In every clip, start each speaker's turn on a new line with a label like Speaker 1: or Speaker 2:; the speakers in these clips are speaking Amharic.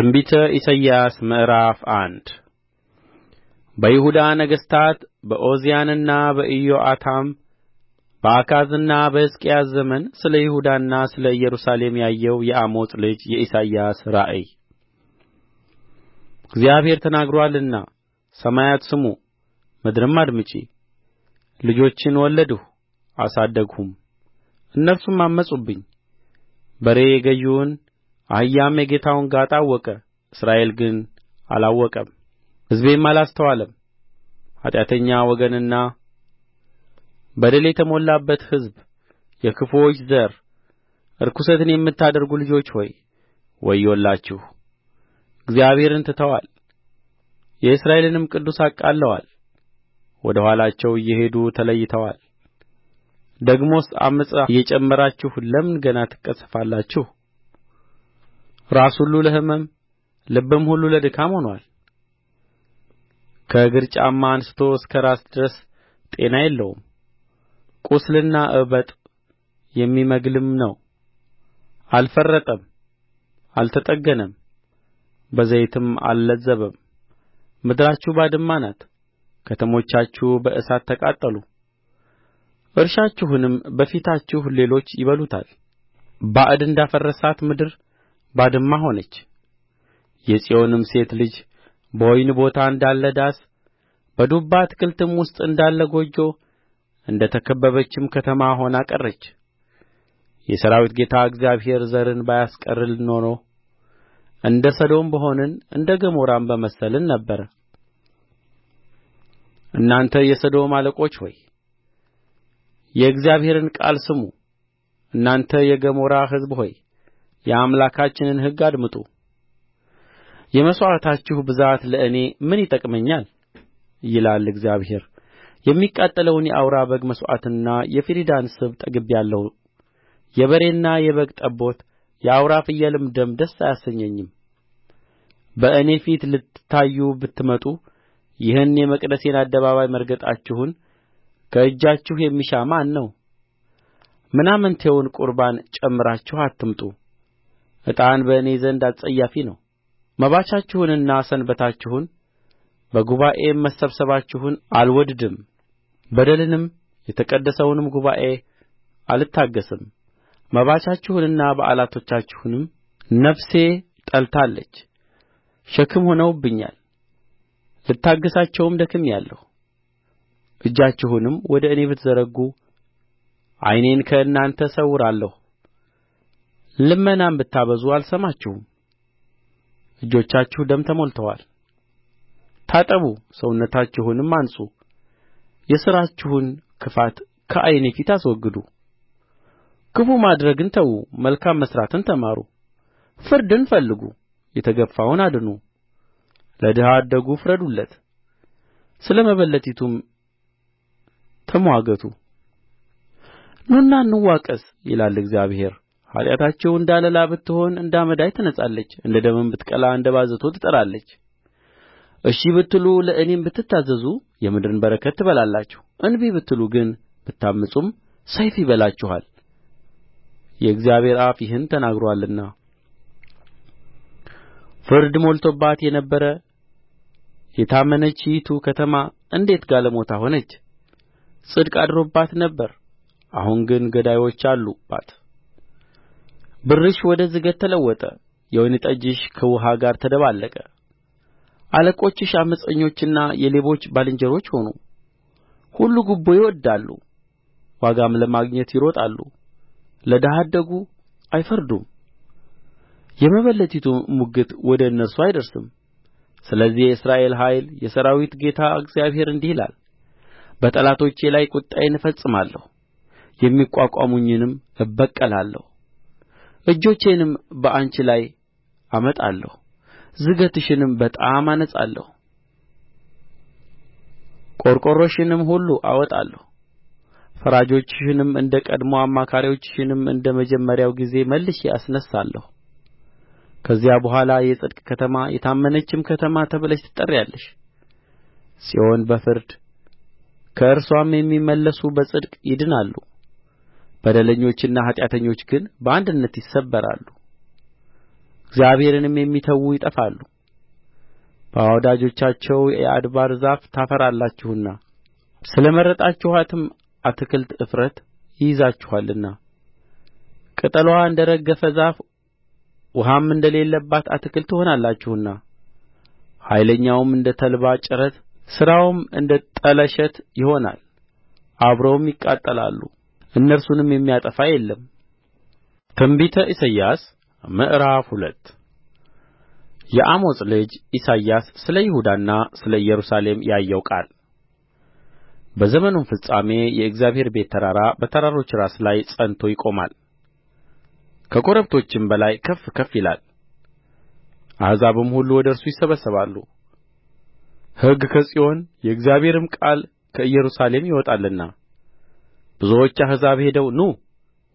Speaker 1: ትንቢተ ኢሳይያስ ምዕራፍ አንድ በይሁዳ ነገሥታት በዖዝያንና በኢዮአታም በአካዝና በሕዝቅያስ ዘመን ስለ ይሁዳና ስለ ኢየሩሳሌም ያየው የአሞጽ ልጅ የኢሳይያስ ራእይ እግዚአብሔር ተናግሮአልና ሰማያት ስሙ፣ ምድርም አድምጪ። ልጆችን ወለድሁ አሳደግሁም፣ እነርሱም አመጹብኝ በሬ ገዢውን አህያም የጌታውን ጋጣ አወቀ እስራኤል ግን አላወቀም ሕዝቤም አላስተዋለም ኃጢአተኛ ወገንና በደል የተሞላበት ሕዝብ የክፉዎች ዘር ርኵሰትን የምታደርጉ ልጆች ሆይ ወዮላችሁ እግዚአብሔርን ትተዋል የእስራኤልንም ቅዱስ አቃልለዋል ወደ ኋላቸው እየሄዱ ተለይተዋል ደግሞስ ዓመፃ እየጨመራችሁ ለምን ገና ትቀሰፋላችሁ? ራስ ሁሉ ለሕመም ልብም ሁሉ ለድካም ሆኖአል ከእግር ጫማ አንስቶ እስከ ራስ ድረስ ጤና የለውም ቍስልና እበጥ የሚመግልም ነው አልፈረጠም አልተጠገነም በዘይትም አልለዘበም ምድራችሁ ባድማ ናት ከተሞቻችሁ በእሳት ተቃጠሉ እርሻችሁንም በፊታችሁ ሌሎች ይበሉታል ባዕድ እንዳፈረሳት ምድር ባድማ ሆነች የጽዮንም ሴት ልጅ በወይን ቦታ እንዳለ ዳስ በዱባ አትክልትም ውስጥ እንዳለ ጎጆ እንደ ተከበበችም ከተማ ሆና ቀረች የሠራዊት ጌታ እግዚአብሔር ዘርን ባያስቀርልን ኖሮ እንደ ሰዶም በሆንን እንደ ገሞራም በመሰልን ነበር እናንተ የሰዶም አለቆች ሆይ የእግዚአብሔርን ቃል ስሙ እናንተ የገሞራ ሕዝብ ሆይ የአምላካችንን ሕግ አድምጡ የመሥዋዕታችሁ ብዛት ለእኔ ምን ይጠቅመኛል ይላል እግዚአብሔር የሚቃጠለውን የአውራ በግ መሥዋዕትና የፍሪዳን ስብ ጠግቤአለሁ። የበሬና የበግ ጠቦት የአውራ ፍየልም ደም ደስ አያሰኘኝም በእኔ ፊት ልትታዩ ብትመጡ ይህን የመቅደሴን አደባባይ መርገጣችሁን ከእጃችሁ የሚሻ ማን ነው ምናምንቴውን ቁርባን ጨምራችሁ አትምጡ ዕጣን በእኔ ዘንድ አስጸያፊ ነው መባቻችሁንና ሰንበታችሁን በጉባኤም መሰብሰባችሁን አልወድድም በደልንም የተቀደሰውንም ጉባኤ አልታገሥም መባቻችሁንና በዓላቶቻችሁንም ነፍሴ ጠልታለች ሸክም ሆነውብኛል ልታገሣቸውም ደክሜአለሁ እጃችሁንም ወደ እኔ ብትዘረጉ ዓይኔን ከእናንተ እሰውራለሁ ልመናም ብታበዙ አልሰማችሁም እጆቻችሁ ደም ተሞልተዋል ታጠቡ ሰውነታችሁንም አንጹ የሥራችሁን ክፋት ከዓይኔ ፊት አስወግዱ ክፉ ማድረግን ተዉ መልካም መሥራትን ተማሩ ፍርድን ፈልጉ የተገፋውን አድኑ ለድሀ አደጉ ፍረዱለት ስለ መበለቲቱም ተምዋገቱ ኑና እንዋቀስ ይላል እግዚአብሔር ኃጢአታቸው እንደ አለላ ብትሆን እንደ አመዳይ ትነጻለች እንደ ደምም ብትቀላ እንደ ባዘቶ ትጠራለች እሺ ብትሉ ለእኔም ብትታዘዙ የምድርን በረከት ትበላላችሁ እንቢ ብትሉ ግን ብታምፁም ሰይፍ ይበላችኋል የእግዚአብሔር አፍ ይህን ተናግሮአልና ፍርድ ሞልቶባት የነበረ የታመነችይቱ ከተማ እንዴት ጋለሞታ ሆነች ጽድቅ አድሮባት ነበር አሁን ግን ገዳዮች አሉባት ብርሽ ወደ ዝገት ተለወጠ የወይን ጠጅሽ ከውኃ ጋር ተደባለቀ አለቆችሽ ዓመፀኞችና የሌቦች ባልንጀሮች ሆኑ ሁሉ ጉቦ ይወድዳሉ ዋጋም ለማግኘት ይሮጣሉ ለድሀ አደጉ አይፈርዱም የመበለቲቱ ሙግት ወደ እነርሱ አይደርስም ስለዚህ የእስራኤል ኃይል የሠራዊት ጌታ እግዚአብሔር እንዲህ ይላል በጠላቶቼ ላይ ቍጣዬን እፈጽማለሁ የሚቋቋሙኝንም እበቀላለሁ እጆቼንም በአንቺ ላይ አመጣለሁ ዝገትሽንም በጣም አነጻለሁ ቆርቆሮሽንም ሁሉ አወጣለሁ ፈራጆችሽንም እንደ ቀድሞ አማካሪዎችሽንም እንደ መጀመሪያው ጊዜ መልሼ አስነሣለሁ ከዚያ በኋላ የጽድቅ ከተማ የታመነችም ከተማ ተብለሽ ትጠሪያለሽ ጽዮን በፍርድ ከእርስዋም የሚመለሱ በጽድቅ ይድናሉ በደለኞችና ኃጢአተኞች ግን በአንድነት ይሰበራሉ እግዚአብሔርንም የሚተዉ ይጠፋሉ በወዳጆቻቸው የአድባር ዛፍ ታፈራላችሁና ስለ መረጣችኋትም አትክልት እፍረት ይይዛችኋልና ቅጠልዋ እንደ ረገፈ ዛፍ ውሃም እንደሌለባት አትክልት ትሆናላችሁና ኃይለኛውም እንደ ተልባ ጭረት ሥራውም እንደ ጠለሸት ይሆናል አብረውም ይቃጠላሉ እነርሱንም የሚያጠፋ የለም ትንቢተ ኢሳይያስ ምዕራፍ ሁለት የአሞጽ ልጅ ኢሳይያስ ስለ ይሁዳና ስለ ኢየሩሳሌም ያየው ቃል በዘመኑም ፍጻሜ የእግዚአብሔር ቤት ተራራ በተራሮች ራስ ላይ ጸንቶ ይቆማል ከኮረብቶችም በላይ ከፍ ከፍ ይላል አሕዛብም ሁሉ ወደ እርሱ ይሰበሰባሉ ሕግ ከጽዮን የእግዚአብሔርም ቃል ከኢየሩሳሌም ይወጣልና ብዙዎች አሕዛብ ሄደው ኑ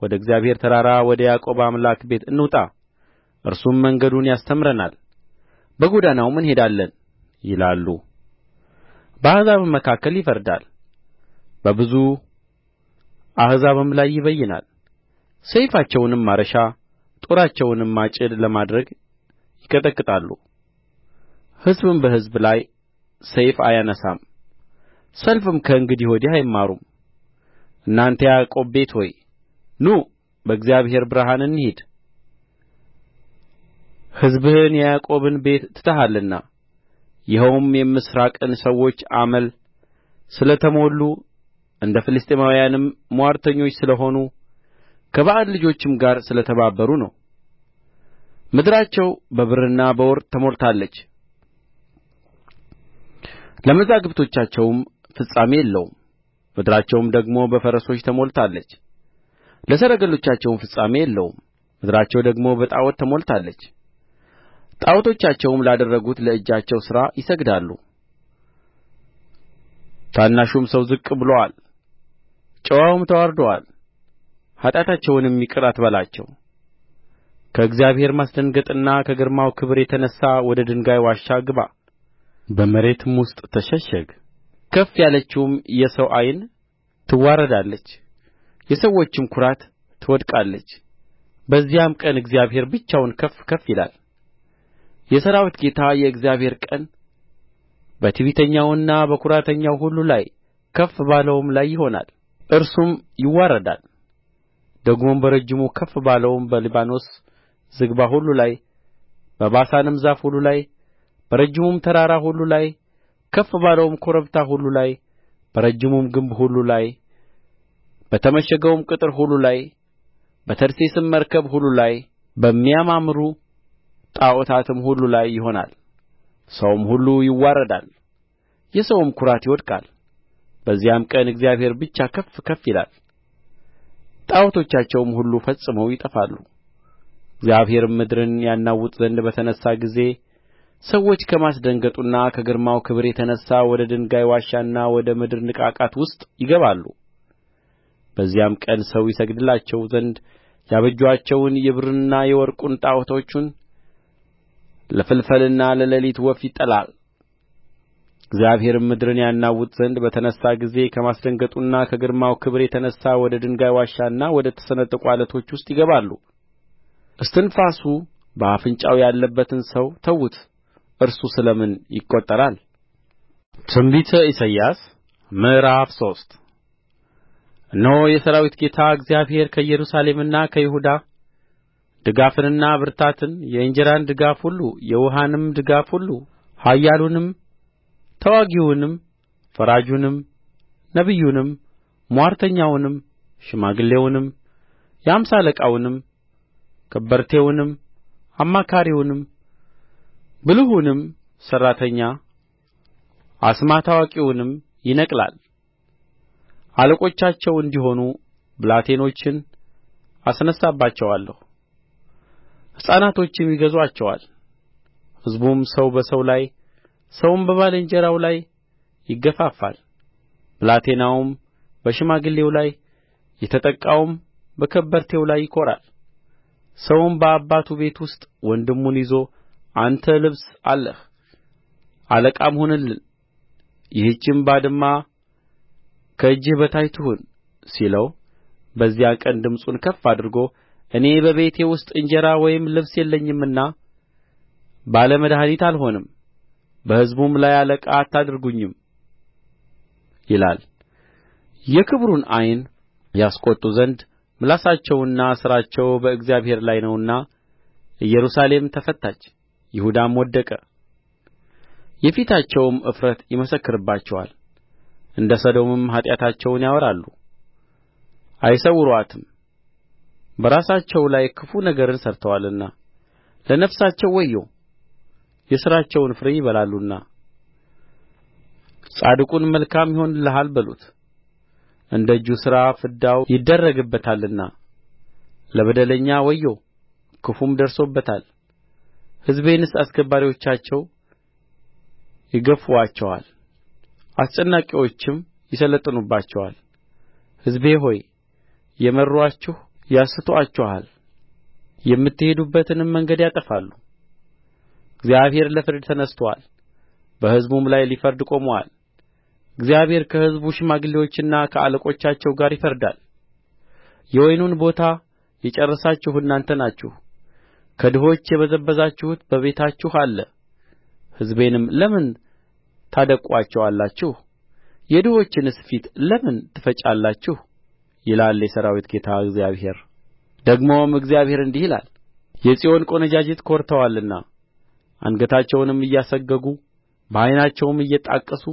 Speaker 1: ወደ እግዚአብሔር ተራራ ወደ ያዕቆብ አምላክ ቤት እንውጣ እርሱም መንገዱን ያስተምረናል በጎዳናውም እንሄዳለን ይላሉ በአሕዛብም መካከል ይፈርዳል በብዙ አሕዛብም ላይ ይበይናል ሰይፋቸውንም ማረሻ ጦራቸውንም ማጭድ ለማድረግ ይቀጠቅጣሉ ሕዝብም በሕዝብ ላይ ሰይፍ አያነሣም ሰልፍም ከእንግዲህ ወዲህ አይማሩም እናንተ የያዕቆብ ቤት ሆይ ኑ በእግዚአብሔር ብርሃን እንሂድ ሕዝብህን የያዕቆብን ቤት ትተሃልና ይኸውም የምሥራቅን ሰዎች አመል ስለ ተሞሉ እንደ ፍልስጥኤማውያንም ምዋርተኞች ስለ ሆኑ ከባዕድ ልጆችም ጋር ስለ ተባበሩ ነው ምድራቸው በብርና በወርቅ ተሞልታለች ለመዛግብቶቻቸውም ፍጻሜ የለውም ምድራቸውም ደግሞ በፈረሶች ተሞልታለች ለሰረገሎቻቸውም ፍጻሜ የለውም ምድራቸው ደግሞ በጣዖት ተሞልታለች ጣዖቶቻቸውም ላደረጉት ለእጃቸው ሥራ ይሰግዳሉ ታናሹም ሰው ዝቅ ብሎአል ጨዋውም ተዋርዶአል ኃጢአታቸውንም ይቅር አትበላቸው ከእግዚአብሔር ማስደንገጥና ከግርማው ክብር የተነሣ ወደ ድንጋይ ዋሻ ግባ በመሬትም ውስጥ ተሸሸግ ከፍ ያለችውም የሰው ዓይን ትዋረዳለች የሰዎችም ኵራት ትወድቃለች በዚያም ቀን እግዚአብሔር ብቻውን ከፍ ከፍ ይላል የሠራዊት ጌታ የእግዚአብሔር ቀን በትዕቢተኛውና በኵራተኛው ሁሉ ላይ ከፍ ባለውም ላይ ይሆናል እርሱም ይዋረዳል ደግሞም በረጅሙ ከፍ ባለውም በሊባኖስ ዝግባ ሁሉ ላይ በባሳንም ዛፍ ሁሉ ላይ በረጅሙም ተራራ ሁሉ ላይ ከፍ ባለውም ኮረብታ ሁሉ ላይ በረጅሙም ግንብ ሁሉ ላይ በተመሸገውም ቅጥር ሁሉ ላይ በተርሴስም መርከብ ሁሉ ላይ በሚያማምሩ ጣዖታትም ሁሉ ላይ ይሆናል ሰውም ሁሉ ይዋረዳል የሰውም ኵራት ይወድቃል በዚያም ቀን እግዚአብሔር ብቻ ከፍ ከፍ ይላል ጣዖቶቻቸውም ሁሉ ፈጽመው ይጠፋሉ እግዚአብሔርም ምድርን ያናውጥ ዘንድ በተነሣ ጊዜ ሰዎች ከማስደንገጡና ከግርማው ክብር የተነሣ ወደ ድንጋይ ዋሻና ወደ ምድር ንቃቃት ውስጥ ይገባሉ በዚያም ቀን ሰው ይሰግድላቸው ዘንድ ያበጁአቸውን የብሩንና የወርቁን ጣዖቶቹን ለፍልፈልና ለሌሊት ወፍ ይጥላል እግዚአብሔርም ምድርን ያናውጥ ዘንድ በተነሣ ጊዜ ከማስደንገጡና ከግርማው ክብር የተነሣ ወደ ድንጋይ ዋሻና ወደ ተሰነጠቁ ዓለቶች ውስጥ ይገባሉ እስትንፋሱ በአፍንጫው ያለበትን ሰው ተዉት እርሱ ስለ ምን ይቈጠራል? ትንቢተ ኢሳይያስ ምዕራፍ ሶስት እነሆ የሠራዊት ጌታ እግዚአብሔር ከኢየሩሳሌምና ከይሁዳ ድጋፍንና ብርታትን የእንጀራን ድጋፍ ሁሉ የውኃንም ድጋፍ ሁሉ ኃያሉንም ተዋጊውንም ፈራጁንም ነቢዩንም ምዋርተኛውንም ሽማግሌውንም የአምሳ አለቃውንም ከበርቴውንም አማካሪውንም ብልሁንም ሠራተኛ አስማት አዋቂውንም ይነቅላል አለቆቻቸው እንዲሆኑ ብላቴኖችን አስነሣባቸዋለሁ ሕፃናቶችም ይገዙአቸዋል ሕዝቡም ሰው በሰው ላይ ሰውም በባልንጀራው ላይ ይገፋፋል ብላቴናውም በሽማግሌው ላይ የተጠቃውም በከበርቴው ላይ ይኰራል ሰውም በአባቱ ቤት ውስጥ ወንድሙን ይዞ አንተ ልብስ አለህ አለቃም ሁንልን ይህችም ባድማ ከእጅህ በታች ትሁን ሲለው በዚያ ቀን ድምፁን ከፍ አድርጎ እኔ በቤቴ ውስጥ እንጀራ ወይም ልብስ የለኝምና ባለ መድኃኒት አልሆንም በሕዝቡም ላይ አለቃ አታደርጉኝም ይላል የክብሩን ዓይን ያስቈጡ ዘንድ ምላሳቸውና ሥራቸው በእግዚአብሔር ላይ ነውና ኢየሩሳሌም ተፈታች ይሁዳም ወደቀ የፊታቸውም እፍረት ይመሰክርባቸዋል እንደ ሰዶምም ኃጢአታቸውን ያወራሉ አይሰውሩአትም በራሳቸው ላይ ክፉ ነገርን ሠርተዋልና ለነፍሳቸው ወዮ የሥራቸውን ፍሬ ይበላሉና ጻድቁን መልካም ይሆንልሃል በሉት እንደ እጁ ሥራ ፍዳው ይደረግበታልና ለበደለኛ ወዮ ክፉም ደርሶበታል ሕዝቤንስ አስገባሪዎቻቸው ይገፉአቸዋል፣ አስጨናቂዎችም ይሠለጥኑባቸዋል ሕዝቤ ሆይ የመሩአችሁ ያስቱአችኋል የምትሄዱበትንም መንገድ ያጠፋሉ እግዚአብሔር ለፍርድ ተነሥቶአል በሕዝቡም ላይ ሊፈርድ ቆሞአል እግዚአብሔር ከሕዝቡ ሽማግሌዎችና ከአለቆቻቸው ጋር ይፋረዳል የወይኑን ቦታ የጨረሳችሁ እናንተ ናችሁ ከድሆች የበዘበዛችሁት በቤታችሁ አለ ሕዝቤንም ለምን ታደቅቁአቸዋላችሁ የድሆችንስ ፊት ለምን ትፈጫላችሁ ይላል የሠራዊት ጌታ እግዚአብሔር ደግሞም እግዚአብሔር እንዲህ ይላል የጽዮን ቈነጃጅት ኰርተዋልና አንገታቸውንም እያሰገጉ በዓይናቸውም እየጣቀሱ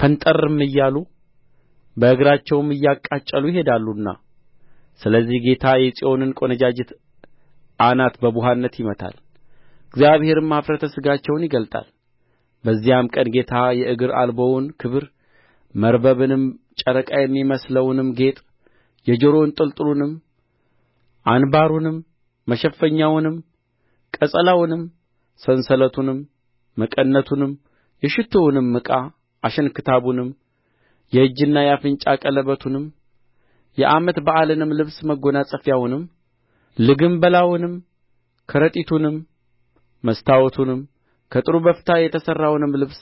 Speaker 1: ፈንጠርም እያሉ በእግራቸውም እያቃጨሉ ይሄዳሉና ስለዚህ ጌታ የጽዮንን ቈነጃጅት አናት በቡሀነት ይመታል እግዚአብሔርም ኀፍረተ ሥጋቸውን ይገልጣል በዚያም ቀን ጌታ የእግር አልቦውን ክብር መርበብንም ጨረቃ የሚመስለውንም ጌጥ የጆሮ እንጥልጥሉንም አንባሩንም መሸፈኛውንም ቀጸላውንም ሰንሰለቱንም መቀነቱንም የሽቱውንም ዕቃ አሸንክታቡንም የእጅና የአፍንጫ ቀለበቱንም የዓመት በዓልንም ልብስ መጐናጸፊያውንም ልግምበገላውንም ከረጢቱንም መስታወቱንም ከጥሩ በፍታ የተሠራውንም ልብስ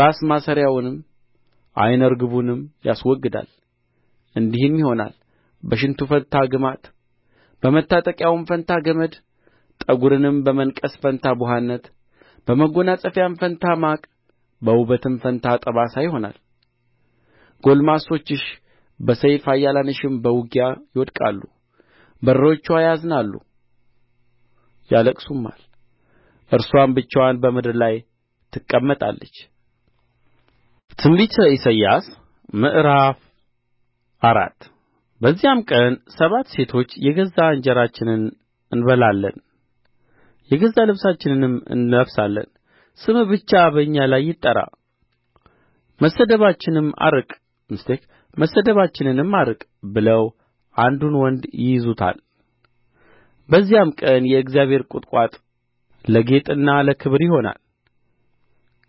Speaker 1: ራስ ማሰሪያውንም ዓይነ ርግቡንም ያስወግዳል እንዲህም ይሆናል በሽንቱ ፋንታ ግማት በመታጠቂያውም ፋንታ ገመድ ጠጉርንም በመንቀስ ፋንታ ቡሀነት በመጐናጸፊያም ፋንታ ማቅ በውበትም ፋንታ ጠባሳ ይሆናል ጕልማሶችሽ በሰይፍ ኃያላንሽም በውጊያ ይወድቃሉ በሮችዋ ያዝናሉ ያለቅሱማል እርስዋም ብቻዋን በምድር ላይ ትቀመጣለች ትንቢተ ኢሳይያስ ምዕራፍ አራት በዚያም ቀን ሰባት ሴቶች የገዛ እንጀራችንን እንበላለን የገዛ ልብሳችንንም እንለብሳለን ስምህ ብቻ በእኛ ላይ ይጠራ መሰደባችንም አርቅ መሰደባችንንም አርቅ ብለው አንዱን ወንድ ይይዙታል በዚያም ቀን የእግዚአብሔር ቍጥቋጥ ለጌጥና ለክብር ይሆናል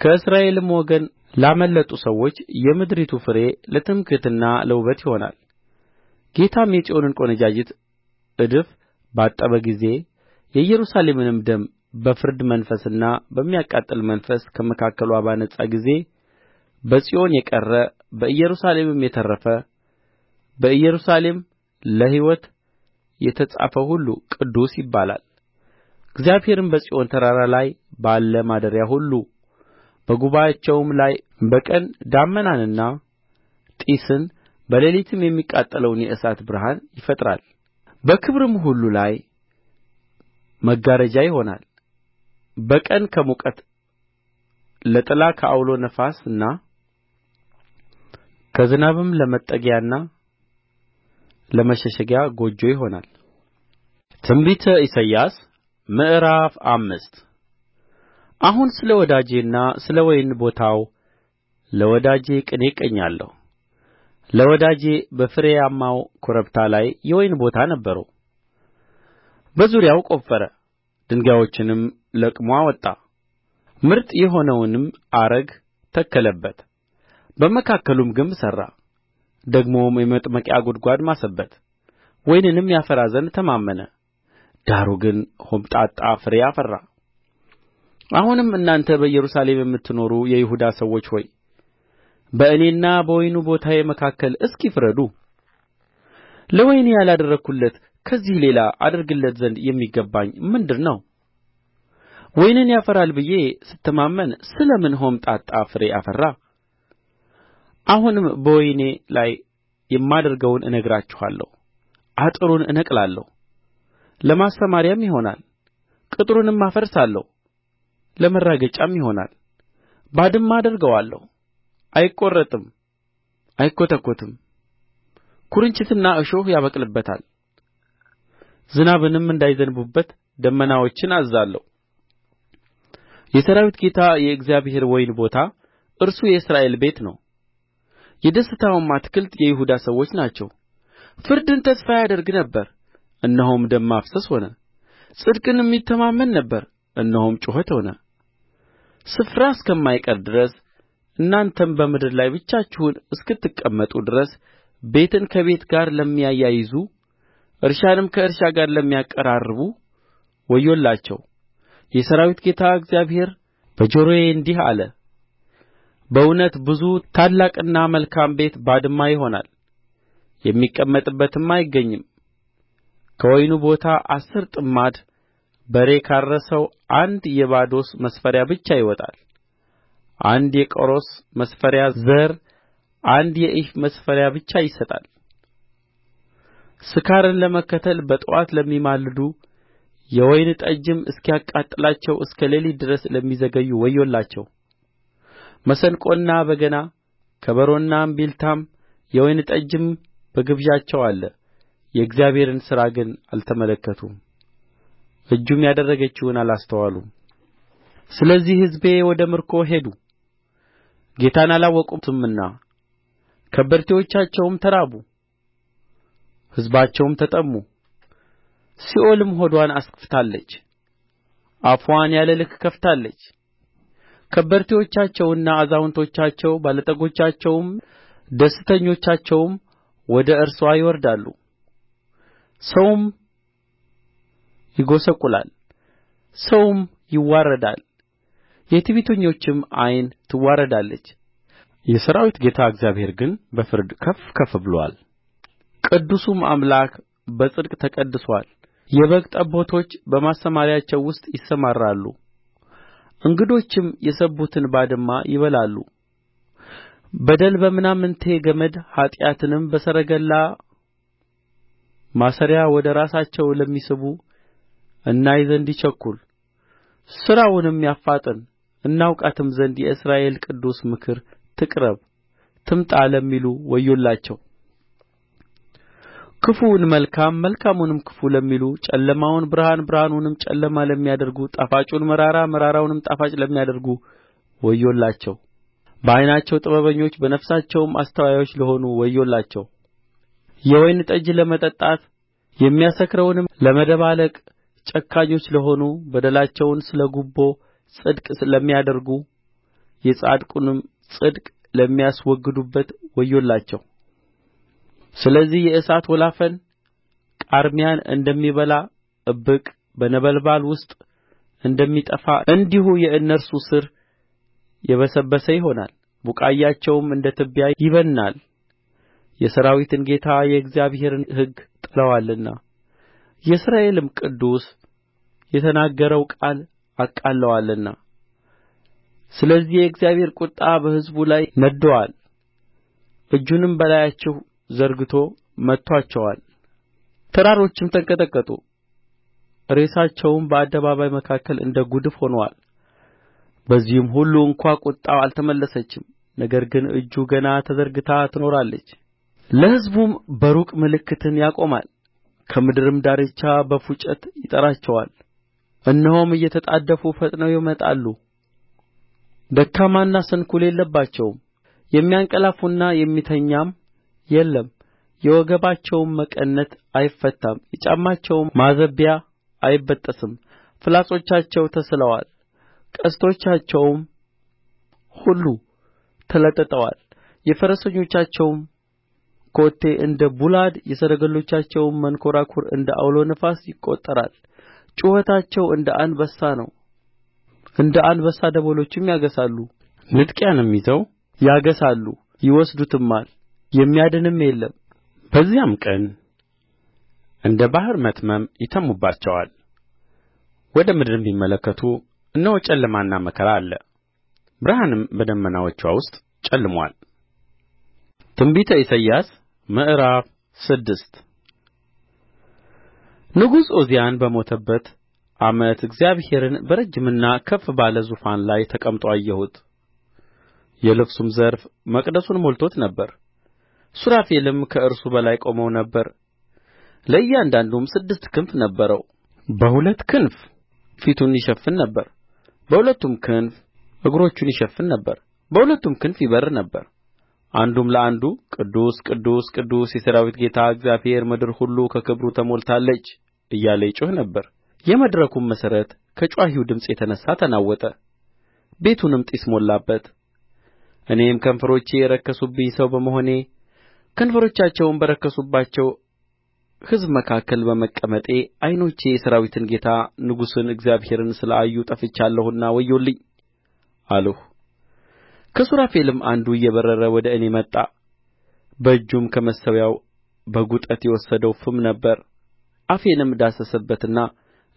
Speaker 1: ከእስራኤልም ወገን ላመለጡ ሰዎች የምድሪቱ ፍሬ ለትምክሕትና ለውበት ይሆናል ጌታም የጽዮንን ቈነጃጅት እድፍ ባጠበ ጊዜ የኢየሩሳሌምንም ደም በፍርድ መንፈስና በሚያቃጥል መንፈስ ከመካከልዋ ባነጻ ጊዜ በጽዮን የቀረ በኢየሩሳሌምም የተረፈ በኢየሩሳሌም ለሕይወት የተጻፈው ሁሉ ቅዱስ ይባላል እግዚአብሔርም በጽዮን ተራራ ላይ ባለ ማደሪያ ሁሉ በጉባኤአቸውም ላይ በቀን ደመናንና ጢስን በሌሊትም የሚቃጠለውን የእሳት ብርሃን ይፈጥራል በክብርም ሁሉ ላይ መጋረጃ ይሆናል በቀን ከሙቀት ለጥላ ከዐውሎ ነፋስና ከዝናብም ለመጠጊያና ለመሸሸጊያ ጎጆ ይሆናል። ትንቢተ ኢሳይያስ ምዕራፍ አምስት አሁን ስለ ወዳጄና ስለ ወይን ቦታው ለወዳጄ ቅኔ እቀኛለሁ። ለወዳጄ በፍሬያማው ኮረብታ ላይ የወይን ቦታ ነበረው። በዙሪያው ቈፈረ፣ ድንጋዮችንም ለቅሞ አወጣ፣ ምርጥ የሆነውንም አረግ ተከለበት፣ በመካከሉም ግንብ ሠራ። ደግሞም የመጥመቂያ ጕድጓድ ማሰበት ወይንንም ያፈራ ዘንድ ተማመነ ዳሩ ግን ሆምጣጣ ፍሬ አፈራ አሁንም እናንተ በኢየሩሳሌም የምትኖሩ የይሁዳ ሰዎች ሆይ በእኔና በወይኑ ቦታዬ መካከል እስኪ ፍረዱ ለወይኔ ያላደረግሁለት ከዚህ ሌላ አደርግለት ዘንድ የሚገባኝ ምንድር ነው ወይንን ያፈራል ብዬ ስተማመን ስለ ምን ሆምጣጣ ፍሬ አፈራ አሁንም በወይኔ ላይ የማደርገውን እነግራችኋለሁ አጥሩን እነቅላለሁ ለማሰማርያም ይሆናል ቅጥሩንም አፈርሳለሁ ለመራገጫም ይሆናል ባድማ አደርገዋለሁ አይቈረጥም አይኰተኰትም ኵርንችትና እሾህ ያበቅልበታል ዝናብንም እንዳይዘንቡበት ደመናዎችን አዝዛለሁ የሠራዊት ጌታ የእግዚአብሔር ወይን ቦታ እርሱ የእስራኤል ቤት ነው የደስታውም አትክልት የይሁዳ ሰዎች ናቸው ፍርድን ተስፋ ያደርግ ነበር እነሆም ደም ማፍሰስ ሆነ ጽድቅንም ይተማመን ነበር እነሆም ጩኸት ሆነ ስፍራ እስከማይቀር ድረስ እናንተም በምድር ላይ ብቻችሁን እስክትቀመጡ ድረስ ቤትን ከቤት ጋር ለሚያያይዙ እርሻንም ከእርሻ ጋር ለሚያቀራርቡ ወዮላቸው የሠራዊት ጌታ እግዚአብሔር በጆሮዬ እንዲህ አለ በእውነት ብዙ ታላቅና መልካም ቤት ባድማ ይሆናል የሚቀመጥበትም አይገኝም ከወይኑ ቦታ አሥር ጥማድ በሬ ካረሰው አንድ የባዶስ መስፈሪያ ብቻ ይወጣል አንድ የቆሮስ መስፈሪያ ዘር አንድ የኢፍ መስፈሪያ ብቻ ይሰጣል ስካርን ለመከተል በጥዋት ለሚማልዱ የወይን ጠጅም እስኪያቃጥላቸው እስከ ሌሊት ድረስ ለሚዘገዩ ወዮላቸው መሰንቆና በገና ከበሮና እምቢልታም የወይን ጠጅም በግብዣቸው አለ የእግዚአብሔርን ሥራ ግን አልተመለከቱም እጁም ያደረገችውን አላስተዋሉም ስለዚህ ሕዝቤ ወደ ምርኮ ሄዱ ጌታን አላወቁትምና ከበርቴዎቻቸውም ተራቡ ሕዝባቸውም ተጠሙ ሲኦልም ሆድዋን አስፍታለች አፏን ያለ ልክ ከፍታለች ከበርቴዎቻቸውና አዛውንቶቻቸው ባለጠጎቻቸውም ደስተኞቻቸውም ወደ እርስዋ ይወርዳሉ ሰውም ይጐሰቍላል ሰውም ይዋረዳል የትዕቢተኞችም ዓይን ትዋረዳለች የሠራዊት ጌታ እግዚአብሔር ግን በፍርድ ከፍ ከፍ ብሎአል ቅዱሱም አምላክ በጽድቅ ተቀድሶአል የበግ ጠቦቶች በማሰማርያቸው ውስጥ ይሰማራሉ እንግዶችም የሰቡትን ባድማ ይበላሉ በደል በምናምንቴ ገመድ ኃጢአትንም በሰረገላ ማሰሪያ ወደ ራሳቸው ለሚስቡ እናይ ዘንድ ይቸኵል ሥራውንም ያፋጥን እናውቃትም ዘንድ የእስራኤል ቅዱስ ምክር ትቅረብ ትምጣ ለሚሉ ወዮላቸው ክፉውን መልካም መልካሙንም ክፉ ለሚሉ ጨለማውን ብርሃን ብርሃኑንም ጨለማ ለሚያደርጉ ጣፋጩን መራራ መራራውንም ጣፋጭ ለሚያደርጉ ወዮላቸው በዓይናቸው ጥበበኞች በነፍሳቸውም አስተዋዮች ለሆኑ ወዮላቸው የወይን ጠጅ ለመጠጣት የሚያሰክረውንም ለመደባለቅ ጨካኞች ለሆኑ በደላቸውን ስለ ጉቦ ጽድቅ ለሚያደርጉ የጻድቁንም ጽድቅ ለሚያስወግዱበት ወዮላቸው ስለዚህ የእሳት ወላፈን ቃርሚያን እንደሚበላ እብቅ በነበልባል ውስጥ እንደሚጠፋ እንዲሁ የእነርሱ ሥር የበሰበሰ ይሆናል ቡቃያቸውም እንደ ትቢያ ይበንናል የሠራዊትን ጌታ የእግዚአብሔርን ሕግ ጥለዋልና የእስራኤልም ቅዱስ የተናገረው ቃል አቃልለዋልና ስለዚህ የእግዚአብሔር ቍጣ በሕዝቡ ላይ ነድዶአል እጁንም በላያቸው ዘርግቶ መትቶአቸዋል ተራሮችም ተንቀጠቀጡ ሬሳቸውም በአደባባይ መካከል እንደ ጕድፍ ሆኖአል በዚህም ሁሉ እንኳ ቍጣው አልተመለሰችም ነገር ግን እጁ ገና ተዘርግታ ትኖራለች ለሕዝቡም በሩቅ ምልክትን ያቆማል ከምድርም ዳርቻ በፉጨት ይጠራቸዋል እነሆም እየተጣደፉ ፈጥነው ይመጣሉ ደካማና ስንኵል የለባቸውም የሚያንቀላፋና የሚተኛም የለም የወገባቸውም መቀነት አይፈታም የጫማቸውም ማዘቢያ አይበጠስም ፍላጾቻቸው ተስለዋል ቀስቶቻቸውም ሁሉ ተለጥጠዋል የፈረሰኞቻቸውም ኮቴ እንደ ቡላድ የሰረገሎቻቸውም መንኰራኵር እንደ ዐውሎ ነፋስ ይቈጠራል ጩኸታቸው እንደ አንበሳ ነው እንደ አንበሳ ደቦሎችም ያገሣሉ ንጥቂያንም ይዘው ያገሣሉ ይወስዱትማል የሚያድንም የለም በዚያም ቀን እንደ ባሕር መትመም ይተምሙባቸዋል ወደ ምድርም ቢመለከቱ እነሆ ጨለማና መከራ አለ ብርሃንም በደመናዎችዋ ውስጥ ጨልሞአል ትንቢተ ኢሳይያስ ምዕራፍ ስድስት ንጉሡ ዖዝያን በሞተበት ዓመት እግዚአብሔርን በረጅምና ከፍ ባለ ዙፋን ላይ ተቀምጦ አየሁት የልብሱም ዘርፍ መቅደሱን ሞልቶት ነበር ሱራፌልም ከእርሱ በላይ ቆመው ነበር ለእያንዳንዱም ስድስት ክንፍ ነበረው በሁለት ክንፍ ፊቱን ይሸፍን ነበር በሁለቱም ክንፍ እግሮቹን ይሸፍን ነበር በሁለቱም ክንፍ ይበር ነበር አንዱም ለአንዱ ቅዱስ ቅዱስ ቅዱስ የሠራዊት ጌታ እግዚአብሔር ምድር ሁሉ ከክብሩ ተሞልታለች እያለ ይጮኽ ነበር የመድረኩም መሠረት ከጭዋኺው ድምፅ የተነሣ ተናወጠ ቤቱንም ጢስ ሞላበት እኔም ከንፈሮቼ የረከሱብኝ ሰው በመሆኔ ከንፈሮቻቸውም በረከሱባቸው ሕዝብ መካከል በመቀመጤ ዓይኖቼ የሠራዊትን ጌታ ንጉሡን እግዚአብሔርን ስለ አዩ ጠፍቻለሁና ወዮልኝ አልሁ ከሱራፌልም አንዱ እየበረረ ወደ እኔ መጣ በእጁም ከመሠዊያው በጕጠት የወሰደው ፍም ነበረ አፌንም ዳሰሰበትና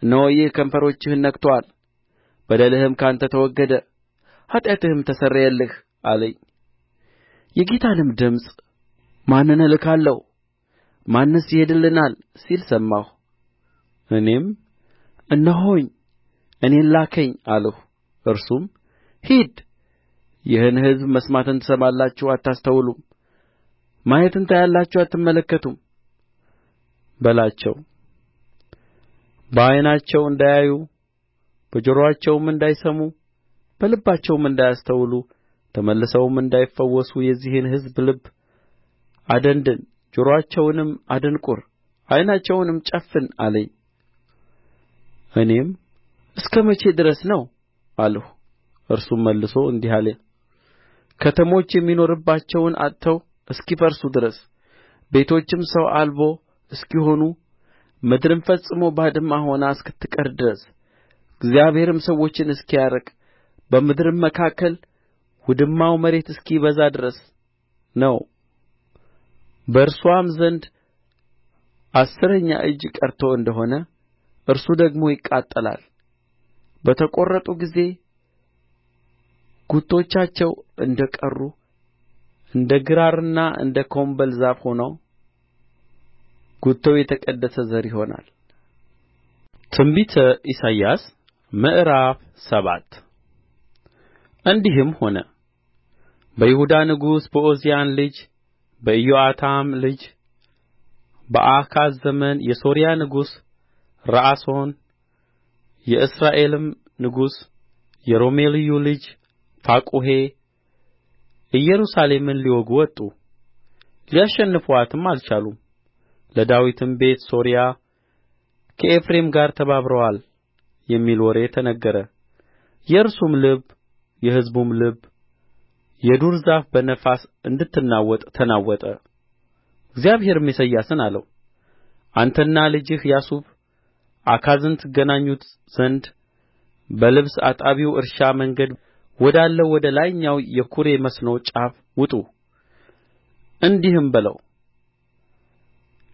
Speaker 1: እነሆ ይህ ከንፈሮችህን ነክቶአል በደልህም ከአንተ ተወገደ ኃጢአትህም ተሰረየልህ አለኝ የጌታንም ድምፅ ማንን እልካለሁ ማንስ ይሄድልናል ሲል ሰማሁ እኔም እነሆኝ እኔን ላከኝ አልሁ እርሱም ሂድ ይህን ሕዝብ መስማትን ትሰማላችሁ አታስተውሉም ማየትን ታያላችሁ አትመለከቱም በላቸው በዓይናቸው እንዳያዩ በጆሮአቸውም እንዳይሰሙ በልባቸውም እንዳያስተውሉ ተመልሰውም እንዳይፈወሱ የዚህን ሕዝብ ልብ አደንድን ጆሮአቸውንም አደንቍር ዓይናቸውንም ጨፍን አለኝ እኔም እስከ መቼ ድረስ ነው አልሁ እርሱም መልሶ እንዲህ አለኝ ከተሞች የሚኖርባቸውን አጥተው እስኪፈርሱ ድረስ ቤቶችም ሰው አልቦ እስኪሆኑ ምድርም ፈጽሞ ባድማ ሆና እስክትቀር ድረስ እግዚአብሔርም ሰዎችን እስኪያርቅ በምድርም መካከል ውድማው መሬት እስኪበዛ ድረስ ነው በእርስዋም ዘንድ አሥረኛ እጅ ቀርቶ እንደ ሆነ እርሱ ደግሞ ይቃጠላል በተቈረጡ ጊዜ ጉቶቻቸው እንደ ቀሩ እንደ ግራርና እንደ ኮምበል ዛፍ ሆኖ ጉቶው የተቀደሰ ዘር ይሆናል። ትንቢተ ኢሳይያስ ምዕራፍ ሰባት እንዲህም ሆነ በይሁዳ ንጉሥ በዖዝያን ልጅ በኢዮአታም ልጅ በአካዝ ዘመን የሶርያ ንጉሥ ረአሶን የእስራኤልም ንጉሥ የሮሜልዩ ልጅ ፋቁሔ ኢየሩሳሌምን ሊወጉ ወጡ፣ ሊያሸንፉአትም አልቻሉም። ለዳዊትም ቤት ሶርያ ከኤፍሬም ጋር ተባብረዋል የሚል ወሬ ተነገረ። የእርሱም ልብ የሕዝቡም ልብ የዱር ዛፍ በነፋስ እንድትናወጥ ተናወጠ እግዚአብሔርም ኢሳይያስን አለው አንተና ልጅህ ያሱብ አካዝን ትገናኙት ዘንድ በልብስ አጣቢው እርሻ መንገድ ወዳለው ወደ ላይኛው የኵሬ መስኖ ጫፍ ውጡ እንዲህም በለው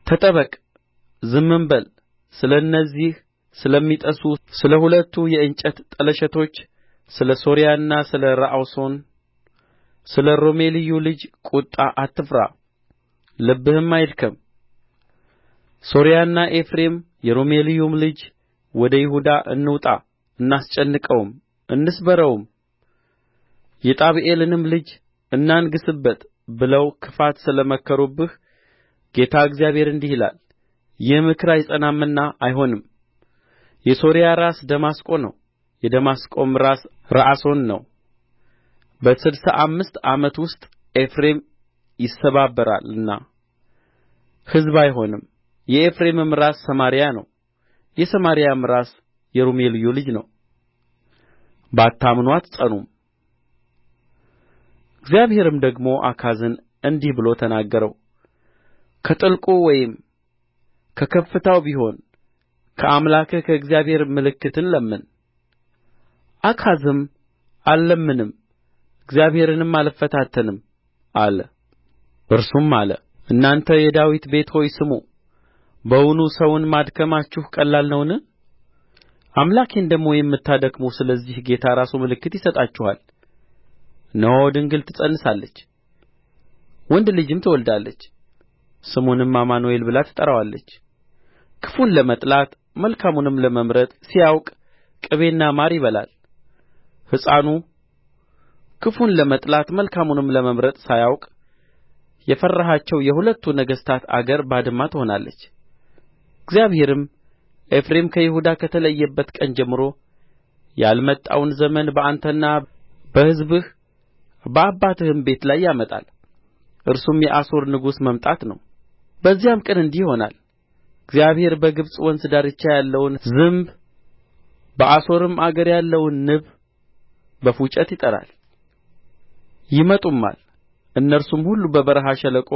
Speaker 1: ተጠበቅ ዝምም በል ስለ እነዚህ ስለሚጤሱ ስለ ሁለቱ የእንጨት ጠለሸቶች ስለ ሶርያና ስለ ረአሶን ስለ ሮሜልዩ ልጅ ቍጣ አትፍራ ልብህም አይድከም ሶርያና ኤፍሬም የሮሜልዩም ልጅ ወደ ይሁዳ እንውጣ እናስጨንቀውም እንስበረውም የጣብኤልንም ልጅ እናንግሥበት ብለው ክፋት ስለ መከሩብህ ጌታ እግዚአብሔር እንዲህ ይላል ይህ ምክር አይጸናምና አይሆንም የሶርያ ራስ ደማስቆ ነው የደማስቆም ራስ ረአሶን ነው በስድሳ አምስት ዓመት ውስጥ ኤፍሬም ይሰባበራልና ሕዝብ አይሆንም የኤፍሬምም ራስ ሰማርያ ነው የሰማርያም ራስ የሮሜልዩ ልጅ ነው ባታምኑ አትጸኑም እግዚአብሔርም ደግሞ አካዝን እንዲህ ብሎ ተናገረው ከጥልቁ ወይም ከከፍታው ቢሆን ከአምላክህ ከእግዚአብሔር ምልክትን ለምን አካዝም አልለምንም እግዚአብሔርንም አልፈታተንም አለ እርሱም አለ እናንተ የዳዊት ቤት ሆይ ስሙ በውኑ ሰውን ማድከማችሁ ቀላል ነውን አምላኬን ደግሞ የምታደክሙ ስለዚህ ጌታ ራሱ ምልክት ይሰጣችኋል እነሆ ድንግል ትፀንሳለች ወንድ ልጅም ትወልዳለች ስሙንም አማኑኤል ብላ ትጠራዋለች ክፉን ለመጥላት መልካሙንም ለመምረጥ ሲያውቅ ቅቤና ማር ይበላል ሕፃኑ ክፉን ለመጥላት መልካሙንም ለመምረጥ ሳያውቅ የፈራሃቸው የሁለቱ ነገሥታት አገር ባድማ ትሆናለች እግዚአብሔርም ኤፍሬም ከይሁዳ ከተለየበት ቀን ጀምሮ ያልመጣውን ዘመን በአንተና በሕዝብህ በአባትህም ቤት ላይ ያመጣል እርሱም የአሦር ንጉሥ መምጣት ነው በዚያም ቀን እንዲህ ይሆናል እግዚአብሔር በግብጽ ወንዝ ዳርቻ ያለውን ዝምብ በአሦርም አገር ያለውን ንብ በፉጨት ይጠራል ይመጡማል እነርሱም ሁሉ በበረሃ ሸለቆ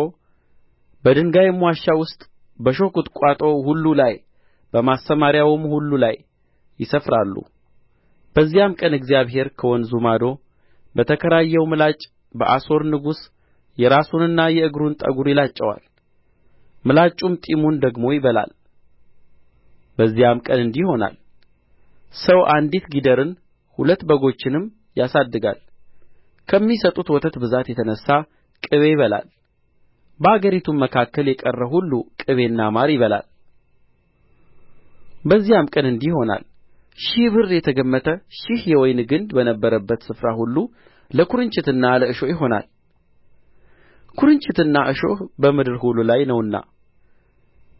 Speaker 1: በድንጋይም ዋሻ ውስጥ በእሾህ ቍጥቋጦ ሁሉ ላይ በማሰማርያውም ሁሉ ላይ ይሰፍራሉ በዚያም ቀን እግዚአብሔር ከወንዙ ማዶ በተከራየው ምላጭ በአሦር ንጉሥ የራሱንና የእግሩን ጠጕር ይላጨዋል ምላጩም ጢሙን ደግሞ ይበላል በዚያም ቀን እንዲህ ይሆናል ሰው አንዲት ጊደርን ሁለት በጎችንም ያሳድጋል ከሚሰጡት ወተት ብዛት የተነሣ ቅቤ ይበላል በአገሪቱም መካከል የቀረ ሁሉ ቅቤና ማር ይበላል በዚያም ቀን እንዲህ ይሆናል ሺህ ብር የተገመተ ሺህ የወይን ግንድ በነበረበት ስፍራ ሁሉ ለኵርንችትና ለእሾህ ይሆናል ኵርንችትና እሾህ በምድር ሁሉ ላይ ነውና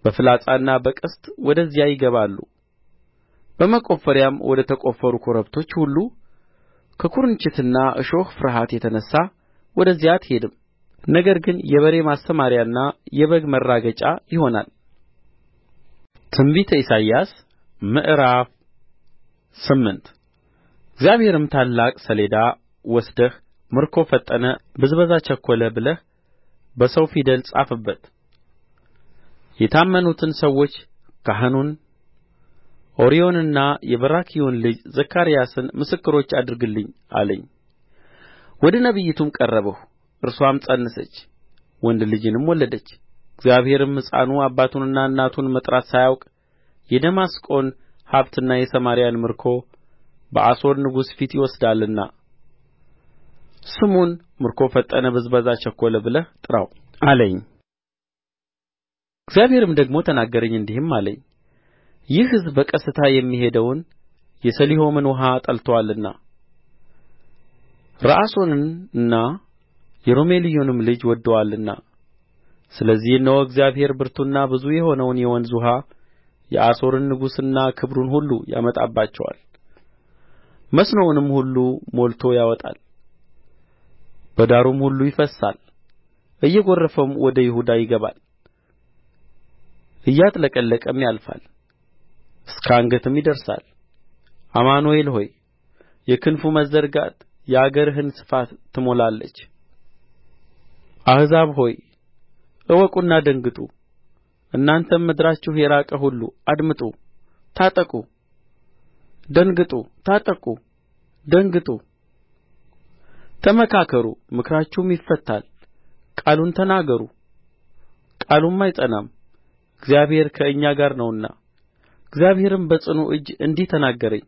Speaker 1: በፍላጻና በቀስት ወደዚያ ይገባሉ በመቈፈሪያም ወደ ተቈፈሩ ኮረብቶች ሁሉ ከኵርንችትና እሾህ ፍርሃት የተነሣ ወደዚያ አትሄድም ነገር ግን የበሬ ማሰማርያና የበግ መራገጫ ይሆናል ትንቢተ ኢሳይያስ ምዕራፍ ስምንት እግዚአብሔርም ታላቅ ሰሌዳ ወስደህ ምርኮ ፈጠነ ብዝበዛ ቸኰለ ብለህ በሰው ፊደል ጻፍበት የታመኑትን ሰዎች ካህኑን ኦርዮንና የበራክዩን ልጅ ዘካርያስን ምስክሮች አድርግልኝ አለኝ ወደ ነቢይቱም ቀረብሁ እርስዋም ፀነሰች ወንድ ልጅንም ወለደች እግዚአብሔርም ሕፃኑ አባቱንና እናቱን መጥራት ሳያውቅ የደማስቆን ሀብትና የሰማርያን ምርኮ በአሦር ንጉሥ ፊት ይወስዳልና ስሙን ምርኮ ፈጠነ ብዝበዛ ቸኰለ ብለህ ጥራው አለኝ እግዚአብሔርም ደግሞ ተናገረኝ እንዲህም አለኝ ይህ ሕዝብ በቀስታ የሚሄደውን የሰሊሆምን ውኃ ጠልቶአልና ረአሶንንና የሮሜልዩንም ልጅ ወድዶአልና ስለዚህ እነሆ እግዚአብሔር ብርቱና ብዙ የሆነውን የወንዝ ውኃ የአሦርን ንጉሥና ክብሩን ሁሉ ያመጣባቸዋል መስኖውንም ሁሉ ሞልቶ ያወጣል በዳሩም ሁሉ ይፈስሳል እየጐረፈም ወደ ይሁዳ ይገባል እያጥለቀለቀም ያልፋል እስከ አንገትም ይደርሳል አማኑኤል ሆይ የክንፉ መዘርጋት የአገርህን ስፋት ትሞላለች አሕዛብ ሆይ እወቁና ደንግጡ እናንተም ምድራችሁ የራቀ ሁሉ አድምጡ ታጠቁ ደንግጡ ታጠቁ ደንግጡ ተመካከሩ ምክራችሁም ይፈታል ቃሉን ተናገሩ ቃሉም አይጸናም እግዚአብሔር ከእኛ ጋር ነውና እግዚአብሔርም በጽኑ እጅ እንዲህ ተናገረኝ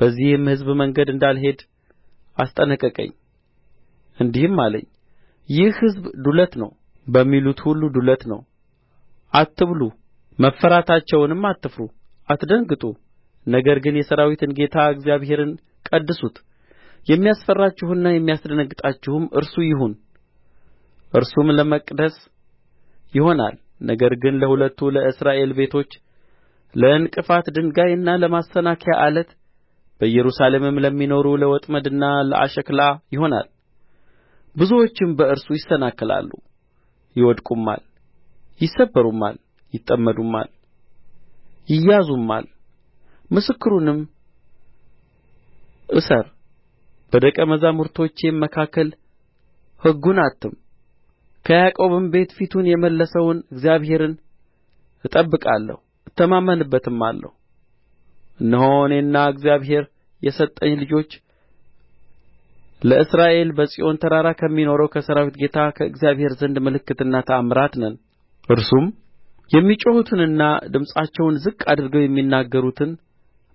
Speaker 1: በዚህም ሕዝብ መንገድ እንዳልሄድ አስጠነቀቀኝ እንዲህም አለኝ ይህ ሕዝብ ዱለት ነው በሚሉት ሁሉ ዱለት ነው አትብሉ መፈራታቸውንም አትፍሩ አትደንግጡ ነገር ግን የሠራዊትን ጌታ እግዚአብሔርን ቀድሱት የሚያስፈራችሁና የሚያስደነግጣችሁም እርሱ ይሁን እርሱም ለመቅደስ ይሆናል ነገር ግን ለሁለቱ ለእስራኤል ቤቶች ለዕንቅፋት ድንጋይና ለማሰናከያ ዓለት በኢየሩሳሌምም ለሚኖሩ ለወጥመድና ለአሽክላ ይሆናል ብዙዎችም በእርሱ ይሰናከላሉ ይወድቁማል ይሰበሩማል ይጠመዱማል ይያዙማል ምስክሩንም እሰር በደቀ መዛሙርቶቼም መካከል ሕጉን አትም ከያዕቆብም ቤት ፊቱን የመለሰውን እግዚአብሔርን እጠብቃለሁ እተማመንበትማለሁ እነሆ እኔና እግዚአብሔር የሰጠኝ ልጆች ለእስራኤል በጽዮን ተራራ ከሚኖረው ከሠራዊት ጌታ ከእግዚአብሔር ዘንድ ምልክትና ተአምራት ነን እርሱም የሚጮኹትንና ድምፃቸውን ዝቅ አድርገው የሚናገሩትን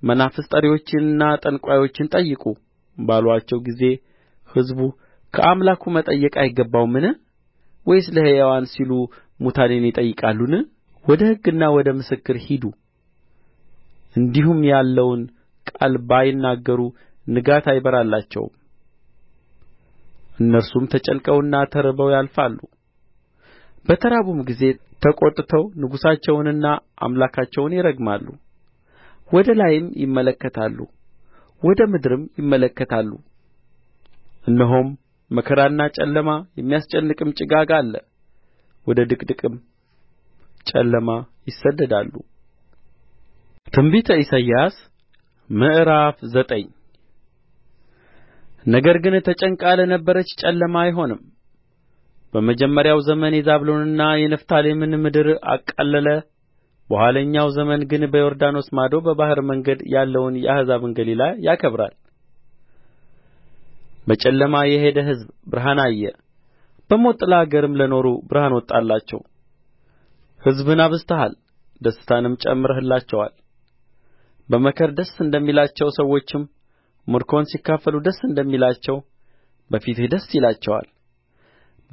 Speaker 1: መናፍስት ጠሪዎችንና ጠንቋዮችን ጠይቁ ባሉአቸው ጊዜ ሕዝቡ ከአምላኩ መጠየቅ አይገባውምን ወይስ ለሕያዋን ሲሉ ሙታንን ይጠይቃሉን ወደ ሕግና ወደ ምስክር ሂዱ እንዲህም ያለውን ቃል ባይናገሩ ንጋት አይበራላቸውም እነርሱም ተጨንቀውና ተርበው ያልፋሉ በተራቡም ጊዜ ተቈጥተው ንጉሣቸውንና አምላካቸውን ይረግማሉ ወደ ላይም ይመለከታሉ ወደ ምድርም ይመለከታሉ እነሆም መከራና ጨለማ የሚያስጨንቅም ጭጋግ አለ ወደ ድቅድቅም ጨለማ ይሰደዳሉ ትንቢተ ኢሳይያስ ምዕራፍ ዘጠኝ ነገር ግን ተጨንቃ ለነበረች ጨለማ አይሆንም በመጀመሪያው ዘመን የዛብሎንንና የንፍታሌምን ምድር አቃለለ በኋለኛው ዘመን ግን በዮርዳኖስ ማዶ በባሕር መንገድ ያለውን የአሕዛብን ገሊላ ያከብራል በጨለማ የሄደ ሕዝብ ብርሃን አየ በሞት ጥላ አገርም ለኖሩ ብርሃን ወጣላቸው ሕዝብን አብዝተሃል ደስታንም ጨምረህላቸዋል በመከር ደስ እንደሚላቸው ሰዎችም ምርኮን ሲካፈሉ ደስ እንደሚላቸው በፊትህ ደስ ይላቸዋል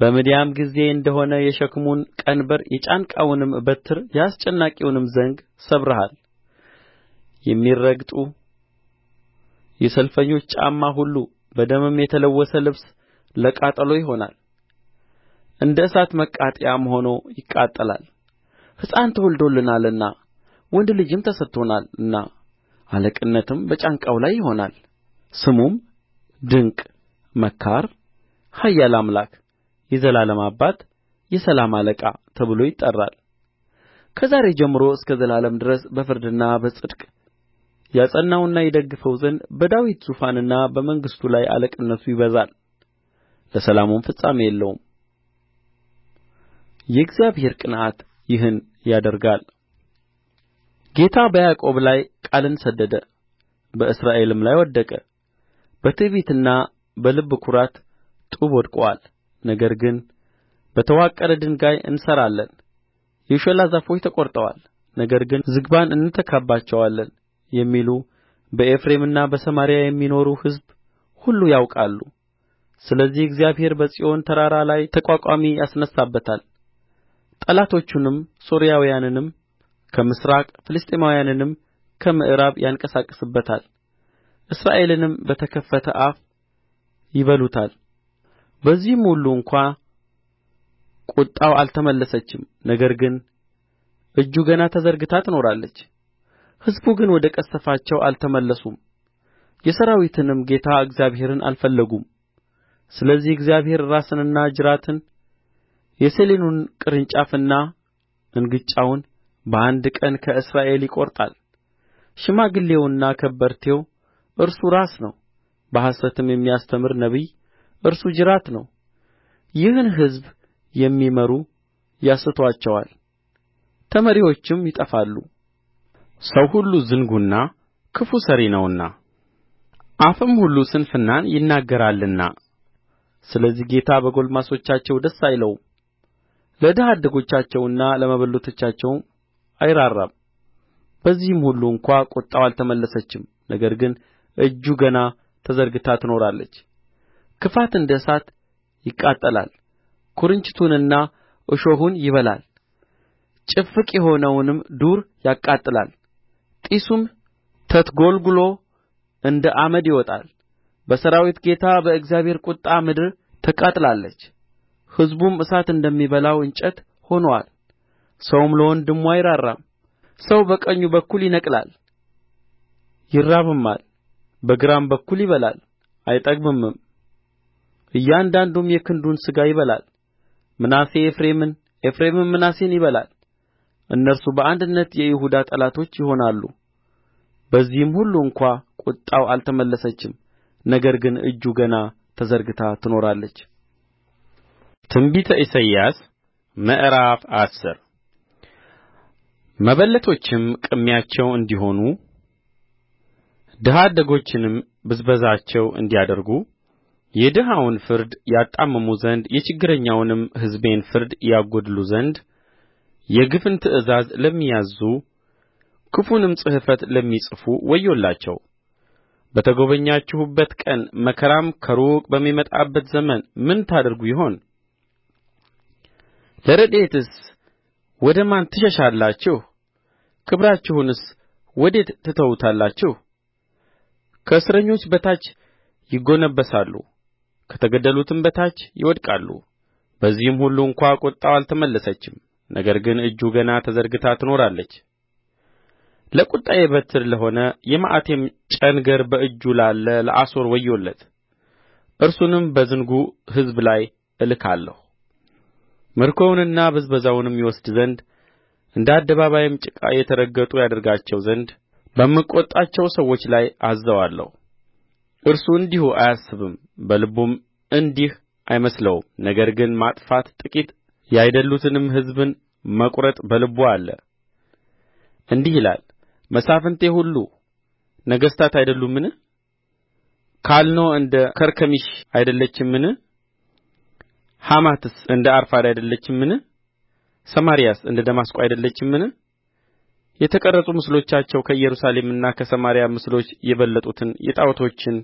Speaker 1: በምድያም ጊዜ እንደ ሆነ የሸክሙን ቀንበር የጫንቃውንም በትር የአስጨናቂውንም ዘንግ ሰብረሃል የሚረግጡ የሰልፈኞች ጫማ ሁሉ በደምም የተለወሰ ልብስ ለቃጠሎ ይሆናል እንደ እሳት መቃጠያም ሆኖ ይቃጠላል ሕፃን ተወልዶልናልና ወንድ ልጅም ተሰጥቶናልና አለቅነትም በጫንቃው ላይ ይሆናል ስሙም ድንቅ መካር ኃያል አምላክ የዘላለም አባት የሰላም አለቃ ተብሎ ይጠራል ከዛሬ ጀምሮ እስከ ዘላለም ድረስ በፍርድና በጽድቅ ያጸናውና ይደግፈው ዘንድ በዳዊት ዙፋንና በመንግሥቱ ላይ አለቅነቱ ይበዛል ለሰላሙም ፍጻሜ የለውም የእግዚአብሔር ቅንዓት ይህን ያደርጋል ጌታ በያዕቆብ ላይ ቃልን ሰደደ በእስራኤልም ላይ ወደቀ በትዕቢትና በልብ ኵራት ጡብ ወድቆአል ነገር ግን በተዋቀረ ድንጋይ እንሠራለን የሾላ ዛፎች ተቈርጠዋል ነገር ግን ዝግባን እንተካባቸዋለን የሚሉ በኤፍሬምና በሰማርያ የሚኖሩ ሕዝብ ሁሉ ያውቃሉ ስለዚህ እግዚአብሔር በጽዮን ተራራ ላይ ተቋቋሚ ያስነሣበታል ጠላቶቹንም ሶርያውያንንም ከምሥራቅ ፍልስጥኤማውያንንም ከምዕራብ ያንቀሳቅስበታል እስራኤልንም በተከፈተ አፍ ይበሉታል በዚህም ሁሉ እንኳ ቍጣው አልተመለሰችም ነገር ግን እጁ ገና ተዘርግታ ትኖራለች ሕዝቡ ግን ወደ ቀሠፋቸው አልተመለሱም የሠራዊትንም ጌታ እግዚአብሔርን አልፈለጉም ስለዚህ እግዚአብሔር ራስንና ጅራትን የሰሌኑን ቅርንጫፍና እንግጫውን በአንድ ቀን ከእስራኤል ይቈርጣል ሽማግሌውና ከበርቴው እርሱ ራስ ነው በሐሰትም የሚያስተምር ነቢይ እርሱ ጅራት ነው ይህን ሕዝብ የሚመሩ ያስቱአቸዋል ተመሪዎችም ይጠፋሉ ሰው ሁሉ ዝንጉና ክፉ ሠሪ ነውና አፍም ሁሉ ስንፍናን ይናገራልና ስለዚህ ጌታ በጕልማሶቻቸው ደስ አይለውም ለድሀ አደጎቻቸውና ለመበለቶቻቸውም አይራራም በዚህም ሁሉ እንኳ ቍጣው አልተመለሰችም ነገር ግን እጁ ገና ተዘርግታ ትኖራለች ክፋት እንደ እሳት ይቃጠላል ኵርንችቱንና እሾሁን ይበላል ጭፍቅ የሆነውንም ዱር ያቃጥላል ጢሱም ተትጐልጕሎ እንደ አመድ ይወጣል በሠራዊት ጌታ በእግዚአብሔር ቍጣ ምድር ተቃጥላለች ሕዝቡም እሳት እንደሚበላው እንጨት ሆኖአል ሰውም ለወንድሙ አይራራም ሰው በቀኙ በኩል ይነቅላል ይራብማል በግራም በኩል ይበላል አይጠግብምም እያንዳንዱም የክንዱን ሥጋ ይበላል ምናሴ ኤፍሬምን ኤፍሬምም ምናሴን ይበላል እነርሱ በአንድነት የይሁዳ ጠላቶች ይሆናሉ በዚህም ሁሉ እንኳ ቍጣው አልተመለሰችም ነገር ግን እጁ ገና ተዘርግታ ትኖራለች ትንቢተ ኢሳይያስ ምዕራፍ አስር መበለቶችም ቅሚያቸው እንዲሆኑ ድሀ አደጎችንም ብዝበዛቸው እንዲያደርጉ የድሀውን ፍርድ ያጣምሙ ዘንድ የችግረኛውንም ሕዝቤን ፍርድ ያጐድሉ ዘንድ የግፍን ትእዛዝ ለሚያዝዙ ክፉንም ጽሕፈት ለሚጽፉ ወዮላቸው። በተጐበኛችሁበት ቀን መከራም ከሩቅ በሚመጣበት ዘመን ምን ታደርጉ ይሆን? ለረድኤትስ ወደ ማን ትሸሻላችሁ ክብራችሁንስ ወዴት ትተውታላችሁ? ከእስረኞች በታች ይጐነበሳሉ ከተገደሉትም በታች ይወድቃሉ በዚህም ሁሉ እንኳ ቍጣው አልተመለሰችም ነገር ግን እጁ ገና ተዘርግታ ትኖራለች ለቍጣዬ በትር ለሆነ የመዓቴም ጨንገር በእጁ ላለ ለአሦር ወዮለት እርሱንም በዝንጉ ሕዝብ ላይ እልካለሁ ምርኮውንና ብዝበዛውንም ይወስድ ዘንድ እንደ አደባባይም ጭቃ የተረገጡ ያደርጋቸው ዘንድ በምቈጣቸው ሰዎች ላይ አዝዘዋለሁ እርሱ እንዲሁ አያስብም በልቡም እንዲህ አይመስለውም ነገር ግን ማጥፋት ጥቂት ያይደሉትንም ሕዝብን መቍረጥ በልቡ አለ እንዲህ ይላል መሳፍንቴ ሁሉ ነገሥታት አይደሉምን ካልኖ እንደ ከርከሚሽ አይደለችምን ሐማትስ እንደ አርፋድ አይደለችምን ሰማርያስ እንደ ደማስቆ አይደለችምን የተቀረጹ ምስሎቻቸው ከኢየሩሳሌምና ከሰማርያ ምስሎች የበለጡትን የጣዖቶችን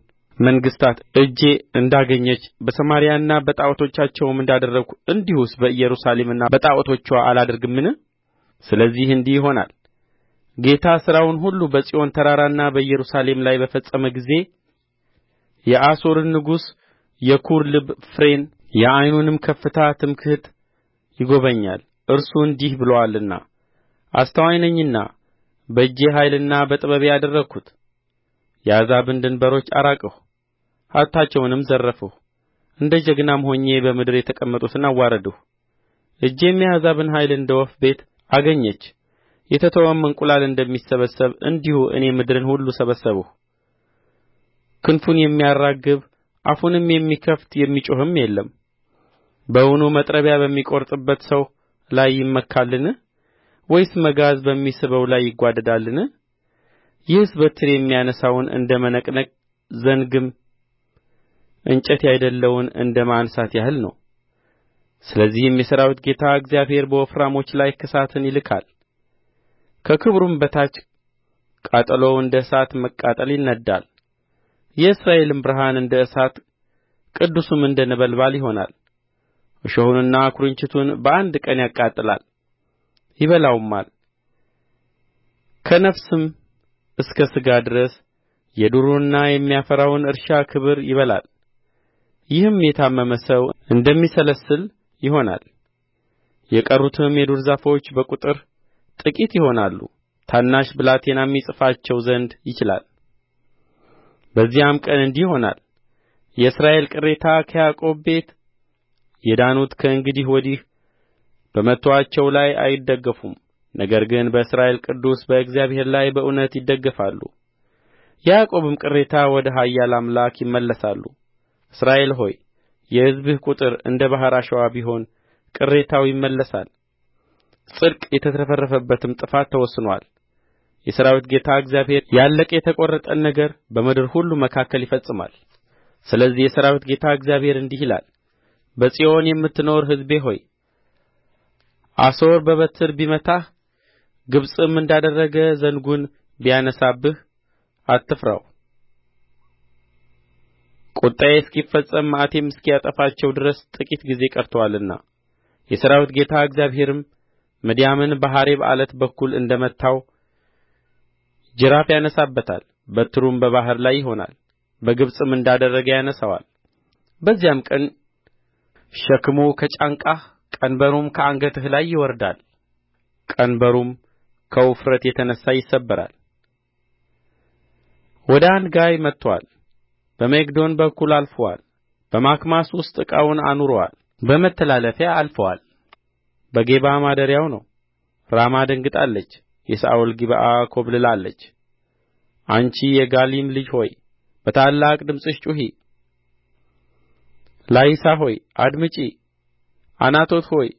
Speaker 1: መንግሥታት እጄ እንዳገኘች በሰማርያና በጣዖቶቻቸውም እንዳደረግሁ እንዲሁስ በኢየሩሳሌምና በጣዖቶችዋ አላደርግምን ስለዚህ እንዲህ ይሆናል ጌታ ሥራውን ሁሉ በጽዮን ተራራና በኢየሩሳሌም ላይ በፈጸመ ጊዜ የአሦርን ንጉሥ የኩሩ ልብ ፍሬን የዓይኑንም ከፍታ ትምክሕት ይጐበኛል እርሱ እንዲህ ብሎአልና አስተዋይ ነኝና በእጄ ኃይልና በጥበቤ አደረግሁት የአሕዛብን ድንበሮች አራቅሁ ሀብታቸውንም ዘረፍሁ እንደ ጀግናም ሆኜ በምድር የተቀመጡትን አዋረድሁ እጄም የአሕዛብን ኃይል እንደ ወፍ ቤት አገኘች የተተወም እንቍላል እንደሚሰበሰብ እንዲሁ እኔ ምድርን ሁሉ ሰበሰብሁ ክንፉን የሚያራግብ አፉንም የሚከፍት የሚጮኽም የለም በውኑ መጥረቢያ በሚቈርጥበት ሰው ላይ ይመካልን ወይስ መጋዝ በሚስበው ላይ ይጓደዳልን ይህስ በትር የሚያነሣውን እንደ መነቅነቅ ዘንግም እንጨት ያይደለውን እንደ ማንሣት ያህል ነው ስለዚህም የሠራዊት ጌታ እግዚአብሔር በወፍራሞች ላይ ክሳትን ይልካል ከክብሩም በታች ቃጠሎ እንደ እሳት መቃጠል ይነድዳል የእስራኤልም ብርሃን እንደ እሳት ቅዱሱም እንደ ነበልባል ይሆናል እሾሁንና ኵርንችቱን በአንድ ቀን ያቃጥላል ይበላውማል ከነፍስም እስከ ሥጋ ድረስ የዱሩንና የሚያፈራውን እርሻ ክብር ይበላል ይህም የታመመ ሰው እንደሚሰለስል ይሆናል የቀሩትም የዱር ዛፎች በቍጥር ጥቂት ይሆናሉ ታናሽ ብላቴናም ይጽፋቸው ዘንድ ይችላል በዚያም ቀን እንዲህ ይሆናል የእስራኤል ቅሬታ ከያዕቆብ ቤት የዳኑት ከእንግዲህ ወዲህ በመቱአቸው ላይ አይደገፉም ነገር ግን በእስራኤል ቅዱስ በእግዚአብሔር ላይ በእውነት ይደገፋሉ የያዕቆብም ቅሬታ ወደ ኃያል አምላክ ይመለሳሉ እስራኤል ሆይ የሕዝብህ ቍጥር እንደ ባሕር አሸዋ ቢሆን ቅሬታው ይመለሳል ጽድቅ የተትረፈረፈበትም ጥፋት ተወስኖአል የሠራዊት ጌታ እግዚአብሔር ያለቀ የተቈረጠን ነገር በምድር ሁሉ መካከል ይፈጽማል ስለዚህ የሠራዊት ጌታ እግዚአብሔር እንዲህ ይላል በጽዮን የምትኖር ሕዝቤ ሆይ አሦር በበትር ቢመታህ ግብጽም እንዳደረገ ዘንጉን ቢያነሣብህ አትፍራው ቍጣዬ እስኪፈጸም መዓቴም እስኪያጠፋቸው ድረስ ጥቂት ጊዜ ቀርቶአልና የሠራዊት ጌታ እግዚአብሔርም ምድያምን በሔሬብ ዓለት በኩል እንደ መታው ጅራፍ ያነሣበታል በትሩም በባሕር ላይ ይሆናል በግብጽም እንዳደረገ ያነሣዋል በዚያም ቀን ሸክሙ ከጫንቃህ ቀንበሩም ከአንገትህ ላይ ይወርዳል ቀንበሩም ከውፍረት የተነሣ ይሰበራል ወደ አንጋይ መጥቶአል በመጌዶን በኩል አልፎአል በማክማስ ውስጥ ዕቃውን አኑሮአል በመተላለፊያ አልፎአል በጌባ ማደሪያው ነው ራማ ደንግጣለች የሳኦል ጊብዓ ኰብልላለች አንቺ የጋሊም ልጅ ሆይ በታላቅ ድምፅሽ ጩኺ ላይሳ ሆይ አድምጪ ዓናቶት ሆይ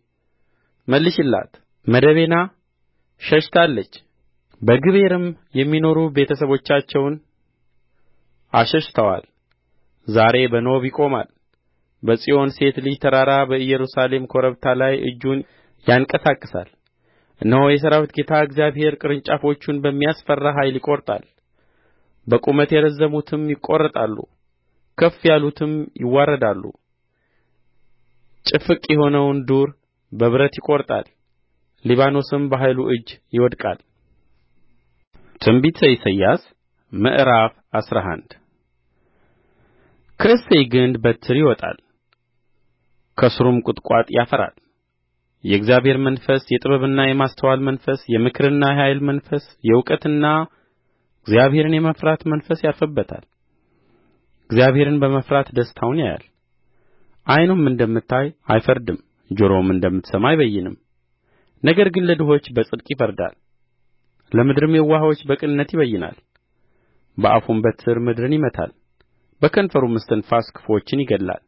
Speaker 1: መልሽላት መደቤና ሸሽታለች በግቤርም የሚኖሩ ቤተሰቦቻቸውን አሽሽተዋል ዛሬ በኖብ ይቆማል በጽዮን ሴት ልጅ ተራራ በኢየሩሳሌም ኮረብታ ላይ እጁን ያንቀሳቅሳል እነሆ የሠራዊት ጌታ እግዚአብሔር ቅርንጫፎቹን በሚያስፈራ ኃይል ይቈርጣል በቁመት የረዘሙትም ይቈረጣሉ ከፍ ያሉትም ይዋረዳሉ ጭፍቅ የሆነውን ዱር በብረት ይቈርጣል ሊባኖስም በኃያሉ እጅ ይወድቃል ትንቢተ ኢሳይያስ ምዕራፍ አስራ አንድ ከእሴይ ግንድ በትር ይወጣል ከሥሩም ቍጥቋጥ ያፈራል የእግዚአብሔር መንፈስ የጥበብና የማስተዋል መንፈስ የምክርና የኃይል መንፈስ የእውቀትና እግዚአብሔርን የመፍራት መንፈስ ያርፍበታል እግዚአብሔርን በመፍራት ደስታውን ያያል ዓይኑም እንደምታይ አይፈርድም ጆሮውም እንደምትሰማ አይበይንም ነገር ግን ለድሆች በጽድቅ ይፈርዳል ለምድርም የዋሆች በቅንነት ይበይናል በአፉም በትር ምድርን ይመታል በከንፈሩም እስትንፋስ ክፉዎችን ይገድላል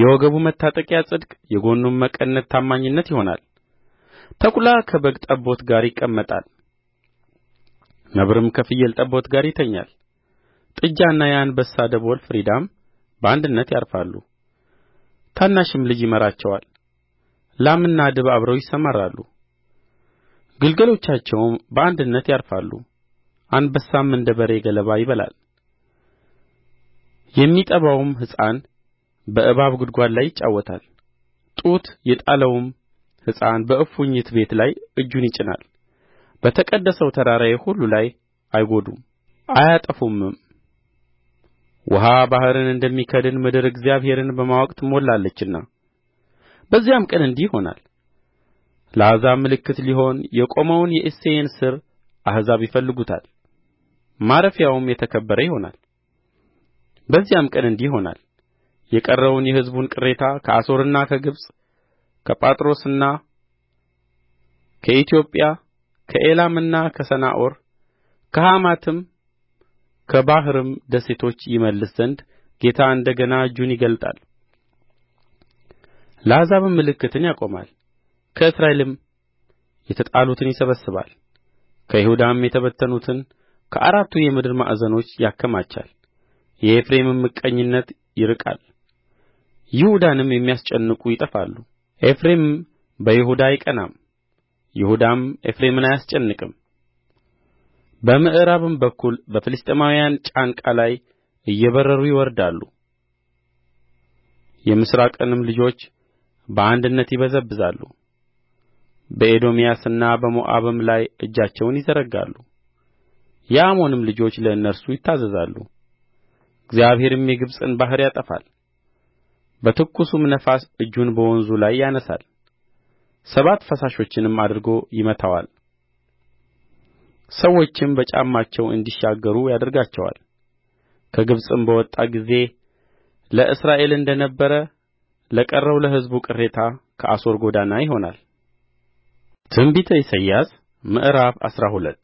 Speaker 1: የወገቡ መታጠቂያ ጽድቅ የጎኑም መቀነት ታማኝነት ይሆናል ተኵላ ከበግ ጠቦት ጋር ይቀመጣል ነብርም ከፍየል ጠቦት ጋር ይተኛል ጥጃና የአንበሳ ደቦል ፍሪዳም በአንድነት ያርፋሉ ታናሽም ልጅ ይመራቸዋል ላምና ድብ አብረው ይሰማራሉ ግልገሎቻቸውም በአንድነት ያርፋሉ አንበሳም እንደ በሬ ገለባ ይበላል የሚጠባውም ሕፃን በእባብ ጕድጓድ ላይ ይጫወታል ጡት የጣለውም ሕፃን በእፉኝት ቤት ላይ እጁን ይጭናል በተቀደሰው ተራራዬ ሁሉ ላይ አይጐዱም አያጠፉምም ውኃ ባሕርን እንደሚከድን ምድር እግዚአብሔርን በማወቅ ትሞላለችና በዚያም ቀን እንዲህ ይሆናል ለአሕዛብ ምልክት ሊሆን የቆመውን የእሴይን ሥር አሕዛብ ይፈልጉታል ማረፊያውም የተከበረ ይሆናል በዚያም ቀን እንዲህ ይሆናል የቀረውን የሕዝቡን ቅሬታ ከአሦርና ከግብጽ ከጳትሮስና ከኢትዮጵያ ከኤላምና ከሰናዖር ከሐማትም ከባሕርም ደሴቶች ይመልስ ዘንድ ጌታ እንደ ገና እጁን ይገልጣል ለአሕዛብም ምልክትን ያቆማል ከእስራኤልም የተጣሉትን ይሰበስባል ከይሁዳም የተበተኑትን ከአራቱ የምድር ማዕዘኖች ያከማቻል የኤፍሬምም ምቀኝነት ይርቃል ይሁዳንም የሚያስጨንቁ ይጠፋሉ ኤፍሬምም በይሁዳ አይቀናም ይሁዳም ኤፍሬምን አያስጨንቅም በምዕራብም በኩል በፍልስጥኤማውያን ጫንቃ ላይ እየበረሩ ይወርዳሉ የምሥራቅንም ልጆች በአንድነት ይበዘብዛሉ በኤዶምያስና በሞዓብም ላይ እጃቸውን ይዘረጋሉ የአሞንም ልጆች ለእነርሱ ይታዘዛሉ እግዚአብሔርም የግብጽን ባሕር ያጠፋል በትኩሱም ነፋስ እጁን በወንዙ ላይ ያነሣል ሰባት ፈሳሾችንም አድርጎ ይመታዋል ሰዎችም በጫማቸው እንዲሻገሩ ያደርጋቸዋል ከግብጽም በወጣ ጊዜ ለእስራኤል እንደ ነበረ ለቀረው ለሕዝቡ ቅሬታ ከአሦር ጐዳና ይሆናል ትንቢተ ኢሳይያስ ምዕራፍ አስራ ሁለት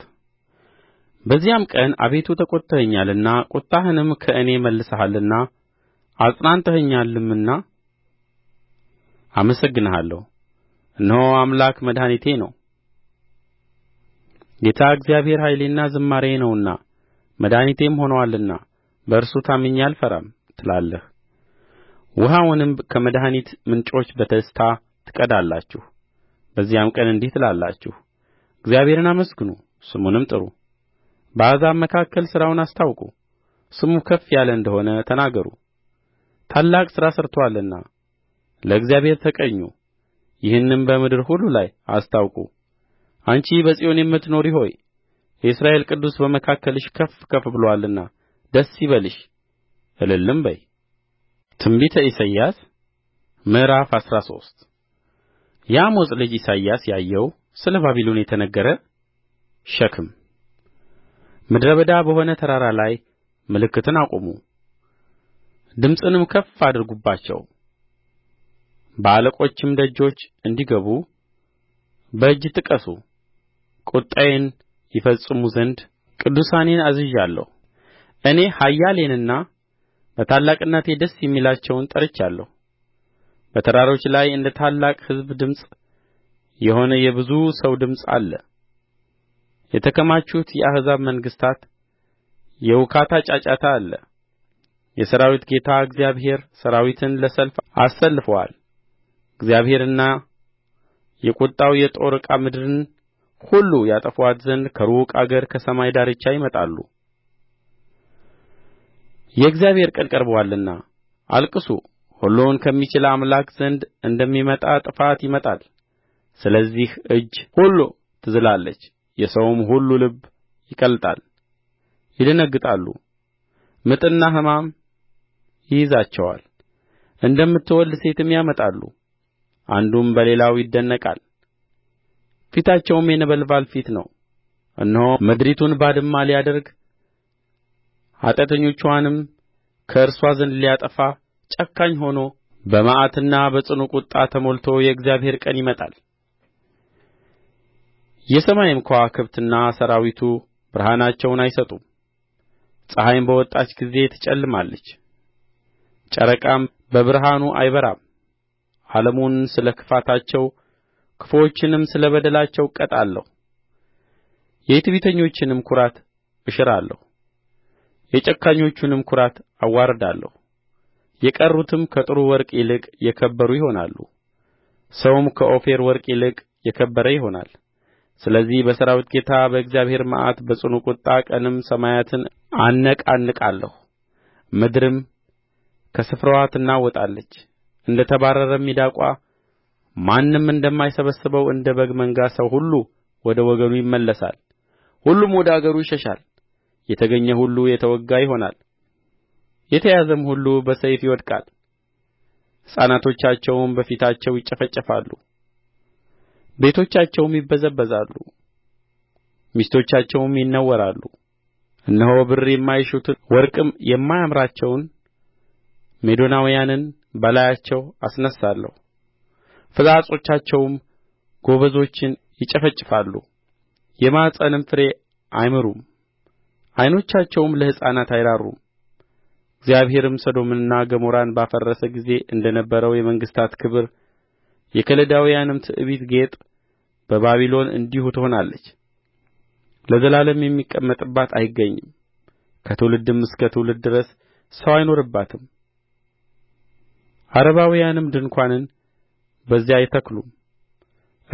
Speaker 1: በዚያም ቀን አቤቱ ተቈጥተኸኛልና ቍጣህንም ከእኔ መልሰሃልና አጽናንተኸኛልምና አመሰግንሃለሁ እነሆ አምላክ መድኃኒቴ ነው ጌታ እግዚአብሔር ኃይሌና ዝማሬዬ ነውና መድኃኒቴም ሆኖአልና በእርሱ ታምኜ አልፈራም ትላለህ ውኃውንም ከመድኃኒት ምንጮች በደስታ ትቀዳላችሁ በዚያም ቀን እንዲህ ትላላችሁ እግዚአብሔርን አመስግኑ ስሙንም ጥሩ በአሕዛብ መካከል ሥራውን አስታውቁ ስሙ ከፍ ያለ እንደሆነ ተናገሩ ታላቅ ሥራ ሠርቶአልና ለእግዚአብሔር ተቀኙ ይህንም በምድር ሁሉ ላይ አስታውቁ አንቺ በጽዮን የምትኖሪ ሆይ የእስራኤል ቅዱስ በመካከልሽ ከፍ ከፍ ብሎአልና ደስ ይበልሽ እልልም በዪ ትንቢተ ኢሳይያስ ምዕራፍ አስራ ሶስት የአሞጽ ልጅ ኢሳይያስ ያየው ስለ ባቢሎን የተነገረ ሸክም ምድረ በዳ በሆነ ተራራ ላይ ምልክትን አቁሙ፣ ድምፅንም ከፍ አድርጉባቸው። በአለቆችም ደጆች እንዲገቡ በእጅ ጥቀሱ። ቍጣዬን ይፈጽሙ ዘንድ ቅዱሳኔን አዝዣለሁ እኔ ኃያላኔንና በታላቅነቴ ደስ የሚላቸውን ጠርቻለሁ በተራሮች ላይ እንደ ታላቅ ሕዝብ ድምፅ የሆነ የብዙ ሰው ድምፅ አለ የተከማቹት የአሕዛብ መንግሥታት የውካታ ጫጫታ አለ የሠራዊት ጌታ እግዚአብሔር ሠራዊትን ለሰልፍ አሰልፎአል እግዚአብሔርና የቍጣው የጦር ዕቃ ምድርን ሁሉ ያጠፉአት ዘንድ ከሩቅ አገር ከሰማይ ዳርቻ ይመጣሉ የእግዚአብሔር ቀን ቀርቦአልና አልቅሱ ሁሉን ከሚችል አምላክ ዘንድ እንደሚመጣ ጥፋት ይመጣል ስለዚህ እጅ ሁሉ ትዝላለች የሰውም ሁሉ ልብ ይቀልጣል ይደነግጣሉ ምጥና ሕማም ይይዛቸዋል እንደምትወልድ ሴትም ያመጣሉ። አንዱም በሌላው ይደነቃል ፊታቸውም የነበልባል ፊት ነው እነሆ ምድሪቱን ባድማ ሊያደርግ ኃጢአተኞችዋንም ከእርስዋ ዘንድ ሊያጠፋ ጨካኝ ሆኖ በመዓትና በጽኑ ቍጣ ተሞልቶ የእግዚአብሔር ቀን ይመጣል የሰማይም ከዋክብትና ሠራዊቱ ብርሃናቸውን አይሰጡም ፀሐይም በወጣች ጊዜ ትጨልማለች ጨረቃም በብርሃኑ አይበራም ዓለሙን ስለ ክፋታቸው ክፉዎችንም ስለ በደላቸው እቀጣለሁ የትዕቢተኞችንም ኵራት እሽራለሁ የጨካኞቹንም ኵራት አዋርዳለሁ የቀሩትም ከጥሩ ወርቅ ይልቅ የከበሩ ይሆናሉ ሰውም ከኦፊር ወርቅ ይልቅ የከበረ ይሆናል ስለዚህ በሠራዊት ጌታ በእግዚአብሔር መዓት በጽኑ ቍጣ ቀንም ሰማያትን አነቃንቃለሁ ምድርም ከስፍራዋ ትናወጣለች እንደ ተባረረም ሚዳቋ ማንም እንደማይሰበስበው እንደ በግ መንጋ ሰው ሁሉ ወደ ወገኑ ይመለሳል ሁሉም ወደ አገሩ ይሸሻል የተገኘ ሁሉ የተወጋ ይሆናል የተያዘም ሁሉ በሰይፍ ይወድቃል ሕፃናቶቻቸውም በፊታቸው ይጨፈጨፋሉ ቤቶቻቸውም ይበዘበዛሉ ሚስቶቻቸውም ይነወራሉ እነሆ ብር የማይሹትን ወርቅም የማያምራቸውን ሜዶናውያንን በላያቸው አስነሣለሁ ፍላጾቻቸውም ጎበዞችን ይጨፈጭፋሉ የማኅፀንም ፍሬ አይምሩም ዓይኖቻቸውም ለሕፃናት አይራሩም እግዚአብሔርም ሰዶምንና ገሞራን ባፈረሰ ጊዜ እንደ ነበረው የመንግሥታት ክብር የከለዳውያንም ትዕቢት ጌጥ በባቢሎን እንዲሁ ትሆናለች ለዘላለም የሚቀመጥባት አይገኝም ከትውልድም እስከ ትውልድ ድረስ ሰው አይኖርባትም ዓረባውያንም ድንኳንን በዚያ አይተክሉም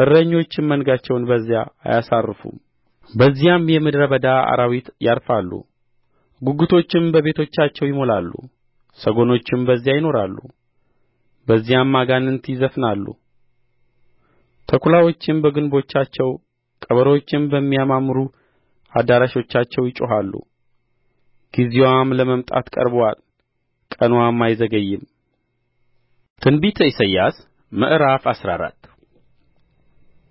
Speaker 1: እረኞችም መንጋቸውን በዚያ አያሳርፉም በዚያም የምድረ በዳ አራዊት ያርፋሉ ጕጕቶችም በቤቶቻቸው ይሞላሉ ሰጎኖችም በዚያ ይኖራሉ በዚያም አጋንንት ይዘፍናሉ ተኵላዎችም በግንቦቻቸው ቀበሮችም በሚያማምሩ አዳራሾቻቸው ይጮኻሉ ጊዜዋም ለመምጣት ቀርቦአል ቀንዋም አይዘገይም ትንቢተ ኢሳይያስ ምዕራፍ አስራ አራት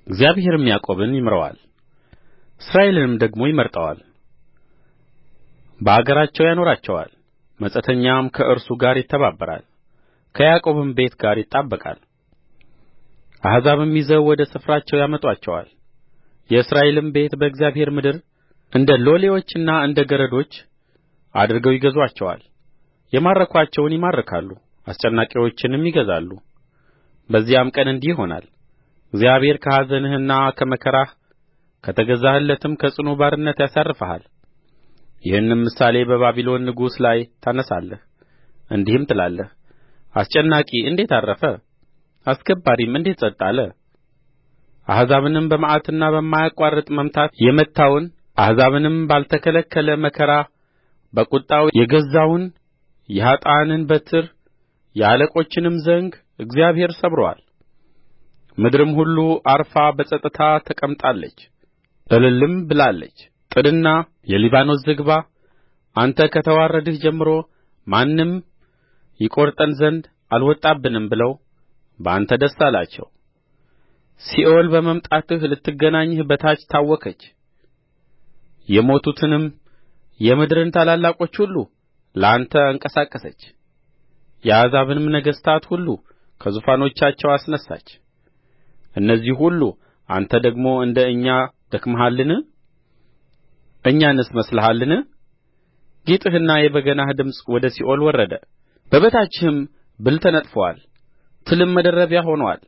Speaker 1: እግዚአብሔርም ያዕቆብን ይምረዋል እስራኤልንም ደግሞ ይመርጠዋል በአገራቸው ያኖራቸዋል መጻተኛም ከእርሱ ጋር ይተባበራል ከያዕቆብም ቤት ጋር ይጣበቃል አሕዛብም ይዘው ወደ ስፍራቸው ያመጡአቸዋል የእስራኤልም ቤት በእግዚአብሔር ምድር እንደ ሎሌዎችና እንደ ገረዶች አድርገው ይገዙአቸዋል የማረኩአቸውን ይማርካሉ አስጨናቂዎችንም ይገዛሉ በዚያም ቀን እንዲህ ይሆናል እግዚአብሔር ከኀዘንህና ከመከራህ ከተገዛህለትም ከጽኑ ባርነት ያሳርፍሃል ይህንም ምሳሌ በባቢሎን ንጉሥ ላይ ታነሣለህ እንዲህም ትላለህ አስጨናቂ እንዴት ዐረፈ አስገባሪም እንዴት ጸጥ አለ አሕዛብንም በመዓትና በማያቋርጥ መምታት የመታውን አሕዛብንም ባልተከለከለ መከራ በቍጣው የገዛውን የኀጥኣንን በትር የአለቆችንም ዘንግ እግዚአብሔር ሰብሮአል ምድርም ሁሉ ዐርፋ በጸጥታ ተቀምጣለች እልልም ብላለች ጥድና የሊባኖስ ዝግባ አንተ ከተዋረድህ ጀምሮ ማንም ይቈርጠን ዘንድ አልወጣብንም ብለው በአንተ ደስ አላቸው ሲኦል በመምጣትህ ልትገናኝህ በታች ታወከች የሞቱትንም የምድርን ታላላቆች ሁሉ ለአንተ አንቀሳቀሰች የአሕዛብንም ነገሥታት ሁሉ ከዙፋኖቻቸው አስነሣች እነዚህ ሁሉ አንተ ደግሞ እንደ እኛ ደክመሃልን እኛንስ መስለሃልን ጌጥህና የበገናህ ድምፅ ወደ ሲኦል ወረደ በበታችህም ብል ተነጥፎአል ትልም መደረቢያ ሆኖአል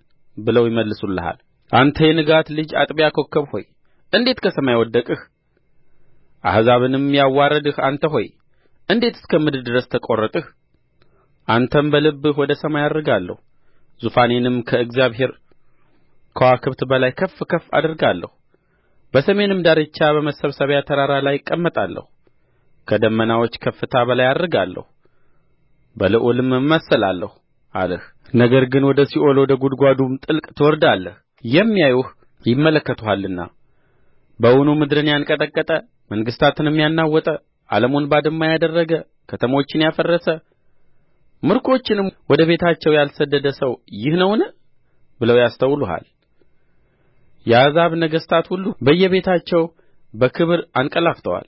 Speaker 1: ብለው ይመልሱልሃል አንተ የንጋት ልጅ አጥቢያ ኮከብ ሆይ እንዴት ከሰማይ ወደቅህ አሕዛብንም ያዋረድህ አንተ ሆይ እንዴት እስከ ምድር ድረስ ተቈረጥህ አንተም በልብህ ወደ ሰማይ ዐርጋለሁ ዙፋኔንም ከእግዚአብሔር ከዋክብት በላይ ከፍ ከፍ አደርጋለሁ በሰሜንም ዳርቻ በመሰብሰቢያ ተራራ ላይ እቀመጣለሁ ከደመናዎች ከፍታ በላይ ዐርጋለሁ በልዑልም እመሰላለሁ አልህ ነገር ግን ወደ ሲኦል ወደ ጕድጓዱም ጥልቅ ትወርዳለህ የሚያዩህ ይመለከቱሃልና በውኑ ምድርን ያንቀጠቀጠ መንግሥታትንም ያናወጠ ዓለሙን ባድማ ያደረገ ከተሞችን ያፈረሰ ምርኮኞችንም ወደ ቤታቸው ያልሰደደ ሰው ይህ ነውን ብለው ያስተውሉሃል የአሕዛብ ነገሥታት ሁሉ በየቤታቸው በክብር አንቀላፍተዋል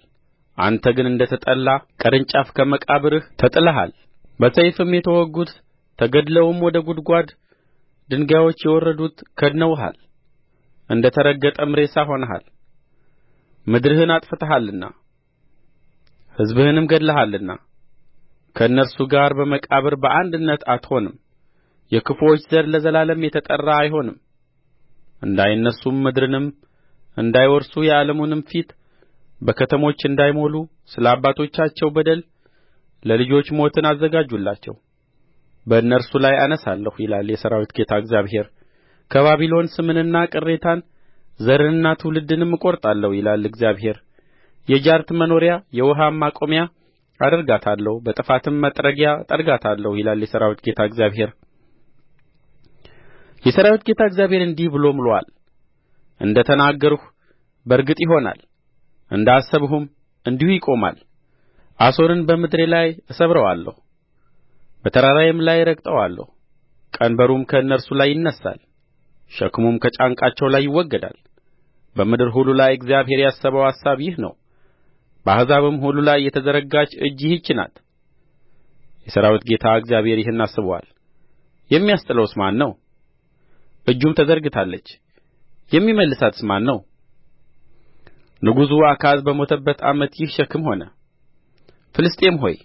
Speaker 1: አንተ ግን እንደ ተጠላ ቅርንጫፍ ከመቃብርህ ተጥለሃል በሰይፍም የተወጉት ተገድለውም ወደ ጕድጓድ ድንጋዮች የወረዱት ከድነውሃል እንደ ተረገጠም ሬሳ ሆነሃል ምድርህን አጥፍተሃልና ሕዝብህንም ገድለሃልና ከእነርሱ ጋር በመቃብር በአንድነት አትሆንም የክፉዎች ዘር ለዘላለም የተጠራ አይሆንም እንዳይነሡም ምድርንም እንዳይወርሱ የዓለሙንም ፊት በከተሞች እንዳይሞሉ ስለ አባቶቻቸው በደል ለልጆች ሞትን አዘጋጁላቸው በእነርሱ ላይ አነሣለሁ ይላል የሠራዊት ጌታ እግዚአብሔር ከባቢሎን ስምንና ቅሬታን ዘርንና ትውልድንም እቈርጣለሁ ይላል እግዚአብሔር የጃርት መኖሪያ የውኃም ማቆሚያ። አደርጋታለሁ በጥፋትም መጥረጊያ እጠርጋታለሁ ይላል የሠራዊት ጌታ እግዚአብሔር የሠራዊት ጌታ እግዚአብሔር እንዲህ ብሎ ምሎአል እንደ ተናገርሁ በእርግጥ ይሆናል እንደ አሰብሁም እንዲሁ ይቆማል አሶርን በምድሬ ላይ እሰብረዋለሁ በተራራዬም ላይ እረግጠዋለሁ ቀንበሩም ከእነርሱ ላይ ይነሣል ሸክሙም ከጫንቃቸው ላይ ይወገዳል በምድር ሁሉ ላይ እግዚአብሔር ያሰበው አሳብ ይህ ነው በአሕዛብም ሁሉ ላይ የተዘረጋች እጅ ይህች ናት የሠራዊት ጌታ እግዚአብሔር ይህን አስቦአል የሚያስጥለውስ ማን ነው እጁም ተዘርግታለች የሚመልሳትስ ማን ነው ንጉሡ አካዝ በሞተበት ዓመት ይህ ሸክም ሆነ ፍልስጥኤም ሆይ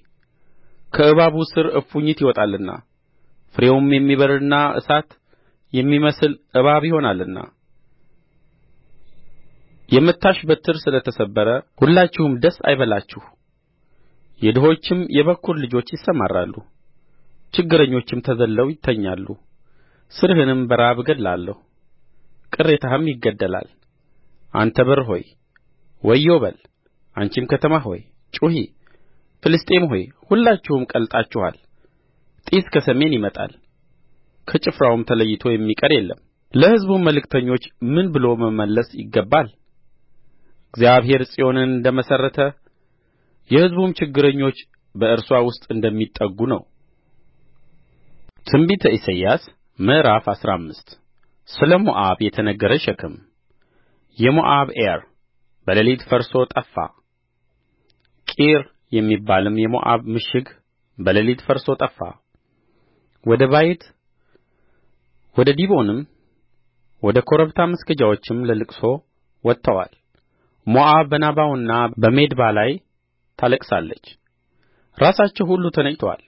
Speaker 1: ከእባቡ ሥር እፉኝት ይወጣልና ፍሬውም የሚበርርና እሳት የሚመስል እባብ ይሆናልና የመታሽ በትር ስለ ተሰበረ ሁላችሁም ደስ አይበላችሁ የድሆችም የበኵር ልጆች ይሰማራሉ ችግረኞችም ተዘልለው ይተኛሉ ሥርህንም በራብ እገድላለሁ ቅሬታህም ይገደላል አንተ በር ሆይ ወዮ በል አንቺም ከተማ ሆይ ጩኺ ፍልስጥኤም ሆይ ሁላችሁም ቀልጣችኋል ጢስ ከሰሜን ይመጣል ከጭፍራውም ተለይቶ የሚቀር የለም ለሕዝቡም መልእክተኞች ምን ብሎ መመለስ ይገባል እግዚአብሔር ጽዮንን እንደ መሠረተ የሕዝቡም ችግረኞች በእርስዋ ውስጥ እንደሚጠጉ ነው ትንቢተ ኢሳይያስ ምዕራፍ አስራ አምስት ስለ ሞዓብ የተነገረ ሸክም የሞዓብ ኤር በሌሊት ፈርሶ ጠፋ ቂር የሚባልም የሞዓብ ምሽግ በሌሊት ፈርሶ ጠፋ ወደ ባይት ወደ ዲቦንም ወደ ኮረብታ መስገጃዎችም ለልቅሶ ወጥተዋል ሞዓብ በናባውና በሜድባ ላይ ታለቅሳለች ራሳቸው ሁሉ ተነጭቶአል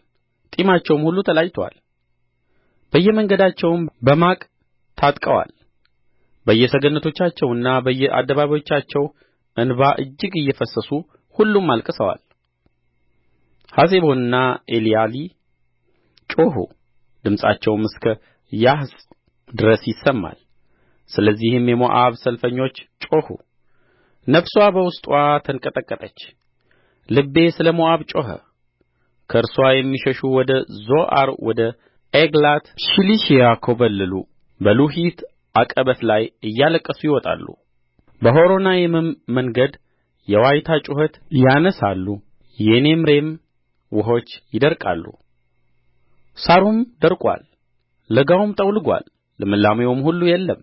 Speaker 1: ጢማቸውም ሁሉ ተላጭቶአል በየመንገዳቸውም በማቅ ታጥቀዋል በየሰገነቶቻቸውና በየአደባባዮቻቸው እንባ እጅግ እየፈሰሱ ሁሉም አልቅሰዋል ሐሴቦንና ኤልያሊ ጮኹ ድምፃቸውም እስከ ያሀጽ ድረስ ይሰማል ስለዚህም የሞዓብ ሰልፈኞች ጮኹ ነፍስዋ በውስጥዋ ተንቀጠቀጠች ልቤ ስለ ሞዓብ ጮኸ ከእርስዋ የሚሸሹ ወደ ዞዓር ወደ ዔግላት ሺሊሺያ ኰበለሉ በሉሒት ዓቀበት ላይ እያለቀሱ ይወጣሉ በሖሮናይምም መንገድ የዋይታ ጩኸት ያነሣሉ የኔምሬም ውኆች ይደርቃሉ ሣሩም ደርቋል፣ ለጋውም ጠውልጓል ልምላሜውም ሁሉ የለም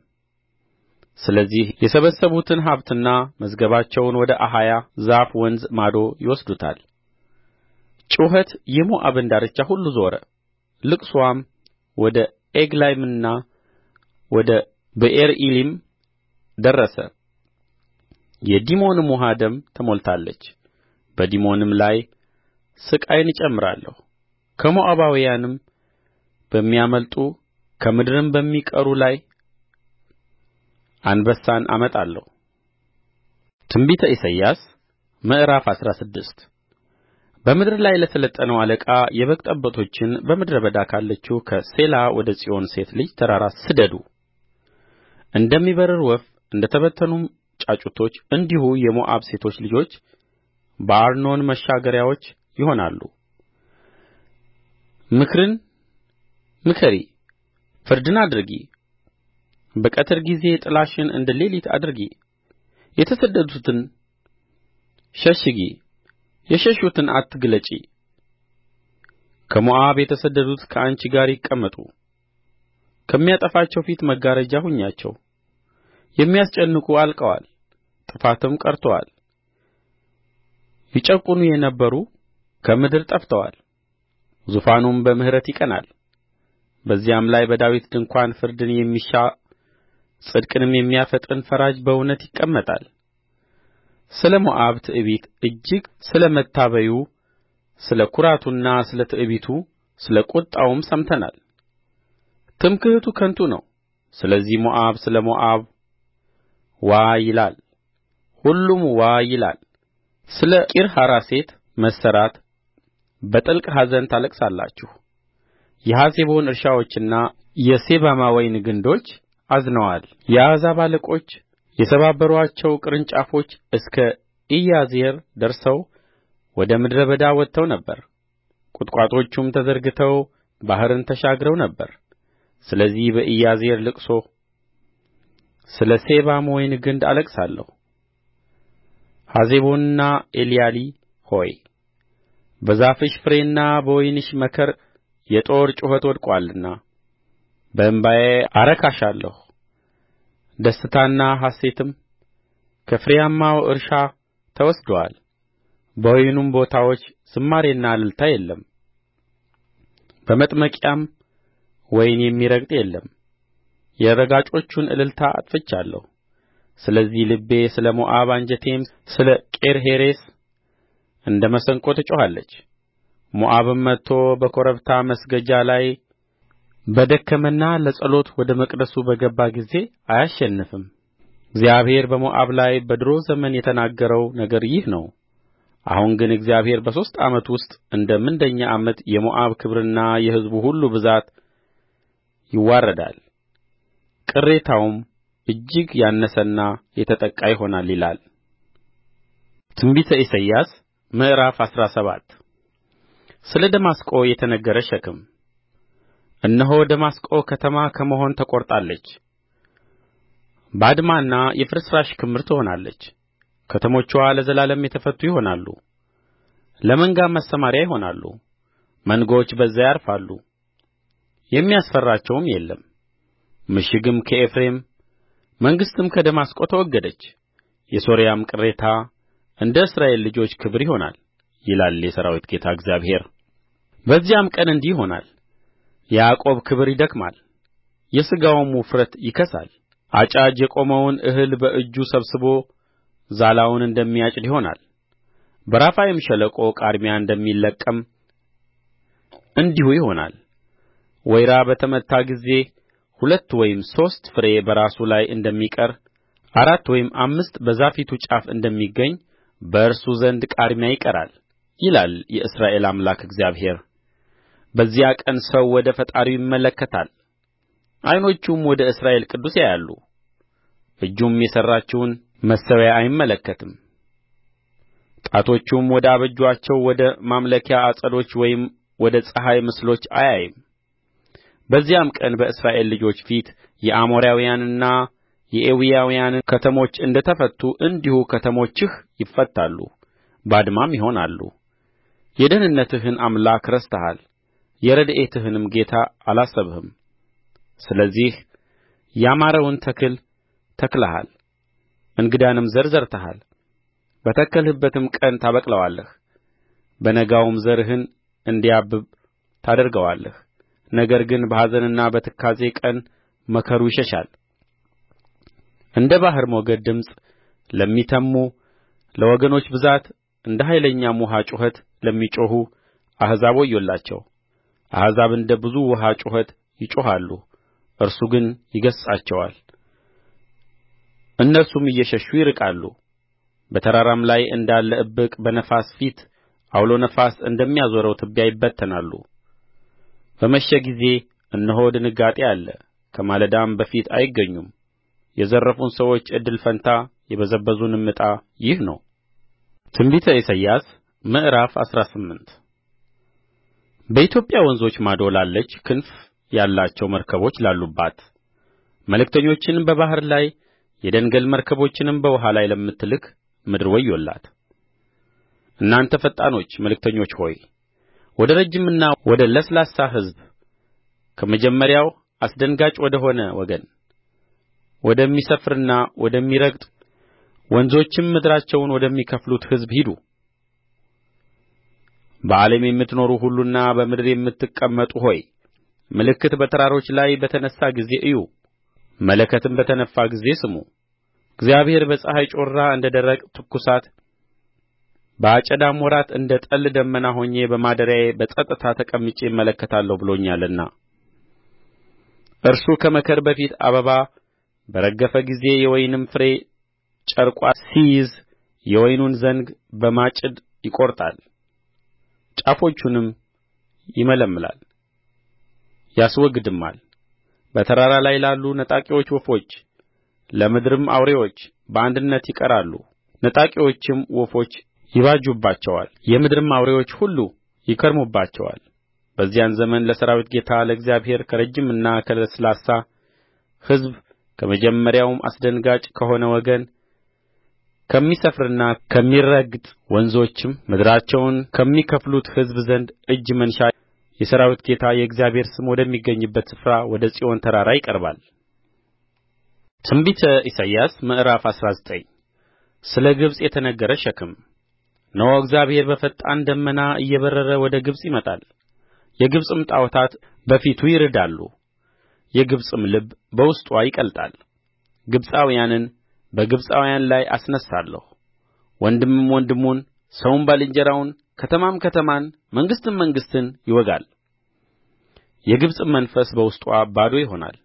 Speaker 1: ስለዚህ የሰበሰቡትን ሀብትና መዝገባቸውን ወደ አኻያ ዛፍ ወንዝ ማዶ ይወስዱታል ጩኸት የሞዓብን ዳርቻ ሁሉ ዞረ ልቅሶዋም ወደ ኤግላይምና ወደ ብኤርኢሊም ደረሰ የዲሞንም ውኃ ደም ተሞልታለች በዲሞንም ላይ ሥቃይን እጨምራለሁ ከሞዓባውያንም በሚያመልጡ ከምድርም በሚቀሩ ላይ አንበሳን አመጣለሁ ትንቢተ ኢሳይያስ ምዕራፍ አስራ ስድስት በምድር ላይ ለሠለጠነው አለቃ የበግ ጠቦቶችን በምድረ በዳ ካለችው ከሴላ ወደ ጽዮን ሴት ልጅ ተራራ ስደዱ እንደሚበርር ወፍ እንደ ተበተኑም ጫጩቶች እንዲሁ የሞዓብ ሴቶች ልጆች በአርኖን መሻገሪያዎች ይሆናሉ ምክርን ምከሪ ፍርድን አድርጊ በቀትር ጊዜ ጥላሽን እንደ ሌሊት አድርጊ የተሰደዱትን ሸሽጊ የሸሹትን አትግለጪ ከሞዓብ የተሰደዱት ከአንቺ ጋር ይቀመጡ ከሚያጠፋቸው ፊት መጋረጃ ሁኛቸው የሚያስጨንቁ አልቀዋል ጥፋትም ቀርቶአል ይጨቁኑ የነበሩ ከምድር ጠፍተዋል ዙፋኑም በምሕረት ይቀናል በዚያም ላይ በዳዊት ድንኳን ፍርድን የሚሻ ጽድቅንም የሚያፈጥን ፈራጅ በእውነት ይቀመጣል ስለ ሞዓብ ትዕቢት እጅግ ስለ መታበዩ ስለ ኵራቱና ስለ ትዕቢቱ ስለ ቍጣውም ሰምተናል ትምክሕቱ ከንቱ ነው ስለዚህ ሞዓብ ስለ ሞዓብ ዋይ ይላል ሁሉም ዋይ ይላል ስለ ቂርሐራሴት መሠራት በጥልቅ ኀዘን ታለቅሳላችሁ የሐሴቦን እርሻዎችና የሴባማ ወይን ግንዶች አዝነዋል የአሕዛብ አለቆች የሰባበሩአቸው ቅርንጫፎች እስከ ኢያዜር ደርሰው ወደ ምድረ በዳ ወጥተው ነበር ቍጥቋጦቹም ተዘርግተው ባሕርን ተሻግረው ነበር ስለዚህ በኢያዜር ልቅሶ ስለ ሴባም ወይን ግንድ አለቅሳለሁ ሐሴቦንና ኤልያሊ ሆይ በዛፍሽ ፍሬና በወይንሽ መከር የጦር ጩኸት ወድቆአልና በእንባዬ አረካሻለሁ ደስታና ሐሤትም ከፍሬያማው እርሻ ተወስዶአል በወይኑም ቦታዎች ዝማሬና እልልታ የለም በመጥመቂያም ወይን የሚረግጥ የለም የረጋጮቹን እልልታ አጥፍቻለሁ ስለዚህ ልቤ ስለ ሞዓብ አንጀቴም ስለ ቂርሔሬስ እንደ መሰንቆ ትጮኻለች ሞዓብም መጥቶ በኮረብታ መስገጃ ላይ በደከመና ለጸሎት ወደ መቅደሱ በገባ ጊዜ አያሸንፍም እግዚአብሔር በሞዓብ ላይ በድሮ ዘመን የተናገረው ነገር ይህ ነው አሁን ግን እግዚአብሔር በሦስት ዓመት ውስጥ እንደ ምንደኛ ዓመት የሞዓብ ክብርና የሕዝቡ ሁሉ ብዛት ይዋረዳል ቅሬታውም እጅግ ያነሰና የተጠቃ ይሆናል ይላል ትንቢተ ኢሳይያስ ምዕራፍ አስራ ሰባት ስለ ደማስቆ የተነገረ ሸክም እነሆ ደማስቆ ከተማ ከመሆን ተቈርጣለች ባድማና የፍርስራሽ ክምር ትሆናለች ከተሞችዋ ለዘላለም የተፈቱ ይሆናሉ ለመንጋም መሰማርያ ይሆናሉ መንጎች በዚያ ያርፋሉ የሚያስፈራቸውም የለም ምሽግም ከኤፍሬም መንግሥትም ከደማስቆ ተወገደች የሶርያም ቅሬታ እንደ እስራኤል ልጆች ክብር ይሆናል ይላል የሠራዊት ጌታ እግዚአብሔር በዚያም ቀን እንዲህ ይሆናል የያዕቆብ ክብር ይደክማል የሥጋውም ውፍረት ይከሳል አጫጅ የቆመውን እህል በእጁ ሰብስቦ ዛላውን እንደሚያጭድ ይሆናል በራፋይም ሸለቆ ቃርሚያ እንደሚለቅም እንዲሁ ይሆናል ወይራ በተመታ ጊዜ ሁለት ወይም ሦስት ፍሬ በራሱ ላይ እንደሚቀር አራት ወይም አምስት በዛፊቱ ጫፍ እንደሚገኝ በእርሱ ዘንድ ቃርሚያ ይቀራል ይላል የእስራኤል አምላክ እግዚአብሔር በዚያ ቀን ሰው ወደ ፈጣሪው ይመለከታል ዓይኖቹም ወደ እስራኤል ቅዱስ ያያሉ እጁም የሠራችውን መሠዊያ አይመለከትም ጣቶቹም ወደ አበጁአቸው ወደ ማምለኪያ ዐፀዶች ወይም ወደ ፀሐይ ምስሎች አያይም በዚያም ቀን በእስራኤል ልጆች ፊት የአሞራውያንና የኤዊያውያን ከተሞች እንደ ተፈቱ እንዲሁ ከተሞችህ ይፈታሉ ባድማም ይሆናሉ የደኅንነትህን አምላክ ረስተሃል የረድኤትህንም ጌታ አላሰብህም ስለዚህ ያማረውን ተክል ተክለሃል እንግዳንም ዘር ዘርተሃል በተከልህበትም ቀን ታበቅለዋለህ በነጋውም ዘርህን እንዲያብብ ታደርገዋለህ ነገር ግን በኀዘንና በትካዜ ቀን መከሩ ይሸሻል እንደ ባሕር ሞገድ ድምፅ ለሚተምሙ ለወገኖች ብዛት እንደ ኃይለኛም ውኃ ጩኸት ለሚጮኹ አሕዛብ ወዮላቸው አሕዛብ እንደ ብዙ ውኃ ጩኸት ይጮኻሉ እርሱ ግን ይገሥጻቸዋል እነርሱም እየሸሹ ይርቃሉ በተራራም ላይ እንዳለ እብቅ በነፋስ ፊት ዐውሎ ነፋስ እንደሚያዞረው ትቢያ ይበተናሉ በመሸ ጊዜ እነሆ ድንጋጤ አለ ከማለዳም በፊት አይገኙም የዘረፉን ሰዎች እድል ፈንታ የበዘበዙንም ዕጣ ይህ ነው ትንቢተ ኢሳይያስ ምዕራፍ አስራ ስምንት በኢትዮጵያ ወንዞች ማዶ ላለች ክንፍ ያላቸው መርከቦች ላሉባት መልእክተኞችን በባሕር ላይ የደንገል መርከቦችንም በውኃ ላይ ለምትልክ ምድር ወዮላት እናንተ ፈጣኖች መልእክተኞች ሆይ ወደ ረጅምና ወደ ለስላሳ ሕዝብ ከመጀመሪያው አስደንጋጭ ወደ ሆነ ወገን ወደሚሰፍርና ወደሚረግጥ ወንዞችም ምድራቸውን ወደሚከፍሉት ሕዝብ ሂዱ በዓለም የምትኖሩ ሁሉና በምድር የምትቀመጡ ሆይ ምልክት በተራሮች ላይ በተነሣ ጊዜ እዩ መለከትም በተነፋ ጊዜ ስሙ እግዚአብሔር በፀሐይ ጮራ እንደ ደረቅ ትኩሳት በአጨዳም ወራት እንደ ጠል ደመና ሆኜ በማደሪያዬ በጸጥታ ተቀምጬ እመለከታለሁ ብሎኛልና እርሱ ከመከር በፊት አበባ በረገፈ ጊዜ የወይንም ፍሬ ጨርቋ ሲይዝ የወይኑን ዘንግ በማጭድ ይቈርጣል ጫፎቹንም ይመለምላል ያስወግድማል በተራራ ላይ ላሉ ነጣቂዎች ወፎች ለምድርም አውሬዎች በአንድነት ይቀራሉ ነጣቂዎችም ወፎች ይባጁባቸዋል የምድርም አውሬዎች ሁሉ ይከርሙባቸዋል በዚያን ዘመን ለሠራዊት ጌታ ለእግዚአብሔር ከረጅምና ከለስላሳ ሕዝብ ከመጀመሪያውም አስደንጋጭ ከሆነ ወገን ከሚሰፍርና ከሚረግጥ ወንዞችም ምድራቸውን ከሚከፍሉት ሕዝብ ዘንድ እጅ መንሻ የሠራዊት ጌታ የእግዚአብሔር ስም ወደሚገኝበት ስፍራ ወደ ጽዮን ተራራ ይቀርባል ትንቢተ ኢሳይያስ ምዕራፍ አስራ ዘጠኝ ስለ ግብጽ የተነገረ ሸክም እነሆ እግዚአብሔር በፈጣን ደመና እየበረረ ወደ ግብጽ ይመጣል የግብጽም ጣዖታት በፊቱ ይርዳሉ የግብጽም ልብ በውስጥዋ ይቀልጣል ግብጻውያንን በግብጻውያን ላይ አስነሣለሁ ወንድምም ወንድሙን ሰውም ባልንጀራውን ከተማም ከተማን መንግሥትም መንግሥትን ይወጋል የግብጽም መንፈስ በውስጥዋ ባዶ ይሆናል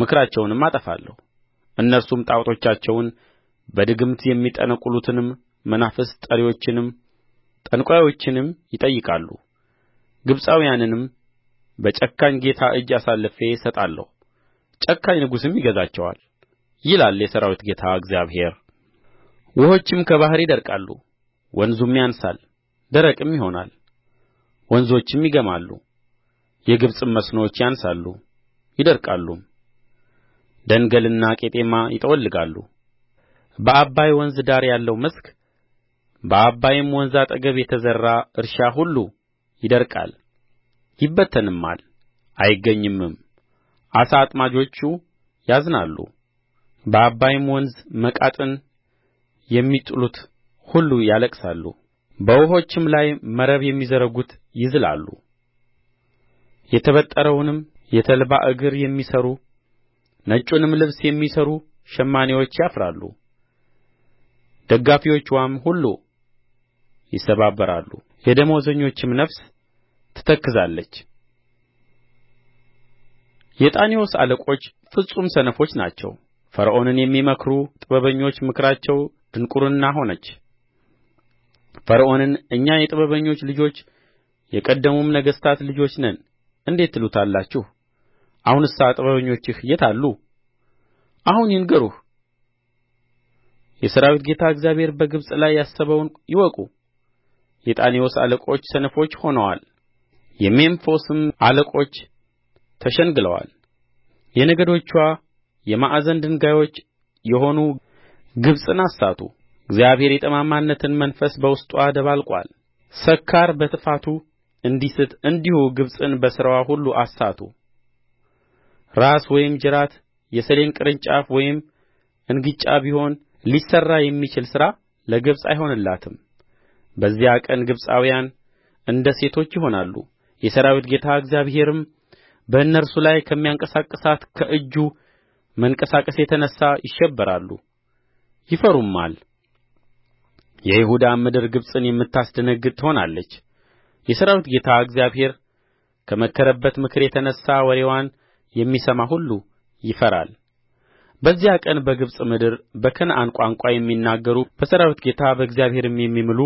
Speaker 1: ምክራቸውንም አጠፋለሁ እነርሱም ጣዖቶቻቸውን በድግምት የሚጠነቍሉትንም መናፍስት ጠሪዎችንም ጠንቋዮችንም ይጠይቃሉ ግብጻውያንንም በጨካኝ ጌታ እጅ አሳልፌ እሰጣለሁ ጨካኝ ንጉሥም ይገዛቸዋል ይላል የሠራዊት ጌታ እግዚአብሔር ውኆችም ከባሕር ይደርቃሉ ወንዙም ያንሳል ደረቅም ይሆናል ወንዞችም ይገማሉ የግብጽም መስኖች ያንሳሉ ይደርቃሉም ደንገልና ቄጤማ ይጠወልጋሉ በዓባይ ወንዝ ዳር ያለው መስክ በዓባይም ወንዝ አጠገብ የተዘራ እርሻ ሁሉ ይደርቃል ይበተንማል አይገኝምም ዓሣ አጥማጆቹ ያዝናሉ በዓባይም ወንዝ መቃጥን የሚጥሉት ሁሉ ያለቅሳሉ በውኆችም ላይ መረብ የሚዘረጉት ይዝላሉ የተበጠረውንም የተልባ እግር የሚሠሩ ነጩንም ልብስ የሚሠሩ ሸማኔዎች ያፍራሉ ደጋፊዎችዋም ሁሉ ይሰባበራሉ የደመወዘኞችም ነፍስ ትተክዛለች የጣኔዎስ አለቆች ፍጹም ሰነፎች ናቸው ፈርዖንን የሚመክሩ ጥበበኞች ምክራቸው ድንቍርና ሆነች ፈርዖንን እኛ የጥበበኞች ልጆች የቀደሙም ነገሥታት ልጆች ነን እንዴት ትሉታላችሁ አሁንሳ ጥበበኞችህ የት አሉ አሁን ይንገሩህ የሠራዊት ጌታ እግዚአብሔር በግብጽ ላይ ያሰበውን ይወቁ የጣኔዎስ አለቆች ሰነፎች ሆነዋል የሜምፎስም አለቆች ተሸንግለዋል የነገዶችዋ የማዕዘን ድንጋዮች የሆኑ ግብጽን አሳቱ እግዚአብሔር የጠማምነትን መንፈስ በውስጥዋ ደባልቆአል ሰካር በትፋቱ እንዲስት እንዲሁ ግብጽን በሥራዋ ሁሉ አሳቱ ራስ ወይም ጅራት የሰሌን ቅርንጫፍ ወይም እንግጫ ቢሆን ሊሠራ የሚችል ሥራ ለግብጽ አይሆንላትም በዚያ ቀን ግብጻውያን እንደ ሴቶች ይሆናሉ የሠራዊት ጌታ እግዚአብሔርም በእነርሱ ላይ ከሚያንቀሳቅሳት ከእጁ መንቀሳቀስ የተነሣ ይሸበራሉ ይፈሩማል የይሁዳም ምድር ግብጽን የምታስደነግጥ ትሆናለች የሠራዊት ጌታ እግዚአብሔር ከመከረበት ምክር የተነሣ ወሬዋን የሚሰማ ሁሉ ይፈራል በዚያ ቀን በግብጽ ምድር በከነዓን ቋንቋ የሚናገሩ በሠራዊት ጌታ በእግዚአብሔርም የሚምሉ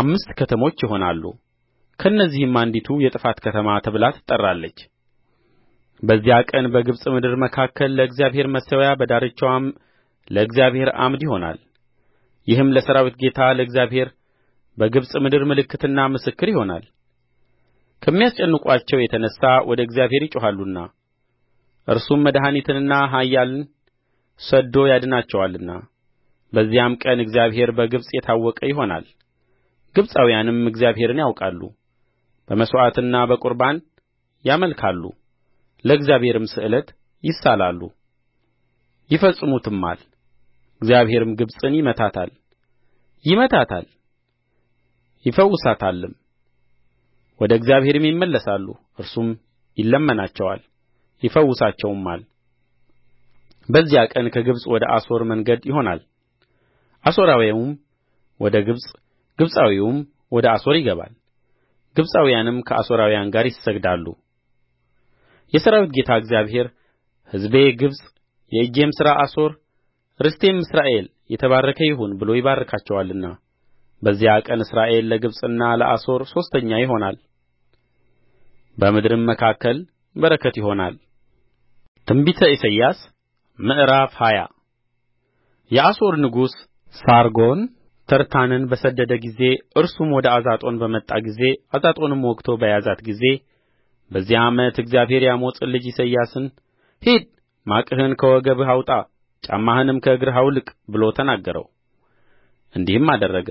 Speaker 1: አምስት ከተሞች ይሆናሉ ከእነዚህም አንዲቱ የጥፋት ከተማ ተብላ ትጠራለች በዚያ ቀን በግብጽ ምድር መካከል ለእግዚአብሔር መሠዊያ በዳርቻዋም ለእግዚአብሔር ዓምድ ይሆናል ይህም ለሠራዊት ጌታ ለእግዚአብሔር በግብጽ ምድር ምልክትና ምስክር ይሆናል ከሚያስጨንቁአቸው የተነሣ ወደ እግዚአብሔር ይጮኻሉና እርሱም መድኃኒትንና ኃያልን ሰድዶ ያድናቸዋልና በዚያም ቀን እግዚአብሔር በግብጽ የታወቀ ይሆናል ግብጻውያንም እግዚአብሔርን ያውቃሉ በመሥዋዕትና በቍርባን ያመልካሉ ለእግዚአብሔርም ስእለት ይሳላሉ ይፈጽሙትማል እግዚአብሔርም ግብጽን ይመታታል ይመታታል ይፈውሳታልም ወደ እግዚአብሔርም ይመለሳሉ እርሱም ይለመናቸዋል ይፈውሳቸውማል በዚያ ቀን ከግብጽ ወደ አሦር መንገድ ይሆናል አሦራዊውም ወደ ግብጽ ግብጻዊውም ወደ አሦር ይገባል ግብጻውያንም ከአሦራውያን ጋር ይሰግዳሉ የሠራዊት ጌታ እግዚአብሔር ሕዝቤ ግብጽ የእጄም ሥራ አሦር ርስቴም እስራኤል የተባረከ ይሁን ብሎ ይባርካቸዋልና በዚያ ቀን እስራኤል ለግብጽና ለአሦር ሦስተኛ ይሆናል በምድርም መካከል በረከት ይሆናል ትንቢተ ኢሳይያስ ምዕራፍ ሃያ የአሦር ንጉሥ ሳርጎን ተርታንን በሰደደ ጊዜ እርሱም ወደ አዛጦን በመጣ ጊዜ አዛጦንም ወግቶ በያዛት ጊዜ በዚያ ዓመት እግዚአብሔር የአሞጽን ልጅ ኢሳይያስን ሂድ ማቅህን ከወገብህ አውጣ ጫማህንም ከእግርህ አውልቅ ብሎ ተናገረው እንዲህም አደረገ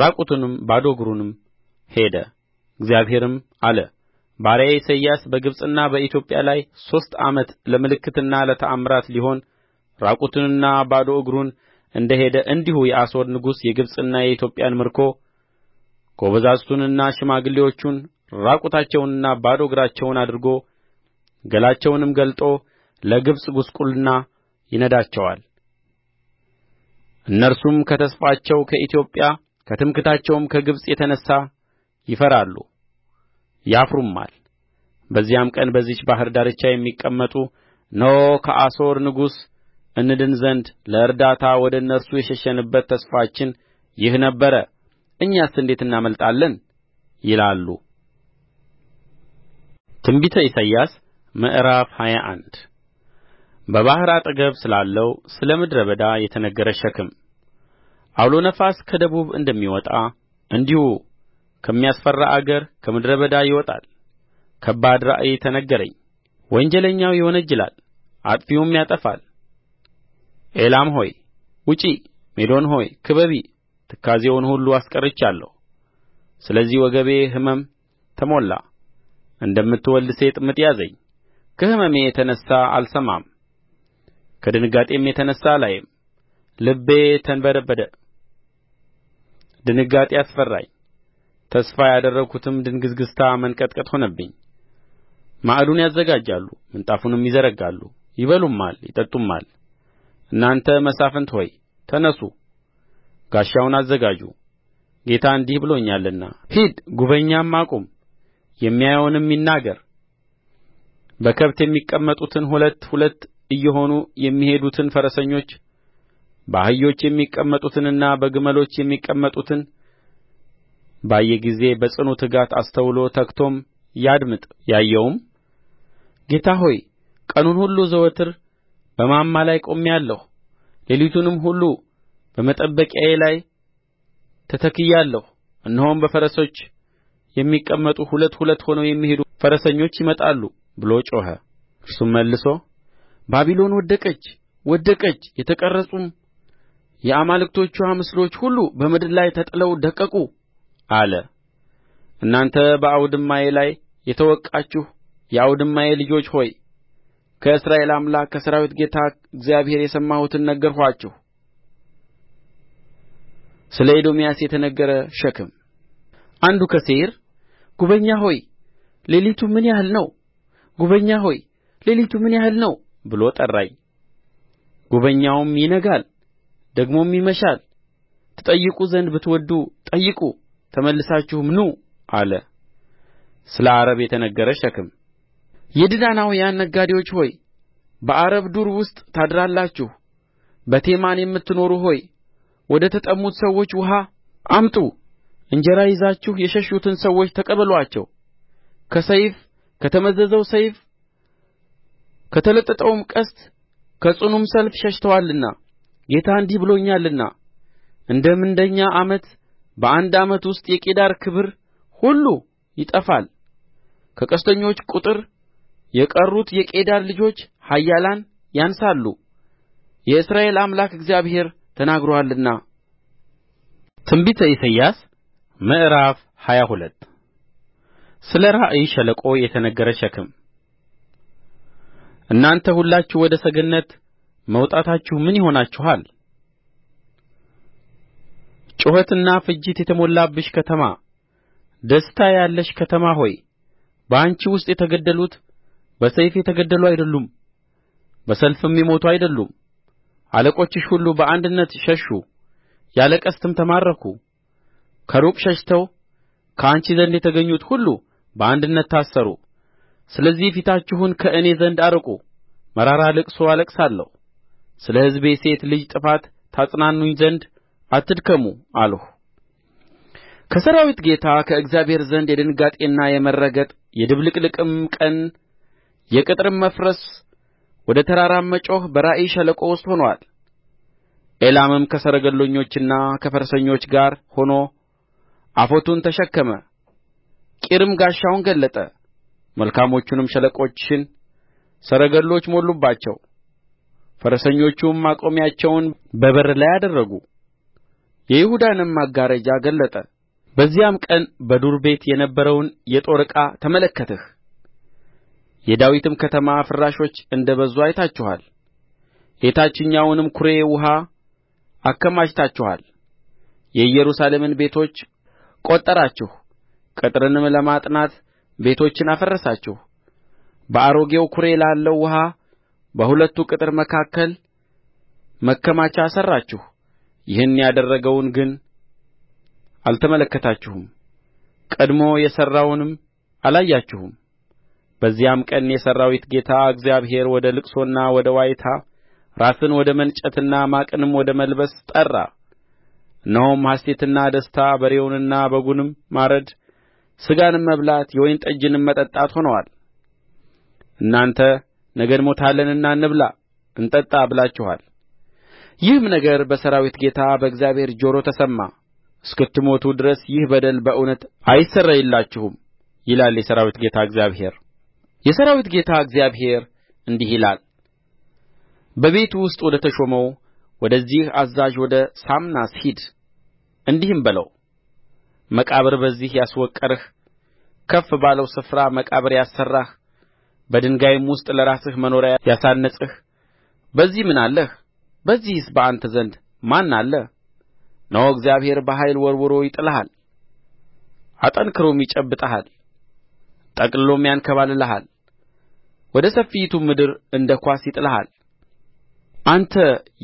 Speaker 1: ራቁቱንም ባዶ እግሩንም ሄደ እግዚአብሔርም አለ ባሪያዬ ኢሳይያስ በግብጽና በኢትዮጵያ ላይ ሦስት ዓመት ለምልክትና ለተአምራት ሊሆን ራቁቱንና ባዶ እግሩን እንደ ሄደ እንዲሁ የአሦር ንጉሥ የግብጽንና የኢትዮጵያን ምርኮ ጐበዛዝቱንና ሽማግሌዎቹን ራቁታቸውንና ባዶ እግራቸውን አድርጎ ገላቸውንም ገልጦ ለግብጽ ጕስቍልና ይነዳቸዋል እነርሱም ከተስፋቸው ከኢትዮጵያ ከትምክሕታቸውም ከግብጽ የተነሣ ይፈራሉ ያፍሩማል በዚያም ቀን በዚህች ባሕር ዳርቻ የሚቀመጡ እነሆ ከአሦር ንጉሥ እንድን ዘንድ ለእርዳታ ወደ እነርሱ የሸሸንበት ተስፋችን ይህ ነበረ እኛስ እንዴት እናመልጣለን ይላሉ ትንቢተ ኢሳይያስ ምዕራፍ ሃያ አንድ በባሕር አጠገብ ስላለው ስለ ምድረ በዳ የተነገረ ሸክም ዐውሎ ነፋስ ከደቡብ እንደሚወጣ እንዲሁ ከሚያስፈራ አገር ከምድረ በዳ ይወጣል ከባድ ራእይ ተነገረኝ ወንጀለኛው ይወነጅላል አጥፊውም ያጠፋል ኤላም ሆይ ውጪ ሜዶን ሆይ ክበቢ ትካዜውን ሁሉ አስቀርቻለሁ ስለዚህ ወገቤ ሕመም ተሞላ እንደምትወልድ ሴት ምጥ ያዘኝ ከሕመሜ የተነሣ አልሰማም ከድንጋጤም የተነሣ አላይም ልቤ ተንበደበደ ድንጋጤ አስፈራኝ ተስፋ ያደረግሁትም ድንግዝግዝታ መንቀጥቀጥ ሆነብኝ ማዕዱን ያዘጋጃሉ ምንጣፉንም ይዘረጋሉ ይበሉማል ይጠጡማል እናንተ መሳፍንት ሆይ ተነሡ ጋሻውን አዘጋጁ ጌታ እንዲህ ብሎኛልና ሂድ ጉበኛም አቁም የሚያየውንም ይናገር በከብት የሚቀመጡትን ሁለት ሁለት እየሆኑ የሚሄዱትን ፈረሰኞች በአህዮች የሚቀመጡትንና በግመሎች የሚቀመጡትን ባየ ጊዜ በጽኑ ትጋት አስተውሎ ተግቶም ያድምጥ ያየውም ጌታ ሆይ ቀኑን ሁሉ ዘወትር በማማ ላይ ቆሜአለሁ ሌሊቱንም ሁሉ በመጠበቂያዬ ላይ ተተክያለሁ እነሆም በፈረሶች የሚቀመጡ ሁለት ሁለት ሆነው የሚሄዱ ፈረሰኞች ይመጣሉ ብሎ ጮኸ እርሱም መልሶ ባቢሎን ወደቀች ወደቀች የተቀረጹም የአማልክቶችዋ ምስሎች ሁሉ በምድር ላይ ተጥለው ደቀቁ አለ እናንተ በአውድማዬ ላይ የተወቃችሁ የአውድማዬ ልጆች ሆይ ከእስራኤል አምላክ ከሠራዊት ጌታ እግዚአብሔር የሰማሁትን ነገርኋችሁ ስለ ኤዶምያስ የተነገረ ሸክም አንዱ ከሴይር ጉበኛ ሆይ ሌሊቱ ምን ያህል ነው ጉበኛ ሆይ ሌሊቱ ምን ያህል ነው ብሎ ጠራኝ ጉበኛውም ይነጋል ደግሞም ይመሻል ትጠይቁ ዘንድ ብትወድዱ ጠይቁ ተመልሳችሁም ኑ አለ ስለ ዓረብ የተነገረ ሸክም የድዳናውያን ነጋዴዎች ሆይ በዓረብ ዱር ውስጥ ታድራላችሁ በቴማን የምትኖሩ ሆይ ወደ ተጠሙት ሰዎች ውኃ አምጡ እንጀራ ይዛችሁ የሸሹትን ሰዎች ተቀበሉአቸው ከሰይፍ ከተመዘዘው ሰይፍ ከተለጠጠውም ቀስት ከጽኑም ሰልፍ ሸሽተዋልና ጌታ እንዲህ ብሎኛልና እንደ ምንደኛ ዓመት በአንድ ዓመት ውስጥ የቄዳር ክብር ሁሉ ይጠፋል ከቀስተኞች ቍጥር የቀሩት የቄዳር ልጆች ኃያላን ያንሳሉ የእስራኤል አምላክ እግዚአብሔር ተናግሮአልና ትንቢተ ኢሳይያስ ምዕራፍ ሃያ ሁለት ስለ ራእይ ሸለቆ የተነገረ ሸክም እናንተ ሁላችሁ ወደ ሰገነት መውጣታችሁ ምን ሆናችኋል ጩኸትና ፍጅት የተሞላብሽ ከተማ ደስታ ያለሽ ከተማ ሆይ በአንቺ ውስጥ የተገደሉት በሰይፍ የተገደሉ አይደሉም በሰልፍም የሞቱ አይደሉም አለቆችሽ ሁሉ በአንድነት ሸሹ ያለ ቀስትም ተማረኩ ከሩቅ ሸሽተው ከአንቺ ዘንድ የተገኙት ሁሉ በአንድነት ታሰሩ ስለዚህ ፊታችሁን ከእኔ ዘንድ አርቁ መራራ ልቅሶ አለቅሳለሁ ስለ ሕዝቤ ሴት ልጅ ጥፋት ታጽናኑኝ ዘንድ አትድከሙ አልሁ ከሠራዊት ጌታ ከእግዚአብሔር ዘንድ የድንጋጤና የመረገጥ የድብልቅልቅም ቀን የቅጥርም መፍረስ ወደ ተራራም መጮኽ በራእይ ሸለቆ ውስጥ ሆኖአል ኤላምም ከሰረገለኞችና ከፈረሰኞች ጋር ሆኖ አፎቱን ተሸከመ ቂርም ጋሻውን ገለጠ መልካሞቹንም ሸለቆችሽን ሰረገሎች ሞሉባቸው ፈረሰኞቹም መቆሚያቸውን በበር ላይ አደረጉ የይሁዳንም መጋረጃ ገለጠ በዚያም ቀን በዱር ቤት የነበረውን የጦር ዕቃ ተመለከትህ የዳዊትም ከተማ ፍራሾች እንደ በዙ አይታችኋል የታችኛውንም ኵሬ ውኃ አከማችታችኋል የኢየሩሳሌምን ቤቶች ቈጠራችሁ ቅጥርንም ለማጥናት ቤቶችን አፈረሳችሁ በአሮጌው ኵሬ ላለው ውኃ በሁለቱ ቅጥር መካከል መከማቻ ሠራችሁ ይህን ያደረገውን ግን አልተመለከታችሁም ቀድሞ የሠራውንም አላያችሁም በዚያም ቀን የሠራዊት ጌታ እግዚአብሔር ወደ ልቅሶና ወደ ዋይታ ራስን ወደ መንጨትና ማቅንም ወደ መልበስ ጠራ እነሆም ሐሤትና ደስታ በሬውንና በጉንም ማረድ ሥጋንም መብላት የወይን ጠጅንም መጠጣት ሆነዋል እናንተ ነገ እንሞታለንና እንብላ እንጠጣ ብላችኋል ይህም ነገር በሠራዊት ጌታ በእግዚአብሔር ጆሮ ተሰማ እስክትሞቱ ድረስ ይህ በደል በእውነት አይሰረይላችሁም ይላል የሠራዊት ጌታ እግዚአብሔር የሠራዊት ጌታ እግዚአብሔር እንዲህ ይላል በቤቱ ውስጥ ወደ ተሾመው ወደዚህ አዛዥ ወደ ሳምናስ ሂድ እንዲህም በለው መቃብር በዚህ ያስወቀርህ ከፍ ባለው ስፍራ መቃብር ያሠራህ በድንጋይም ውስጥ ለራስህ መኖሪያ ያሳነጽህ በዚህ ምን አለህ በዚህስ በአንተ ዘንድ ማን አለ እነሆ እግዚአብሔር በኃይል ወርውሮ ይጥልሃል አጠንክሮም ይጨብጥሃል ጠቅልሎም ያንከባልልሃል ወደ ሰፊይቱም ምድር እንደ ኳስ ይጥልሃል አንተ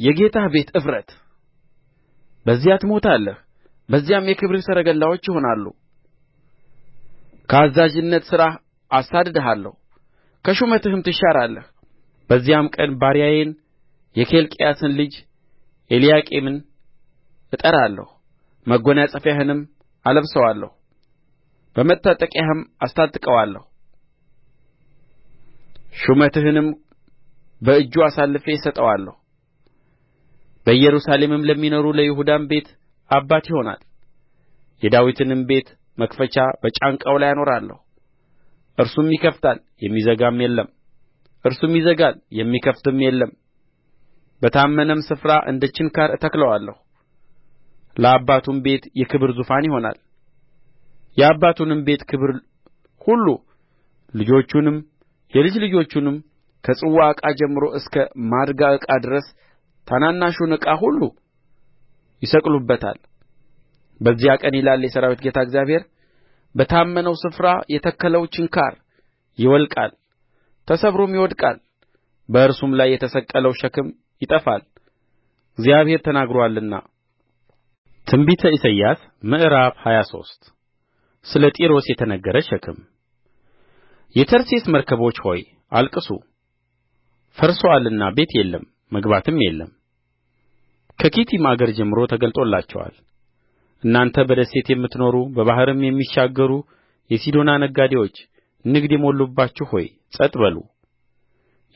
Speaker 1: የጌታህ ቤት እፍረት በዚያ ትሞታለህ በዚያም የክብርህ ሰረገላዎች ይሆናሉ ከአዛዥነት ሥራህ አሳድድሃለሁ ከሹመትህም ትሻራለህ በዚያም ቀን ባሪያዬን የኬልቅያስን ልጅ ኤልያቄምን እጠራለሁ መጐናጸፊያህንም አለብሰዋለሁ በመታጠቂያህም አስታጥቀዋለሁ ሹመትህንም በእጁ አሳልፌ እሰጠዋለሁ በኢየሩሳሌምም ለሚኖሩ ለይሁዳም ቤት አባት ይሆናል የዳዊትንም ቤት መክፈቻ በጫንቃው ላይ አኖራለሁ እርሱም ይከፍታል የሚዘጋም የለም እርሱም ይዘጋል የሚከፍትም የለም በታመነም ስፍራ እንደ ችንካር እተክለዋለሁ ለአባቱም ቤት የክብር ዙፋን ይሆናል የአባቱንም ቤት ክብር ሁሉ ልጆቹንም የልጅ ልጆቹንም ከጽዋ ዕቃ ጀምሮ እስከ ማድጋ ዕቃ ድረስ ታናናሹን ዕቃ ሁሉ ይሰቅሉበታል በዚያ ቀን ይላል የሠራዊት ጌታ እግዚአብሔር በታመነው ስፍራ የተከለው ችንካር ይወልቃል ተሰብሮም ይወድቃል በእርሱም ላይ የተሰቀለው ሸክም ይጠፋል እግዚአብሔር ተናግሮአልና ትንቢተ ኢሳይያስ ምዕራፍ ሃያ ሶስት ስለ ጢሮስ የተነገረ ሸክም የተርሴስ መርከቦች ሆይ አልቅሱ ፈርሶአልና ቤት የለም መግባትም የለም ከኪቲም አገር ጀምሮ ተገልጦላቸዋል እናንተ በደሴት የምትኖሩ በባሕርም የሚሻገሩ የሲዶና ነጋዴዎች ንግድ የሞሉባችሁ ሆይ ጸጥ በሉ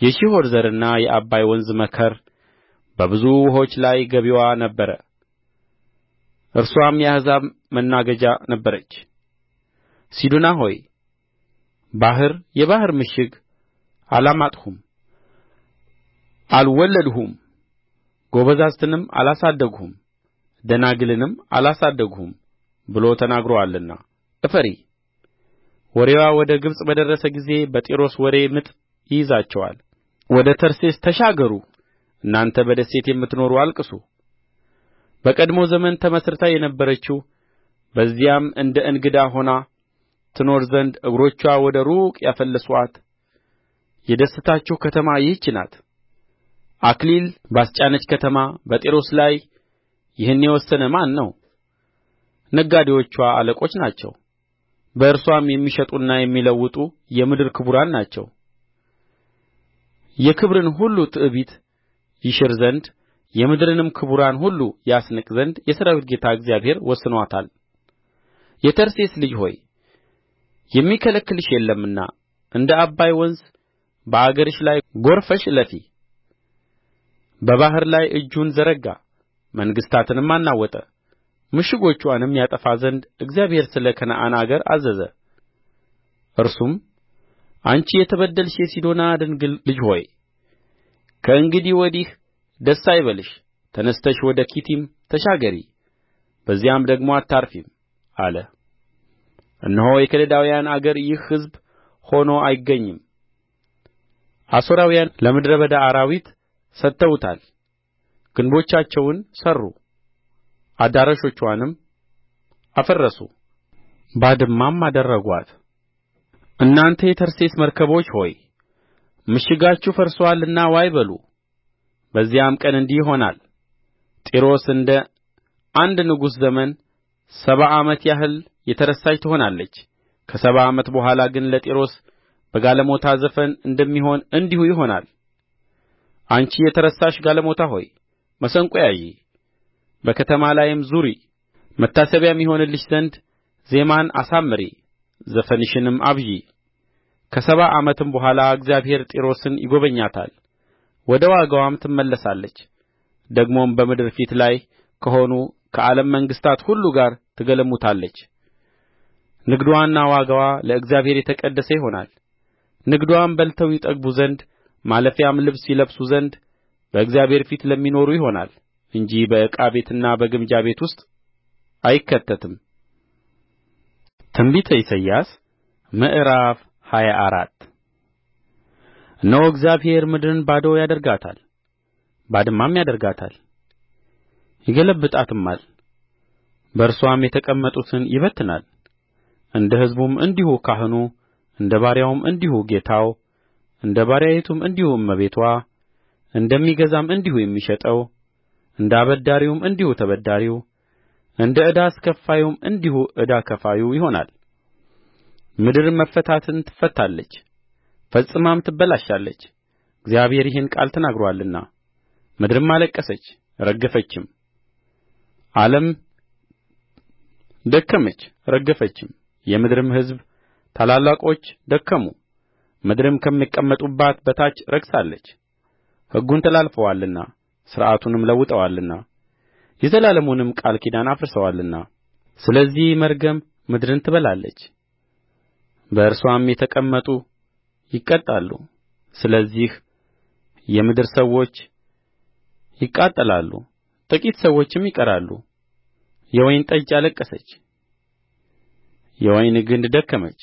Speaker 1: የሺሖር ዘርና የዓባይ ወንዝ መከር በብዙ ውኆች ላይ ገቢዋ ነበረ እርስዋም የአሕዛብ መናገጃ ነበረች ሲዶና ሆይ ባሕር የባሕር ምሽግ አላማጥሁም አልወለድሁም ጐበዛዝትንም አላሳደግሁም ደናግልንም አላሳደግሁም ብሎ ተናግሮአልና እፈሪ ወሬዋ ወደ ግብጽ በደረሰ ጊዜ በጢሮስ ወሬ ምጥ ይይዛቸዋል ወደ ተርሴስ ተሻገሩ እናንተ በደሴት የምትኖሩ አልቅሱ በቀድሞ ዘመን ተመሥርታ የነበረችው በዚያም እንደ እንግዳ ሆና ትኖር ዘንድ እግሮችዋ ወደ ሩቅ ያፈለሱአት የደስታችሁ ከተማ ይህች ናት አክሊል ባስጫነች ከተማ በጢሮስ ላይ ይህን የወሰነ ማን ነው ነጋዴዎችዋ አለቆች ናቸው በእርስዋም የሚሸጡና የሚለውጡ የምድር ክቡራን ናቸው የክብርን ሁሉ ትዕቢት ይሽር ዘንድ የምድርንም ክቡራን ሁሉ ያስንቅ ዘንድ የሠራዊት ጌታ እግዚአብሔር ወስኖታል የተርሴስ ልጅ ሆይ የሚከለክልሽ የለምና እንደ ዓባይ ወንዝ በአገርሽ ላይ ጐርፈሽ እለፊ በባሕር ላይ እጁን ዘረጋ መንግሥታትንም አናወጠ ምሽጎችዋንም ያጠፋ ዘንድ እግዚአብሔር ስለ ከነዓን አገር አዘዘ እርሱም አንቺ የተበደልሽ የሲዶና ድንግል ልጅ ሆይ ከእንግዲህ ወዲህ ደስ አይበልሽ ተነሥተሽ ወደ ኪቲም ተሻገሪ በዚያም ደግሞ አታርፊም አለ እነሆ የከለዳውያን አገር ይህ ሕዝብ ሆኖ አይገኝም አሦራውያን ለምድረ በዳ አራዊት ሰጥተውታል ግንቦቻቸውን ሠሩ አዳራሾችዋንም አፈረሱ ባድማም አደረጓት እናንተ የተርሴስ መርከቦች ሆይ ምሽጋችሁ ፈርሶአልና ዋይ በሉ በዚያም ቀን እንዲህ ይሆናል ጢሮስ እንደ አንድ ንጉሥ ዘመን ሰባ ዓመት ያህል የተረሳች ትሆናለች ከሰባ ዓመት በኋላ ግን ለጢሮስ በጋለሞታ ዘፈን እንደሚሆን እንዲሁ ይሆናል አንቺ የተረሳሽ ጋለሞታ ሆይ መሰንቆ ያዢ በከተማ ላይም ዙሪ መታሰቢያም ይሆንልሽ ዘንድ ዜማን አሳምሪ ዘፈንሽንም አብዢ ከሰባ ዓመትም በኋላ እግዚአብሔር ጢሮስን ይጐበኛታል ወደ ዋጋዋም ትመለሳለች ደግሞም በምድር ፊት ላይ ከሆኑ ከዓለም መንግሥታት ሁሉ ጋር ትገለሙታለች ንግድዋና ዋጋዋ ለእግዚአብሔር የተቀደሰ ይሆናል ንግድዋም በልተው ይጠግቡ ዘንድ ማለፊያም ልብስ ይለብሱ ዘንድ በእግዚአብሔር ፊት ለሚኖሩ ይሆናል እንጂ በዕቃ ቤትና በግምጃ ቤት ውስጥ አይከተትም ትንቢተ ኢሳይያስ ምዕራፍ ሃያ አራት እነሆ እግዚአብሔር ምድርን ባዶ ያደርጋታል ባድማም ያደርጋታል ይገለብጣትማል በእርስዋም የተቀመጡትን ይበትናል እንደ ሕዝቡም እንዲሁ ካህኑ እንደ ባሪያውም እንዲሁ ጌታው እንደ ባሪያይቱም እንዲሁ እመቤትዋ እንደሚገዛም እንዲሁ የሚሸጠው እንደ አበዳሪውም እንዲሁ ተበዳሪው እንደ ዕዳ አስከፋዩም እንዲሁ ዕዳ ከፋዩ ይሆናል ምድር መፈታትን ትፈታለች ፈጽማም ትበላሻለች እግዚአብሔር ይህን ቃል ተናግሮአልና ምድርም አለቀሰች ረገፈችም ዓለም ደከመች ረገፈችም የምድርም ሕዝብ ታላላቆች ደከሙ ምድርም ከሚቀመጡባት በታች ረክሳለች ሕጉን ተላልፈዋልና ሥርዓቱንም ለውጠዋልና የዘላለሙንም ቃል ኪዳን አፍርሰዋልና ስለዚህ መርገም ምድርን ትበላለች በእርስዋም የተቀመጡ ይቀጣሉ ስለዚህ የምድር ሰዎች ይቃጠላሉ ጥቂት ሰዎችም ይቀራሉ የወይን ጠጅ አለቀሰች የወይን ግንድ ደከመች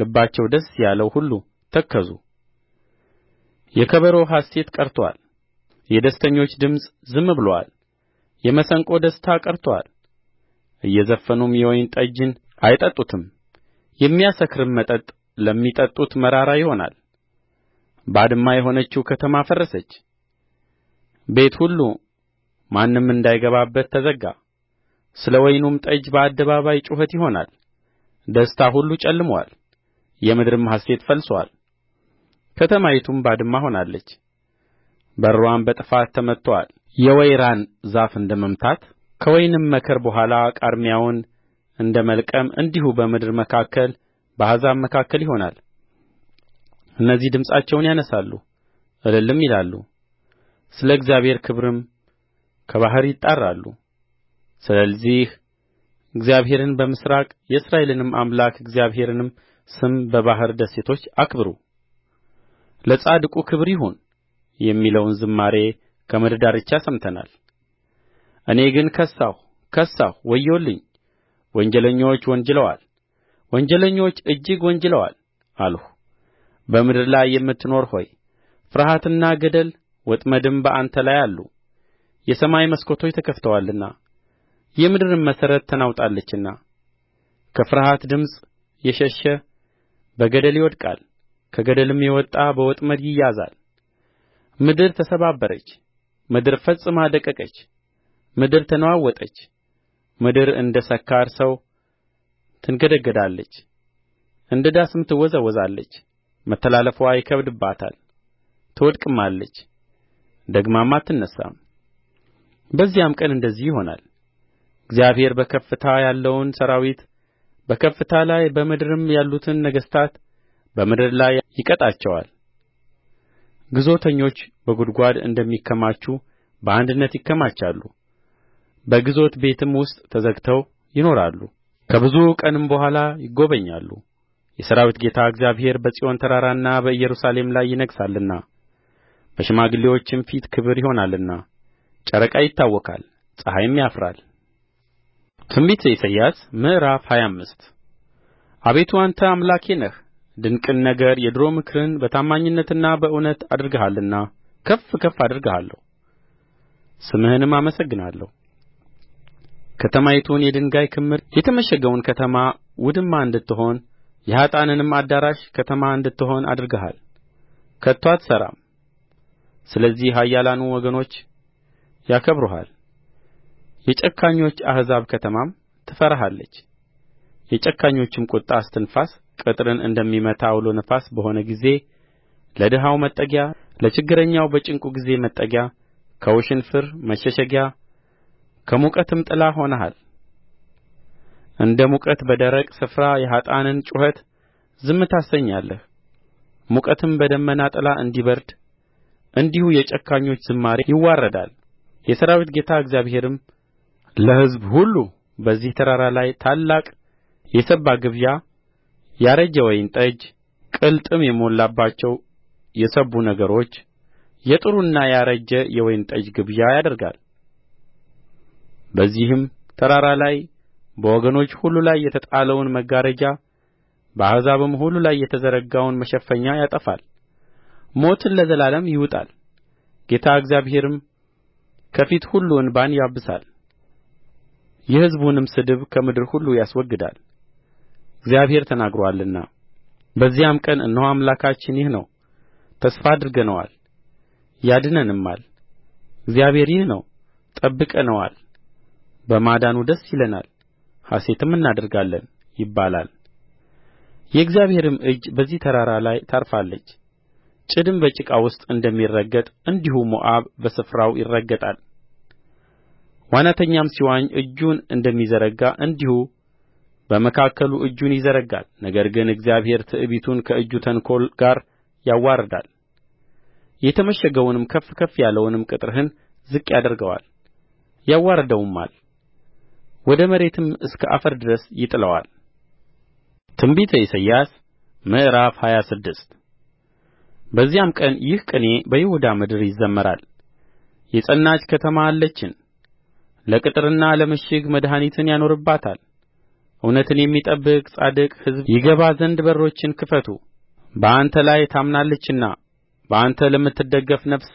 Speaker 1: ልባቸው ደስ ያለው ሁሉ ተከዙ የከበሮ ሐሤት ቀርቶአል የደስተኞች ድምፅ ዝም ብሎአል የመሰንቆ ደስታ ቀርቶአል እየዘፈኑም የወይን ጠጅን አይጠጡትም የሚያሰክርም መጠጥ ለሚጠጡት መራራ ይሆናል ባድማ የሆነችው ከተማ ፈረሰች ቤት ሁሉ ማንም እንዳይገባበት ተዘጋ ስለ ወይኑም ጠጅ በአደባባይ ጩኸት ይሆናል ደስታ ሁሉ ጨልሞአል የምድርም ሐሤት ፈልሶአል ከተማይቱም ባድማ ሆናለች በርዋም በጥፋት ተመትቶአል የወይራን ዛፍ እንደ መምታት ከወይንም መከር በኋላ ቃርሚያውን እንደ መልቀም እንዲሁ በምድር መካከል በአሕዛብ መካከል ይሆናል እነዚህ ድምፃቸውን ያነሣሉ እልልም ይላሉ ስለ እግዚአብሔር ክብርም ከባሕር ይጣራሉ ስለዚህ እግዚአብሔርን በምሥራቅ የእስራኤልንም አምላክ እግዚአብሔርንም ስም በባሕር ደሴቶች አክብሩ ለጻድቁ ክብር ይሁን የሚለውን ዝማሬ ከምድር ዳርቻ ሰምተናል እኔ ግን ከሳሁ ከሳሁ ወዮልኝ ወንጀለኞች ወንጅለዋል ወንጀለኞች እጅግ ወንጅለዋል አልሁ በምድር ላይ የምትኖር ሆይ ፍርሃትና ገደል ወጥመድም በአንተ ላይ አሉ የሰማይ መስኮቶች ተከፍተዋልና የምድርም መሠረት ተናውጣለችና ከፍርሃት ድምፅ የሸሸ በገደል ይወድቃል ከገደልም የወጣ በወጥመድ ይያዛል ምድር ተሰባበረች ምድር ፈጽማ ደቀቀች ምድር ተነዋወጠች ምድር እንደ ሰካር ሰው ትንገደገዳለች እንደ ዳስም ትወዛወዛለች መተላለፍዋ ይከብድባታል ትወድቅማለች ደግማም አትነሣም በዚያም ቀን እንደዚህ ይሆናል እግዚአብሔር በከፍታ ያለውን ሠራዊት በከፍታ ላይ በምድርም ያሉትን ነገሥታት በምድር ላይ ይቀጣቸዋል ግዞተኞች በጕድጓድ እንደሚከማቹ በአንድነት ይከማቻሉ በግዞት ቤትም ውስጥ ተዘግተው ይኖራሉ ከብዙ ቀንም በኋላ ይጐበኛሉ የሠራዊት ጌታ እግዚአብሔር በጽዮን ተራራና በኢየሩሳሌም ላይ ይነግሣልና በሽማግሌዎችም ፊት ክብር ይሆናልና ጨረቃ ይታወካል ፀሐይም ያፍራል ትንቢተ ኢሳይያስ ምዕራፍ ሃያ አምስት አቤቱ አንተ አምላኬ ነህ ድንቅን ነገር የድሮ ምክርን በታማኝነትና በእውነት አድርገሃልና ከፍ ከፍ አደርግሃለሁ ስምህንም አመሰግናለሁ ከተማይቱን የድንጋይ ክምር የተመሸገውን ከተማ ውድማ እንድትሆን የኀጥአንንም አዳራሽ ከተማ እንድትሆን አድርገሃል ከቶ አትሠራም ስለዚህ ኃያላኑ ወገኖች ያከብሩሃል የጨካኞች አሕዛብ ከተማም ትፈራሃለች የጨካኞችም ቍጣ እስትንፋስ ቅጥርን እንደሚመታ ዐውሎ ነፋስ በሆነ ጊዜ ለድሀው መጠጊያ ለችግረኛው በጭንቁ ጊዜ መጠጊያ ከውሽንፍር መሸሸጊያ ከሙቀትም ጥላ ሆነሃል እንደ ሙቀት በደረቅ ስፍራ የኀጥአንን ጩኸት ዝም ታሰኛለህ ሙቀትም በደመና ጥላ እንዲበርድ እንዲሁ የጨካኞች ዝማሬ ይዋረዳል የሠራዊት ጌታ እግዚአብሔርም ለሕዝብ ሁሉ በዚህ ተራራ ላይ ታላቅ የሰባ ግብዣ ያረጀ ወይን ጠጅ ቅልጥም የሞላባቸው የሰቡ ነገሮች የጥሩና ያረጀ የወይን ጠጅ ግብዣ ያደርጋል በዚህም ተራራ ላይ በወገኖች ሁሉ ላይ የተጣለውን መጋረጃ በአሕዛብም ሁሉ ላይ የተዘረጋውን መሸፈኛ ያጠፋል ሞትን ለዘላለም ይውጣል ጌታ እግዚአብሔርም ከፊት ሁሉ እንባን ያብሳል የሕዝቡንም ስድብ ከምድር ሁሉ ያስወግዳል እግዚአብሔር ተናግሮአልና በዚያም ቀን እነሆ አምላካችን ይህ ነው ተስፋ አድርገነዋል ያድነንማል እግዚአብሔር ይህ ነው ጠብቀነዋል በማዳኑ ደስ ይለናል ሐሤትም እናደርጋለን ይባላል የእግዚአብሔርም እጅ በዚህ ተራራ ላይ ታርፋለች ጭድም በጭቃ ውስጥ እንደሚረገጥ እንዲሁ ሞዓብ በስፍራው ይረገጣል ዋናተኛም ሲዋኝ እጁን እንደሚዘረጋ እንዲሁ በመካከሉ እጁን ይዘረጋል ነገር ግን እግዚአብሔር ትዕቢቱን ከእጁ ተንኰል ጋር ያዋርዳል የተመሸገውንም ከፍ ከፍ ያለውንም ቅጥርህን ዝቅ ያደርገዋል ያዋርደውማል ወደ መሬትም እስከ አፈር ድረስ ይጥለዋል ትንቢተ ኢሳይያስ ምዕራፍ ሃያ ስድስት በዚያም ቀን ይህ ቅኔ በይሁዳ ምድር ይዘመራል የጸናች ከተማ አለችን ለቅጥርና ለምሽግ መድኃኒትን ያኖርባታል እውነትን የሚጠብቅ ጻድቅ ሕዝብ ይገባ ዘንድ በሮችን ክፈቱ በአንተ ላይ ታምናለችና በአንተ ለምትደገፍ ነፍስ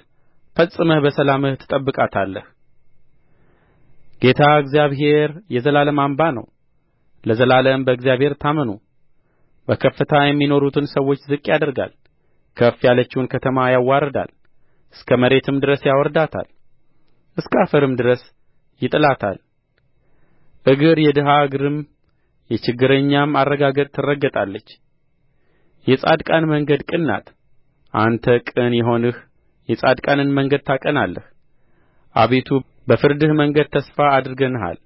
Speaker 1: ፈጽመህ በሰላምህ ትጠብቃታለህ ጌታ እግዚአብሔር የዘላለም አምባ ነው ለዘላለም በእግዚአብሔር ታመኑ በከፍታ የሚኖሩትን ሰዎች ዝቅ ያደርጋል ከፍ ያለችውን ከተማ ያዋርዳል እስከ መሬትም ድረስ ያወርዳታል። እስከ አፈርም ድረስ ይጥላታል እግር የድሀ እግርም የችግረኛም አረጋገጥ ትረገጣለች የጻድቃን መንገድ ቅን ናት አንተ ቅን የሆንህ የጻድቃንን መንገድ ታቀናለህ አቤቱ በፍርድህ መንገድ ተስፋ አድርገንሃል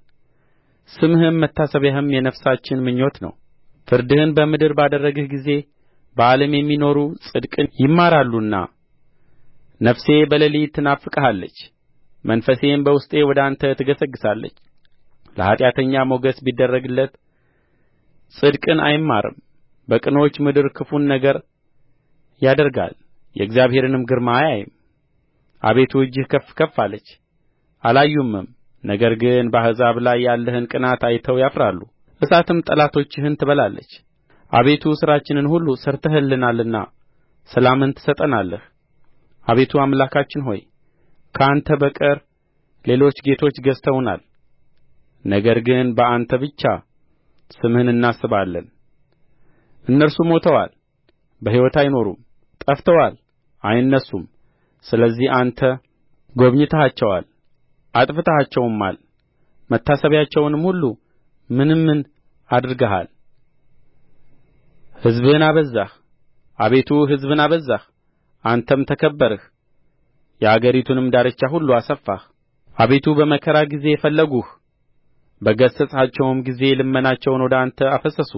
Speaker 1: ስምህም መታሰቢያህም የነፍሳችን ምኞት ነው ፍርድህን በምድር ባደረግህ ጊዜ በዓለም የሚኖሩ ጽድቅን ይማራሉና ነፍሴ በሌሊት ትናፍቅሃለች መንፈሴም በውስጤ ወደ አንተ ትገሰግሳለች ለኃጢአተኛ ሞገስ ቢደረግለት ጽድቅን አይማርም በቅኖች ምድር ክፉን ነገር ያደርጋል የእግዚአብሔርንም ግርማ አያይም አቤቱ እጅህ ከፍ ከፍ አለች አላዩምም ነገር ግን በአሕዛብ ላይ ያለህን ቅንዓት አይተው ያፍራሉ እሳትም ጠላቶችህን ትበላለች አቤቱ ሥራችንን ሁሉ ሠርተህልናልና ሰላምን ትሰጠናለህ አቤቱ አምላካችን ሆይ ከአንተ በቀር ሌሎች ጌቶች ገዝተውናል ነገር ግን በአንተ ብቻ ስምህን እናስባለን እነርሱ ሞተዋል በሕይወት አይኖሩም ጠፍተዋል አይነሡም ስለዚህ አንተ ጐብኝተሃቸዋል አጥፍተሃቸውማል መታሰቢያቸውንም ሁሉ ምንምን አድርገሃል ሕዝብህን አበዛህ አቤቱ ሕዝብን አበዛህ አንተም ተከበርህ የአገሪቱንም ዳርቻ ሁሉ አሰፋህ አቤቱ በመከራ ጊዜ ፈለጉህ በገሠጽሃቸውም ጊዜ ልመናቸውን ወደ አንተ አፈሰሱ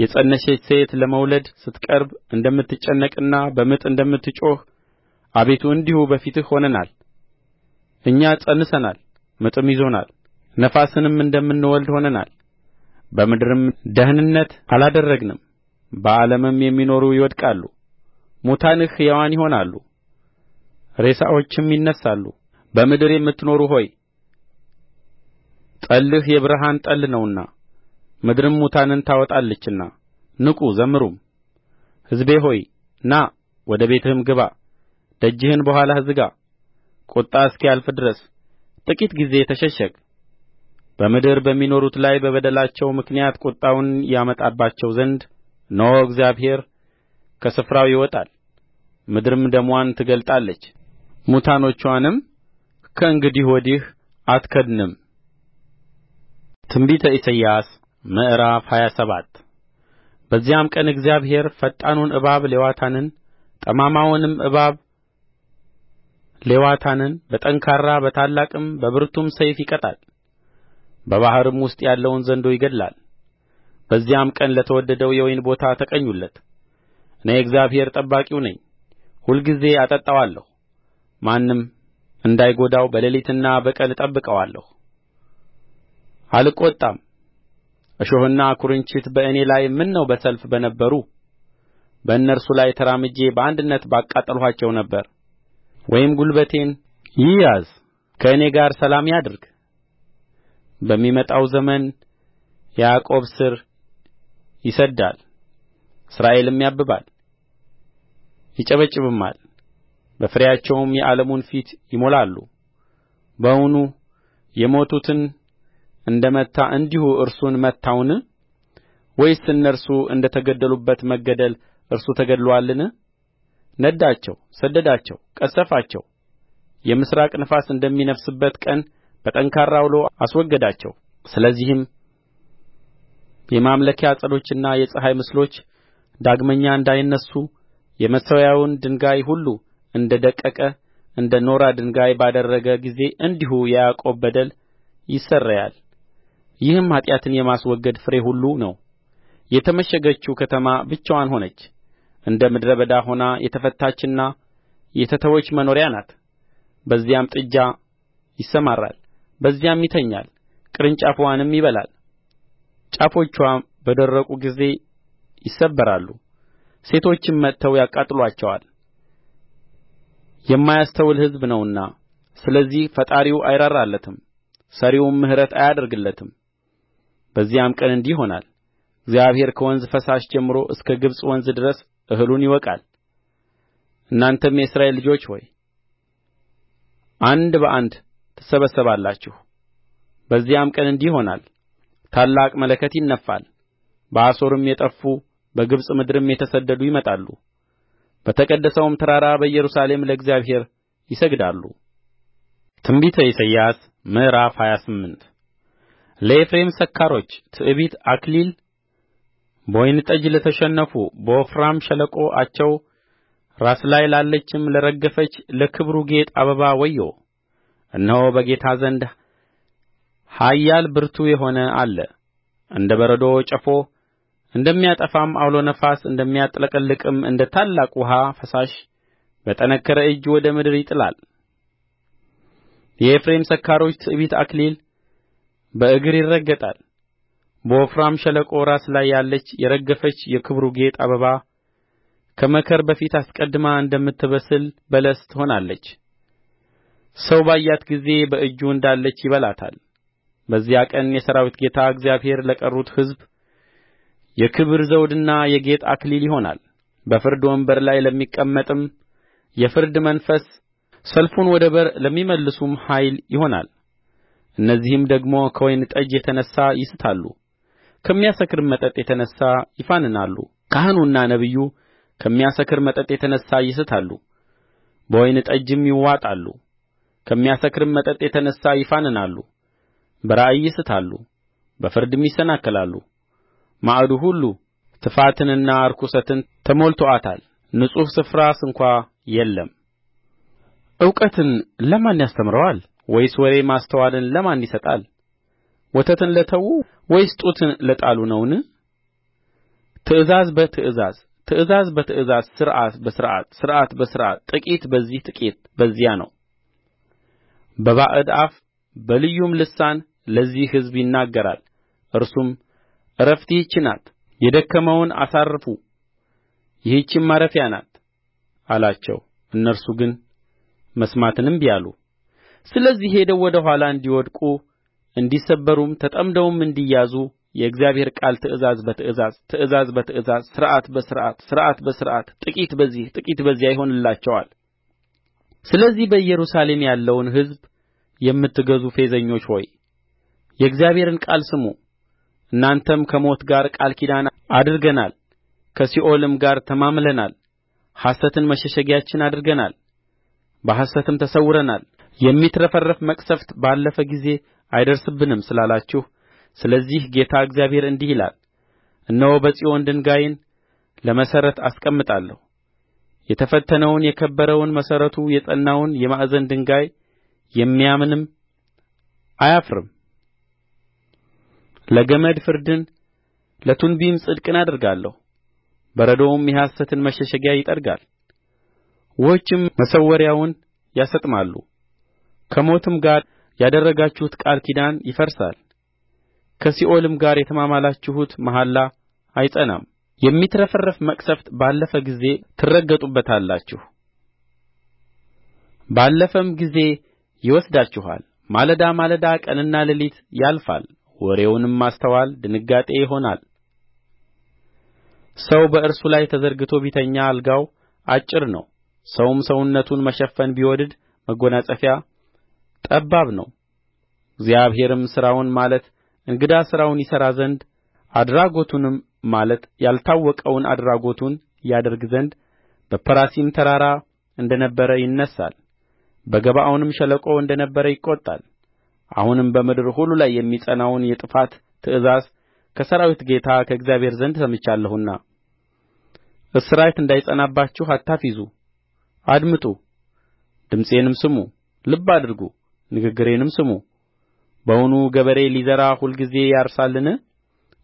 Speaker 1: የፀነሰች ሴት ለመውለድ ስትቀርብ እንደምትጨነቅና በምጥ እንደምትጮኽ አቤቱ እንዲሁ በፊትህ ሆነናል እኛ ፀንሰናል ምጥም ይዞናል ነፋስንም እንደምንወልድ ሆነናል በምድርም ደኅንነት አላደረግንም በዓለምም የሚኖሩ ይወድቃሉ ሙታንህ ሕያዋን ይሆናሉ ሬሳዎችም ይነሣሉ በምድር የምትኖሩ ሆይ ጠልህ የብርሃን ጠል ነውና ምድርም ሙታንን ታወጣለችና ንቁ ዘምሩም ሕዝቤ ሆይ ና ወደ ቤትህም ግባ ደጅህን በኋላህ ዝጋ ቍጣ እስኪያልፍ ድረስ ጥቂት ጊዜ ተሸሸግ በምድር በሚኖሩት ላይ በበደላቸው ምክንያት ቍጣውን ያመጣባቸው ዘንድ እነሆ እግዚአብሔር ከስፍራው ይወጣል ምድርም ደምዋን ትገልጣለች ሙታኖችዋንም ከእንግዲህ ወዲህ አትከድንም ትንቢተ ኢሳይያስ ምዕራፍ ሃያ ሰባት በዚያም ቀን እግዚአብሔር ፈጣኑን እባብ ሌዋታንን ጠማማውንም እባብ ሌዋታንን በጠንካራ በታላቅም በብርቱም ሰይፍ ይቀጣል በባሕርም ውስጥ ያለውን ዘንዶ ይገድላል በዚያም ቀን ለተወደደው የወይን ቦታ ተቀኙለት እኔ እግዚአብሔር ጠባቂው ነኝ ሁልጊዜ አጠጣዋለሁ ማንም እንዳይጐዳው በሌሊትና በቀን እጠብቀዋለሁ አልቈጣም እሾህና ኵርንችት በእኔ ላይ ምነው በሰልፍ በነበሩ በእነርሱ ላይ ተራምጄ በአንድነት ባቃጠልኋቸው ነበር ወይም ጕልበቴን ይያዝ ከእኔ ጋር ሰላም ያድርግ በሚመጣው ዘመን ያዕቆብ ሥር ይሰድዳል እስራኤልም ያብባል ይጨበጭብማል በፍሬያቸውም የዓለሙን ፊት ይሞላሉ በውኑ የሞቱትን እንደ መታ እንዲሁ እርሱን መታውን ወይስ እነርሱ እንደ ተገደሉበት መገደል እርሱ ተገድሎአልን ነዳቸው ሰደዳቸው ቀሠፋቸው የምሥራቅ ነፋስ እንደሚነፍስበት ቀን በጠንካራ ዐውሎ አስወገዳቸው ስለዚህም የማምለኪያ ዐፀዶችና የፀሐይ ምስሎች ዳግመኛ እንዳይነሡ የመሠዊያውን ድንጋይ ሁሉ እንደ ደቀቀ እንደ ኖራ ድንጋይ ባደረገ ጊዜ እንዲሁ የያዕቆብ በደል ይሰረያል ይህም ኃጢአትን የማስወገድ ፍሬ ሁሉ ነው የተመሸገችው ከተማ ብቻዋን ሆነች እንደ ምድረ በዳ ሆና የተፈታችና የተተወች መኖሪያ ናት በዚያም ጥጃ ይሰማራል በዚያም ይተኛል ቅርንጫፍዋንም ይበላል ጫፎችዋ በደረቁ ጊዜ ይሰበራሉ ሴቶችም መጥተው ያቃጥሉአቸዋል የማያስተውል ሕዝብ ነውና ስለዚህ ፈጣሪው አይራራለትም ሠሪውም ምሕረት አያደርግለትም በዚያም ቀን እንዲህ ይሆናል እግዚአብሔር ከወንዝ ፈሳሽ ጀምሮ እስከ ግብጽ ወንዝ ድረስ እህሉን ይወቃል እናንተም የእስራኤል ልጆች ሆይ አንድ በአንድ ትሰበሰባላችሁ በዚያም ቀን እንዲህ ይሆናል ታላቅ መለከት ይነፋል በአሦርም የጠፉ በግብጽ ምድርም የተሰደዱ ይመጣሉ በተቀደሰውም ተራራ በኢየሩሳሌም ለእግዚአብሔር ይሰግዳሉ ትንቢተ ኢሳይያስ ምዕራፍ ሃያ ስምንት ለኤፍሬም ሰካሮች ትዕቢት አክሊል በወይን ጠጅ ለተሸነፉ በወፍራም ሸለቆአቸው ራስ ላይ ላለችም ለረገፈች ለክብሩ ጌጥ አበባ ወዮ እነሆ በጌታ ዘንድ ኃያል ብርቱ የሆነ አለ እንደ በረዶ ወጨፎ እንደሚያጠፋም ዐውሎ ነፋስ እንደሚያጥለቀልቅም እንደ ታላቅ ውኃ ፈሳሽ በጠነከረ እጅ ወደ ምድር ይጥላል የኤፍሬም ሰካሮች ትዕቢት አክሊል በእግር ይረገጣል በወፍራም ሸለቆ ራስ ላይ ያለች የረገፈች የክብሩ ጌጥ አበባ ከመከር በፊት አስቀድማ እንደምትበስል በለስ ትሆናለች ሰው ባያት ጊዜ በእጁ እንዳለች ይበላታል በዚያ ቀን የሠራዊት ጌታ እግዚአብሔር ለቀሩት ሕዝብ የክብር ዘውድና የጌጥ አክሊል ይሆናል በፍርድ ወንበር ላይ ለሚቀመጥም የፍርድ መንፈስ ሰልፉን ወደ በር ለሚመልሱም ኃይል ይሆናል እነዚህም ደግሞ ከወይን ጠጅ የተነሣ ይስታሉ ከሚያሰክርም መጠጥ የተነሣ ይፋንናሉ ካህኑና ነቢዩ ከሚያሰክር መጠጥ የተነሣ ይስታሉ በወይን ጠጅም ይዋጣሉ ከሚያሰክርም መጠጥ የተነሣ ይፋንናሉ በራእይ ይስታሉ በፍርድም ይሰናከላሉ ማዕዱ ሁሉ ትፋትንና ርኵሰትን ተሞልቶአታል ንጹሕ ስፍራ ስንኳ የለም እውቀትን ለማን ያስተምረዋል ወይስ ወሬ ማስተዋልን ለማን ይሰጣል ወተትን ለተዉ ወይስ ጡትን ለጣሉ ነውን ትእዛዝ በትእዛዝ ትእዛዝ በትእዛዝ ሥርዓት በሥርዓት ሥርዓት በሥርዓት ጥቂት በዚህ ጥቂት በዚያ ነው በባዕድ አፍ በልዩም ልሳን ለዚህ ሕዝብ ይናገራል እርሱም ዕረፍት ይህች ናት የደከመውን አሳርፉ ይህችም ማረፊያ ናት አላቸው እነርሱ ግን መስማትን እምቢ አሉ ስለዚህ ሄደው ወደ ኋላ እንዲወድቁ እንዲሰበሩም ተጠምደውም እንዲያዙ የእግዚአብሔር ቃል ትእዛዝ በትእዛዝ ትእዛዝ በትእዛዝ ሥርዓት በሥርዓት ሥርዓት በሥርዓት ጥቂት በዚህ ጥቂት በዚያ ይሆንላቸዋል ስለዚህ በኢየሩሳሌም ያለውን ሕዝብ የምትገዙ ፌዘኞች ሆይ የእግዚአብሔርን ቃል ስሙ እናንተም ከሞት ጋር ቃል ኪዳን አድርገናል ከሲኦልም ጋር ተማምለናል ሐሰትን መሸሸጊያችን አድርገናል በሐሰትም ተሰውረናል የሚትረፈረፍ መቅሠፍት ባለፈ ጊዜ አይደርስብንም ስላላችሁ ስለዚህ ጌታ እግዚአብሔር እንዲህ ይላል እነሆ በጽዮን ድንጋይን ለመሠረት አስቀምጣለሁ የተፈተነውን የከበረውን መሠረቱ የጸናውን የማዕዘን ድንጋይ የሚያምንም አያፍርም ለገመድ ፍርድን ለቱንቢም ጽድቅን አደርጋለሁ በረዶውም የሐሰትን መሸሸጊያ ይጠርጋል ውኆችም መሰወሪያውን ያሰጥማሉ ከሞትም ጋር ያደረጋችሁት ቃል ኪዳን ይፈርሳል ከሲኦልም ጋር የተማማላችሁት መሐላ አይጸናም የሚትረፈረፍ መቅሠፍት ባለፈ ጊዜ ትረገጡበታላችሁ ባለፈም ጊዜ ይወስዳችኋል ማለዳ ማለዳ ቀንና ሌሊት ያልፋል ወሬውንም ማስተዋል ድንጋጤ ይሆናል ሰው በእርሱ ላይ ተዘርግቶ ቢተኛ አልጋው አጭር ነው ሰውም ሰውነቱን መሸፈን ቢወድድ መጐናጸፊያ ጠባብ ነው እግዚአብሔርም ሥራውን ማለት እንግዳ ሥራውን ይሠራ ዘንድ አድራጎቱንም ማለት ያልታወቀውን አድራጎቱን ያደርግ ዘንድ በፐራሲም ተራራ እንደ ነበረ ይነሣል በገባዖንም ሸለቆ እንደ ነበረ ይቈጣል አሁንም በምድር ሁሉ ላይ የሚጸናውን የጥፋት ትእዛዝ ከሠራዊት ጌታ ከእግዚአብሔር ዘንድ ሰምቻለሁና እስራት እንዳይጸናባችሁ አታፊዙ አድምጡ ድምፄንም ስሙ ልብ አድርጉ ንግግሬንም ስሙ በውኑ ገበሬ ሊዘራ ሁልጊዜ ያርሳልን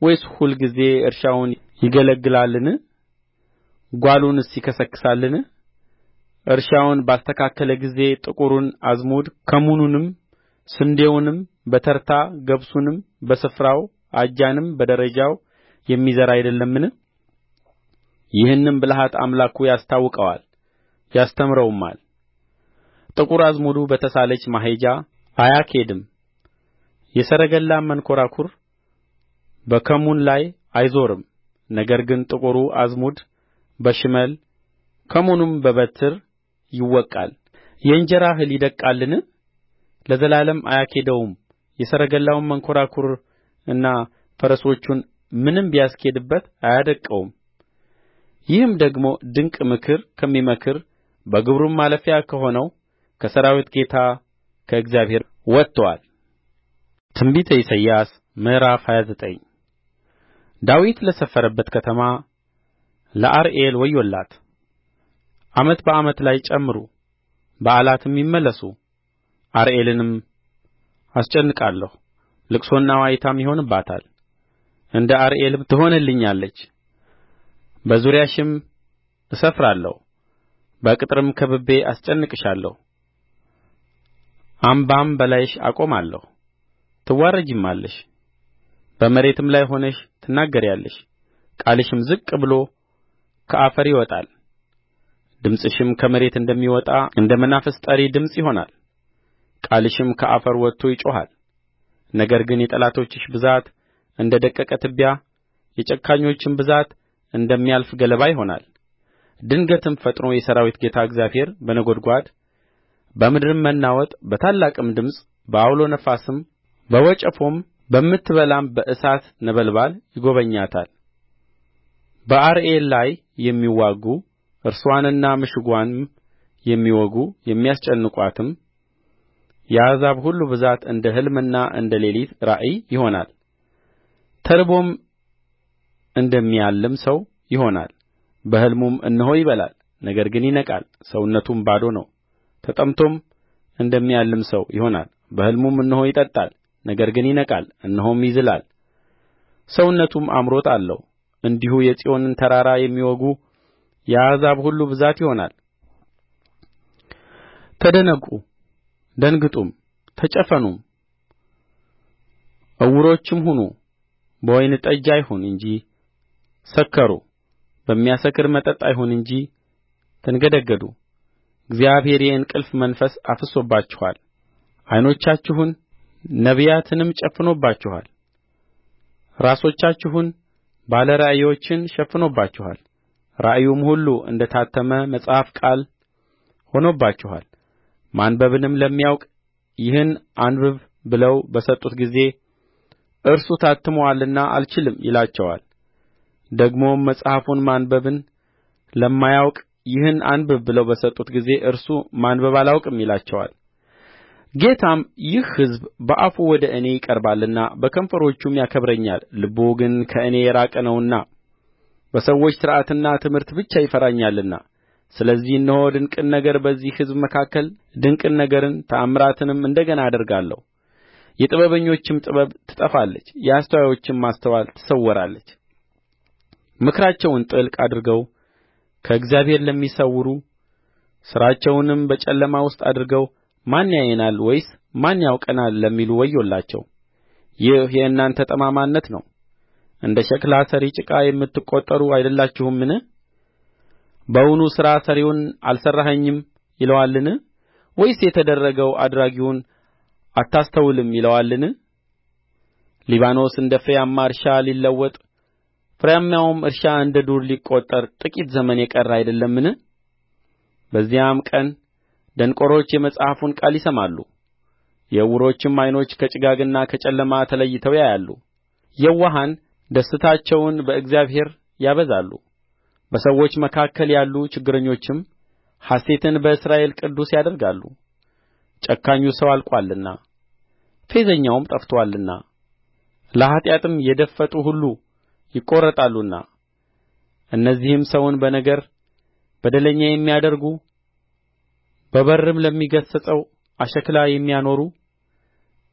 Speaker 1: ወይስ ሁልጊዜ እርሻውን ይገለግላልን ጓሉንስ ይከሰክሳልን እርሻውን ባስተካከለ ጊዜ ጥቁሩን አዝሙድ ከሙኑንም ስንዴውንም በተርታ ገብሱንም በስፍራው አጃንም በደረጃው የሚዘራ አይደለምን ይህንም ብልሃት አምላኩ ያስታውቀዋል ያስተምረውማል ጥቁር አዝሙዱ በተሳለች ማሄጃ አያኬድም የሰረገላም መንኰራኵር በከሙን ላይ አይዞርም ነገር ግን ጥቁሩ አዝሙድ በሽመል ከሙኑም በበትር ይወቃል የእንጀራ እህል ይደቅቃልን ለዘላለም አያኬደውም የሰረገላውም መንኰራኵርና ፈረሶቹን ምንም ቢያስኬድበት አያደቅቀውም ይህም ደግሞ ድንቅ ምክር ከሚመክር በግብሩም ማለፊያ ከሆነው ከሠራዊት ጌታ ከእግዚአብሔር ወጥቶአል ትንቢተ ኢሳይያስ ምዕራፍ ሃያ ዘጠኝ ዳዊት ለሰፈረባት ከተማ ለአርኤል ወዮላት ዓመት በዓመት ላይ ጨምሩ በዓላትም ይመለሱ አርኤልንም አስጨንቃለሁ ልቅሶና ዋይታም ይሆንባታል እንደ አርኤልም ትሆንልኛለች በዙሪያሽም እሰፍራለሁ በቅጥርም ከብቤ አስጨንቅሻለሁ አምባም በላይሽ አቆማለሁ ትዋረጂማለሽ በመሬትም ላይ ሆነሽ ትናገሪያለሽ ቃልሽም ዝቅ ብሎ ከአፈር ይወጣል ድምፅሽም ከመሬት እንደሚወጣ እንደ መናፍስት ጠሪ ድምፅ ይሆናል ቃልሽም ከአፈር ወጥቶ ይጮኻል ነገር ግን የጠላቶችሽ ብዛት እንደ ደቀቀ ትቢያ የጨካኞችም ብዛት እንደሚያልፍ ገለባ ይሆናል ድንገትም ፈጥኖ የሠራዊት ጌታ እግዚአብሔር በነጐድጓድ በምድርም መናወጥ በታላቅም ድምፅ በዐውሎ ነፋስም በወጨፎም በምትበላም በእሳት ነበልባል ይጐበኛታል በአርኤል ላይ የሚዋጉ እርስዋንና ምሽግዋንም የሚወጉ የሚያስጨንቋትም የአሕዛብ ሁሉ ብዛት እንደ ሕልምና እንደ ሌሊት ራእይ ይሆናል። ተርቦም እንደሚያልም ሰው ይሆናል። በሕልሙም እነሆ ይበላል፣ ነገር ግን ይነቃል፣ ሰውነቱም ባዶ ነው። ተጠምቶም እንደሚያልም ሰው ይሆናል በሕልሙም እነሆ ይጠጣል ነገር ግን ይነቃል እነሆም ይዝላል ሰውነቱም አምሮት አለው እንዲሁ የጽዮንን ተራራ የሚወጉ የአሕዛብ ሁሉ ብዛት ይሆናል ተደነቁ ደንግጡም ተጨፈኑም ዕውሮችም ሁኑ በወይን ጠጅ አይሁን እንጂ ሰከሩ በሚያሰክር መጠጥ አይሁን እንጂ ተንገደገዱ እግዚአብሔር የእንቅልፍ መንፈስ አፍስሶባችኋል ዓይኖቻችሁን ነቢያትንም ጨፍኖባችኋል ራሶቻችሁን ባለ ራእዮችን ሸፍኖባችኋል ራእዩም ሁሉ እንደ ታተመ መጽሐፍ ቃል ሆኖባችኋል ማንበብንም ለሚያውቅ ይህን አንብብ ብለው በሰጡት ጊዜ እርሱ ታትሞአልና አልችልም ይላቸዋል ደግሞም መጽሐፉን ማንበብን ለማያውቅ ይህን አንብብ ብለው በሰጡት ጊዜ እርሱ ማንበብ አላውቅም ይላቸዋል ጌታም ይህ ሕዝብ በአፉ ወደ እኔ ይቀርባልና በከንፈሮቹም ያከብረኛል ልቡ ግን ከእኔ የራቀ ነውና በሰዎች ሥርዓትና ትምህርት ብቻ ይፈራኛልና ስለዚህ እነሆ ድንቅን ነገር በዚህ ሕዝብ መካከል ድንቅን ነገርን ተአምራትንም እንደ ገና አደርጋለሁ የጥበበኞችም ጥበብ ትጠፋለች የአስተዋዮችም ማስተዋል ትሰወራለች ምክራቸውን ጥልቅ አድርገው ከእግዚአብሔር ለሚሰውሩ ሥራቸውንም በጨለማ ውስጥ አድርገው ማን ያየናል ወይስ ማን ያውቀናል ለሚሉ ወዮላቸው ይህ የእናንተ ጠማማነት ነው እንደ ሸክላ ሠሪ ጭቃ የምትቈጠሩ አይደላችሁምን በውኑ ሥራ ሠሪውን አልሠራኸኝም ይለዋልን ወይስ የተደረገው አድራጊውን አታስተውልም ይለዋልን ሊባኖስ እንደ ፍሬያማ እርሻ ሊለወጥ ፍሬያማውም እርሻ እንደ ዱር ሊቈጠር ጥቂት ዘመን የቀረ አይደለምን በዚያም ቀን ደንቆሮች የመጽሐፉን ቃል ይሰማሉ የዕውሮችም ዓይኖች ከጭጋግና ከጨለማ ተለይተው ያያሉ የዋሃን ደስታቸውን በእግዚአብሔር ያበዛሉ በሰዎች መካከል ያሉ ችግረኞችም ሐሤትን በእስራኤል ቅዱስ ያደርጋሉ ጨካኙ ሰው አልቆአልና ፌዘኛውም ጠፍቶአልና ለኃጢአትም የደፈጡ ሁሉ ይቈረጣሉና እነዚህም ሰውን በነገር በደለኛ የሚያደርጉ በበርም ለሚገሥጸው አሽክላ የሚያኖሩ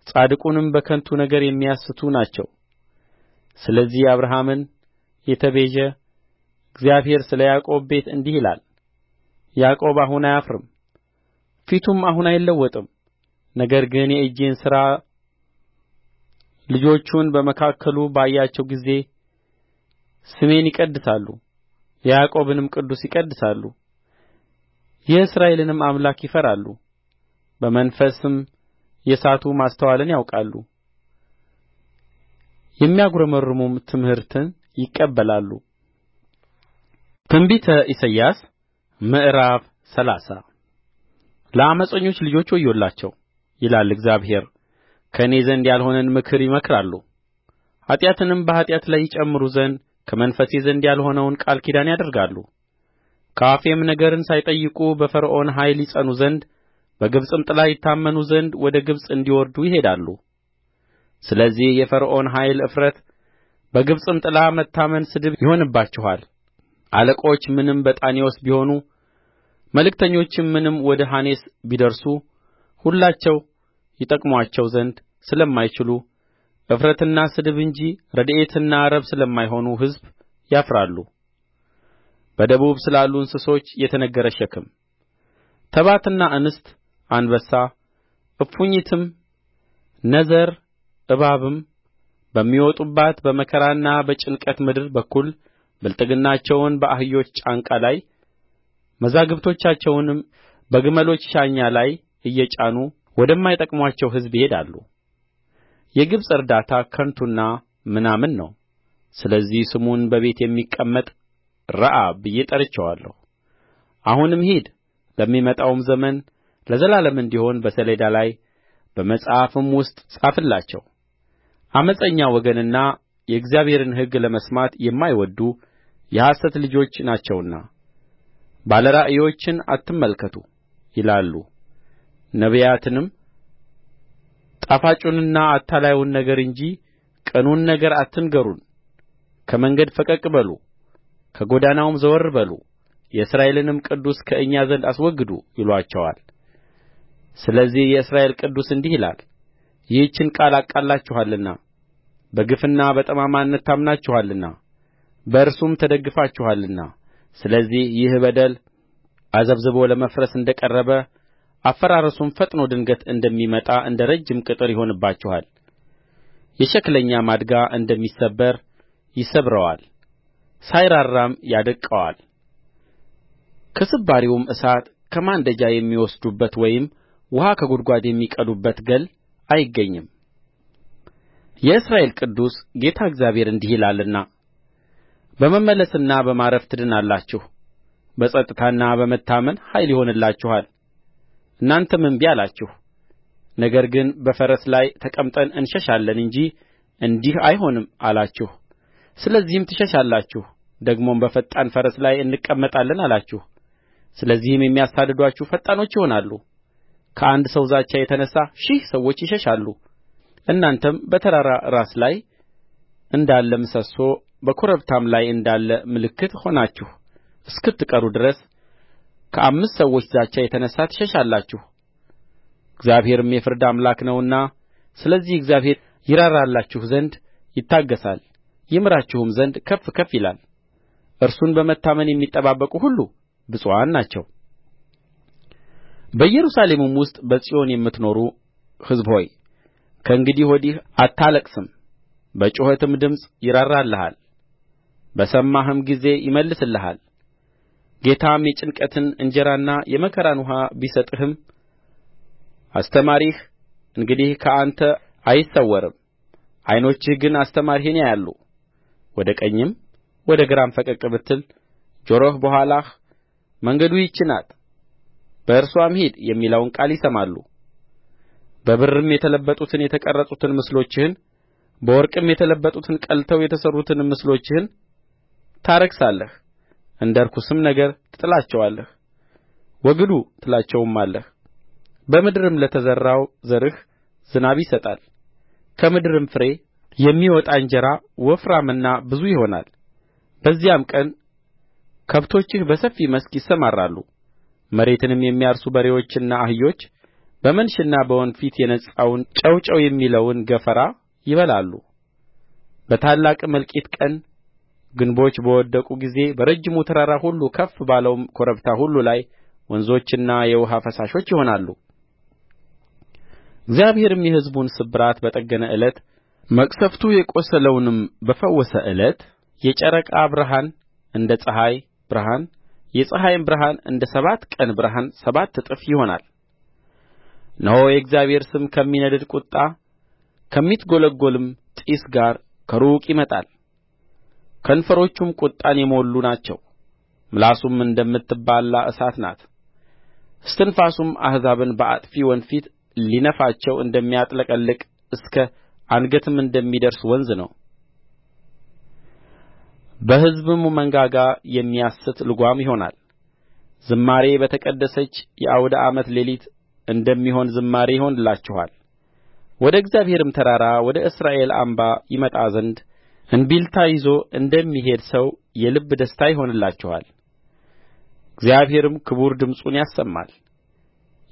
Speaker 1: ጻድቁንም በከንቱ ነገር የሚያስቱ ናቸው ስለዚህ አብርሃምን የተቤዠ እግዚአብሔር ስለ ያዕቆብ ቤት እንዲህ ይላል ያዕቆብ አሁን አያፍርም ፊቱም አሁን አይለወጥም ነገር ግን የእጄን ሥራ ልጆቹን በመካከሉ ባያቸው ጊዜ ስሜን ይቀድሳሉ የያዕቆብንም ቅዱስ ይቀድሳሉ የእስራኤልንም አምላክ ይፈራሉ በመንፈስም የሳቱ ማስተዋልን ያውቃሉ የሚያጕረመርሙም ትምህርትን ይቀበላሉ ትንቢተ ኢሳይያስ ምዕራፍ ሰላሳ ለዓመፀኞች ልጆች ወዮላቸው ይላል እግዚአብሔር ከእኔ ዘንድ ያልሆነን ምክር ይመክራሉ ኃጢአትንም በኃጢአት ላይ ይጨምሩ ዘንድ ከመንፈሴ ዘንድ ያልሆነውን ቃል ኪዳን ያደርጋሉ ከአፌም ነገርን ሳይጠይቁ በፈርዖን ኃይል ይጸኑ ዘንድ በግብጽም ጥላ ይታመኑ ዘንድ ወደ ግብጽ እንዲወርዱ ይሄዳሉ ስለዚህ የፈርዖን ኃይል እፍረት በግብጽም ጥላ መታመን ስድብ ይሆንባችኋል አለቆች ምንም በጣኔዎስ ቢሆኑ መልእክተኞችም ምንም ወደ ሓኔስ ቢደርሱ ሁላቸው ይጠቅሙአቸው ዘንድ ስለማይችሉ እፍረትና ስድብ እንጂ ረድኤትና ረብ ስለማይሆኑ ሕዝብ ያፍራሉ በደቡብ ስላሉ እንስሶች የተነገረ ሸክም ተባትና እንስት አንበሳ እፉኝትም ነዘር እባብም በሚወጡባት በመከራና በጭንቀት ምድር በኩል ብልጥግናቸውን በአህዮች ጫንቃ ላይ መዛግብቶቻቸውንም በግመሎች ሻኛ ላይ እየጫኑ ወደማይጠቅሙአቸው ሕዝብ ይሄዳሉ የግብጽ እርዳታ ከንቱና ምናምን ነው ስለዚህ ስሙን በቤት የሚቀመጥ ረዓብ ብዬ ጠርቼዋለሁ አሁንም ሂድ ለሚመጣውም ዘመን ለዘላለም እንዲሆን በሰሌዳ ላይ በመጽሐፍም ውስጥ ጻፍላቸው ዓመፀኛ ወገንና የእግዚአብሔርን ሕግ ለመስማት የማይወድዱ የሐሰት ልጆች ናቸውና ባለ ራእዮችን አትመልከቱ ይላሉ ነቢያትንም ጣፋጩንና አታላዩን ነገር እንጂ ቅኑን ነገር አትንገሩን ከመንገድ ፈቀቅ በሉ ከጎዳናውም ዘወር በሉ የእስራኤልንም ቅዱስ ከእኛ ዘንድ አስወግዱ ይሉአቸዋል ስለዚህ የእስራኤል ቅዱስ እንዲህ ይላል ይህችን ቃል አቃልላችኋልና በግፍና በጠማማነት ታምናችኋልና በእርሱም ተደግፋችኋልና ስለዚህ ይህ በደል አዘብዝቦ ለመፍረስ እንደ ቀረበ አፈራረሱም ፈጥኖ ድንገት እንደሚመጣ እንደ ረጅም ቅጥር ይሆንባችኋል የሸክለኛ ማድጋ እንደሚሰበር ይሰብረዋል ሳይራራም ያደቅቀዋል ከስባሪውም እሳት ከማንደጃ የሚወስዱበት ወይም ውኃ ከጕድጓድ የሚቀዱበት ገል አይገኝም የእስራኤል ቅዱስ ጌታ እግዚአብሔር እንዲህ ይላልና በመመለስና በማረፍ ትድናላችሁ በጸጥታና በመታመን ኃይል ይሆንላችኋል እናንተም እንቢ አላችሁ ነገር ግን በፈረስ ላይ ተቀምጠን እንሸሻለን እንጂ እንዲህ አይሆንም አላችሁ ስለዚህም ትሸሻላችሁ ደግሞም በፈጣን ፈረስ ላይ እንቀመጣለን አላችሁ ስለዚህም የሚያሳድዱአችሁ ፈጣኖች ይሆናሉ ከአንድ ሰው ዛቻ የተነሣ ሺህ ሰዎች ይሸሻሉ እናንተም በተራራ ራስ ላይ እንዳለ ምሰሶ በኮረብታም ላይ እንዳለ ምልክት ሆናችሁ እስክትቀሩ ድረስ ከአምስት ሰዎች ዛቻ የተነሣ ትሸሻላችሁ እግዚአብሔርም የፍርድ አምላክ ነውና ስለዚህ እግዚአብሔር ይራራላችሁ ዘንድ ይታገሣል ይምራችሁም ዘንድ ከፍ ከፍ ይላል እርሱን በመታመን የሚጠባበቁ ሁሉ ብፁዓን ናቸው በኢየሩሳሌምም ውስጥ በጽዮን የምትኖሩ ሕዝብ ሆይ ከእንግዲህ ወዲህ አታለቅስም በጩኸትም ድምፅ ይራራልሃል በሰማህም ጊዜ ይመልስልሃል ጌታም የጭንቀትን እንጀራና የመከራን ውኃ ቢሰጥህም አስተማሪህ እንግዲህ ከአንተ አይሰወርም ዓይኖችህ ግን አስተማሪህን ያያሉ ወደ ቀኝም ወደ ግራም ፈቀቅ ብትል ጆሮህ በኋላህ መንገዱ ይህች ናት በእርስዋም ሂድ የሚለውን ቃል ይሰማሉ በብርም የተለበጡትን የተቀረጹትን ምስሎችህን በወርቅም የተለበጡትን ቀልጠው የተሠሩትን ምስሎችህን ታረክሳለህ እንደ ርኩስም ነገር ትጥላቸዋለህ ወግዱ ትላቸውማለህ በምድርም ለተዘራው ዘርህ ዝናብ ይሰጣል ከምድርም ፍሬ የሚወጣ እንጀራ ወፍራምና ብዙ ይሆናል በዚያም ቀን ከብቶችህ በሰፊ መስክ ይሰማራሉ መሬትንም የሚያርሱ በሬዎችና አህዮች በመንሽና በወንፊት የነጻውን ጨው ጨው የሚለውን ገፈራ ይበላሉ በታላቅም እልቂት ቀን ግንቦች በወደቁ ጊዜ በረጅሙ ተራራ ሁሉ ከፍ ባለውም ኮረብታ ሁሉ ላይ ወንዞችና የውኃ ፈሳሾች ይሆናሉ እግዚአብሔርም የሕዝቡን ስብራት በጠገነ ዕለት መቅሠፍቱ የቈሰለውንም በፈወሰ ዕለት የጨረቃ ብርሃን እንደ ፀሐይ ብርሃን የፀሐይም ብርሃን እንደ ሰባት ቀን ብርሃን ሰባት እጥፍ ይሆናል። እነሆ የእግዚአብሔር ስም ከሚነድድ ቍጣ ከሚትጐለጐልም ጢስ ጋር ከሩቅ ይመጣል። ከንፈሮቹም ቍጣን የሞሉ ናቸው ምላሱም እንደምትበላ እሳት ናት እስትንፋሱም አሕዛብን በአጥፊ ወንፊት ሊነፋቸው እንደሚያጥለቀልቅ እስከ አንገትም እንደሚደርስ ወንዝ ነው በሕዝብም መንጋጋ የሚያስት ልጓም ይሆናል ዝማሬ በተቀደሰች የዐውደ ዓመት ሌሊት እንደሚሆን ዝማሬ ይሆንላችኋል ወደ እግዚአብሔርም ተራራ ወደ እስራኤል አምባ ይመጣ ዘንድ እንቢልታ ይዞ እንደሚሄድ ሰው የልብ ደስታ ይሆንላችኋል እግዚአብሔርም ክቡር ድምፁን ያሰማል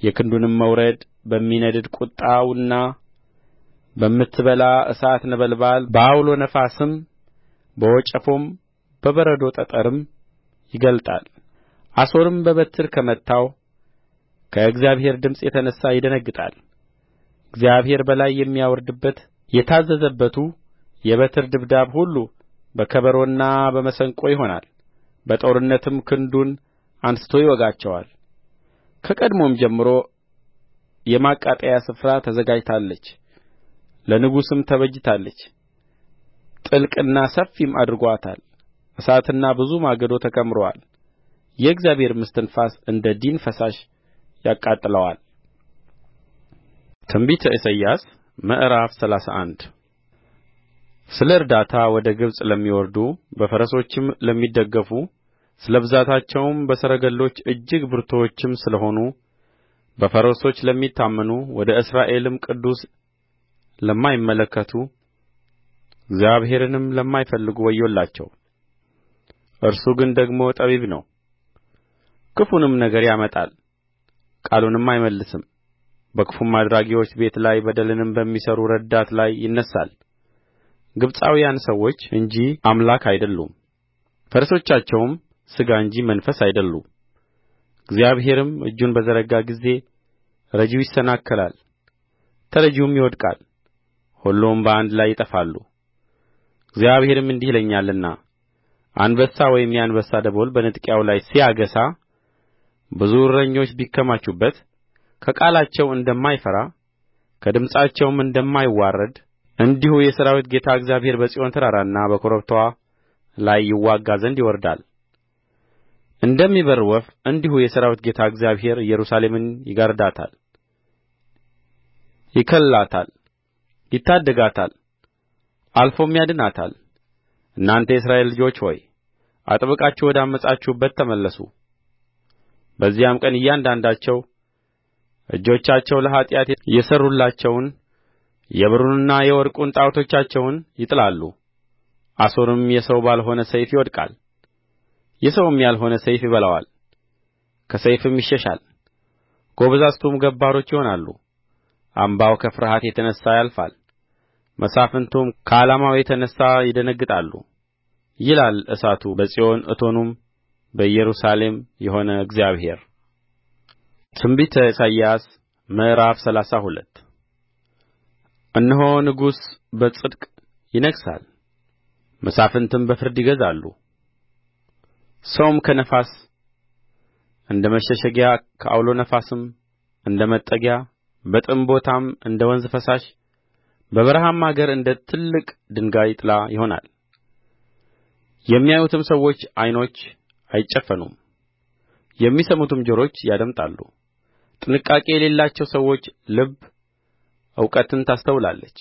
Speaker 1: የክንዱንም መውረድ በሚነድድ ቍጣውና በምትበላ እሳት ነበልባል በዐውሎ ነፋስም በወጨፎም በበረዶ ጠጠርም ይገልጣል አሦርም በበትር ከመታው ከእግዚአብሔር ድምፅ የተነሣ ይደነግጣል እግዚአብሔር በላይ የሚያወርድበት የታዘዘበቱ የበትር ድብደባ ሁሉ በከበሮና በመሰንቆ ይሆናል በጦርነትም ክንዱን አንሥቶ ይወጋቸዋል ከቀድሞም ጀምሮ የማቃጠያ ስፍራ ተዘጋጅታለች ለንጉሥም ተበጅታለች ጥልቅና ሰፊም አድርጎአታል እሳትና ብዙ ማገዶ ተከምሮአል የእግዚአብሔርም እስትንፋስ እንደ ዲን ፈሳሽ ያቃጥለዋል ትንቢተ ኢሳይያስ ምዕራፍ ሰላሳ አንድ ስለ እርዳታ ወደ ግብጽ ለሚወርዱ በፈረሶችም ለሚደገፉ ስለ ብዛታቸውም በሰረገሎች እጅግ ብርቱዎችም ስለ ሆኑ በፈረሶች ለሚታመኑ ወደ እስራኤልም ቅዱስ ለማይመለከቱ እግዚአብሔርንም ለማይፈልጉ ወዮላቸው እርሱ ግን ደግሞ ጠቢብ ነው ክፉንም ነገር ያመጣል ቃሉንም አይመልስም በክፉም አድራጊዎች ቤት ላይ በደልንም በሚሠሩ ረዳት ላይ ይነሣል ግብጻውያን ሰዎች እንጂ አምላክ አይደሉም ፈረሶቻቸውም ሥጋ እንጂ መንፈስ አይደሉም እግዚአብሔርም እጁን በዘረጋ ጊዜ ረጂው ይሰናከላል ተረጂውም ይወድቃል ሁሉም በአንድ ላይ ይጠፋሉ እግዚአብሔርም እንዲህ ይለኛልና አንበሳ ወይም የአንበሳ ደቦል በንጥቂያው ላይ ሲያገሳ ብዙ እረኞች ቢከማቹበት ከቃላቸው እንደማይፈራ ከድምፃቸውም እንደማይዋረድ እንዲሁ የሠራዊት ጌታ እግዚአብሔር በጽዮን ተራራና በኮረብታዋ ላይ ይዋጋ ዘንድ ይወርዳል እንደሚበርር ወፍ እንዲሁ የሠራዊት ጌታ እግዚአብሔር ኢየሩሳሌምን ይጋርዳታል ይከልላታል ይታደጋታል አልፎም ያድናታል እናንተ የእስራኤል ልጆች ሆይ አጥብቃችሁ ወደ ዐመፃችሁበት ተመለሱ በዚያም ቀን እያንዳንዳቸው እጆቻቸው ለኃጢአት የሠሩላቸውን የብሩንና የወርቁን ጣዖቶቻቸውን ይጥላሉ አሦርም የሰው ባልሆነ ሰይፍ ይወድቃል የሰውም ያልሆነ ሰይፍ ይበላዋል ከሰይፍም ይሸሻል ጐበዛዝቱም ገባሮች ይሆናሉ አምባው ከፍርሃት የተነሣ ያልፋል መሳፍንቱም ከዓላማው የተነሣ ይደነግጣሉ ይላል እሳቱ በጽዮን እቶኑም በኢየሩሳሌም የሆነ እግዚአብሔር ትንቢተ ኢሳይያስ ምዕራፍ ሰላሳ ሁለት እነሆ ንጉሥ በጽድቅ ይነግሣል መሳፍንትም በፍርድ ይገዛሉ ሰውም ከነፋስ እንደ መሸሸጊያ ከዐውሎ ነፋስም እንደ መጠጊያ በጥም ቦታም እንደ ወንዝ ፈሳሽ በበረሃም አገር እንደ ትልቅ ድንጋይ ጥላ ይሆናል የሚያዩትም ሰዎች ዓይኖች አይጨፈኑም የሚሰሙትም ጆሮች ያደምጣሉ ጥንቃቄ የሌላቸው ሰዎች ልብ እውቀትን ታስተውላለች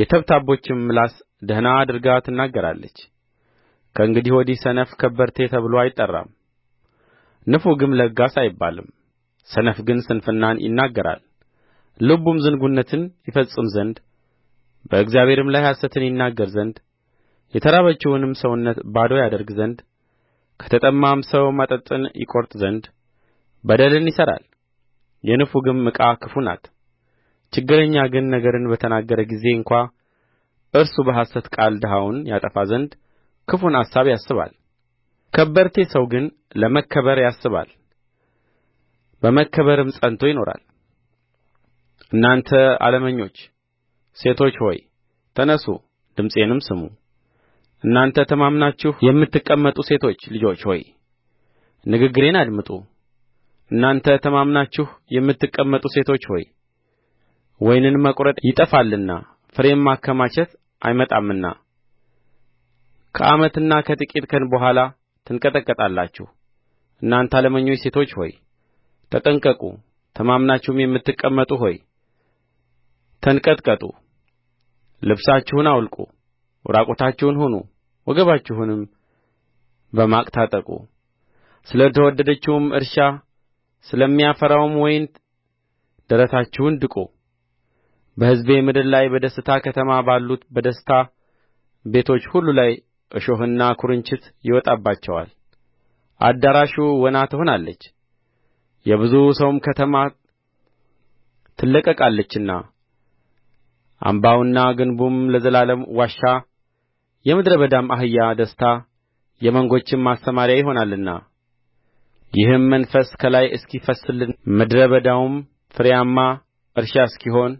Speaker 1: የተብታቦችም ምላስ ደህና አድርጋ ትናገራለች ከእንግዲህ ወዲህ ሰነፍ ከበርቴ ተብሎ አይጠራም ንፉግም ለጋስ አይባልም ሰነፍ ግን ስንፍናን ይናገራል ልቡም ዝንጉነትን ይፈጽም ዘንድ በእግዚአብሔርም ላይ ሐሰትን ይናገር ዘንድ የተራበችውንም ሰውነት ባዶ ያደርግ ዘንድ ከተጠማም ሰው መጠጥን ይቈርጥ ዘንድ በደልን ይሠራል የንፉግም ዕቃ ክፉ ናት ችግረኛ ግን ነገርን በተናገረ ጊዜ እንኳ እርሱ በሐሰት ቃል ድሀውን ያጠፋ ዘንድ ክፉን አሳብ ያስባል ከበርቴ ሰው ግን ለመከበር ያስባል በመከበርም ጸንቶ ይኖራል እናንተ ዓለመኞች ሴቶች ሆይ ተነሡ ድምፄንም ስሙ እናንተ ተማምናችሁ የምትቀመጡ ሴቶች ልጆች ሆይ ንግግሬን አድምጡ እናንተ ተማምናችሁ የምትቀመጡ ሴቶች ሆይ ወይንን መቍረጥ ይጠፋልና ፍሬም ማከማቸት አይመጣምና ከዓመትና ከጥቂት ቀን በኋላ ትንቀጠቀጣላችሁ እናንተ ዓለመኞች ሴቶች ሆይ ተጠንቀቁ ተማምናችሁም የምትቀመጡ ሆይ ተንቀጥቀጡ ልብሳችሁን አውልቁ ዕራቁታችሁን ሁኑ ወገባችሁንም በማቅ ታጠቁ ስለ ተወደደችውም እርሻ ስለሚያፈራውም ወይን ደረታችሁን ድቁ በሕዝቤ ምድር ላይ በደስታ ከተማ ባሉት በደስታ ቤቶች ሁሉ ላይ እሾህና ኵርንችት ይወጣባቸዋል አዳራሹ ወና ትሆናለች የብዙ ሰውም ከተማ ትለቀቃለችና አምባውና ግንቡም ለዘላለም ዋሻ የምድረ በዳም አህያ ደስታ የመንጎችም ማሰማርያ ይሆናልና ይህም መንፈስ ከላይ እስኪፈስስልን ምድረ በዳውም ፍሬያማ እርሻ እስኪሆን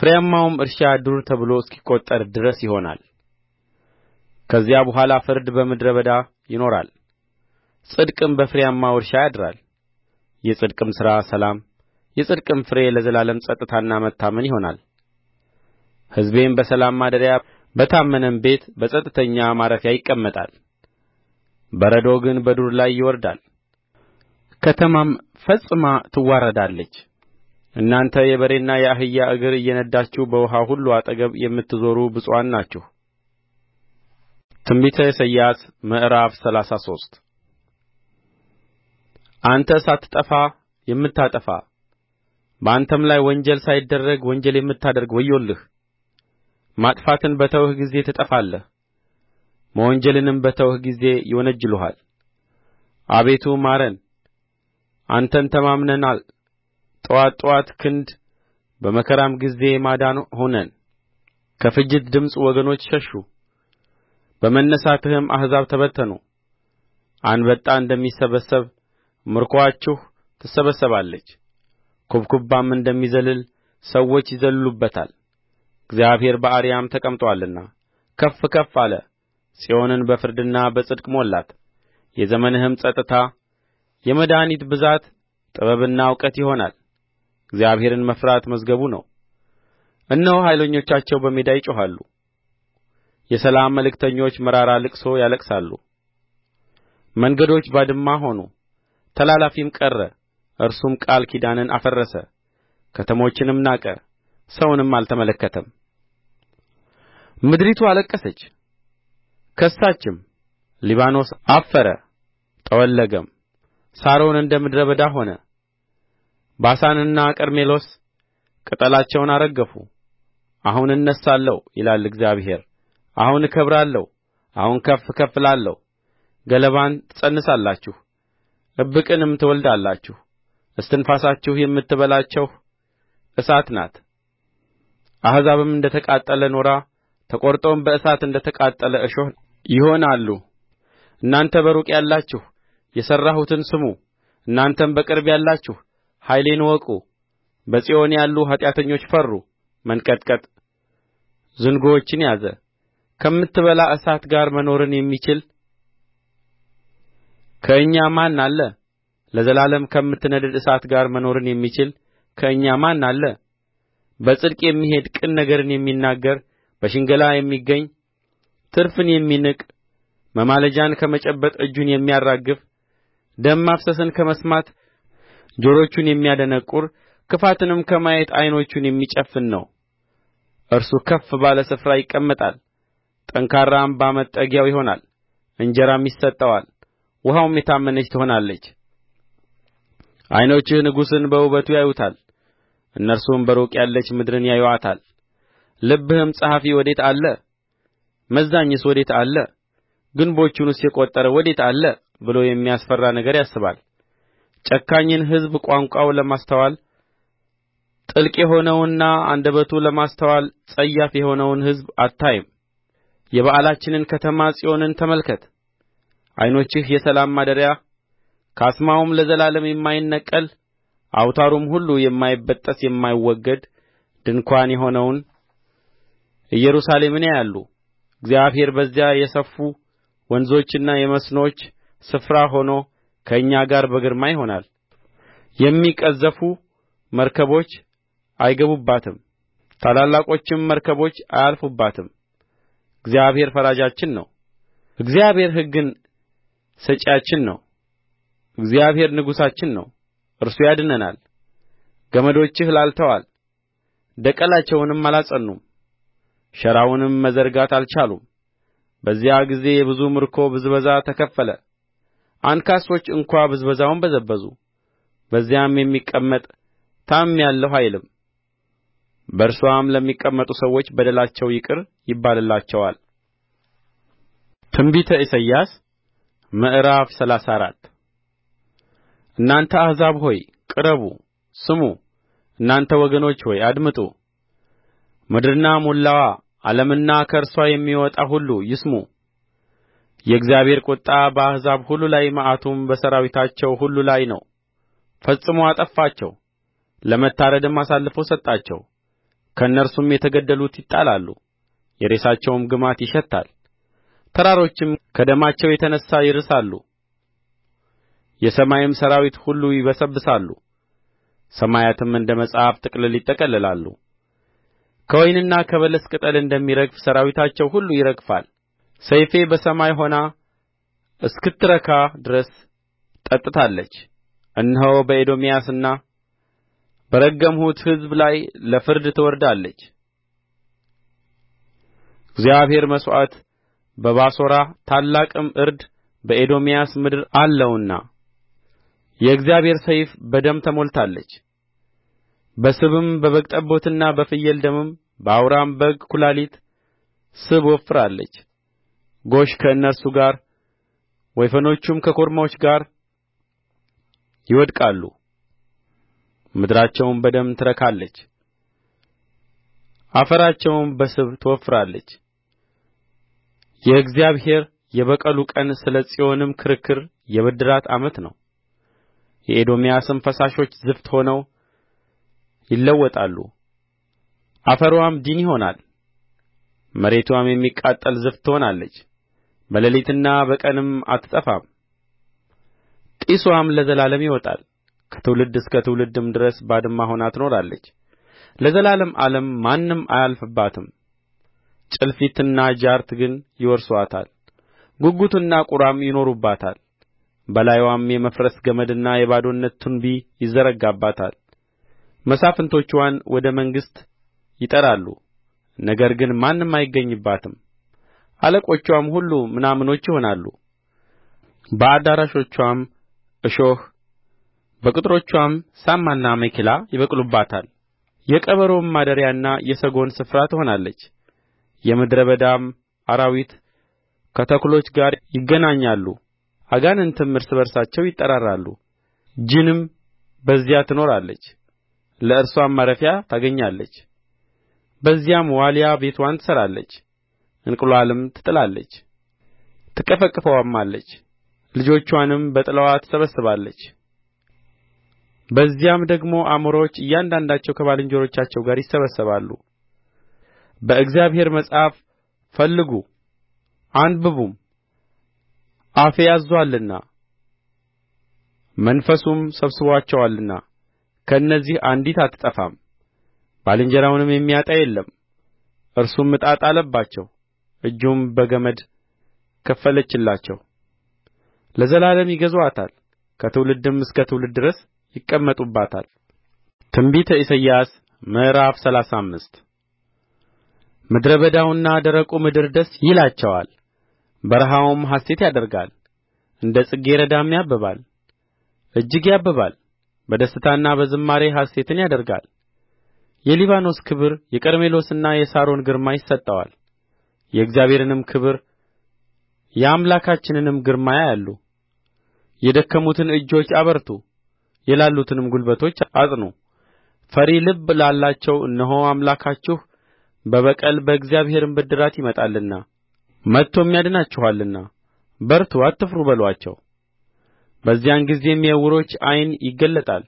Speaker 1: ፍሬያማውም እርሻ ዱር ተብሎ እስኪቈጠር ድረስ ይሆናል ከዚያ በኋላ ፍርድ በምድረ በዳ ይኖራል ጽድቅም በፍሬያማው እርሻ ያድራል የጽድቅም ሥራ ሰላም የጽድቅም ፍሬ ለዘላለም ጸጥታና መታመን ይሆናል ሕዝቤም በሰላም ማደሪያ በታመነም ቤት በጸጥተኛ ማረፊያ ይቀመጣል በረዶ ግን በዱር ላይ ይወርዳል ከተማም ፈጽማ ትዋረዳለች እናንተ የበሬና የአህያ እግር እየነዳችሁ በውኃ ሁሉ አጠገብ የምትዞሩ ብፁዓን ናችሁ ትንቢተ ኢሳይያስ ምዕራፍ ሰላሳ ሶስት አንተ ሳትጠፋ የምታጠፋ በአንተም ላይ ወንጀል ሳይደረግ ወንጀል የምታደርግ ወዮልህ ማጥፋትን በተውህ ጊዜ ትጠፋለህ መወንጀልንም በተውህ ጊዜ ይወነጅሉሃል አቤቱ ማረን አንተን ተማምነናል ጥዋት ጥዋት ክንድ በመከራም ጊዜ ማዳን ሆነን ከፍጅት ድምፅ ወገኖች ሸሹ በመነሣትህም አሕዛብ ተበተኑ አንበጣ እንደሚሰበሰብ ምርኮአችሁ ትሰበሰባለች ኩብኩባም እንደሚዘልል ሰዎች ይዘልሉበታል እግዚአብሔር በአርያም ተቀምጦአልና ከፍ ከፍ አለ ጽዮንን በፍርድና በጽድቅ ሞላት የዘመንህም ጸጥታ የመድኃኒት ብዛት ጥበብና እውቀት ይሆናል እግዚአብሔርን መፍራት መዝገቡ ነው እነሆ ኃይለኞቻቸው በሜዳ ይጮኻሉ የሰላም መልእክተኞች መራራ ልቅሶ ያለቅሳሉ መንገዶች ባድማ ሆኑ ተላላፊም ቀረ እርሱም ቃል ኪዳንን አፈረሰ ከተሞችንም ናቀ ሰውንም አልተመለከተም ምድሪቱ አለቀሰች ከሳችም ሊባኖስ አፈረ ጠወለገም ሳሮን እንደ ምድረ በዳ ሆነ ባሳንና ቀርሜሎስ ቅጠላቸውን አረገፉ አሁን እነሣለሁ ይላል እግዚአብሔር አሁን እከብራለሁ አሁን ከፍ ከፍ እላለሁ ገለባን ትፀንሳላችሁ እብቅንም ትወልዳላችሁ እስትንፋሳችሁ የምትበላችሁ እሳት ናት አሕዛብም እንደ ተቃጠለ ኖራ ተቈርጠውም በእሳት እንደ ተቃጠለ እሾህ ይሆናሉ እናንተ በሩቅ ያላችሁ የሠራሁትን ስሙ እናንተም በቅርብ ያላችሁ ኃይሌን እወቁ በጽዮን ያሉ ኃጢአተኞች ፈሩ መንቀጥቀጥ ዝንጉዎችን ያዘ ከምትበላ እሳት ጋር መኖርን የሚችል ከእኛ ማን አለ ለዘላለም ከምትነድድ እሳት ጋር መኖርን የሚችል ከእኛ ማን አለ በጽድቅ የሚሄድ ቅን ነገርን የሚናገር በሽንገላ የሚገኝ ትርፍን የሚንቅ መማለጃን ከመጨበጥ እጁን የሚያራግፍ ደም ማፍሰስን ከመስማት ጆሮቹን የሚያደነቍር ክፋትንም ከማየት ዓይኖቹን የሚጨፍን ነው እርሱ ከፍ ባለ ስፍራ ይቀመጣል ጠንካራ አምባ መጠጊያው ይሆናል እንጀራም ይሰጠዋል ውኃውም የታመነች ትሆናለች ዓይኖችህ ንጉሥን በውበቱ ያዩታል እነርሱም በሩቅ ያለች ምድርን ያዩአታል ልብህም ጸሐፊ ወዴት አለ መዛኝስ ወዴት አለ ግንቦቹንስ የቈጠረ ወዴት አለ ብሎ የሚያስፈራ ነገር ያስባል ጨካኝን ሕዝብ ቋንቋው ለማስተዋል ጥልቅ የሆነውንና አንደበቱ ለማስተዋል ጸያፍ የሆነውን ሕዝብ አታይም የበዓላችንን ከተማ ጽዮንን ተመልከት ዓይኖችህ የሰላም ማደሪያ ካስማውም ለዘላለም የማይነቀል አውታሩም ሁሉ የማይበጠስ የማይወገድ ድንኳን የሆነውን ኢየሩሳሌምን ያያሉ እግዚአብሔር በዚያ የሰፉ ወንዞችና የመስኖች ስፍራ ሆኖ ከእኛ ጋር በግርማ ይሆናል የሚቀዘፉ መርከቦች አይገቡባትም ታላላቆችም መርከቦች አያልፉባትም እግዚአብሔር ፈራጃችን ነው እግዚአብሔር ሕግን ሰጪያችን ነው እግዚአብሔር ንጉሣችን ነው እርሱ ያድነናል ገመዶችህ ላልተዋል ደቀላቸውንም አላጸኑም ሸራውንም መዘርጋት አልቻሉም በዚያ ጊዜ የብዙ ምርኮ ብዝበዛ ተከፈለ አንካሶች እንኳ ብዝበዛውን በዘበዙ በዚያም የሚቀመጥ ታምሜአለሁ አይልም በእርስዋም ለሚቀመጡ ሰዎች በደላቸው ይቅር ይባልላቸዋል ትንቢተ ኢሳይያስ ምዕራፍ ሰላሳ አራት እናንተ አሕዛብ ሆይ ቅረቡ ስሙ እናንተ ወገኖች ሆይ አድምጡ ምድርና ሙላዋ ዓለምና ከእርስዋ የሚወጣ ሁሉ ይስሙ የእግዚአብሔር ቍጣ በአሕዛብ ሁሉ ላይ መዓቱም በሠራዊታቸው ሁሉ ላይ ነው ፈጽሞ አጠፋቸው ለመታረድም አሳልፎ ሰጣቸው ከእነርሱም የተገደሉት ይጣላሉ የሬሳቸውም ግማት ይሸታል ተራሮችም ከደማቸው የተነሣ ይርሳሉ የሰማይም ሠራዊት ሁሉ ይበሰብሳሉ ሰማያትም እንደ መጽሐፍ ጥቅልል ይጠቀልላሉ። ከወይንና ከበለስ ቅጠል እንደሚረግፍ ሠራዊታቸው ሁሉ ይረግፋል ሰይፌ በሰማይ ሆና እስክትረካ ድረስ ጠጥታለች እነሆ በኤዶምያስና በረገምሁት ሕዝብ ላይ ለፍርድ ትወርዳለች እግዚአብሔር መሥዋዕት በባሶራ ታላቅም እርድ በኤዶምያስ ምድር አለውና የእግዚአብሔር ሰይፍ በደም ተሞልታለች በስብም በበግ ጠቦትና በፍየል ደምም በአውራም በግ ኵላሊት ስብ ወፍራለች ጎሽ ከእነርሱ ጋር ወይፈኖቹም ከኮርማዎች ጋር ይወድቃሉ ምድራቸውም በደም ትረካለች አፈራቸውም በስብ ትወፍራለች የእግዚአብሔር የበቀሉ ቀን ስለ ጽዮንም ክርክር የብድራት ዓመት ነው የኤዶምያስም ፈሳሾች ዝፍት ሆነው ይለወጣሉ አፈርዋም ዲን ይሆናል መሬትዋም የሚቃጠል ዝፍት ትሆናለች በሌሊትና በቀንም አትጠፋም ጢስዋም ለዘላለም ይወጣል ከትውልድ እስከ ትውልድም ድረስ ባድማ ሆና ትኖራለች ለዘላለም ዓለም ማንም አያልፍባትም ጭልፊትና ጃርት ግን ይወርሱአታል ጉጉትና ቍራም ይኖሩባታል በላይዋም የመፍረስ ገመድና የባዶነት ቱንቢ ይዘረጋባታል መሳፍንቶችዋን ወደ መንግሥት ይጠራሉ ነገር ግን ማንም አይገኝባትም አለቆችዋም ሁሉ ምናምኖች ይሆናሉ በአዳራሾችዋም እሾህ በቅጥሮችዋም ሳማና አሜከላ ይበቅሉባታል የቀበሮም ማደሪያና የሰጐን ስፍራ ትሆናለች የምድረ በዳም አራዊት ከተኵሎች ጋር ይገናኛሉ አጋንንትም እርስ በርሳቸው ይጠራራሉ ጅንም በዚያ ትኖራለች ለእርስዋም ማረፊያ ታገኛለች በዚያም ዋልያ ቤትዋን ትሠራለች እንቍላልም ትጥላለች ትቀፈቅፈውማለች ልጆችዋንም በጥላዋ ትሰበስባለች በዚያም ደግሞ አሞራዎች እያንዳንዳቸው ከባልንጀሮቻቸው ጋር ይሰበሰባሉ በእግዚአብሔር መጽሐፍ ፈልጉ አንብቡም አፌ አዝዞአልና መንፈሱም ሰብስቦአቸዋልና ከእነዚህ አንዲት አትጠፋም ባልንጀራውንም የሚያጣ የለም እርሱም ዕጣ ጣለባቸው እጁም በገመድ ከፈለችላቸው ለዘላለም ይገዙአታል ከትውልድም እስከ ትውልድ ድረስ ይቀመጡባታል ትንቢተ ኢሳይያስ ምዕራፍ ሰላሳ አምስት ምድረ በዳውና ደረቁ ምድር ደስ ይላቸዋል በረሀውም ሐሤት ያደርጋል እንደ ጽጌ ረዳም ያብባል እጅግ ያብባል በደስታና በዝማሬ ሐሤትን ያደርጋል የሊባኖስ ክብር የቀርሜሎስና የሳሮን ግርማ ይሰጠዋል የእግዚአብሔርንም ክብር የአምላካችንንም ግርማ ያያሉ የደከሙትን እጆች አበርቱ የላሉትንም ጕልበቶች አጽኑ ፈሪ ልብ ላላቸው እነሆ አምላካችሁ በበቀል በእግዚአብሔርም ብድራት ይመጣልና መጥቶም ያድናችኋልና በርቱ አትፍሩ በሉአቸው በዚያን ጊዜም የዕውሮች ዓይን ይገለጣል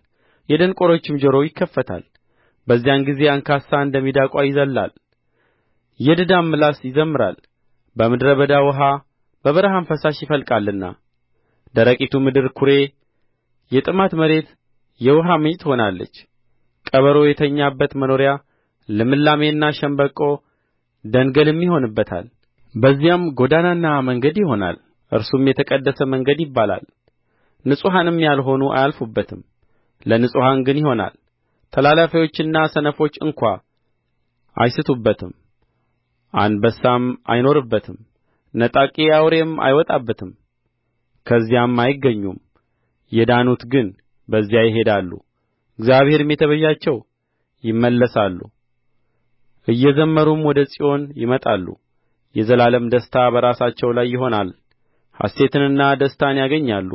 Speaker 1: የደንቆሮችም ጆሮ ይከፈታል በዚያን ጊዜ አንካሳ እንደ ሚዳቋ ይዘልላል የድዳም ምላስ ይዘምራል በምድረ በዳ ውኃ በበረሃም ፈሳሽ ይፈልቃልና ደረቂቱ ምድር ኵሬ የጥማት መሬት የውኃ ምንጭ ትሆናለች ቀበሮ የተኛበት መኖሪያ ልምላሜና ሸምበቆ ደንገልም ይሆንበታል በዚያም ጐዳናና መንገድ ይሆናል እርሱም የተቀደሰ መንገድ ይባላል ንጹሓንም ያልሆኑ አያልፉበትም ለንጹሓን ግን ይሆናል ተላላፊዎችና ሰነፎች እንኳ አይስቱበትም አንበሳም አይኖርበትም ነጣቂ አውሬም አይወጣበትም ከዚያም አይገኙም የዳኑት ግን በዚያ ይሄዳሉ እግዚአብሔርም የተቤዣቸው ይመለሳሉ እየዘመሩም ወደ ጽዮን ይመጣሉ የዘላለም ደስታ በራሳቸው ላይ ይሆናል ሐሤትንና ደስታን ያገኛሉ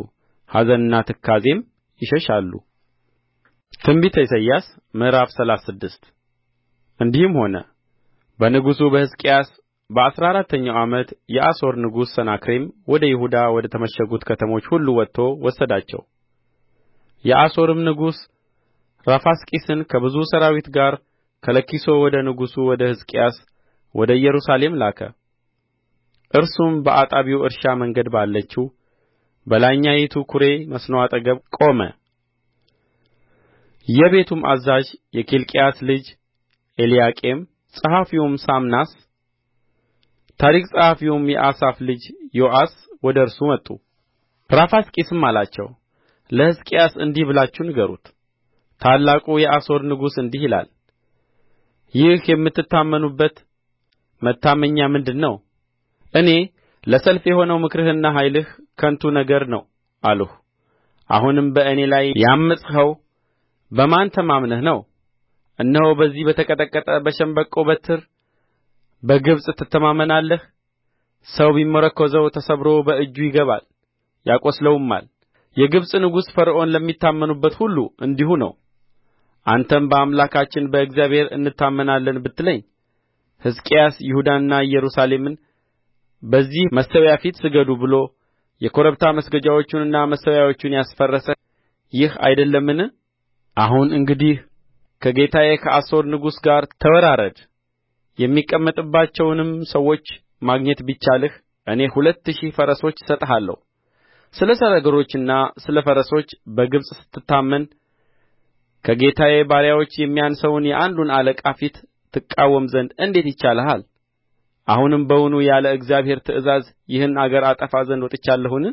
Speaker 1: ኀዘንና ትካዜም ይሸሻሉ ትንቢተ ኢሳይያስ ምዕራፍ ሰላሳ ስድስት እንዲህም ሆነ በንጉሡ በሕዝቅያስ በአሥራ አራተኛው ዓመት የአሦር ንጉሥ ሰናክሬም ወደ ይሁዳ ወደ ተመሸጉት ከተሞች ሁሉ ወጥቶ ወሰዳቸው የአሦርም ንጉሥ ራፋስቂስን ከብዙ ሠራዊት ጋር ከለኪሶ ወደ ንጉሡ ወደ ሕዝቅያስ ወደ ኢየሩሳሌም ላከ እርሱም በአጣቢው እርሻ መንገድ ባለችው በላይኛይቱ ኵሬ መስኖ አጠገብ ቆመ። የቤቱም አዛዥ የኬልቅያስ ልጅ ኤልያቄም ጸሐፊውም ሳምናስ ታሪክ ጸሐፊውም የአሳፍ ልጅ ዮአስ ወደ እርሱ መጡ ራፋስቂስም አላቸው ለሕዝቅያስ እንዲህ ብላችሁ ንገሩት ታላቁ የአሦር ንጉሥ እንዲህ ይላል ይህ የምትታመኑበት መታመኛ ምንድር ነው እኔ ለሰልፍ የሆነው ምክርህና ኃይልህ ከንቱ ነገር ነው አልሁ አሁንም በእኔ ላይ ያመፅኸው በማን ተማምነህ ነው እነሆ በዚህ በተቀጠቀጠ በሸምበቆ በትር በግብጽ ትታመናለህ ሰው ቢመረኰዘው ተሰብሮ በእጁ ይገባል ያቈስለውማል የግብጽ ንጉሥ ፈርዖን ለሚታመኑበት ሁሉ እንዲሁ ነው አንተም በአምላካችን በእግዚአብሔር እንታመናለን ብትለኝ ሕዝቅያስ ይሁዳንና ኢየሩሳሌምን በዚህ መሠዊያ ፊት ስገዱ ብሎ የኮረብታ መስገጃዎቹንና መሠዊያዎቹን ያስፈረሰ ይህ አይደለምን አሁን እንግዲህ ከጌታዬ ከአሦር ንጉሥ ጋር ተወራረድ የሚቀመጡባቸውንም ሰዎች ማግኘት ቢቻልህ እኔ ሁለት ሺህ ፈረሶች እሰጥሃለሁ ስለ ሰረገሎችና ስለ ፈረሶች በግብጽ ስትታመን ከጌታዬ ባሪያዎች የሚያንሰውን የአንዱን አለቃ ፊት ትቃወም ዘንድ እንዴት ይቻልሃል አሁንም በውኑ ያለ እግዚአብሔር ትእዛዝ ይህን አገር አጠፋ ዘንድ ወጥቻለሁን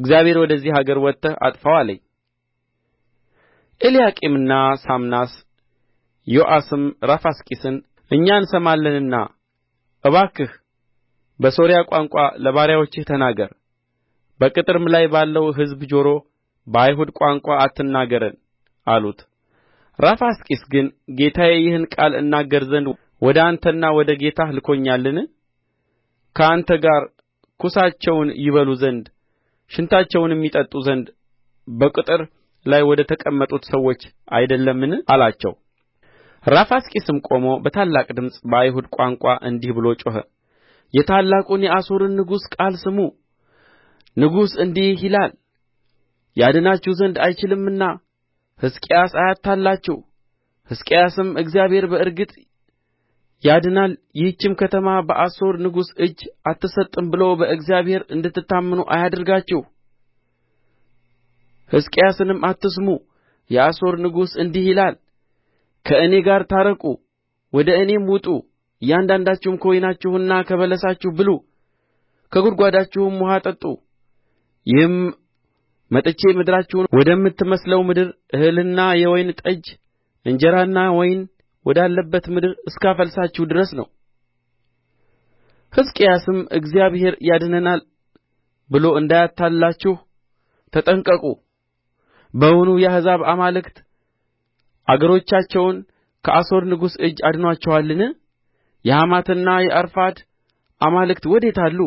Speaker 1: እግዚአብሔር ወደዚህ አገር ወጥተህ አጥፋው አለኝ ኤልያቄምና ሳምናስ ዮአስም ራፋስቂስን እኛ እንሰማለንና እባክህ በሶርያ ቋንቋ ለባሪያዎችህ ተናገር በቅጥርም ላይ ባለው ሕዝብ ጆሮ በአይሁድ ቋንቋ አትናገረን አሉት ራፋስቂስ ግን ጌታዬ ይህን ቃል እናገር ዘንድ ወደ አንተና ወደ ጌታህ ልኮኛልን ከአንተ ጋር ኵሳቸውን ይበሉ ዘንድ ሽንታቸውንም ይጠጡ ዘንድ በቅጥር ላይ ወደ ተቀመጡት ሰዎች አይደለምን አላቸው ራፋስቂስም ቆሞ በታላቅ ድምፅ በአይሁድ ቋንቋ እንዲህ ብሎ ጮኸ የታላቁን የአሦርን ንጉሥ ቃል ስሙ ንጉሡ እንዲህ ይላል ያድናችሁ ዘንድ አይችልምና ሕዝቅያስ አያታልላችሁ ሕዝቅያስም እግዚአብሔር በእርግጥ ያድናል ይህችም ከተማ በአሦር ንጉሥ እጅ አትሰጥም ብሎ በእግዚአብሔር እንድትታመኑ አያድርጋችሁ ሕዝቅያስንም አትስሙ የአሦር ንጉሥ እንዲህ ይላል ከእኔ ጋር ታረቁ ወደ እኔም ውጡ እያንዳንዳችሁም ከወይናችሁና ከበለሳችሁ ብሉ ከጕድጓዳችሁም ውኃ ጠጡ ይህም መጥቼ ምድራችሁን ወደምትመስለው ምድር እህልና የወይን ጠጅ እንጀራና ወይን ወዳለበት ምድር እስካፈልሳችሁ ድረስ ነው ሕዝቅያስም እግዚአብሔር ያድነናል ብሎ እንዳያታልላችሁ ተጠንቀቁ በውኑ የአሕዛብ አማልክት አገሮቻቸውን ከአሦር ንጉሥ እጅ አድነዋቸዋልን የሐማትና የአርፋድ አማልክት ወዴት አሉ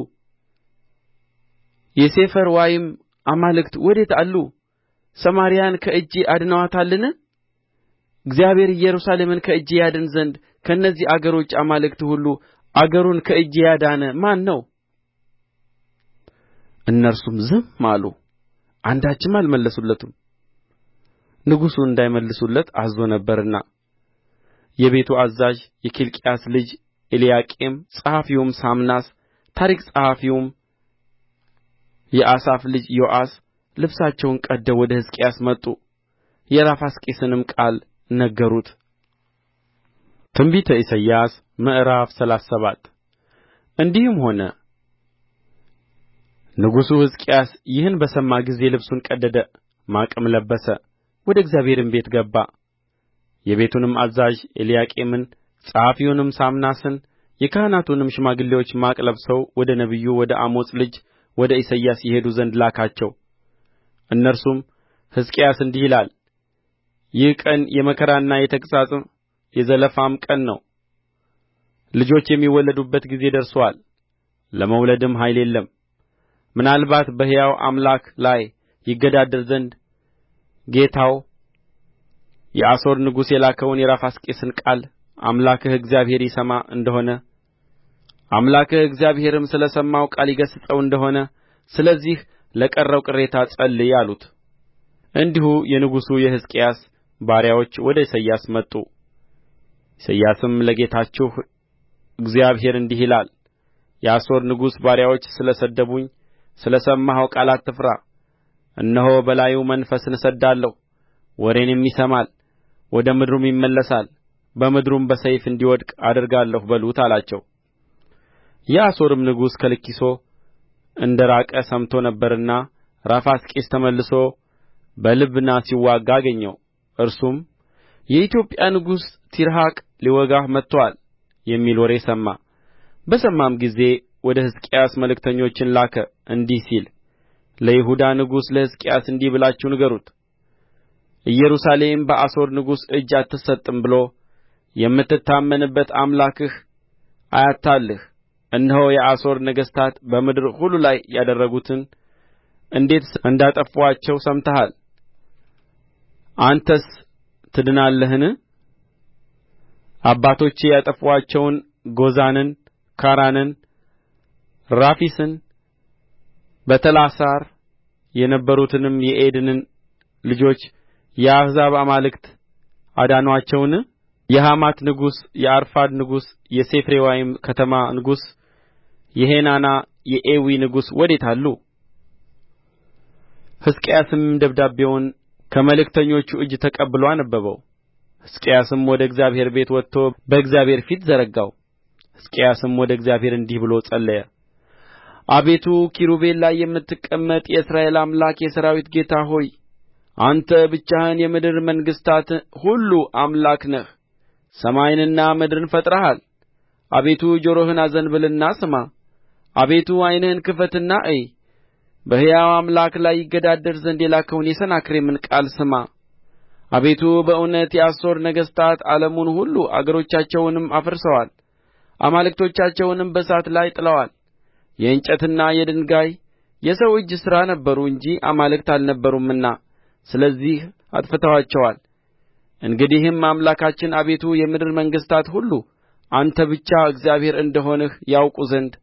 Speaker 1: የሴፈርዋይም አማልክት ወዴት አሉ ሰማርያን ከእጄ አድነዋታልን እግዚአብሔር ኢየሩሳሌምን ከእጄ ያድን ዘንድ ከእነዚህ አገሮች አማልክት ሁሉ አገሩን ከእጄ ያዳነ ማን ነው እነርሱም ዝም አሉ አንዳችም አልመለሱለትም ንጉሡ እንዳይመልሱለት አዝዞ ነበርና የቤቱ አዛዥ የኬልቅያስ ልጅ ኤልያቄም ጸሐፊውም ሳምናስ ታሪክ ጸሐፊውም የአሳፍ ልጅ ዮአስ ልብሳቸውን ቀድደው ወደ ሕዝቅያስ መጡ የራፋስቂስንም ቃል ነገሩት። ትንቢተ ኢሳይያስ ምዕራፍ ሰላሳ ሰባት እንዲህም ሆነ ንጉሡ ሕዝቅያስ ይህን በሰማ ጊዜ ልብሱን ቀደደ፣ ማቅም ለበሰ፣ ወደ እግዚአብሔርም ቤት ገባ የቤቱንም አዛዥ ኤልያቄምን ጸሐፊውንም ሳምናስን የካህናቱንም ሽማግሌዎች ማቅ ለብሰው ወደ ነቢዩ ወደ አሞጽ ልጅ ወደ ኢሳይያስ ይሄዱ ዘንድ ላካቸው እነርሱም ሕዝቅያስ እንዲህ ይላል ይህ ቀን የመከራና የተግሣጽ የዘለፋም ቀን ነው ልጆች የሚወለዱበት ጊዜ ደርሶአል ለመውለድም ኃይል የለም ምናልባት በሕያው አምላክ ላይ ይገዳደር ዘንድ ጌታው የአሦር ንጉሥ የላከውን የራፋስቂስን ቃል አምላክህ እግዚአብሔር ይሰማ እንደ ሆነ አምላክህ እግዚአብሔርም ስለ ሰማው ቃል ይገሥጸው እንደ ሆነ ስለዚህ ለቀረው ቅሬታ ጸልይ አሉት እንዲሁ የንጉሡ የሕዝቅያስ ባሪያዎች ወደ ኢሳይያስ መጡ ኢሳይያስም ለጌታችሁ እግዚአብሔር እንዲህ ይላል የአሦር ንጉሥ ባሪያዎች ስለ ሰደቡኝ ስለ ሰማኸው ቃል አትፍራ እነሆ በላዩ መንፈስን እሰድዳለሁ ወሬንም ይሰማል ወደ ምድሩም ይመለሳል በምድሩም በሰይፍ እንዲወድቅ አደርጋለሁ በሉት አላቸው የአሦርም ንጉሥ ከለኪሶ እንደ ራቀ ሰምቶ ነበርና ራፋስቂስ ተመልሶ በልብና ሲዋጋ አገኘው እርሱም የኢትዮጵያ ንጉሥ ቲርሐቅ ሊወጋህ መጥቶአል የሚል ወሬ ሰማ በሰማም ጊዜ ወደ ሕዝቅያስ መልእክተኞችን ላከ እንዲህ ሲል ለይሁዳ ንጉሥ ለሕዝቅያስ እንዲህ ብላችሁ ንገሩት ኢየሩሳሌም በአሦር ንጉሥ እጅ አትሰጥም ብሎ የምትታመንበት አምላክህ አያታልልህ እነሆ የአሦር ነገሥታት በምድር ሁሉ ላይ ያደረጉትን እንዴት እንዳጠፉአቸው ሰምተሃል አንተስ ትድናለህን አባቶቼ ያጠፉአቸውን ጎዛንን ካራንን ራፊስን በተላሳር የነበሩትንም የኤድንን ልጆች የአሕዛብ አማልክት አዳኑአቸውን የሐማት ንጉሥ የአርፋድ ንጉሥ የሴፈርዋይም ከተማ ንጉሥ የሄናና የኤዊ ንጉሥ ወዴት አሉ ሕዝቅያስም ደብዳቤውን ከመልእክተኞቹ እጅ ተቀብሎ አነበበው ሕዝቅያስም ወደ እግዚአብሔር ቤት ወጥቶ በእግዚአብሔር ፊት ዘረጋው ሕዝቅያስም ወደ እግዚአብሔር እንዲህ ብሎ ጸለየ አቤቱ ኪሩቤል ላይ የምትቀመጥ የእስራኤል አምላክ የሠራዊት ጌታ ሆይ አንተ ብቻህን የምድር መንግሥታት ሁሉ አምላክ ነህ ሰማይንና ምድርን ፈጥረሃል አቤቱ ጆሮህን አዘንብልና ስማ አቤቱ ዓይንህን ክፈትና እይ በሕያው አምላክ ላይ ይገዳደር ዘንድ የላከውን የሰናክሬምን ቃል ስማ አቤቱ በእውነት የአሦር ነገሥታት ዓለሙን ሁሉ አገሮቻቸውንም አፍርሰዋል አማልክቶቻቸውንም በእሳት ላይ ጥለዋል የእንጨትና የድንጋይ የሰው እጅ ሥራ ነበሩ እንጂ አማልክት አልነበሩምና ስለዚህ አጥፍተዋቸዋል እንግዲህም አምላካችን አቤቱ የምድር መንግሥታት ሁሉ አንተ ብቻ እግዚአብሔር እንደ ሆንህ ያውቁ ዘንድ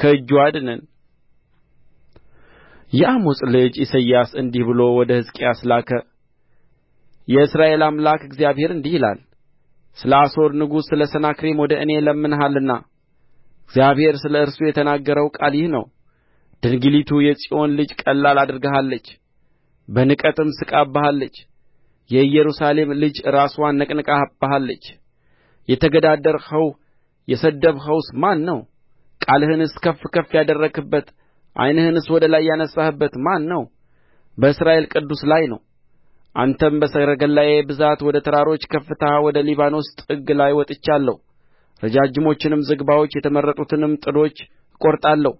Speaker 1: ከእጁ አድነን የአሞጽ ልጅ ኢሳይያስ እንዲህ ብሎ ወደ ሕዝቅያስ ላከ የእስራኤል አምላክ እግዚአብሔር እንዲህ ይላል ስለ አሦር ንጉሥ ስለ ሰናክሬም ወደ እኔ ለምነሃልና እግዚአብሔር ስለ እርሱ የተናገረው ቃል ይህ ነው ድንግሊቱ የጽዮን ልጅ ቀላል አድርጋሃለች በንቀትም ስቃብሃለች የኢየሩሳሌም ልጅ ራስዋን ነቅንቃብሃለች የተገዳደርኸው የሰደብኸውስ ማን ነው ቃልህንስ ከፍ ከፍ ያደረግህበት ዓይንህንስ ወደ ላይ ያነሣህበት ማን ነው በእስራኤል ቅዱስ ላይ ነው አንተም በሰረገላዬ ብዛት ወደ ተራሮች ከፍታ ወደ ሊባኖስ ጥግ ላይ ወጥቻለሁ ረጃጅሞችንም ዝግባዎች የተመረጡትንም ጥዶች እቈርጣለሁ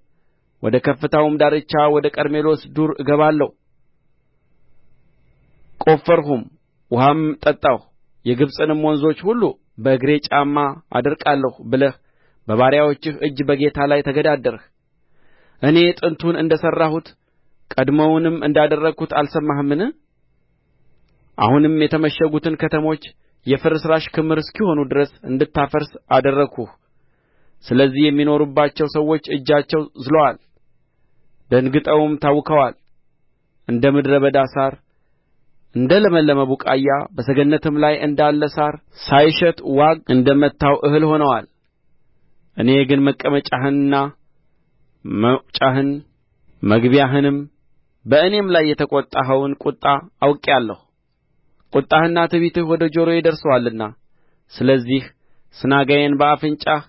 Speaker 1: ወደ ከፍታውም ዳርቻ ወደ ቀርሜሎስ ዱር እገባለሁ ቈፈርሁም ውኃም ጠጣሁ የግብጽንም ወንዞች ሁሉ በእግሬ ጫማ አደርቃለሁ ብለህ በባሪያዎችህ እጅ በጌታ ላይ ተገዳደርህ እኔ ጥንቱን እንደ ሠራሁት ቀድሞውንም እንዳደረግሁት አልሰማህምን አሁንም የተመሸጉትን ከተሞች የፍርስራሽ ክምር እስኪሆኑ ድረስ እንድታፈርስ አደረግሁህ ስለዚህ የሚኖሩባቸው ሰዎች እጃቸው ዝሎአል ደንግጠውም ታውከዋል እንደ ምድረ በዳ ሣር እንደ ለመለመ ቡቃያ በሰገነትም ላይ እንዳለ ሣር ሳይሸት ዋግ እንደ መታው እህል ሆነዋል እኔ ግን መቀመጫህንና መውጫህን መግቢያህንም በእኔም ላይ የተቈጣኸውን ቍጣ አውቄአለሁ ቍጣህና ትዕቢትህ ወደ ጆሮዬ ደርሶአልና ስለዚህ ስናጋዬን በአፍንጫህ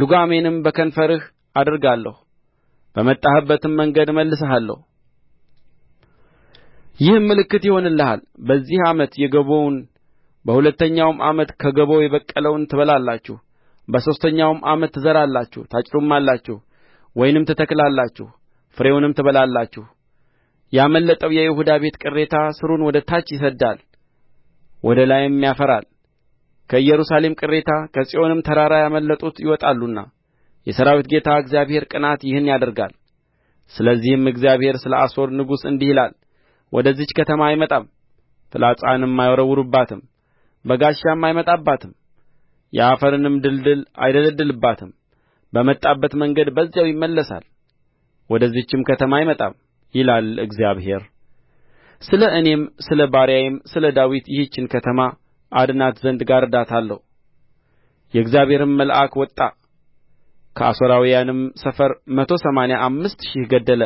Speaker 1: ልጓሜንም በከንፈርህ አደርጋለሁ በመጣህበትም መንገድ እመልስሃለሁ ይህም ምልክት ይሆንልሃል በዚህ ዓመት የገቦውን በሁለተኛውም ዓመት ከገቦው የበቀለውን ትበላላችሁ በሦስተኛውም ዓመት ትዘራላችሁ ታጭዱማላችሁ ወይንም ትተክላላችሁ ፍሬውንም ትበላላችሁ ያመለጠው የይሁዳ ቤት ቅሬታ ሥሩን ወደ ታች ይሰድዳል ወደ ላይም ያፈራል ከኢየሩሳሌም ቅሬታ ከጽዮንም ተራራ ያመለጡት ይወጣሉና የሠራዊት ጌታ እግዚአብሔር ቅንዓት ይህን ያደርጋል ስለዚህም እግዚአብሔር ስለ አሦር ንጉሥ እንዲህ ይላል ወደዚች ከተማ አይመጣም ፍላጻንም አይወረውርባትም በጋሻም አይመጣባትም የአፈርንም ድልድል አይደለድልባትም በመጣበት መንገድ በዚያው ይመለሳል ወደዚችም ከተማ አይመጣም ይላል እግዚአብሔር ስለ እኔም ስለ ባሪያዬም ስለ ዳዊት ይህችን ከተማ አድናት ዘንድ እጋርዳታለሁ የእግዚአብሔርም መልአክ ወጣ ከአሦራውያንም ሰፈር መቶ ሰማንያ አምስት ሺህ ገደለ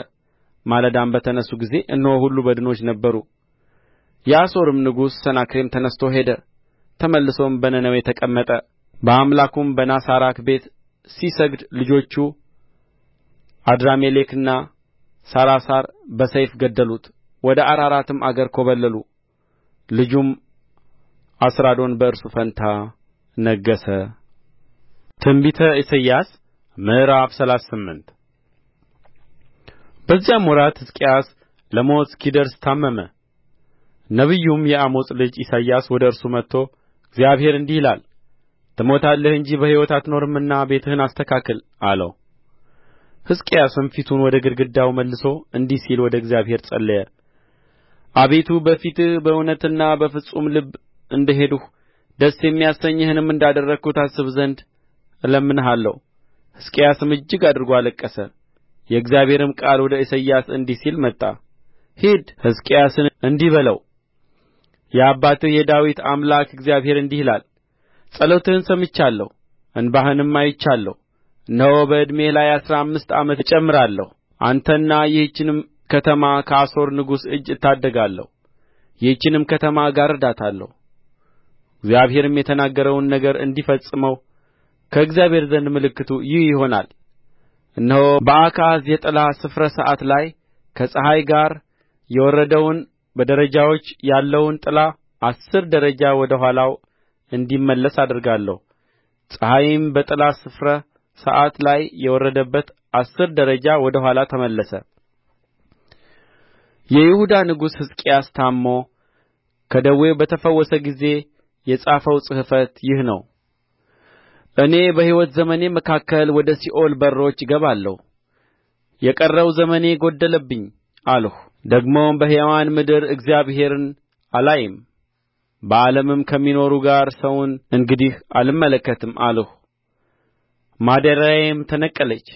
Speaker 1: ማለዳም በተነሡ ጊዜ እነሆ ሁሉ በድኖች ነበሩ የአሦርም ንጉሥ ሰናክሬም ተነሥቶ ሄደ ተመልሶም በነነዌ ተቀመጠ በአምላኩም በናሳራክ ቤት ሲሰግድ ልጆቹ አድራሜሌክና ሳራሳር በሰይፍ ገደሉት ወደ አራራትም አገር ኰበለሉ ልጁም አስራዶን በእርሱ ፋንታ ነገሠ ትንቢተ ኢሳይያስ ምዕራፍ ሰላሳ ስምንት በዚያም ወራት ሕዝቅያስ ለሞት እስኪደርስ ታመመ ነቢዩም የአሞጽ ልጅ ኢሳይያስ ወደ እርሱ መጥቶ እግዚአብሔር እንዲህ ይላል ትሞታለህ እንጂ በሕይወት አትኖርምና ቤትህን አስተካክል አለው ሕዝቅያስም ፊቱን ወደ ግድግዳው መልሶ እንዲህ ሲል ወደ እግዚአብሔር ጸለየ አቤቱ በፊትህ በእውነትና በፍጹም ልብ እንደ ሄድሁ ደስ የሚያሰኝህንም እንዳደረግሁ ታስብ ዘንድ እለምንሃለሁ ሕዝቅያስም እጅግ አድርጎ አለቀሰ የእግዚአብሔርም ቃል ወደ ኢሳይያስ እንዲህ ሲል መጣ ሂድ ሕዝቅያስን እንዲህ በለው የአባትህ የዳዊት አምላክ እግዚአብሔር እንዲህ ይላል ጸሎትህን ሰምቻለሁ እንባህንም አይቻለሁ እነሆ በዕድሜህ ላይ አሥራ አምስት ዓመት እጨምራለሁ አንተና ይህችንም ከተማ ከአሦር ንጉሥ እጅ እታደጋለሁ ይህችንም ከተማ እጋርዳታለሁ እግዚአብሔርም የተናገረውን ነገር እንዲፈጽመው ከእግዚአብሔር ዘንድ ምልክቱ ይህ ይሆናል እነሆ በአካዝ የጥላ ስፍረ ሰዓት ላይ ከፀሐይ ጋር የወረደውን በደረጃዎች ያለውን ጥላ አሥር ደረጃ ወደ ኋላው እንዲመለስ አደርጋለሁ ፀሐይም በጥላ ስፍረ ሰዓት ላይ የወረደበት አሥር ደረጃ ወደ ኋላ ተመለሰ የይሁዳ ንጉሥ ሕዝቅያስ ታምሞ ከደዌው በተፈወሰ ጊዜ የጻፈው ጽሕፈት ይህ ነው እኔ በሕይወት ዘመኔ መካከል ወደ ሲኦል በሮች እገባለሁ የቀረው ዘመኔ ጐደለብኝ አልሁ ደግሞም በሕያዋን ምድር እግዚአብሔርን አላይም በዓለምም ከሚኖሩ ጋር ሰውን እንግዲህ አልመለከትም አልሁ ማደሪያዬም ተነቀለች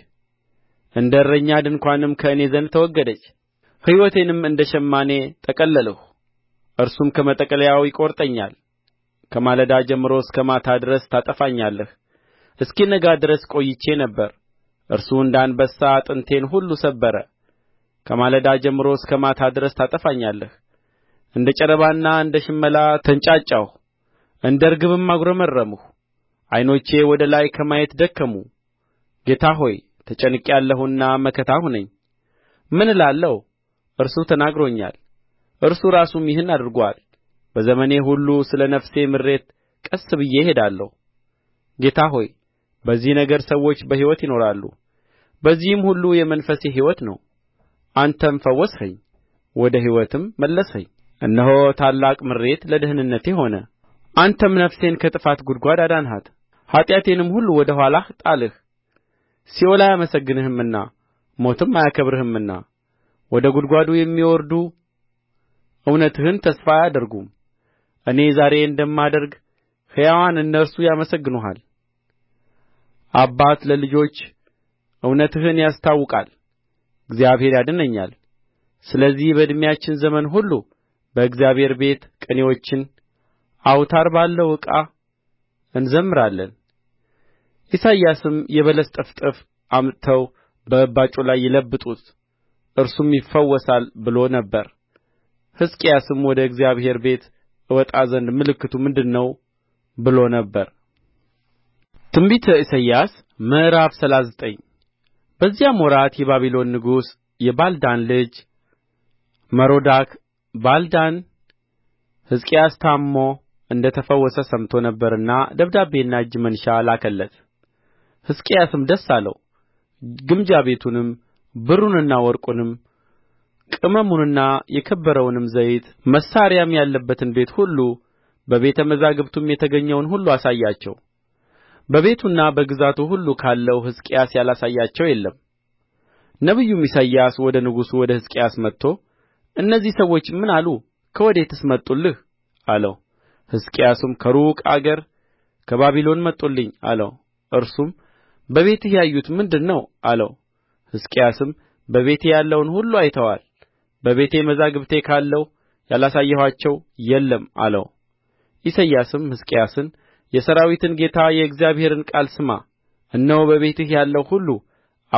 Speaker 1: እንደ እረኛ ድንኳንም ከእኔ ዘንድ ተወገደች ሕይወቴንም እንደ ሸማኔ ጠቀለልሁ እርሱም ከመጠቅለያው ይቈርጠኛል ከማለዳ ጀምሮ እስከ ማታ ድረስ ታጠፋኛለህ እስኪነጋ ድረስ ቈይቼ ነበር እርሱ እንደ አንበሳ አጥንቴን ሁሉ ሰበረ ከማለዳ ጀምሮ እስከ ማታ ድረስ ታጠፋኛለህ እንደ ጨረባና እንደ ሽመላ ተንጫጫሁ እንደ ርግብም አጕረመረምሁ ዓይኖቼ ወደ ላይ ከማየት ደከሙ ጌታ ሆይ ተጨንቄአለሁና መከታ ሁነኝ ምን እላለሁ እርሱ ተናግሮኛል እርሱ ራሱም ይህን አድርጎአል በዘመኔ ሁሉ ስለ ነፍሴ ምሬት ቀስ ብዬ እሄዳለሁ ጌታ ሆይ በዚህ ነገር ሰዎች በሕይወት ይኖራሉ በዚህም ሁሉ የመንፈሴ ሕይወት ነው አንተም ፈወስኸኝ ወደ ሕይወትም መለስኸኝ እነሆ ታላቅ ምሬት ለደኅንነቴ ሆነ አንተም ነፍሴን ከጥፋት ጕድጓድ አዳንሃት ኀጢአቴንም ሁሉ ወደ ኋላህ ጣልህ ሲኦል አያመሰግንህምና ሞትም አያከብርህምና ወደ ጕድጓዱ የሚወርዱ እውነትህን ተስፋ አያደርጉም እኔ ዛሬ እንደማደርግ ሕያዋን እነርሱ ያመሰግኑሃል አባት ለልጆች እውነትህን ያስታውቃል እግዚአብሔር ያድነኛል ስለዚህ በዕድሜያችን ዘመን ሁሉ በእግዚአብሔር ቤት ቅኔዎችን አውታር ባለው ዕቃ እንዘምራለን ኢሳይያስም የበለስ ጥፍጥፍ አምጥተው በእባጩ ላይ ይለብጡት እርሱም ይፈወሳል ብሎ ነበር ሕዝቅያስም ወደ እግዚአብሔር ቤት እወጣ ዘንድ ምልክቱ ምንድር ነው ብሎ ነበር ትንቢተ ኢሳይያስ ምዕራፍ ሰላሳ ዘጠኝ በዚያም ወራት የባቢሎን ንጉሥ የባልዳን ልጅ መሮዳክ ባልዳን ሕዝቅያስ ታምሞ እንደ ተፈወሰ ሰምቶ ነበርና ደብዳቤና እጅ መንሻ ላከለት ሕዝቅያስም ደስ አለው ግምጃ ቤቱንም ብሩንና ወርቁንም ቅመሙንና የከበረውንም ዘይት መሣሪያም ያለበትን ቤት ሁሉ በቤተ መዛግብቱም የተገኘውን ሁሉ አሳያቸው በቤቱና በግዛቱ ሁሉ ካለው ሕዝቅያስ ያላሳያቸው የለም ነቢዩም ኢሳይያስ ወደ ንጉሡ ወደ ሕዝቅያስ መጥቶ እነዚህ ሰዎች ምን አሉ ከወዴትስ መጡልህ አለው ሕዝቅያስም ከሩቅ አገር ከባቢሎን መጡልኝ አለው እርሱም በቤትህ ያዩት ምንድር ነው አለው ሕዝቅያስም በቤቴ ያለውን ሁሉ አይተዋል በቤቴ መዛግብቴ ካለው ያላሳየኋቸው የለም አለው ኢሳይያስም ሕዝቅያስን የሠራዊትን ጌታ የእግዚአብሔርን ቃል ስማ እነሆ በቤትህ ያለው ሁሉ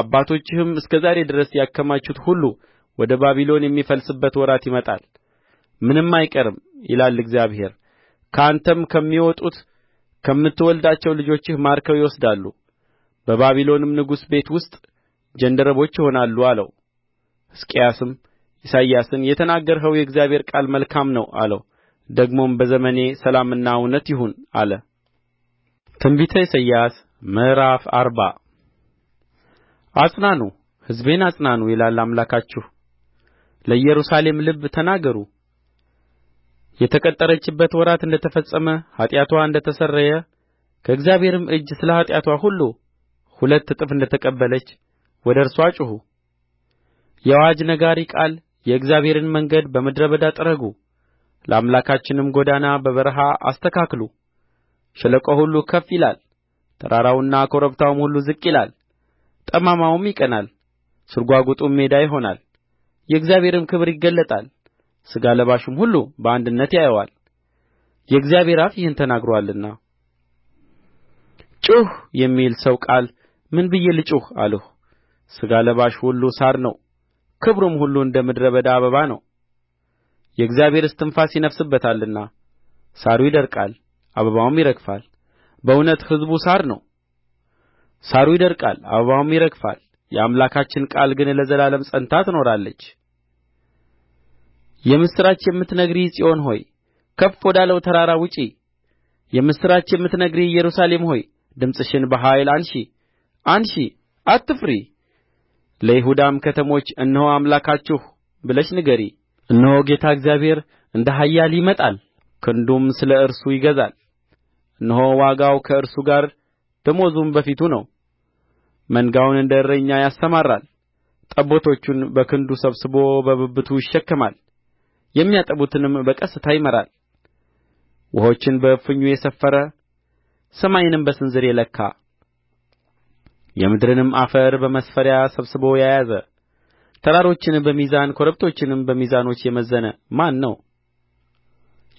Speaker 1: አባቶችህም እስከ ዛሬ ድረስ ያከማቹት ሁሉ ወደ ባቢሎን የሚፈልስበት ወራት ይመጣል ምንም አይቀርም ይላል እግዚአብሔር ከአንተም ከሚወጡት ከምትወልዳቸው ልጆችህ ማርከው ይወስዳሉ በባቢሎንም ንጉሥ ቤት ውስጥ ጃንደረቦች ይሆናሉ አለው ሕዝቅያስም ኢሳይያስን የተናገርኸው የእግዚአብሔር ቃል መልካም ነው አለው ደግሞም በዘመኔ ሰላምና እውነት ይሁን አለ ትንቢተ ኢሳይያስ ምዕራፍ አርባ አጽናኑ ሕዝቤን አጽናኑ ይላል አምላካችሁ ለኢየሩሳሌም ልብ ተናገሩ የተቀጠረችበት ወራት እንደ ተፈጸመ ኃጢአትዋ እንደ ተሰረየ ከእግዚአብሔርም እጅ ስለ ኃጢአትዋ ሁሉ ሁለት እጥፍ እንደ ተቀበለች ወደ እርስዋ ጩኹ የአዋጅ ነጋሪ ቃል የእግዚአብሔርን መንገድ በምድረ በዳ ጥረጉ ለአምላካችንም ጐዳና በበረሃ አስተካክሉ ሸለቆ ሁሉ ከፍ ይላል ተራራውና ኮረብታውም ሁሉ ዝቅ ይላል ጠማማውም ይቀናል፣ ስርጓጕጡም ሜዳ ይሆናል የእግዚአብሔርም ክብር ይገለጣል ሥጋ ለባሹም ሁሉ በአንድነት ያየዋል የእግዚአብሔር አፍ ይህን ተናግሮአልና ጩኽ የሚል ሰው ቃል ምን ብዬ ልጩኽ አልሁ ሥጋ ለባሽ ሁሉ ሣር ነው ክብሩም ሁሉ እንደ ምድረ በዳ አበባ ነው የእግዚአብሔር እስትንፋስ ይነፍስበታልና ሣሩ ይደርቃል አበባውም ይረግፋል በእውነት ሕዝቡ ሣር ነው ሣሩ ይደርቃል አበባውም ይረግፋል የአምላካችን ቃል ግን ለዘላለም ጸንታ ትኖራለች የምስራች የምትነግሪ ጽዮን ሆይ ከፍ ወዳለው ተራራ ውጪ የምስራች የምትነግሪ ኢየሩሳሌም ሆይ ድምፅሽን በኃይል አንሺ አንሺ አትፍሪ ለይሁዳም ከተሞች እነሆ አምላካችሁ ብለሽ ንገሪ እነሆ ጌታ እግዚአብሔር እንደ ኃያል ይመጣል ክንዱም ስለ እርሱ ይገዛል እነሆ ዋጋው ከእርሱ ጋር ደመወዙም በፊቱ ነው መንጋውን እንደ እረኛ ያሰማራል ጠቦቶቹን በክንዱ ሰብስቦ በብብቱ ይሸከማል የሚያጠቡትንም በቀስታ ይመራል ውኆችን በእፍኙ የሰፈረ ሰማይንም በስንዝር የለካ የምድርንም አፈር በመስፈሪያ ሰብስቦ የያዘ ተራሮችን በሚዛን ኮረብቶችንም በሚዛኖች የመዘነ ማን ነው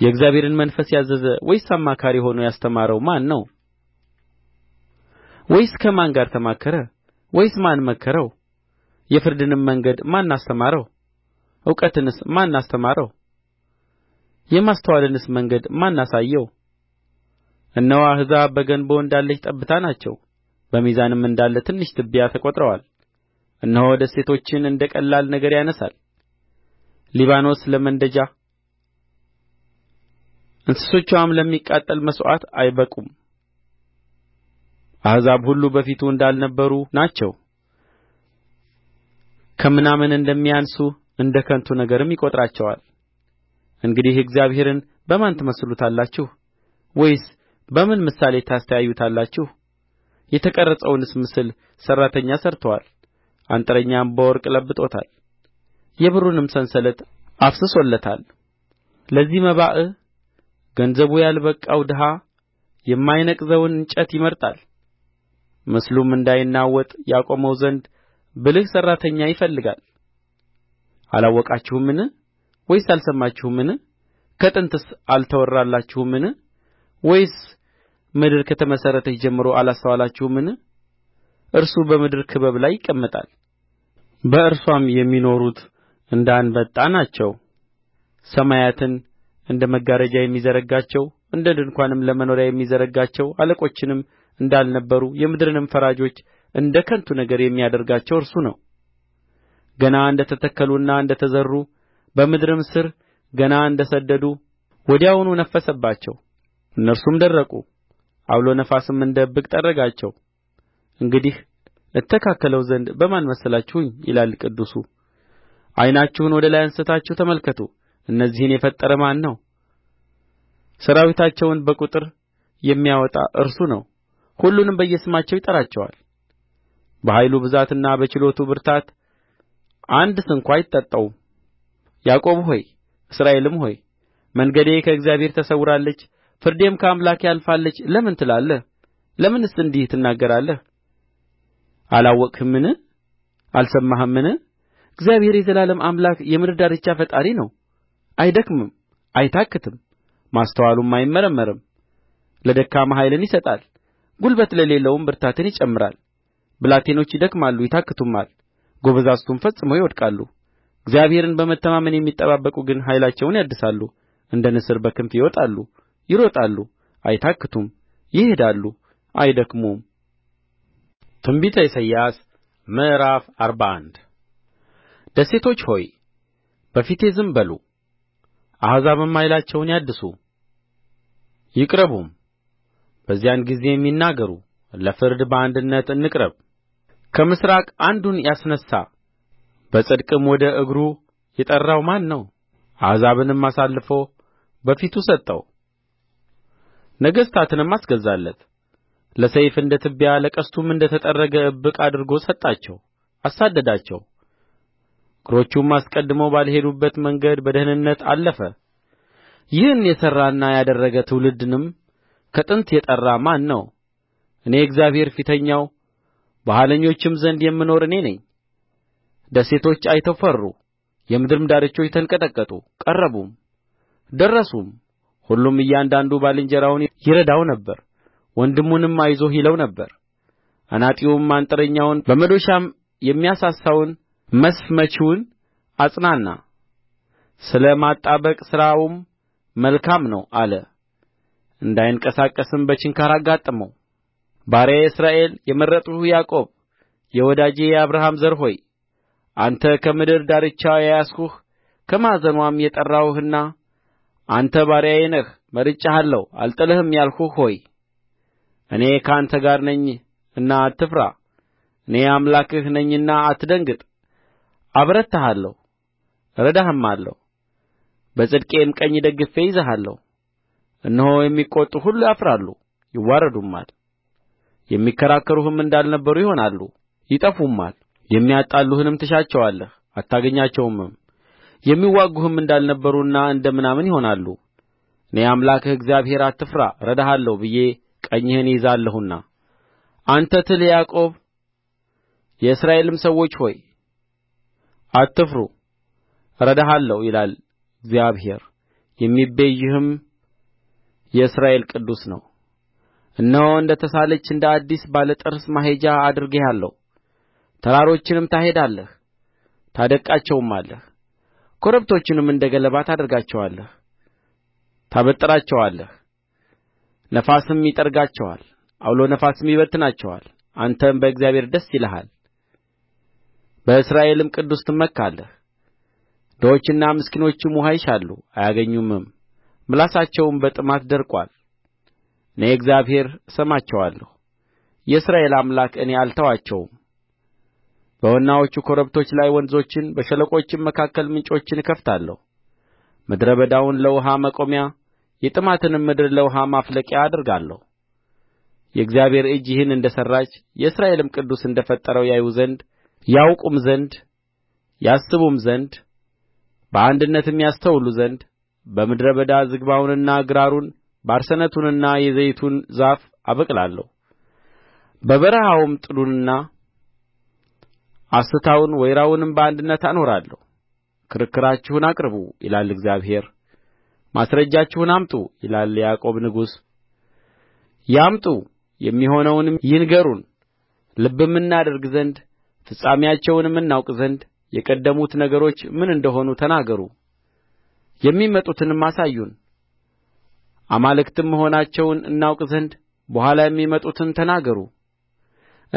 Speaker 1: የእግዚአብሔርን መንፈስ ያዘዘ ወይስ አማካሪ ሆኖ ያስተማረው ማን ነው ወይስ ከማን ጋር ተማከረ ወይስ ማን መከረው የፍርድንም መንገድ ማን አስተማረው እውቀትንስ ማን አስተማረው የማስተዋልንስ መንገድ ማን አሳየው እነሆ አሕዛብ በገንቦ እንዳለች ጠብታ ናቸው በሚዛንም እንዳለ ትንሽ ትቢያ ተቈጥረዋል እነሆ ደሴቶችን እንደ ቀላል ነገር ያነሣል ሊባኖስ ለማንደጃ እንስሶችዋም ለሚቃጠል መሥዋዕት አይበቁም አሕዛብ ሁሉ በፊቱ እንዳልነበሩ ናቸው ከምናምን እንደሚያንሱ እንደ ከንቱ ነገርም ይቈጥራቸዋል እንግዲህ እግዚአብሔርን በማን ትመስሉታላችሁ ወይስ በምን ምሳሌ ታስተያዩታላችሁ የተቀረጸውንስ ምስል ሠራተኛ ሠርቶታል አንጥረኛም በወርቅ ለብጦታል የብሩንም ሰንሰለት አፍስሶለታል ለዚህ መባዕ ገንዘቡ ያልበቃው ድሀ የማይነቅዘውን እንጨት ይመርጣል ምስሉም እንዳይናወጥ ያቆመው ዘንድ ብልህ ሠራተኛ ይፈልጋል አላወቃችሁምን ወይስ አልሰማችሁምን ከጥንትስ አልተወራላችሁምን ወይስ ምድር ከተመሠረተች ጀምሮ አላስተዋላችሁምን እርሱ በምድር ክበብ ላይ ይቀመጣል በእርስዋም የሚኖሩት እንደ አንበጣ ናቸው ሰማያትን እንደ መጋረጃ የሚዘረጋቸው እንደ ድንኳንም ለመኖሪያ የሚዘረጋቸው አለቆችንም እንዳልነበሩ የምድርንም ፈራጆች እንደ ከንቱ ነገር የሚያደርጋቸው እርሱ ነው ገና እንደ ተተከሉና እንደ ተዘሩ በምድርም ሥር ገና እንደ ሰደዱ ወዲያውኑ ነፈሰባቸው እነርሱም ደረቁ ዐውሎ ነፋስም እንደ እብቅ ጠረጋቸው እንግዲህ እተካከለው ዘንድ በማን መሰላችሁኝ ይላል ቅዱሱ ዓይናችሁን ወደ ላይ አንሥታችሁ ተመልከቱ እነዚህን የፈጠረ ማን ነው ሠራዊታቸውን በቍጥር የሚያወጣ እርሱ ነው ሁሉንም በየስማቸው ይጠራቸዋል በኃይሉ ብዛትና በችሎቱ ብርታት አንድ ስንኳ አይታጣውም ያዕቆብ ሆይ እስራኤልም ሆይ መንገዴ ከእግዚአብሔር ተሰውራለች ፍርዴም ከአምላኬ አልፋለች ለምን ትላለህ ለምንስ እንዲህ ትናገራለህ አላወቅህምን አልሰማህምን እግዚአብሔር የዘላለም አምላክ የምድር ዳርቻ ፈጣሪ ነው አይደክምም አይታክትም ማስተዋሉም አይመረመርም ለደካማ ኃይልን ይሰጣል ጕልበት ለሌለውም ብርታትን ይጨምራል ብላቴኖች ይደክማሉ ይታክቱማል ጐበዛዝቱም ፈጽመው ይወድቃሉ እግዚአብሔርን በመተማመን የሚጠባበቁ ግን ኃይላቸውን ያድሳሉ እንደ ንስር በክንፍ ይወጣሉ ይሮጣሉ አይታክቱም ይሄዳሉ አይደክሙም ትንቢተ ኢሳይያስ ምዕራፍ አርባ አንድ ደሴቶች ሆይ በፊቴ ዝም በሉ አሕዛብም ኃይላቸውን ያድሱ ይቅረቡም በዚያን ጊዜም ይናገሩ ለፍርድ በአንድነት እንቅረብ ከምሥራቅ አንዱን ያስነሣ በጽድቅም ወደ እግሩ የጠራው ማን ነው አሕዛብንም አሳልፎ በፊቱ ሰጠው ነገሥታትንም አስገዛለት ለሰይፍ እንደ ትቢያ ለቀስቱም እንደ ተጠረገ እብቅ አድርጎ ሰጣቸው አሳደዳቸው እግሮቹም አስቀድመው ባልሄዱበት መንገድ በደኅንነት አለፈ ይህን የሠራና ያደረገ ትውልድንም ከጥንት የጠራ ማን ነው እኔ እግዚአብሔር ፊተኛው በኋለኞችም ዘንድ የምኖር እኔ ነኝ ደሴቶች አይተው ፈሩ የምድርም ዳርቾች ተንቀጠቀጡ ቀረቡም ደረሱም ሁሉም እያንዳንዱ ባልንጀራውን ይረዳው ነበር ወንድሙንም አይዞህ ይለው ነበር አናጢውም አንጥረኛውን በመዶሻም የሚያሳሳውን መስፍ መቺውን አጽናና ስለ ማጣበቅ ሥራውም መልካም ነው አለ እንዳይንቀሳቀስም በችንካር አጋጠመው ባሪያዬ እስራኤል የመረጥሁህ ያዕቆብ የወዳጄ የአብርሃም ዘር ሆይ አንተ ከምድር ዳርቻ የያዝሁህ ከማዕዘንዋም የጠራሁህና አንተ ባሪያዬ ነህ መርጬሃለሁ አልጥልህም ያልሁህ ሆይ እኔ ከአንተ ጋር ነኝና አትፍራ እኔ አምላክህ ነኝና አትደንግጥ አበረታሃለሁ እረዳህማለሁ በጽድቄም ቀኝ ደግፌ እይዝሃለሁ እነሆ የሚቈጡህ ሁሉ ያፍራሉ ይዋረዱማል የሚከራከሩህም እንዳልነበሩ ይሆናሉ ይጠፉማል የሚያጣሉህንም ትሻቸዋለህ አታገኛቸውምም የሚዋጉህም እንዳልነበሩና እንደ ምናምን ይሆናሉ እኔ አምላክህ እግዚአብሔር አትፍራ እረዳሃለሁ ብዬ ቀኝህን እይዛለሁና አንተ ትል ያዕቆብ የእስራኤልም ሰዎች ሆይ አትፍሩ እረዳሃለሁ ይላል እግዚአብሔር የሚቤዥህም የእስራኤል ቅዱስ ነው እነሆ እንደ ተሳለች እንደ አዲስ ባለ ጥርስ ማሄጃ አድርጌሃለሁ ተራሮችንም ታሄዳለህ ታደቅቃቸውማለህ ኮረብቶችንም እንደ ገለባ ታደርጋቸዋለህ ታበጥራቸዋለህ ነፋስም ይጠርጋቸዋል ዐውሎ ነፋስም ይበትናቸዋል አንተም በእግዚአብሔር ደስ ይልሃል በእስራኤልም ቅዱስ ትመካለህ ድሆችና ምስኪኖችም ውኃ ይሻሉ አያገኙምም ምላሳቸውም በጥማት ደርቋል እኔ እግዚአብሔር እሰማቸዋለሁ የእስራኤል አምላክ እኔ አልተዋቸውም በወናዎች ኮረብቶች ላይ ወንዞችን በሸለቆችም መካከል ምንጮችን እከፍታለሁ ምድረ በዳውን ለውኃ መቆሚያ የጥማትንም ምድር ለውኃ ማፍለቂያ አደርጋለሁ የእግዚአብሔር እጅ ይህን እንደ ሠራች የእስራኤልም ቅዱስ እንደ ፈጠረው ያዩ ዘንድ ያውቁም ዘንድ ያስቡም ዘንድ በአንድነትም ያስተውሉ ዘንድ በምድረ በዳ ዝግባውንና ግራሩን ባርሰነቱንና የዘይቱን ዛፍ አበቅላለሁ በበረሀውም ጥዱንና አስታውን ወይራውንም በአንድነት አኖራለሁ ክርክራችሁን አቅርቡ ይላል እግዚአብሔር ማስረጃችሁን አምጡ ይላል የያዕቆብ ንጉሥ ያምጡ የሚሆነውንም ይንገሩን ልብም እናደርግ ዘንድ ፍጻሜአቸውንም እናውቅ ዘንድ የቀደሙት ነገሮች ምን እንደ ሆኑ ተናገሩ የሚመጡትንም አሳዩን አማልክትም መሆናቸውን እናውቅ ዘንድ በኋላ የሚመጡትን ተናገሩ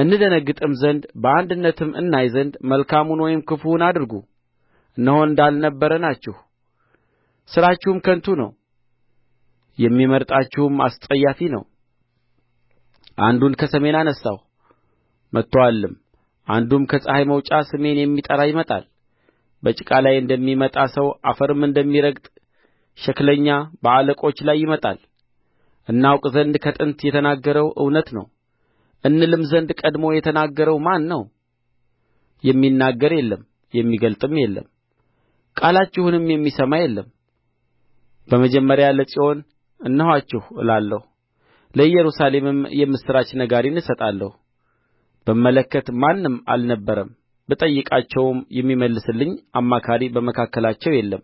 Speaker 1: እንደነግጥም ዘንድ በአንድነትም እናይ ዘንድ መልካሙን ወይም ክፉውን አድርጉ እነሆ እንዳልነበረ ናችሁ ሥራችሁም ከንቱ ነው የሚመርጣችሁም አስጸያፊ ነው አንዱን ከሰሜን አነሣሁ መጥቶአልም አንዱም ከፀሐይ መውጫ ስሜን የሚጠራ ይመጣል በጭቃ ላይ እንደሚመጣ ሰው አፈርም እንደሚረግጥ ሸክለኛ በአለቆች ላይ ይመጣል እናውቅ ዘንድ ከጥንት የተናገረው እውነት ነው እንልም ዘንድ ቀድሞ የተናገረው ማን ነው የሚናገር የለም የሚገልጥም የለም ቃላችሁንም የሚሰማ የለም በመጀመሪያ ለጽዮን እነኋችሁ እላለሁ ለኢየሩሳሌምም የምሥራች ነጋሪን እሰጣለሁ ብመለከት ማንም አልነበረም ብጠይቃቸውም የሚመልስልኝ አማካሪ በመካከላቸው የለም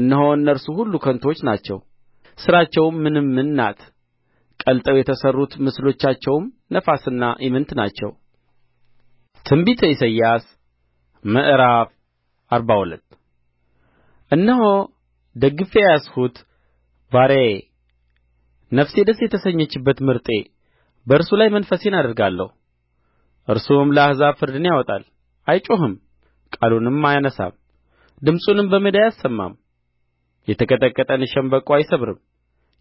Speaker 1: እነሆ እነርሱ ሁሉ ከንቱዎች ናቸው ሥራቸውም ምንምን ናት ቀልጠው የተሠሩት ምስሎቻቸውም ነፋስና ኢምንት ናቸው ትንቢተ ኢሳይያስ ምዕራፍ አርባ ሁለት እነሆ ደግፌ የያዝሁት ባሪያዬ ነፍሴ ደስ የተሰኘችበት ምርጤ በእርሱ ላይ መንፈሴን አድርጋለሁ እርሱም ለአሕዛብ ፍርድን ያወጣል አይጮኽም ቃሉንም አያነሣም ድምፁንም በሜዳ አያሰማም የተቀጠቀጠን ሸምበቆ አይሰብርም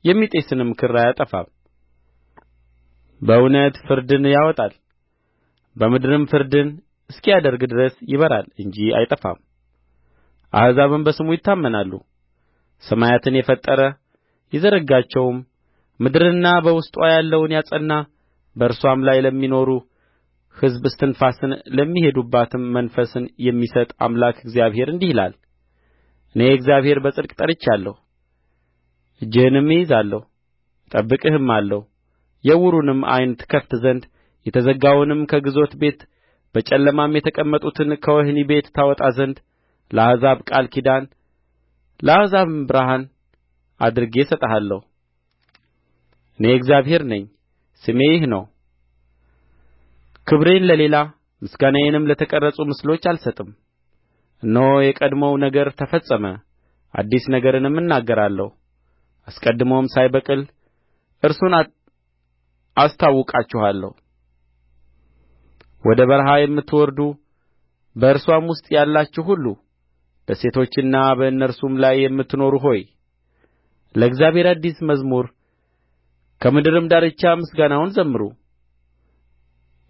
Speaker 1: የሚጤስንም ክር አያጠፋም በእውነት ፍርድን ያወጣል በምድርም ፍርድን እስኪያደርግ ድረስ ይበራል እንጂ አይጠፋም አሕዛብም በስሙ ይታመናሉ ሰማያትን የፈጠረ የዘረጋቸውም ምድርንና በውስጥዋ ያለውን ያጸና በእርስዋም ላይ ለሚኖሩ ሕዝብ እስትንፋስን ለሚሄዱባትም መንፈስን የሚሰጥ አምላክ እግዚአብሔር እንዲህ ይላል እኔ እግዚአብሔር በጽድቅ ጠርቼሃለሁ እጅህንም እይዛለሁ እጠብቅህማለሁ የዕውሩንም ዓይን ትከፍት ዘንድ የተዘጋውንም ከግዞት ቤት በጨለማም የተቀመጡትን ከወህኒ ቤት ታወጣ ዘንድ ለአሕዛብ ቃል ኪዳን ለአሕዛብም ብርሃን አድርጌ እሰጥሃለሁ እኔ እግዚአብሔር ነኝ ስሜ ይህ ነው ክብሬን ለሌላ ምስጋናዬንም ለተቀረጹ ምስሎች አልሰጥም እነሆ የቀድሞው ነገር ተፈጸመ አዲስ ነገርንም እናገራለሁ አስቀድሞም ሳይበቅል እርሱን አስታውቃችኋለሁ ወደ በረሃ የምትወርዱ በእርስዋም ውስጥ ያላችሁ ሁሉ ደሴቶችና በእነርሱም ላይ የምትኖሩ ሆይ ለእግዚአብሔር አዲስ መዝሙር ከምድርም ዳርቻ ምስጋናውን ዘምሩ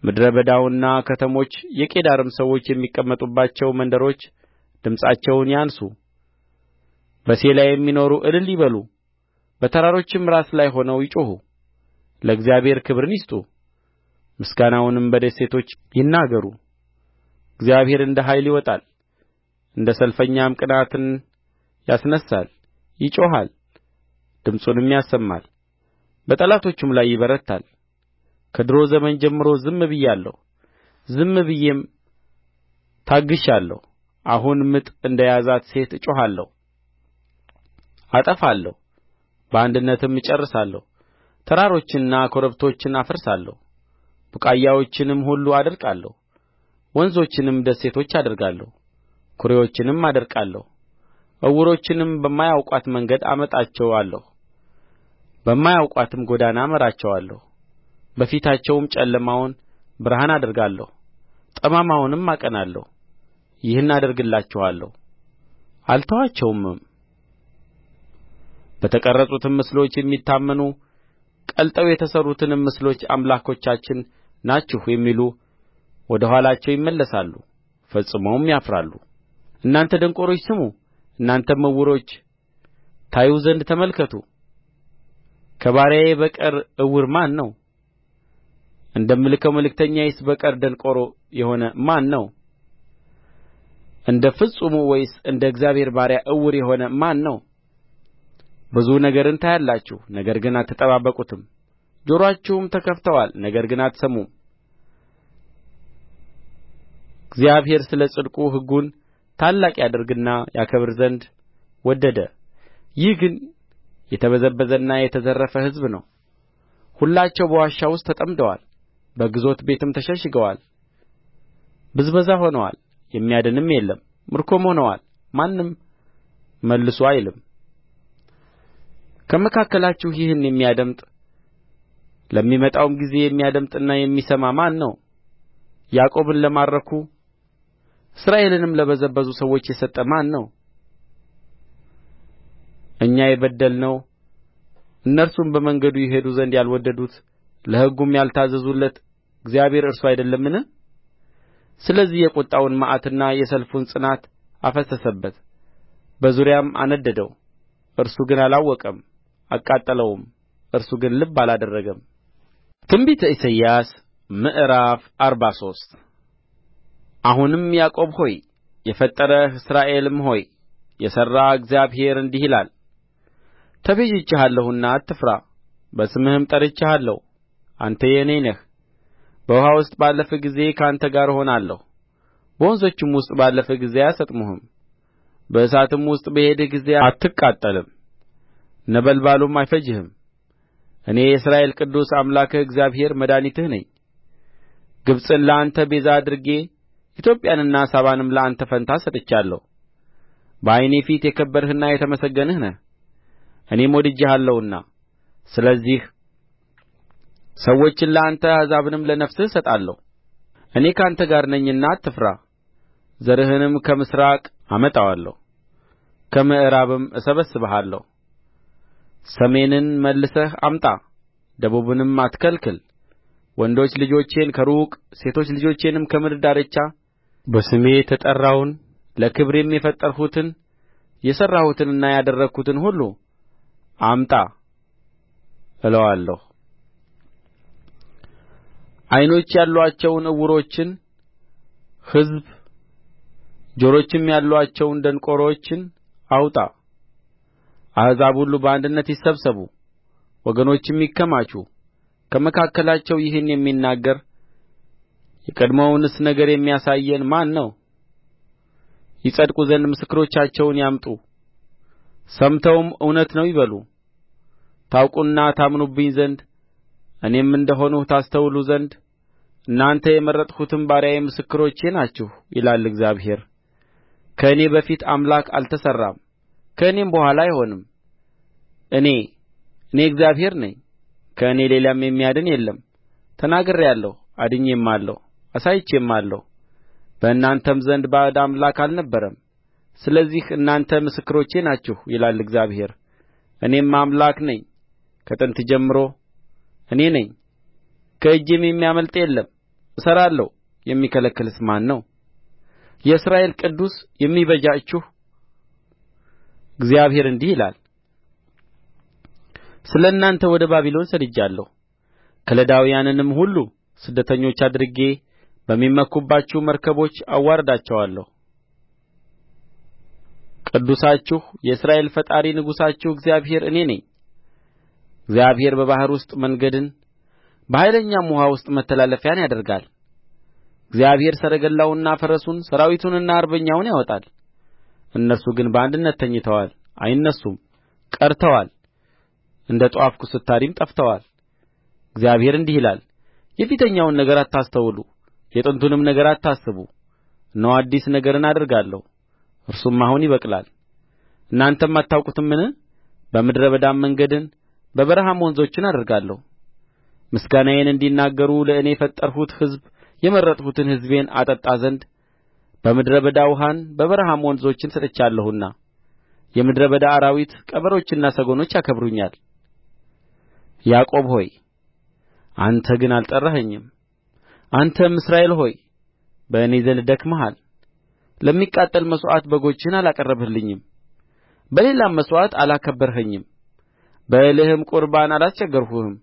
Speaker 1: ምድረ በዳውና ከተሞች የቄዳርም ሰዎች የሚቀመጡባቸው መንደሮች ድምፃቸውን ያንሡ በሴላ የሚኖሩ እልል ይበሉ በተራሮችም ራስ ላይ ሆነው ይጩኹ ለእግዚአብሔር ክብርን ይስጡ ምስጋናውንም በደሴቶች ይናገሩ እግዚአብሔር እንደ ኃያል ይወጣል እንደ ሰልፈኛም ቅንዓትን ያስነሣል ይጮኻል ድምፁንም ያሰማል በጠላቶቹም ላይ ይበረታል ከድሮ ዘመን ጀምሮ ዝም ብያለሁ ዝም ብዬም ታግሻለሁ አሁን ምጥ እንደ ያዛት ሴት እጮኻለሁ አጠፋለሁ በአንድነትም እጨርሳለሁ ተራሮችንና ኮረብቶችን አፈርሳለሁ ቡቃያዎችንም ሁሉ አደርቃለሁ ወንዞችንም ደሴቶች አደርጋለሁ ኵሬዎችንም አደርቃለሁ ዕውሮችንም በማያውቋት መንገድ አመጣቸዋለሁ በማያውቋትም ጎዳና እመራቸዋለሁ በፊታቸውም ጨለማውን ብርሃን አደርጋለሁ ጠማማውንም አቀናለሁ ይህን አደርግላችኋለሁ አልተዋቸውምም በተቀረጹትም ምስሎች የሚታመኑ ቀልጠው የተሠሩትንም ምስሎች አምላኮቻችን ናችሁ የሚሉ ወደ ኋላቸው ይመለሳሉ ፈጽመውም ያፍራሉ እናንተ ደንቆሮች ስሙ እናንተም ዕውሮች ታዩ ዘንድ ተመልከቱ ከባሪያዬ በቀር ዕውር ማን ነው እንደምልከው መልእክተኛዬስ በቀር ደንቆሮ የሆነ ማን ነው እንደ ፍጹሙ ወይስ እንደ እግዚአብሔር ባሪያ ዕውር የሆነ ማን ነው ብዙ ነገርን ታያላችሁ ነገር ግን አትጠባበቁትም ጆሮአችሁም ተከፍተዋል ነገር ግን አትሰሙም እግዚአብሔር ስለ ጽድቁ ሕጉን ታላቅ ያደርግና ያከብር ዘንድ ወደደ ይህ ግን የተበዘበዘና የተዘረፈ ሕዝብ ነው ሁላቸው በዋሻ ውስጥ ተጠምደዋል በግዞት ቤትም ተሸሽገዋል ብዝበዛ ሆነዋል የሚያድንም የለም ምርኮም ሆነዋል ማንም መልሱ አይልም ከመካከላችሁ ይህን የሚያደምጥ ለሚመጣውም ጊዜ የሚያደምጥና የሚሰማ ማን ነው ያዕቆብን ለማረኩ እስራኤልንም ለበዘበዙ ሰዎች የሰጠ ማን ነው እኛ የበደልነው እነርሱም በመንገዱ ይሄዱ ዘንድ ያልወደዱት ለሕጉም ያልታዘዙለት እግዚአብሔር እርሱ አይደለምን ስለዚህ የቍጣውን መዓትና የሰልፉን ጽናት አፈሰሰበት በዙሪያም አነደደው እርሱ ግን አላወቀም አቃጠለውም እርሱ ግን ልብ አላደረገም ትንቢተ ኢሳይያስ ምዕራፍ አርባ ሶስት አሁንም ያዕቆብ ሆይ የፈጠረህ እስራኤልም ሆይ የሠራህ እግዚአብሔር እንዲህ ይላል ተቤዥቼሃለሁና አትፍራ በስምህም ጠርቼሃለሁ አንተ የእኔ ነህ በውኃ ውስጥ ባለፍህ ጊዜ ከአንተ ጋር እሆናለሁ በወንዞችም ውስጥ ባለፍህ ጊዜ አያሰጥሙህም በእሳትም ውስጥ በሄድህ ጊዜ አትቃጠልም ነበልባሉም አይፈጅህም እኔ የእስራኤል ቅዱስ አምላክህ እግዚአብሔር መድኃኒትህ ነኝ ግብጽን ለአንተ ቤዛ አድርጌ ኢትዮጵያንና ሳባንም ለአንተ ፋንታ ሰጥቻለሁ በዓይኔ ፊት የከበርህና የተመሰገንህ ነህ እኔም ወድጄሃለሁና ስለዚህ ሰዎችን ለአንተ አሕዛብንም ለነፍስህ እሰጣለሁ እኔ ከአንተ ጋር ነኝና አትፍራ ዘርህንም ከምሥራቅ አመጣዋለሁ ከምዕራብም እሰበስብሃለሁ ሰሜንን መልሰህ አምጣ ደቡብንም አትከልክል ወንዶች ልጆቼን ከሩቅ ሴቶች ልጆቼንም ከምድር ዳርቻ በስሜ የተጠራውን ለክብሬም የፈጠርሁትን የሠራሁትንና ያደረግሁትን ሁሉ አምጣ እለዋለሁ ዓይኖች ያሉአቸውን ዕውሮችን ሕዝብ ጆሮችም ያሉአቸውን ደንቆሮችን አውጣ አሕዛብ ሁሉ በአንድነት ይሰብሰቡ ወገኖችም ይከማቹ ከመካከላቸው ይህን የሚናገር የቀድሞውንስ ነገር የሚያሳየን ማን ነው ይጸድቁ ዘንድ ምስክሮቻቸውን ያምጡ ሰምተውም እውነት ነው ይበሉ ታውቁና ታምኑብኝ ዘንድ እኔም እንደ ሆንሁ ታስተውሉ ዘንድ እናንተ የመረጥሁትም ባሪያዬ ምስክሮቼ ናችሁ ይላል እግዚአብሔር ከእኔ በፊት አምላክ አልተሠራም ከእኔም በኋላ አይሆንም እኔ እኔ እግዚአብሔር ነኝ ከእኔ ሌላም የሚያድን የለም ተናግሬአለሁ አድኜማለሁ አሳይቼማለሁ በእናንተም ዘንድ ባዕድ አምላክ አልነበረም ስለዚህ እናንተ ምስክሮቼ ናችሁ ይላል እግዚአብሔር እኔም አምላክ ነኝ ከጥንት ጀምሮ እኔ ነኝ ከእጄም የሚያመልጥ የለም እሠራለሁ የሚከለክልስ ማን ነው የእስራኤል ቅዱስ የሚቤዣችሁ እግዚአብሔር እንዲህ ይላል ስለ እናንተ ወደ ባቢሎን ሰድጃለሁ ከለዳውያንንም ሁሉ ስደተኞች አድርጌ በሚመኩባችሁ መርከቦች አዋርዳቸዋለሁ ቅዱሳችሁ የእስራኤል ፈጣሪ ንጉሣችሁ እግዚአብሔር እኔ ነኝ እግዚአብሔር በባሕር ውስጥ መንገድን በኃይለኛም ውኃ ውስጥ መተላለፊያን ያደርጋል እግዚአብሔር ሰረገላውንና ፈረሱን ሠራዊቱንና አርበኛውን ያወጣል እነርሱ ግን በአንድነት ተኝተዋል አይነሡም ቀርተዋል እንደ ጧፍ ኩስታሪም ጠፍተዋል እግዚአብሔር እንዲህ ይላል የፊተኛውን ነገር አታስተውሉ የጥንቱንም ነገር አታስቡ እነሆ አዲስ ነገርን አደርጋለሁ እርሱም አሁን ይበቅላል እናንተም አታውቁትምን በምድረ በዳም መንገድን በበረሀም ወንዞችን አደርጋለሁ ምስጋናዬን እንዲናገሩ ለእኔ የፈጠርሁት ሕዝብ የመረጥሁትን ሕዝቤን አጠጣ ዘንድ በምድረ በዳ ውኃን በበረሀም ወንዞችን ሰጥቻለሁና የምድረ በዳ አራዊት ቀበሮችና ሰጎኖች ያከብሩኛል ያዕቆብ ሆይ አንተ ግን አልጠራኸኝም አንተም እስራኤል ሆይ በእኔ ዘንድ ደክመሃል ለሚቃጠል መሥዋዕት በጎችህን አላቀረብህልኝም በሌላም መሥዋዕት አላከበርኸኝም በእልህም ቍርባን አላስቸገርሁህም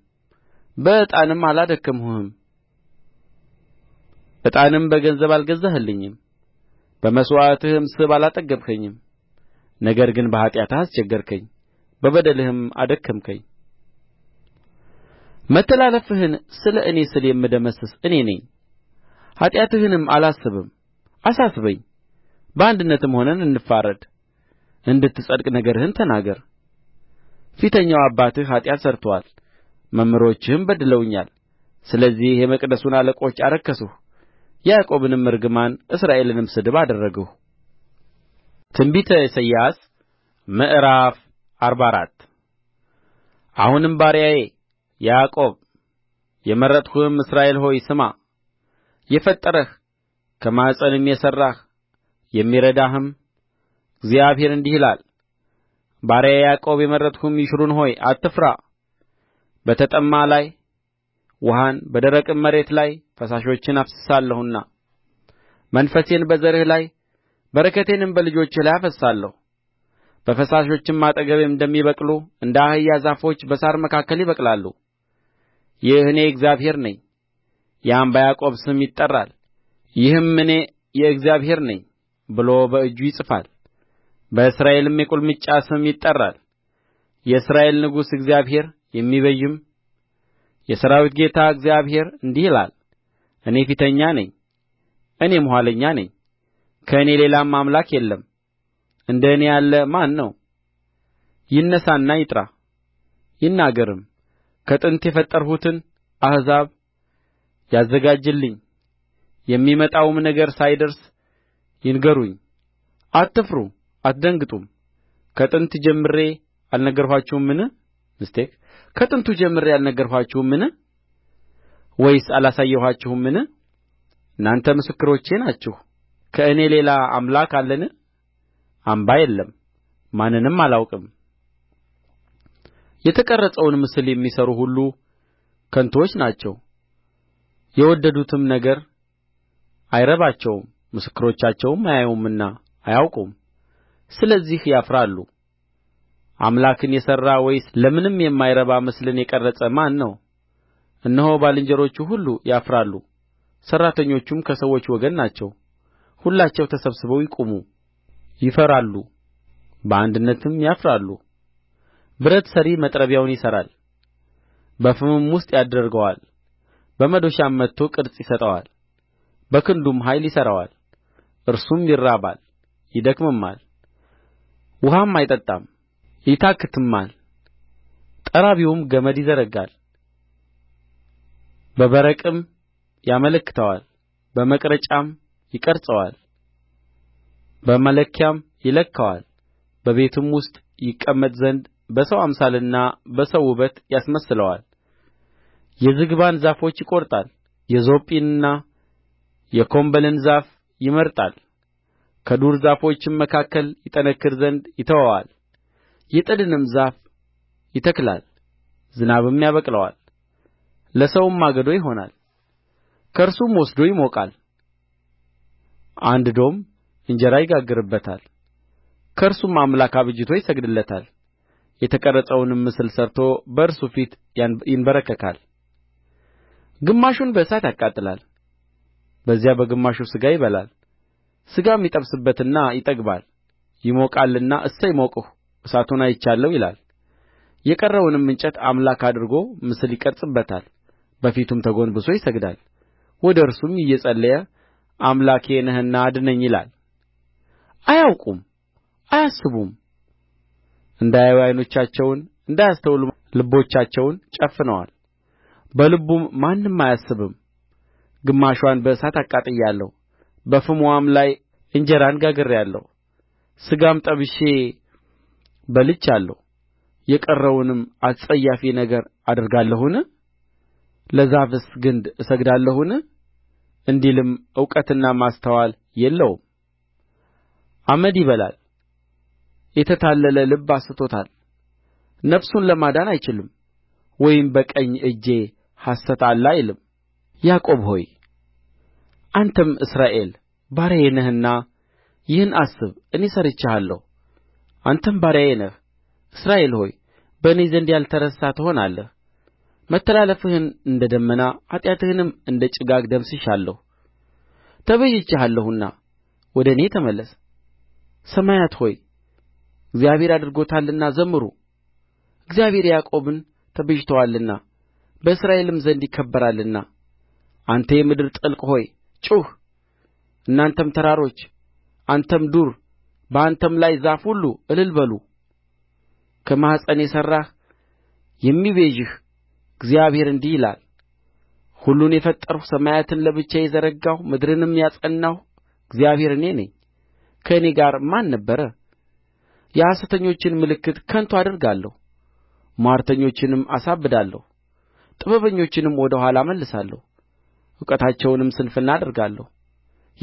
Speaker 1: በዕጣንም አላደከምሁህም ዕጣንም በገንዘብ አልገዛህልኝም በመሥዋዕትህም ስብ አላጠገብኸኝም ነገር ግን በኃጢአትህ አስቸገርኸኝ በበደልህም አደከምኸኝ መተላለፍህን ስለ እኔ ስል የምደመስስ እኔ ነኝ ኃጢአትህንም አላስብም አሳስበኝ በአንድነትም ሆነን እንፋረድ እንድትጸድቅ ነገርህን ተናገር ፊተኛው አባትህ ኃጢአት ሠርቶአል መምህሮችህም በድለውኛል ስለዚህ የመቅደሱን አለቆች አረከስሁ ያዕቆብንም እርግማን እስራኤልንም ስድብ አደረግሁ ትንቢተ ኢሳይያስ ምዕራፍ አርባ አራት አሁንም ባሪያዬ ያዕቆብ የመረጥሁህም እስራኤል ሆይ ስማ የፈጠረህ ከማኅፀንም የሠራህ የሚረዳህም እግዚአብሔር እንዲህ ይላል ባሪያዬ ያዕቆብ የመረጥሁህም ይሹሩን ሆይ አትፍራ በተጠማ ላይ ውኃን በደረቅም መሬት ላይ ፈሳሾችን አፈስሳለሁና መንፈሴን በዘርህ ላይ በረከቴንም በልጆችህ ላይ አፈስሳለሁ በፈሳሾችም አጠገብ እንደሚበቅሉ እንደ አኻያ ዛፎች በሣር መካከል ይበቅላሉ ይህ እኔ እግዚአብሔር ነኝ ያም በያዕቆብ ስም ይጠራል ይህም እኔ የእግዚአብሔር ነኝ ብሎ በእጁ ይጽፋል በእስራኤልም የቁልምጫ ስም ይጠራል የእስራኤል ንጉሥ እግዚአብሔር የሚቤዥም የሠራዊት ጌታ እግዚአብሔር እንዲህ ይላል እኔ ፊተኛ ነኝ እኔም ኋለኛ ነኝ ከእኔ ሌላም አምላክ የለም እንደ እኔ ያለ ማን ነው ይነሣና ይጥራ ይናገርም ከጥንት የፈጠርሁትን አሕዛብ ያዘጋጅልኝ የሚመጣውም ነገር ሳይደርስ ይንገሩኝ አትፍሩ አትደንግጡም ከጥንት ጀምሬ አልነገርኋችሁምን ወይስ አላሳየኋችሁምን እናንተ ምስክሮቼ ናችሁ ከእኔ ሌላ አምላክ አለን አምባ የለም ማንንም አላውቅም የተቀረጸውን ምስል የሚሠሩ ሁሉ ከንቱዎች ናቸው የወደዱትም ነገር አይረባቸውም ምስክሮቻቸውም አያዩምና አያውቁም ስለዚህ ያፍራሉ አምላክን የሠራ ወይስ ለምንም የማይረባ ምስልን የቀረጸ ማን ነው እነሆ ባልንጀሮቹ ሁሉ ያፍራሉ ሠራተኞቹም ከሰዎች ወገን ናቸው ሁላቸው ተሰብስበው ይቁሙ ይፈራሉ በአንድነትም ያፍራሉ ብረት ሠሪ መጥረቢያውን ይሠራል በፍምም ውስጥ ያደርገዋል በመዶሻም መትቶ ቅርጽ ይሰጠዋል በክንዱም ኃይል ይሠራዋል እርሱም ይራባል ይደክምማል ውኃም አይጠጣም ይታክትማል ጠራቢውም ገመድ ይዘረጋል በበረቅም ያመለክተዋል በመቅረጫም ይቀርጸዋል በመለኪያም ይለካዋል በቤትም ውስጥ ይቀመጥ ዘንድ በሰው አምሳልና በሰው ውበት ያስመስለዋል የዝግባን ዛፎች ይቈርጣል የዞጲንና የኮምቦልን ዛፍ ይመርጣል ከዱር ዛፎችም መካከል ይጠነክር ዘንድ ይተወዋል የጥድንም ዛፍ ይተክላል ዝናብም ያበቅለዋል ለሰውም ማገዶ ይሆናል ከእርሱም ወስዶ ይሞቃል አንድዶም እንጀራ ይጋግርበታል ከእርሱም አምላክ አበጅቶ ይሰግድለታል የተቀረጸውንም ምስል ሠርቶ በእርሱ ፊት ይንበረከካል ግማሹን በእሳት ያቃጥላል በዚያ በግማሹ ሥጋ ይበላል ሥጋም ይጠብስበትና ይጠግባል ይሞቃልና እሰይ ሞቅሁ እሳቱን አይቻለሁ ይላል የቀረውንም እንጨት አምላክ አድርጎ ምስል ይቀርጽበታል በፊቱም ተጐንብሶ ይሰግዳል ወደ እርሱም እየጸለየ አምላኬ ነህና አድነኝ ይላል አያውቁም አያስቡም እንዳያዩ ዓይኖቻቸውን እንዳያስተውሉ ልቦቻቸውን ጨፍነዋል በልቡም ማንም አያስብም ግማሽዋን በእሳት አቃጥያለሁ በፍምዋም ላይ እንጀራን ጋግሬአለሁ ሥጋም ጠብሼ በልቻለሁ የቀረውንም አስጸያፊ ነገር አደርጋለሁን ለዛፍስ ግንድ እሰግዳለሁን እንዲልም እውቀትና ማስተዋል የለውም አመድ ይበላል የተታለለ ልብ አስቶታል ነፍሱን ለማዳን አይችልም ወይም በቀኝ እጄ ሐሰት አለ አይልም ያዕቆብ ሆይ አንተም እስራኤል ባሪያዬ ነህና ይህን አስብ እኔ ሠርቼሃለሁ አንተም ባሪያዬ ነህ እስራኤል ሆይ በእኔ ዘንድ ያልተረሳ ትሆናለህ መተላለፍህን እንደ ደመና ኃጢአትህንም እንደ ጭጋግ ደምስሼአለሁ ተቤዥቼሃለሁና ወደ እኔ ተመለስ ሰማያት ሆይ እግዚአብሔር አድርጎታልና ዘምሩ እግዚአብሔር ያዕቆብን ተቤዥቶአልና በእስራኤልም ዘንድ ይከበራልና አንተ የምድር ጥልቅ ሆይ ጩኽ እናንተም ተራሮች አንተም ዱር በአንተም ላይ ዛፍ ሁሉ እልል በሉ ከማኅፀን የሠራህ የሚቤዥህ እግዚአብሔር እንዲህ ይላል ሁሉን የፈጠርሁ ሰማያትን ለብቻዬ የዘረጋሁ ምድርንም ያጸናሁ እግዚአብሔር እኔ ነኝ ከእኔ ጋር ማን ነበረ የሐሰተኞችን ምልክት ከንቱ አደርጋለሁ ምዋርተኞችንም አሳብዳለሁ ጥበበኞችንም ወደ ኋላ እመልሳለሁ እውቀታቸውንም ስንፍና አደርጋለሁ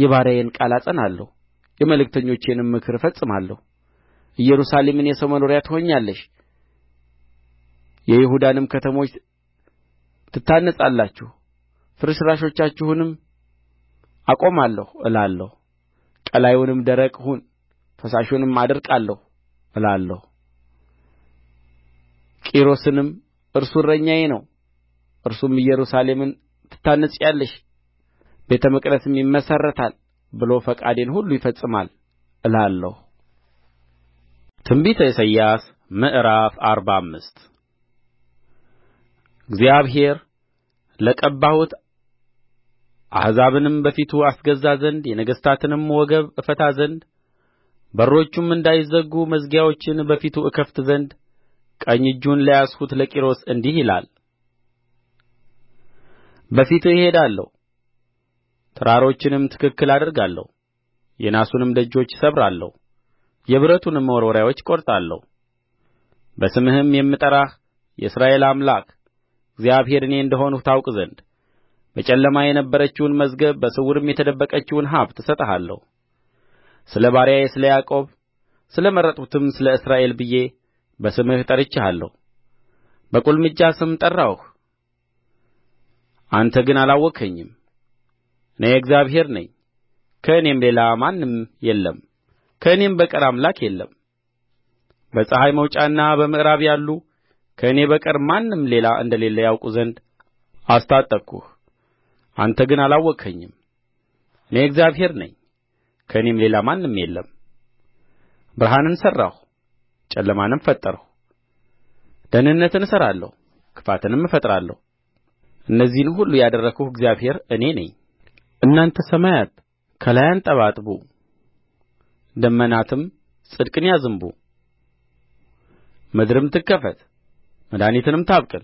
Speaker 1: የባሪያዬን ቃል አጸናለሁ የመልእክተኞቼንም ምክር እፈጽማለሁ ኢየሩሳሌምን የሰው መኖሪያ ትሆኛለሽ የይሁዳንም ከተሞች ትታነጻላችሁ ፍርስራሾቻችሁንም አቆማለሁ እላለሁ ቀላዩንም ደረቅ ሁን ፈሳሹንም አደርቃለሁ እላለሁ ቂሮስንም እርሱ እረኛዬ ነው እርሱም ኢየሩሳሌምን ትታነጺያለሽ ቤተ መቅደስም ይመሠረታል ብሎ ፈቃዴን ሁሉ ይፈጽማል እላለሁ ትንቢተ ኢሳይያስ ምዕራፍ አርባ አምስት እግዚአብሔር ለቀባሁት አሕዛብንም በፊቱ አስገዛ ዘንድ የነገሥታትንም ወገብ እፈታ ዘንድ በሮቹም እንዳይዘጉ መዝጊያዎችን በፊቱ እከፍት ዘንድ ቀኝ እጁን ለያዝሁት ለቂሮስ እንዲህ ይላል በፊትህ እሄዳለሁ ተራሮችንም ትክክል አደርጋለሁ የናሱንም ደጆች እሰብራለሁ የብረቱንም መወርወሪያዎች እቈርጣለሁ በስምህም የምጠራህ የእስራኤል አምላክ እግዚአብሔር እኔ እንደ ሆንሁ ታውቅ ዘንድ በጨለማ የነበረችውን መዝገብ በስውርም የተደበቀችውን ሀብት እሰጥሃለሁ ስለ ባሪያዬ ስለ ያዕቆብ ስለ መረጥሁትም ስለ እስራኤል ብዬ በስምህ ጠርቼሃለሁ በቁልምጫ ስም ጠራሁህ አንተ ግን አላወቅኸኝም እኔ እግዚአብሔር ነኝ ከእኔም ሌላ ማንም የለም ከእኔም በቀር አምላክ የለም በፀሐይ መውጫና በምዕራብ ያሉ ከእኔ በቀር ማንም ሌላ እንደሌለ ያውቁ ዘንድ አስታጠቅሁህ አንተ ግን አላወቅኸኝም እኔ እግዚአብሔር ነኝ ከእኔም ሌላ ማንም የለም ብርሃንን ሠራሁ ጨለማንም ፈጠርሁ ደኅንነትን እሠራለሁ ክፋትንም እፈጥራለሁ እነዚህን ሁሉ ያደረግሁ እግዚአብሔር እኔ ነኝ እናንተ ሰማያት ከላይ አንጠባጥቡ ደመናትም ጽድቅን ያዝንቡ ምድርም ትከፈት መድኃኒትንም ታብቅል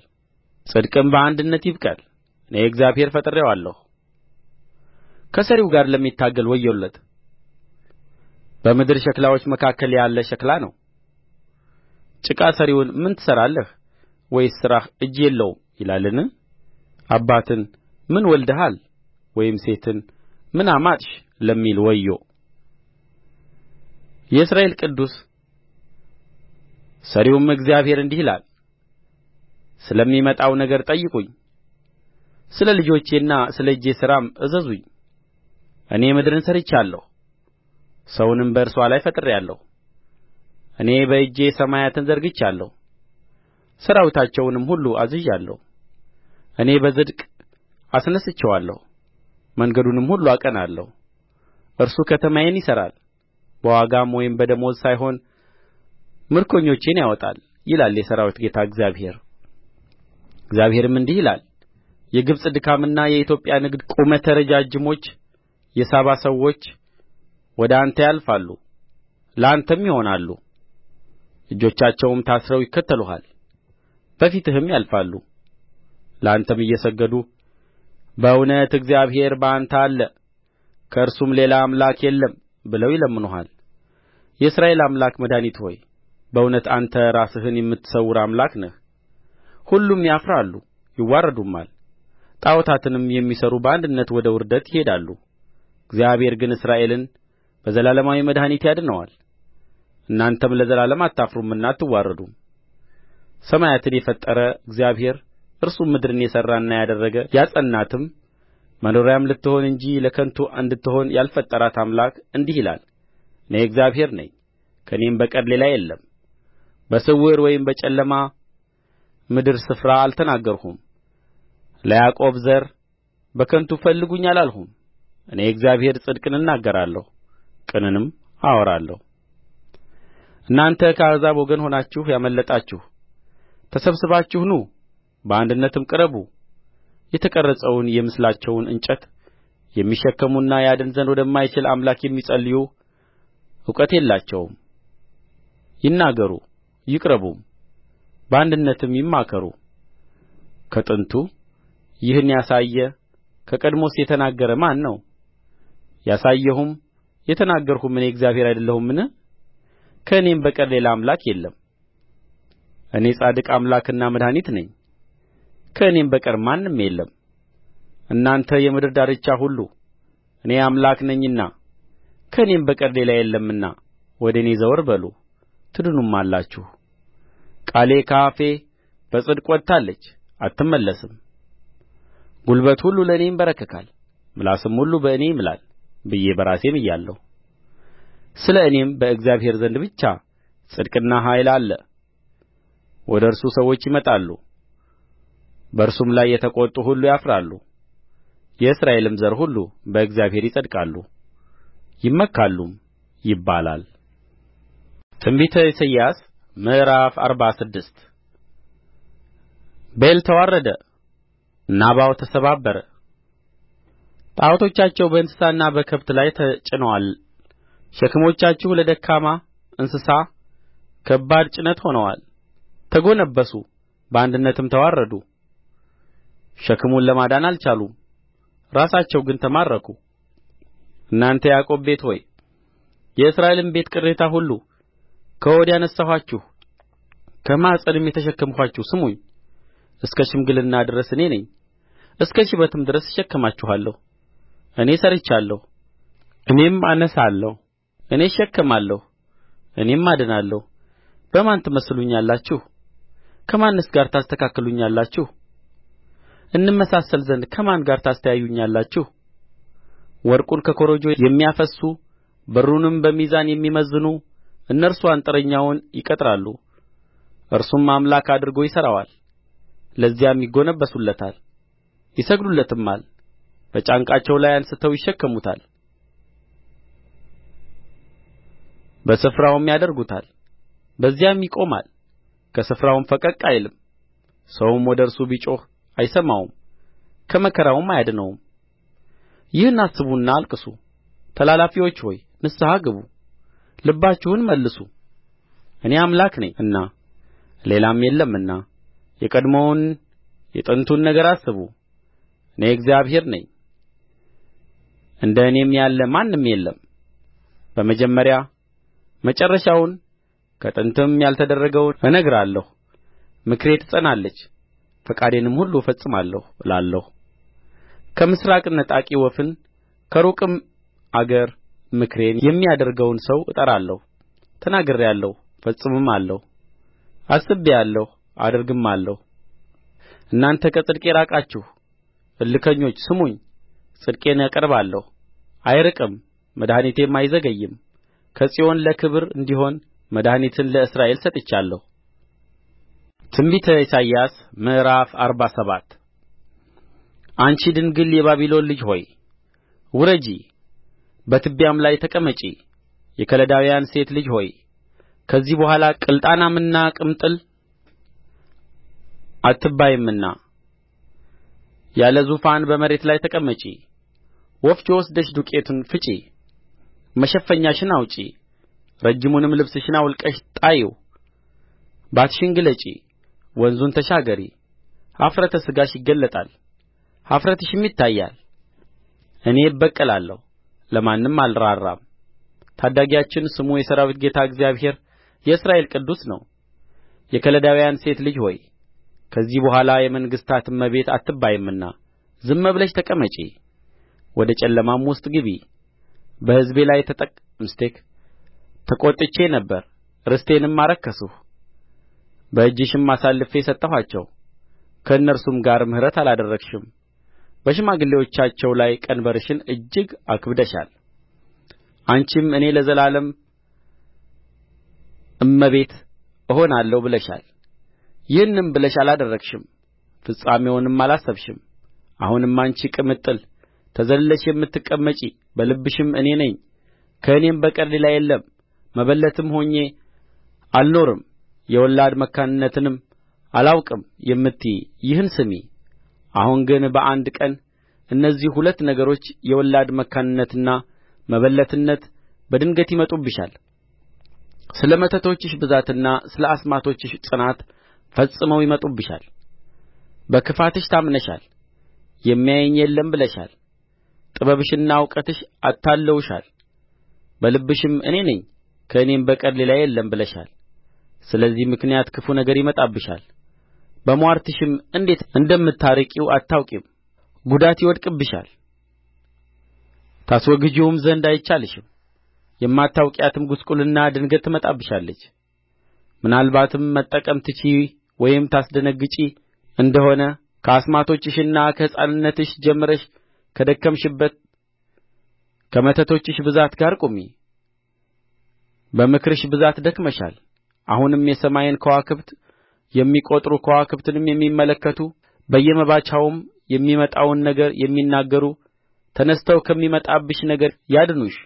Speaker 1: ጽድቅም በአንድነት ይብቀል እኔ እግዚአብሔር ፈጥሬዋለሁ ከሠሪው ጋር ለሚታገል ወዮለት በምድር ሸክላዎች መካከል ያለ ሸክላ ነው ጭቃ ሠሪውን ምን ትሠራለህ ወይስ ሥራህ እጅ የለውም ይላልን አባትን ምን ወልደሃል ወይም ሴትን ምን አማጥሽ ለሚል ወዮ የእስራኤል ቅዱስ ሠሪውም እግዚአብሔር እንዲህ ይላል ስለሚመጣው ነገር ጠይቁኝ ስለ ልጆቼና ስለ እጄ ሥራም እዘዙኝ እኔ ምድርን ሠርቻለሁ ሰውንም በእርስዋ ላይ ፈጥሬአለሁ እኔ በእጄ ሰማያትን ዘርግቻለሁ ሠራዊታቸውንም ሁሉ አዝዣለሁ እኔ በጽድቅ አስነሥቼዋለሁ መንገዱንም ሁሉ አቀናለሁ እርሱ ከተማዬን ይሠራል በዋጋም ወይም በደመወዝ ሳይሆን ምርኮኞቼን ያወጣል ይላል የሠራዊት ጌታ እግዚአብሔር እግዚአብሔርም እንዲህ ይላል የግብጽ ድካምና የኢትዮጵያ ንግድ ቁመተ ረጃጅሞች የሳባ ሰዎች ወደ አንተ ያልፋሉ ለአንተም ይሆናሉ እጆቻቸውም ታስረው ይከተሉሃል በፊትህም ያልፋሉ ለአንተም እየሰገዱ በእውነት እግዚአብሔር በአንተ አለ ከእርሱም ሌላ አምላክ የለም ብለው ይለምኑሃል የእስራኤል አምላክ መድኃኒት ሆይ በእውነት አንተ ራስህን የምትሰውር አምላክ ነህ ሁሉም ያፍራሉ ይዋረዱማል ጣዖታትንም የሚሠሩ በአንድነት ወደ ውርደት ይሄዳሉ እግዚአብሔር ግን እስራኤልን በዘላለማዊ መድኃኒት ያድነዋል እናንተም ለዘላለም አታፍሩምና አትዋረዱም ሰማያትን የፈጠረ እግዚአብሔር እርሱም ምድርን የሠራና ያደረገ ያጸናትም መኖሪያም ልትሆን እንጂ ለከንቱ እንድትሆን ያልፈጠራት አምላክ እንዲህ ይላል እኔ እግዚአብሔር ነኝ ከእኔም በቀር ሌላ የለም በስውር ወይም በጨለማ ምድር ስፍራ አልተናገርሁም ለያዕቆብ ዘር በከንቱ ፈልጉኝ አላልሁም እኔ እግዚአብሔር ጽድቅን እናገራለሁ ቅንንም አወራለሁ እናንተ ከአሕዛብ ወገን ሆናችሁ ያመለጣችሁ ተሰብስባችሁ ኑ በአንድነትም ቅረቡ የተቀረጸውን የምስላቸውን እንጨት የሚሸከሙና ያድን ዘንድ ወደማይችል አምላክ የሚጸልዩ እውቀት የላቸውም ይናገሩ ይቅረቡም በአንድነትም ይማከሩ ከጥንቱ ይህን ያሳየ ከቀድሞስ የተናገረ ማን ነው ያሳየሁም የተናገርሁም እኔ እግዚአብሔር አይደለሁምን ከእኔም በቀር ሌላ አምላክ የለም እኔ ጻድቅ አምላክና መድኃኒት ነኝ ከእኔም በቀር ማንም የለም እናንተ የምድር ዳርቻ ሁሉ እኔ አምላክ ነኝና ከእኔም በቀር ሌላ የለምና ወደ እኔ ዘወር በሉ ትድኑማላችሁ ቃሌ ከአፌ በጽድቅ ወጥታለች አትመለስም ጉልበት ሁሉ ለእኔ ይንበረከካል ምላስም ሁሉ በእኔ ይምላል ብዬ በራሴ ምያለሁ ስለ እኔም በእግዚአብሔር ዘንድ ብቻ ጽድቅና ኃይል አለ ወደ እርሱ ሰዎች ይመጣሉ በእርሱም ላይ የተቈጡ ሁሉ ያፍራሉ የእስራኤልም ዘር ሁሉ በእግዚአብሔር ይጸድቃሉ ይመካሉም ይባላል ትንቢተ ኢሳይያስ ምዕራፍ አርባ ስድስት ቤል ተዋረደ ናባው ተሰባበረ ጣዖቶቻቸው በእንስሳና በከብት ላይ ተጭነዋል ሸክሞቻችሁ ለደካማ እንስሳ ከባድ ጭነት ሆነዋል ተጐነበሱ በአንድነትም ተዋረዱ ሸክሙን ለማዳን አልቻሉም ራሳቸው ግን ተማረኩ እናንተ የያዕቆብ ቤት ሆይ የእስራኤልም ቤት ቅሬታ ሁሉ ከሆድ ያነሣኋችሁ ከማኅፀንም የተሸከምኋችሁ ስሙኝ እስከ ሽምግልና ድረስ እኔ ነኝ እስከ ሽበትም ድረስ እሸከማችኋለሁ እኔ ሠርቻለሁ እኔም አነሣለሁ እኔ እሸከማለሁ እኔም አድናለሁ በማን ትመስሉኛላችሁ ከማንስ ጋር ታስተካክሉኛላችሁ እንመሳሰል ዘንድ ከማን ጋር ታስተያዩኛላችሁ ወርቁን ከኮረጆ የሚያፈስሱ ብሩንም በሚዛን የሚመዝኑ እነርሱ አንጥረኛውን ይቀጥራሉ እርሱም አምላክ አድርጎ ይሠራዋል ለዚያም ይጐነበሱለታል ይሰግዱለትማል በጫንቃቸው ላይ አንሥተው ይሸከሙታል በስፍራውም ያደርጉታል በዚያም ይቆማል ከስፍራውም ፈቀቅ አይልም ሰውም ወደ እርሱ ቢጮኽ አይሰማውም ከመከራውም አያድነውም ይህን አስቡና አልቅሱ ተላላፊዎች ሆይ ንስሐ ግቡ ልባችሁን መልሱ እኔ አምላክ ነኝና ሌላም የለምና የቀድሞውን የጥንቱን ነገር አስቡ እኔ እግዚአብሔር ነኝ እንደ እኔም ያለ ማንም የለም በመጀመሪያ መጨረሻውን ከጥንትም ያልተደረገውን እነግራለሁ ምክሬ ትጸናለች ፈቃዴንም ሁሉ እፈጽማለሁ እላለሁ ከምሥራቅ ነጣቂ ወፍን ከሩቅም አገር ምክሬን የሚያደርገውን ሰው እጠራለሁ ተናግሬአለሁ እፈጽማለሁ አስቤአለሁ አደርግማለሁ እናንተ ከጽድቅ የራቃችሁ እልከኞች ስሙኝ ጽድቄን አቀርባለሁ አይርቅም መድኃኒቴም አይዘገይም ከጽዮን ለክብር እንዲሆን መድኃኒትን ለእስራኤል ሰጥቻለሁ ትንቢተ ኢሳይያስ ምዕራፍ አርባ ሰባት አንቺ ድንግል የባቢሎን ልጅ ሆይ ውረጂ በትቢያም ላይ ተቀመጪ የከለዳውያን ሴት ልጅ ሆይ ከዚህ በኋላ ቅልጣናምና ቅምጥል አትባይምና ያለ ዙፋን በመሬት ላይ ተቀመጪ ወፍጮ ወስደሽ ዱቄቱን ፍጪ መሸፈኛሽን አውጪ ረጅሙንም ልብስሽን አውልቀሽ ጣዪው ባትሽን ግለጪ ወንዙን ተሻገሪ ኀፍረተ ሥጋሽ ይገለጣል ኀፍረትሽም ይታያል እኔ እበቀላለሁ ለማንም አልራራም ታዳጊያችን ስሙ የሠራዊት ጌታ እግዚአብሔር የእስራኤል ቅዱስ ነው የከለዳውያን ሴት ልጅ ሆይ ከዚህ በኋላ የመንግሥታት እመቤት አትባይምና ዝም ብለሽ ተቀመጪ ወደ ጨለማም ውስጥ ግቢ በሕዝቤ ላይ ተቈጥቼ ነበር ርስቴንም አረከስሁ በእጅሽም አሳልፌ ሰጠኋቸው ከእነርሱም ጋር ምሕረት አላደረግሽም በሽማግሌዎቻቸው ላይ ቀንበርሽን እጅግ አክብደሻል አንቺም እኔ ለዘላለም እመቤት እሆናለሁ ብለሻል ይህንም ብለሽ አላደረግሽም ፍጻሜውንም አላሰብሽም አሁንም አንቺ ቅምጥል ተዘልለሽ የምትቀመጪ በልብሽም እኔ ነኝ ከእኔም በቀር ሌላ የለም መበለትም ሆኜ አልኖርም የወላድ መካንነትንም አላውቅም የምትዪ ይህን ስሚ አሁን ግን በአንድ ቀን እነዚህ ሁለት ነገሮች የወላድ መካንነትና መበለትነት በድንገት ይመጡብሻል ስለ መተቶችሽ ብዛትና ስለ አስማቶችሽ ጽናት ፈጽመው ይመጡብሻል በክፋትሽ ታምነሻል የሚያየኝ የለም ብለሻል ጥበብሽና እውቀትሽ አታልለውሻል በልብሽም እኔ ነኝ ከእኔም በቀር ሌላ የለም ብለሻል ስለዚህ ምክንያት ክፉ ነገር ይመጣብሻል በምዋርትሽም እንዴት እንደምታርቂው አታውቂም ጉዳት ይወድቅብሻል ታስወግጂውም ዘንድ አይቻልሽም የማታውቂያትም ጕስቍልና ድንገት ትመጣብሻለች ምናልባትም መጠቀም ትችዪ ወይም ታስደነግጪ እንደ ሆነ ከአስማቶችሽና ከሕፃንነትሽ ጀምረሽ ከደከምሽበት ከመተቶችሽ ብዛት ጋር ቁሚ በምክርሽ ብዛት ደክመሻል አሁንም የሰማይን ከዋክብት የሚቈጥሩ ከዋክብትንም የሚመለከቱ በየመባቻውም የሚመጣውን ነገር የሚናገሩ ተነሥተው ከሚመጣብሽ ነገር ያድኑሽ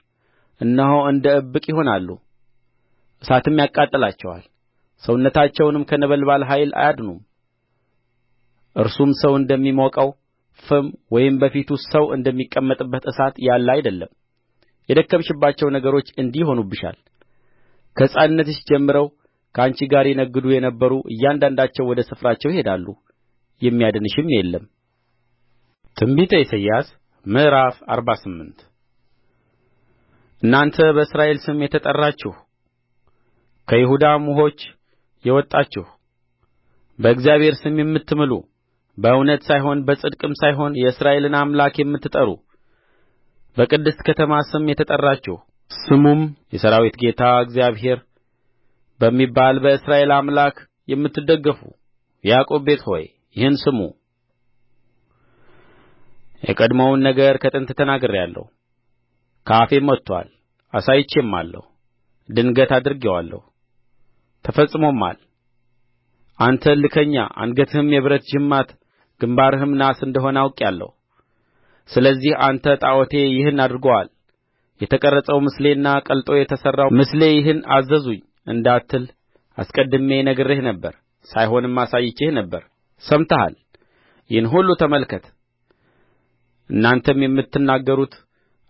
Speaker 1: እነሆ እንደ እብቅ ይሆናሉ እሳትም ያቃጥላቸዋል ሰውነታቸውንም ከነበልባል ኃይል አያድኑም እርሱም ሰው እንደሚሞቀው ፍም ወይም በፊቱ ሰው እንደሚቀመጥበት እሳት ያለ አይደለም የደከምሽባቸው ነገሮች እንዲህ ሆኑብሻል ከሕፃንነትሽ ጀምረው ከአንቺ ጋር ይነግዱ የነበሩ እያንዳንዳቸው ወደ ስፍራቸው ይሄዳሉ የሚያድንሽም የለም ትንቢተ ኢሳይያስ ምዕራፍ አርባ ስምንት እናንተ በእስራኤል ስም የተጠራችሁ ከይሁዳም ውኆች የወጣችሁ በእግዚአብሔር ስም የምትምሉ በእውነት ሳይሆን በጽድቅም ሳይሆን የእስራኤልን አምላክ የምትጠሩ በቅድስት ከተማ ስም የተጠራችሁ ስሙም የሠራዊት ጌታ እግዚአብሔር በሚባል በእስራኤል አምላክ የምትደገፉ ያዕቆብ ቤት ሆይ ይህን ስሙ የቀድሞውን ነገር ከጥንት ተናግሬአለሁ ከአፌም ወጥቶአል አሳይቼማለሁ ድንገት አድርጌዋለሁ ተፈጽሞማል አንተ እልከኛ አንገትህም የብረት ጅማት ግምባርህም ናስ እንደ ሆነ አውቄአለሁ ስለዚህ አንተ ጣዖቴ ይህን አድርጎአል የተቀረጸው ምስሌና ቀልጦ የተሠራው ምስሌ ይህን አዘዙኝ እንዳትል አስቀድሜ ነግሬህ ነበር ሳይሆንም አሳይቼህ ነበር ሰምተሃል ይህን ሁሉ ተመልከት እናንተም የምትናገሩት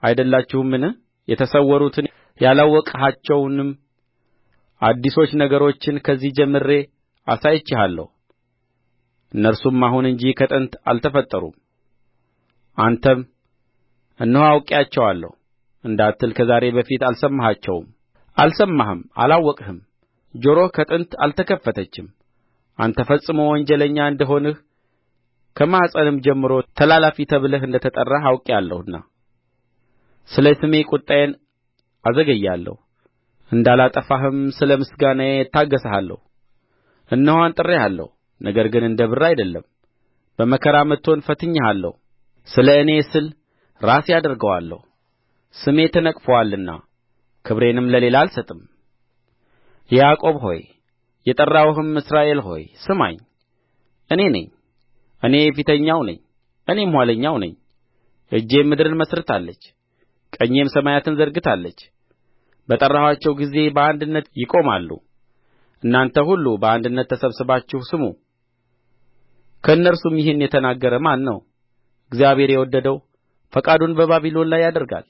Speaker 1: አይደላችሁምን የተሰወሩትን ያላወቅሃቸውንም አዲሶች ነገሮችን ከዚህ ጀምሬ አሳይቼሃለሁ እነርሱም አሁን እንጂ ከጥንት አልተፈጠሩም አንተም እነሆ አውቄአቸዋለሁ እንዳትል ከዛሬ በፊት አልሰማሃቸውም አልሰማህም አላወቅህም ጆሮህ ከጥንት አልተከፈተችም አንተ ፈጽሞ ወንጀለኛ እንደ ሆንህ ከማኅፀንም ጀምሮ ተላላፊ ተብለህ እንደ ተጠራህ አውቄአለሁና ስለ ስሜ ቍጣዬን አዘገያለሁ እንዳላጠፋህም ስለ ምስጋናዬ እታገሣለሁ እነሆ አንጥሬሃለሁ ነገር ግን እንደ ብር አይደለም በመከራ መትቶን ፈትኜሃለሁ ስለ እኔ ስል ራሴ አደርገዋለሁ ስሜ ተነቅፎአልና ክብሬንም ለሌላ አልሰጥም ያዕቆብ ሆይ የጠራሁህም እስራኤል ሆይ ስማኝ እኔ ነኝ እኔ ፊተኛው ነኝ እኔም ኋለኛው ነኝ እጄም ምድርን መሥርታለች ቀኜም ሰማያትን ዘርግታለች በጠራኋቸው ጊዜ በአንድነት ይቆማሉ እናንተ ሁሉ በአንድነት ተሰብስባችሁ ስሙ ከእነርሱም ይህን የተናገረ ማን ነው እግዚአብሔር የወደደው ፈቃዱን በባቢሎን ላይ ያደርጋል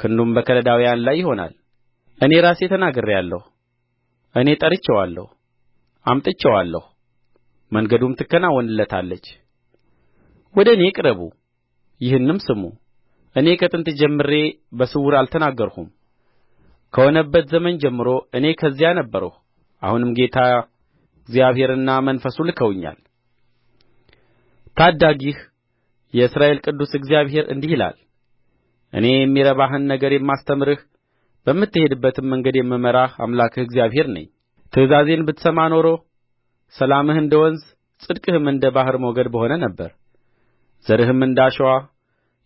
Speaker 1: ክንዱም በከለዳውያን ላይ ይሆናል እኔ ራሴ ተናግሬአለሁ እኔ ጠርቼዋለሁ አምጥቼዋለሁ መንገዱም ትከናወንለታለች ወደ እኔ ቅረቡ ይህንም ስሙ እኔ ከጥንት ጀምሬ በስውር አልተናገርሁም ከሆነበት ዘመን ጀምሮ እኔ ከዚያ ነበርሁ አሁንም ጌታ እግዚአብሔርና መንፈሱ ልከውኛል ታዳጊህ የእስራኤል ቅዱስ እግዚአብሔር እንዲህ ይላል እኔ የሚረባህን ነገር የማስተምርህ በምትሄድበትም መንገድ የምመራህ አምላክህ እግዚአብሔር ነኝ ትእዛዜን ብትሰማ ኖሮ ሰላምህ እንደ ወንዝ ጽድቅህም እንደ ባሕር ሞገድ በሆነ ነበር ዘርህም እንደ አሸዋ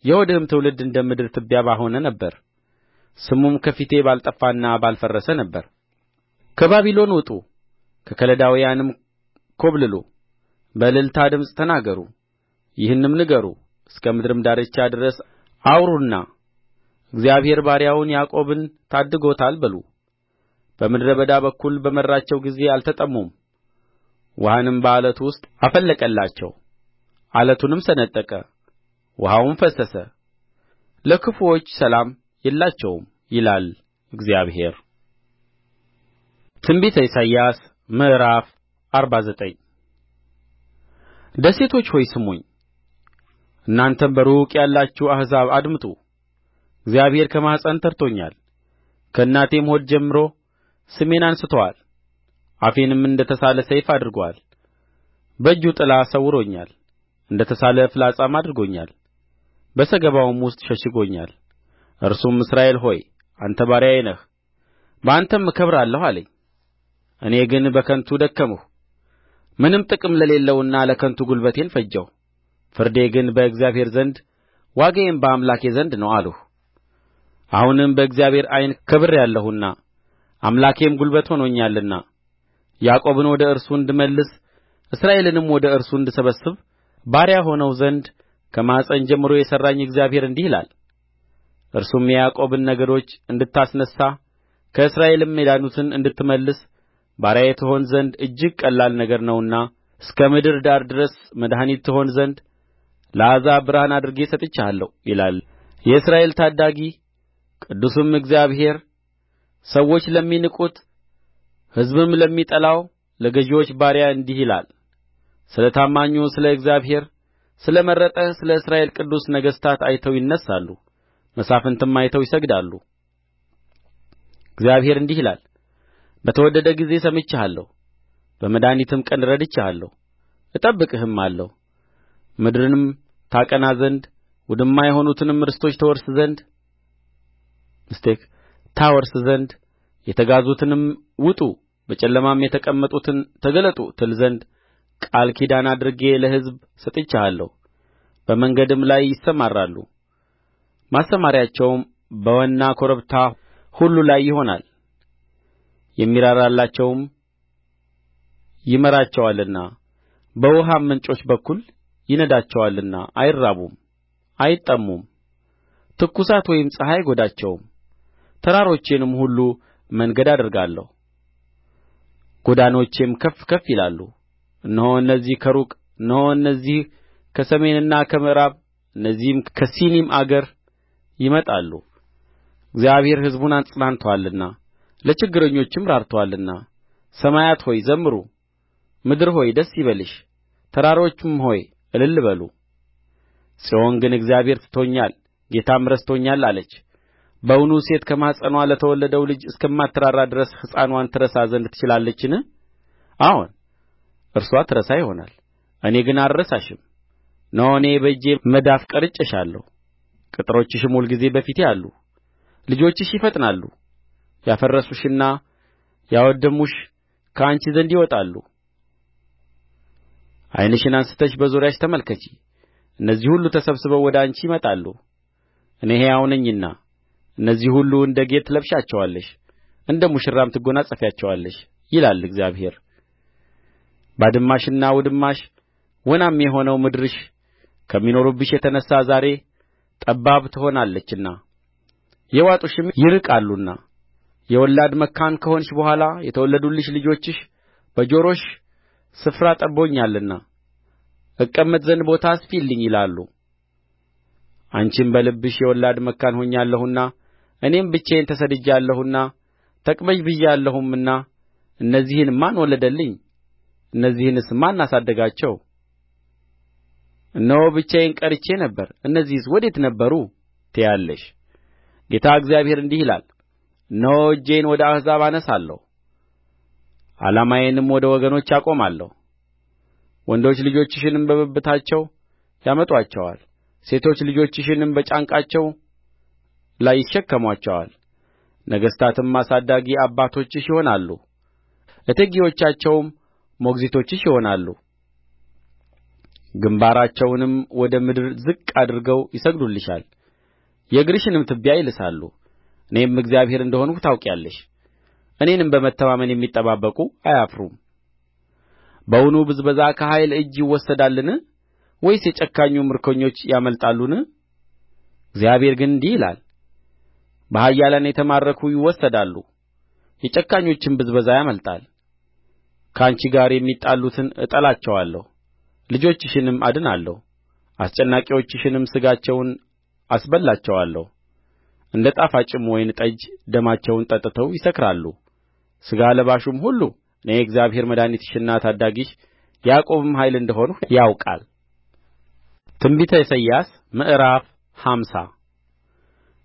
Speaker 1: የሆድህም ትውልድ እንደ ምድር ትቢያ በሆነ ነበር ስሙም ከፊቴ ባልጠፋና ባልፈረሰ ነበር ከባቢሎን ውጡ ከከለዳውያንም ኰብልሉ በእልልታ ድምፅ ተናገሩ ይህንም ንገሩ እስከ ምድርም ዳርቻ ድረስ አውሩና እግዚአብሔር ባሪያውን ያዕቆብን ታድጎታል በሉ በምድረ በዳ በኩል በመራቸው ጊዜ አልተጠሙም ውኃንም በዓለቱ ውስጥ አፈለቀላቸው ዓለቱንም ሰነጠቀ ውኃውም ፈሰሰ ለክፉዎች ሰላም የላቸውም ይላል እግዚአብሔር ትንቢተ ኢሳይያስ ምዕራፍ አርባ ዘጠኝ ደሴቶች ሆይ ስሙኝ እናንተም በሩቅ ያላችሁ አሕዛብ አድምጡ እግዚአብሔር ከማኅፀን ጠርቶኛል ከእናቴም ሆድ ጀምሮ ስሜን አንሥቶአል አፌንም እንደ ተሳለ ሰይፍ አድርጎአል በእጁ ጥላ ሰውሮኛል እንደ ተሳለ ፍላጻም አድርጎኛል በሰገባውም ውስጥ ሸሽጎኛል እርሱም እስራኤል ሆይ አንተ ባሪያዬ ነህ በአንተም እከብራለሁ አለኝ እኔ ግን በከንቱ ደከምሁ ምንም ጥቅም ለሌለውና ለከንቱ ጕልበቴን ፈጀሁ ፍርዴ ግን በእግዚአብሔር ዘንድ ዋጋዬም በአምላኬ ዘንድ ነው አልሁ አሁንም በእግዚአብሔር ዓይን ከብሬአለሁና አምላኬም ጕልበት ሆኖኛልና ያዕቆብን ወደ እርሱ እንድመልስ እስራኤልንም ወደ እርሱ እንድሰበስብ ባሪያ ሆነው ዘንድ ከማኅፀን ጀምሮ የሠራኝ እግዚአብሔር እንዲህ ይላል እርሱም የያዕቆብን ነገዶች እንድታስነሣ ከእስራኤልም የዳኑትን እንድትመልስ ባሪያዬ ትሆን ዘንድ እጅግ ቀላል ነገር ነውና እስከ ምድር ዳር ድረስ መድኃኒት ትሆን ዘንድ ለአሕዛብ ብርሃን አድርጌ ሰጥቼሃለሁ ይላል የእስራኤል ታዳጊ ቅዱሱም እግዚአብሔር ሰዎች ለሚንቁት ሕዝብም ለሚጠላው ለገዢዎች ባሪያ እንዲህ ይላል ስለ ታማኙ ስለ እግዚአብሔር ስለ መረጠህ ስለ እስራኤል ቅዱስ ነገሥታት አይተው ይነሣሉ መሳፍንትም አይተው ይሰግዳሉ እግዚአብሔር እንዲህ ይላል በተወደደ ጊዜ ሰምቼሃለሁ በመድኃኒትም ቀን ረድቼሃለሁ እጠብቅህማለሁ ምድርንም ታቀና ዘንድ ውድማ የሆኑትንም ርስቶች ታወርስ ዘንድ የተጋዙትንም ውጡ በጨለማም የተቀመጡትን ተገለጡ ትል ዘንድ ቃል ኪዳን አድርጌ ለሕዝብ ሰጥቼሃለሁ በመንገድም ላይ ይሰማራሉ ማሰማርያቸውም በወና ኮረብታ ሁሉ ላይ ይሆናል የሚራራላቸውም ይመራቸዋልና በውኃም ምንጮች በኩል ይነዳቸዋልና አይራቡም አይጠሙም ትኩሳት ወይም ፀሐይ አይጐዳቸውም ተራሮቼንም ሁሉ መንገድ አደርጋለሁ ጎዳኖቼም ከፍ ከፍ ይላሉ እነሆ እነዚህ ከሩቅ እነሆ እነዚህ ከሰሜንና ከምዕራብ እነዚህም ከሲኒም አገር ይመጣሉ እግዚአብሔር ሕዝቡን አጽናንቶአልና ለችግረኞችም ራርቶአልና ሰማያት ሆይ ዘምሩ ምድር ሆይ ደስ ይበልሽ ተራሮችም ሆይ እልል በሉ ጽዮን ግን እግዚአብሔር ትቶኛል ጌታም ረስቶኛል አለች በውኑ ሴት ከማኅፀንዋ ለተወለደው ልጅ እስከማትራራ ድረስ ሕፃንዋን ትረሳ ዘንድ ትችላለችን አዎን እርስዋ ትረሳ ይሆናል እኔ ግን አልረሳሽም እነሆ እኔ በእጄ መዳፍ ቀርጬሻለሁ ቅጥሮችሽም ሁልጊዜ በፊቴ አሉ ልጆችሽ ይፈጥናሉ ያፈረሱሽና ያወደሙሽ ከአንቺ ዘንድ ይወጣሉ ዓይንሽን አንሥተሽ በዙሪያሽ ተመልከቺ እነዚህ ሁሉ ተሰብስበው ወደ አንቺ ይመጣሉ እኔ ሕያው ነኝና እነዚህን ሁሉ እንደ ጌጥ ትለብሻቸዋለሽ እንደ ሙሽራም ትጐናጸፊያቸዋለሽ ይላል እግዚአብሔር ባድማሽና ውድማሽ ወናም የሆነው ምድርሽ ከሚኖሩብሽ የተነሣ ዛሬ ጠባብ ትሆናለችና የዋጡሽም ይርቃሉና የወላድ መካን ከሆንሽ በኋላ የተወለዱልሽ ልጆችሽ በጆሮሽ ስፍራ ጠብቦኛልና እቀመጥ ዘንድ ቦታ አስፊልኝ ይላሉ አንቺም በልብሽ የወላድ መካን ሆኛለሁና እኔም ብቻዬን ተሰድጃለሁና ብዬአለሁምና እነዚህን ማን ወለደልኝ እነዚህንስ ማን አሳደጋቸው እነሆ ብቻዬን ቀርቼ ነበር እነዚህስ ወዴት ነበሩ ትያለሽ ጌታ እግዚአብሔር እንዲህ ይላል እነሆ እጄን ወደ አሕዛብ አነሣለሁ ዓላማዬንም ወደ ወገኖች አቆማለሁ ወንዶች ልጆችሽንም በብብታቸው ያመጡአቸዋል ሴቶች ልጆችሽንም በጫንቃቸው ላይ ይሸከሙአቸዋል ነገሥታትም አሳዳጊ አባቶችሽ ይሆናሉ እቴጌዎቻቸውም ሞግዚቶችሽ ይሆናሉ ግምባራቸውንም ወደ ምድር ዝቅ አድርገው ይሰግዱልሻል የእግርሽንም ትቢያ ይልሳሉ እኔም እግዚአብሔር እንደ ሆንሁ ታውቂያለሽ። እኔንም በመተማመን የሚጠባበቁ አያፍሩም በውኑ ብዝበዛ ከኃይል እጅ ይወሰዳልን ወይስ የጨካኙ ምርኮኞች ያመልጣሉን እግዚአብሔር ግን እንዲህ ይላል በኃያላን የተማረኩ ይወሰዳሉ የጨካኞችም ብዝበዛ ያመልጣል ከአንቺ ጋር የሚጣሉትን እጠላቸዋለሁ ልጆችሽንም አድናለሁ አስጨናቂዎችሽንም ሥጋቸውን አስበላቸዋለሁ እንደ ጣፋጭም ወይን ጠጅ ደማቸውን ጠጥተው ይሰክራሉ ሥጋ ለባሹም ሁሉ እኔ እግዚአብሔር መድኃኒትሽና ታዳጊሽ የያዕቆብም ኃይል እንደ ሆንሁ ያውቃል ትንቢተ ኢሳይያስ ምዕራፍ ሃምሳ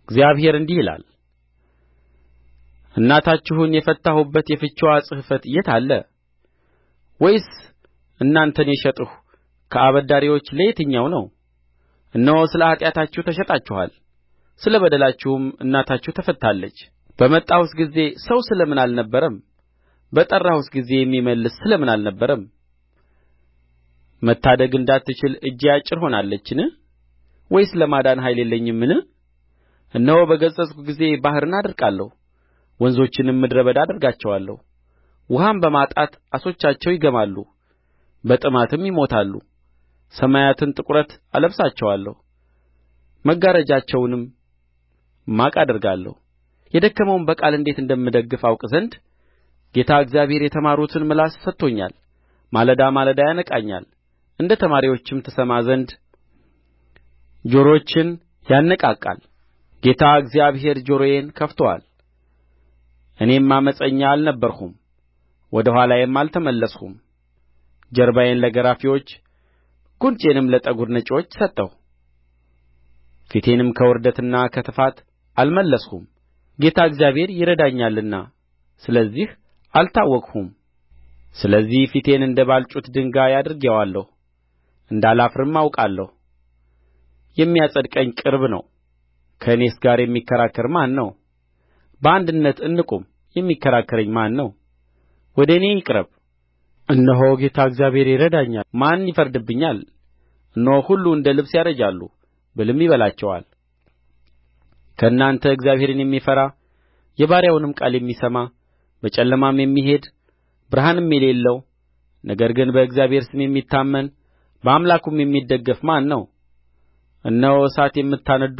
Speaker 1: እግዚአብሔር እንዲህ ይላል እናታችሁን የፈታሁበት የፍችዋ ጽሕፈት የት አለ ወይስ እናንተን የሸጥሁ ከአበዳሪዎች ለየትኛው ነው እነሆ ስለ ኃጢአታችሁ ተሽጣችኋል ስለ በደላችሁም እናታችሁ ተፈታለች። በመጣሁስ ጊዜ ሰው ስለ ምን አልነበረም በጠራሁስ ጊዜ የሚመልስ ስለ ምን አልነበረም መታደግ እንዳትችል እጄ አጭር ሆናለችን ወይስ ለማዳን ኃይል የለኝምን እነሆ በገሠጽሁ ጊዜ ባሕርን አደርቃለሁ ወንዞችንም ምድረ በዳ አደርጋቸዋለሁ ውኃም በማጣት ዓሦቻቸው ይገማሉ በጥማትም ይሞታሉ ሰማያትን ጥቁረት አለብሳቸዋለሁ መጋረጃቸውንም ማቅ አደርጋለሁ የደከመውን በቃል እንዴት እንደምደግፍ አውቅ ዘንድ ጌታ እግዚአብሔር የተማሩትን ምላስ ሰጥቶኛል ማለዳ ማለዳ ያነቃኛል እንደ ተማሪዎችም ትሰማ ዘንድ ጆሮችን ያነቃቃል ጌታ እግዚአብሔር ጆሮዬን ከፍቶአል እኔም ዓመፀኛ አልነበርሁም ወደ ኋላዬም አልተመለስሁም ጀርባዬን ለገራፊዎች ጕንጬንም ለጠጕር ነጪዎች ሰጠሁ ፊቴንም ከውርደትና ከትፋት አልመለስሁም ጌታ እግዚአብሔር ይረዳኛልና ስለዚህ አልታወክሁም ስለዚህ ፊቴን እንደ ባልጩት ድንጋይ አድርጌዋለሁ እንዳላፍርም አውቃለሁ የሚያጸድቀኝ ቅርብ ነው ከእኔስ ጋር የሚከራከር ማን ነው በአንድነት እንቁም የሚከራከረኝ ማን ነው ወደ እኔ ይቅረብ እነሆ ጌታ እግዚአብሔር ይረዳኛል ማን ይፈርድብኛል እነሆ ሁሉ እንደ ልብስ ያረጃሉ ብልም ይበላቸዋል ከእናንተ እግዚአብሔርን የሚፈራ የባሪያውንም ቃል የሚሰማ በጨለማም የሚሄድ ብርሃንም የሌለው ነገር ግን በእግዚአብሔር ስም የሚታመን በአምላኩም የሚደገፍ ማን ነው እነሆ እሳት የምታነድዱ